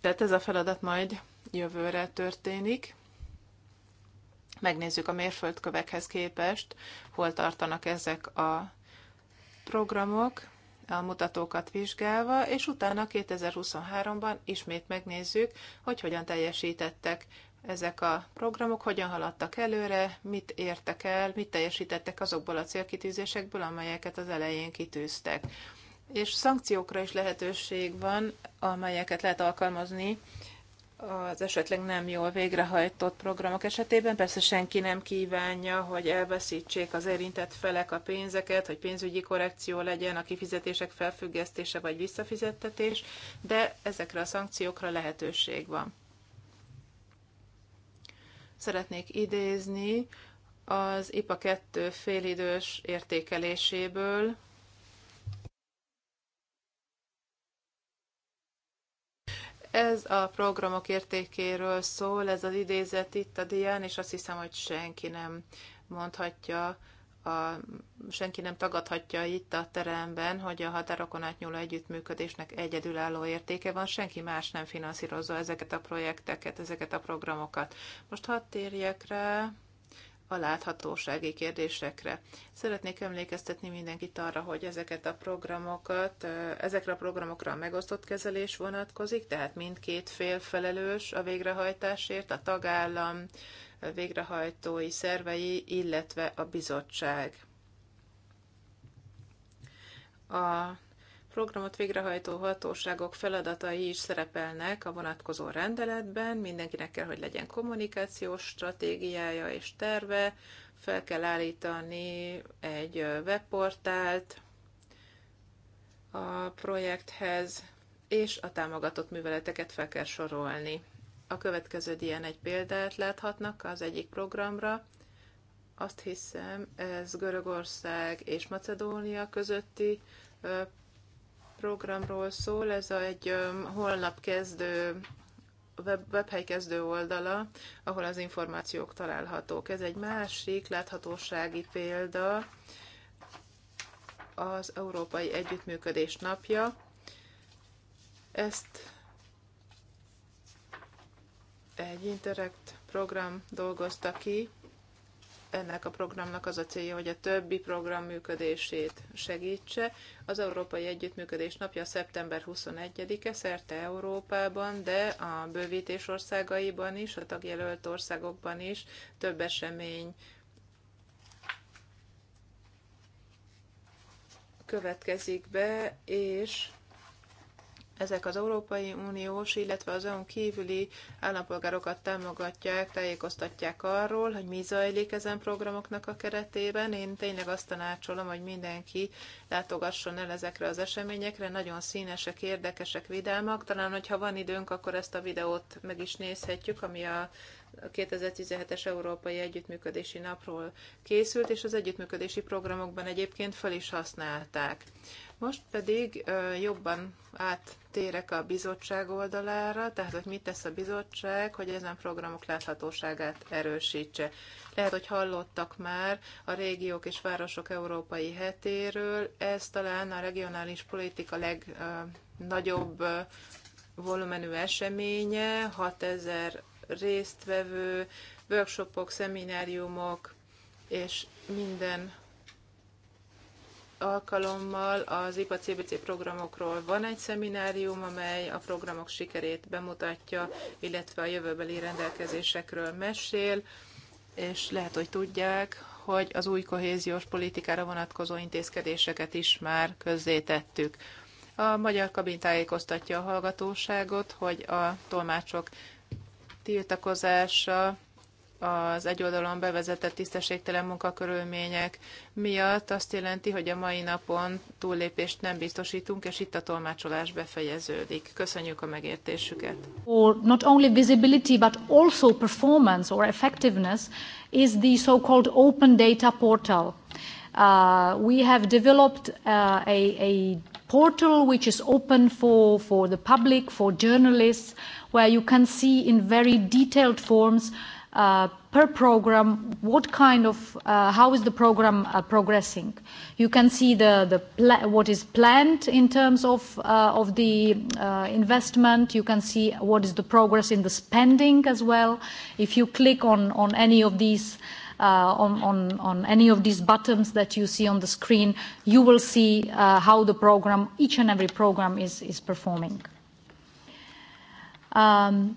tehát ez a feladat majd jövőre történik, megnézzük a mérföldkövekhez képest, hol tartanak ezek a programok, a mutatókat vizsgálva, és utána 2023-ban ismét megnézzük, hogy hogyan teljesítettek ezek a programok, hogyan haladtak előre, mit értek el, mit teljesítettek azokból a célkitűzésekből, amelyeket az elején kitűztek. És szankciókra is lehetőség van, amelyeket lehet alkalmazni az esetleg nem jól végrehajtott programok esetében. Persze senki nem kívánja, hogy elveszítsék az érintett felek a pénzeket, hogy pénzügyi korrekció legyen, a kifizetések felfüggesztése vagy visszafizettetés, de ezekre a szankciókra lehetőség van. Szeretnék idézni az IPA 2 félidős értékeléséből, Ez a programok értékéről szól, ez az idézet itt a dián, és azt hiszem, hogy senki nem mondhatja, a, senki nem tagadhatja itt a teremben, hogy a határokon átnyúló együttműködésnek egyedülálló értéke van, senki más nem finanszírozza ezeket a projekteket, ezeket a programokat. Most hadd térjek rá a láthatósági kérdésekre. Szeretnék emlékeztetni mindenkit arra, hogy ezeket a programokat, ezekre a programokra a megosztott kezelés vonatkozik, tehát mindkét fél felelős a végrehajtásért, a tagállam, a végrehajtói szervei, illetve a bizottság. A programot végrehajtó hatóságok feladatai is szerepelnek a vonatkozó rendeletben, mindenkinek kell, hogy legyen kommunikációs stratégiája és terve, fel kell állítani egy webportált a projekthez, és a támogatott műveleteket fel kell sorolni. A következő ilyen egy példát láthatnak az egyik programra, azt hiszem, ez Görögország és Macedónia közötti programról szól, ez a, egy holnap kezdő web, webhely kezdő oldala, ahol az információk találhatók. Ez egy másik láthatósági példa az Európai Együttműködés napja. Ezt egy Interact program dolgozta ki, ennek a programnak az a célja, hogy a többi program működését segítse. Az Európai Együttműködés napja szeptember 21-e szerte Európában, de a bővítés országaiban is, a tagjelölt országokban is több esemény következik be, és ezek az Európai Uniós, illetve az EU kívüli állampolgárokat támogatják, tájékoztatják arról, hogy mi zajlik ezen programoknak a keretében. Én tényleg azt tanácsolom, hogy mindenki látogasson el ezekre az eseményekre. Nagyon színesek, érdekesek, vidámak. Talán, hogyha van időnk, akkor ezt a videót meg is nézhetjük, ami a 2017-es Európai Együttműködési Napról készült, és az együttműködési programokban egyébként fel is használták. Most pedig jobban áttérek a bizottság oldalára, tehát hogy mit tesz a bizottság, hogy ezen programok láthatóságát erősítse. Lehet, hogy hallottak már a régiók és városok európai hetéről, ez talán a regionális politika legnagyobb volumenű eseménye, 6000 résztvevő, workshopok, szemináriumok, és minden alkalommal az IPA CBC programokról van egy szeminárium, amely a programok sikerét bemutatja, illetve a jövőbeli rendelkezésekről mesél, és lehet, hogy tudják, hogy az új kohéziós politikára vonatkozó intézkedéseket is már közzétettük. A magyar kabin tájékoztatja a hallgatóságot, hogy a tolmácsok tiltakozása az oldalon bevezetett tisztességtelen munkakörülmények miatt azt jelenti, hogy a mai napon túllépést nem biztosítunk, és itt a tolmácsolás befejeződik. Köszönjük a megértésüket. Or not only visibility, but also performance or effectiveness is the so-called open data portal. Uh, we have developed uh, a, a portal which is open for, for the public, for journalists, where you can see in very detailed forms uh, per program, what kind of, uh, how is the program uh, progressing? You can see the, the pla- what is planned in terms of, uh, of the uh, investment. You can see what is the progress in the spending as well. If you click on, on any of these, uh, on, on, on any of these buttons that you see on the screen, you will see uh, how the program, each and every program is, is performing. Um,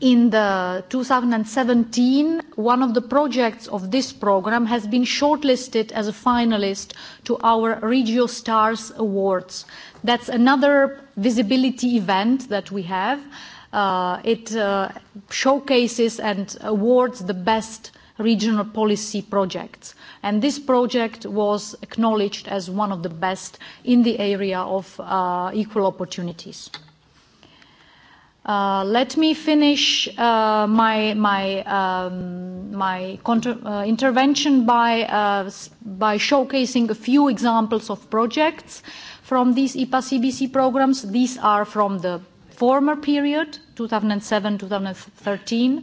in the 2017, one of the projects of this program has been shortlisted as a finalist to our Regio Stars Awards. That's another visibility event that we have. Uh, it uh, showcases and awards the best regional policy projects. And this project was acknowledged as one of the best in the area of uh, equal opportunities. Uh, let me finish uh, my my um, my contra- uh, intervention by uh, by showcasing a few examples of projects from these IPA CBC programs. These are from the former period, 2007-2013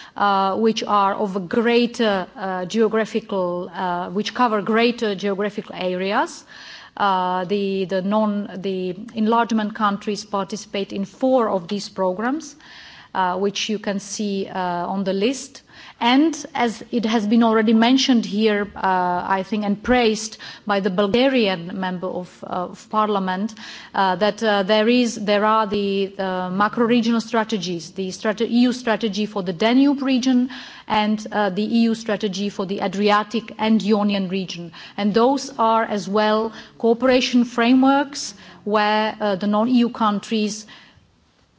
Uh, which are of greater uh, geographical, uh, which cover greater geographical areas. Uh, the, the, non, the enlargement countries participate in four of these programs, uh, which you can see uh, on the list. And as it has been already mentioned here, uh, I think, and praised by the Bulgarian member of, uh, of parliament, uh, that uh, there, is, there are the, the macro-regional strategies, the strate- EU strategy for the Danube region and uh, the EU strategy for the Adriatic and Ionian region. And those are as well cooperation frameworks where uh, the non-EU countries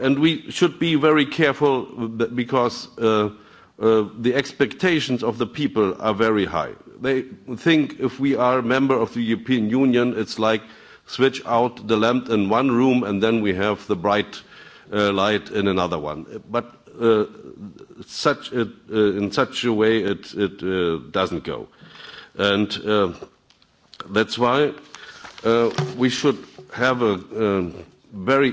and we should be very careful because uh, uh, the expectations of the people are very high. They think if we are a member of the European Union, it's like switch out the lamp in one room and then we have the bright uh, light in another one. But such in such a way, it, doesn't go. And that's why we should have a, um, very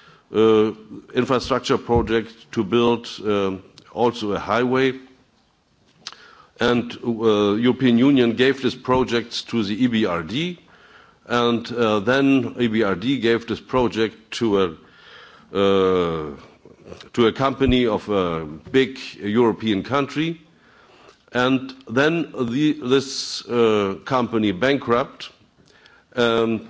Uh, infrastructure project to build uh, also a highway. And uh, European Union gave this project to the EBRD, and then EBRD gave this project to a company of a big European country, and then this company bankrupt, and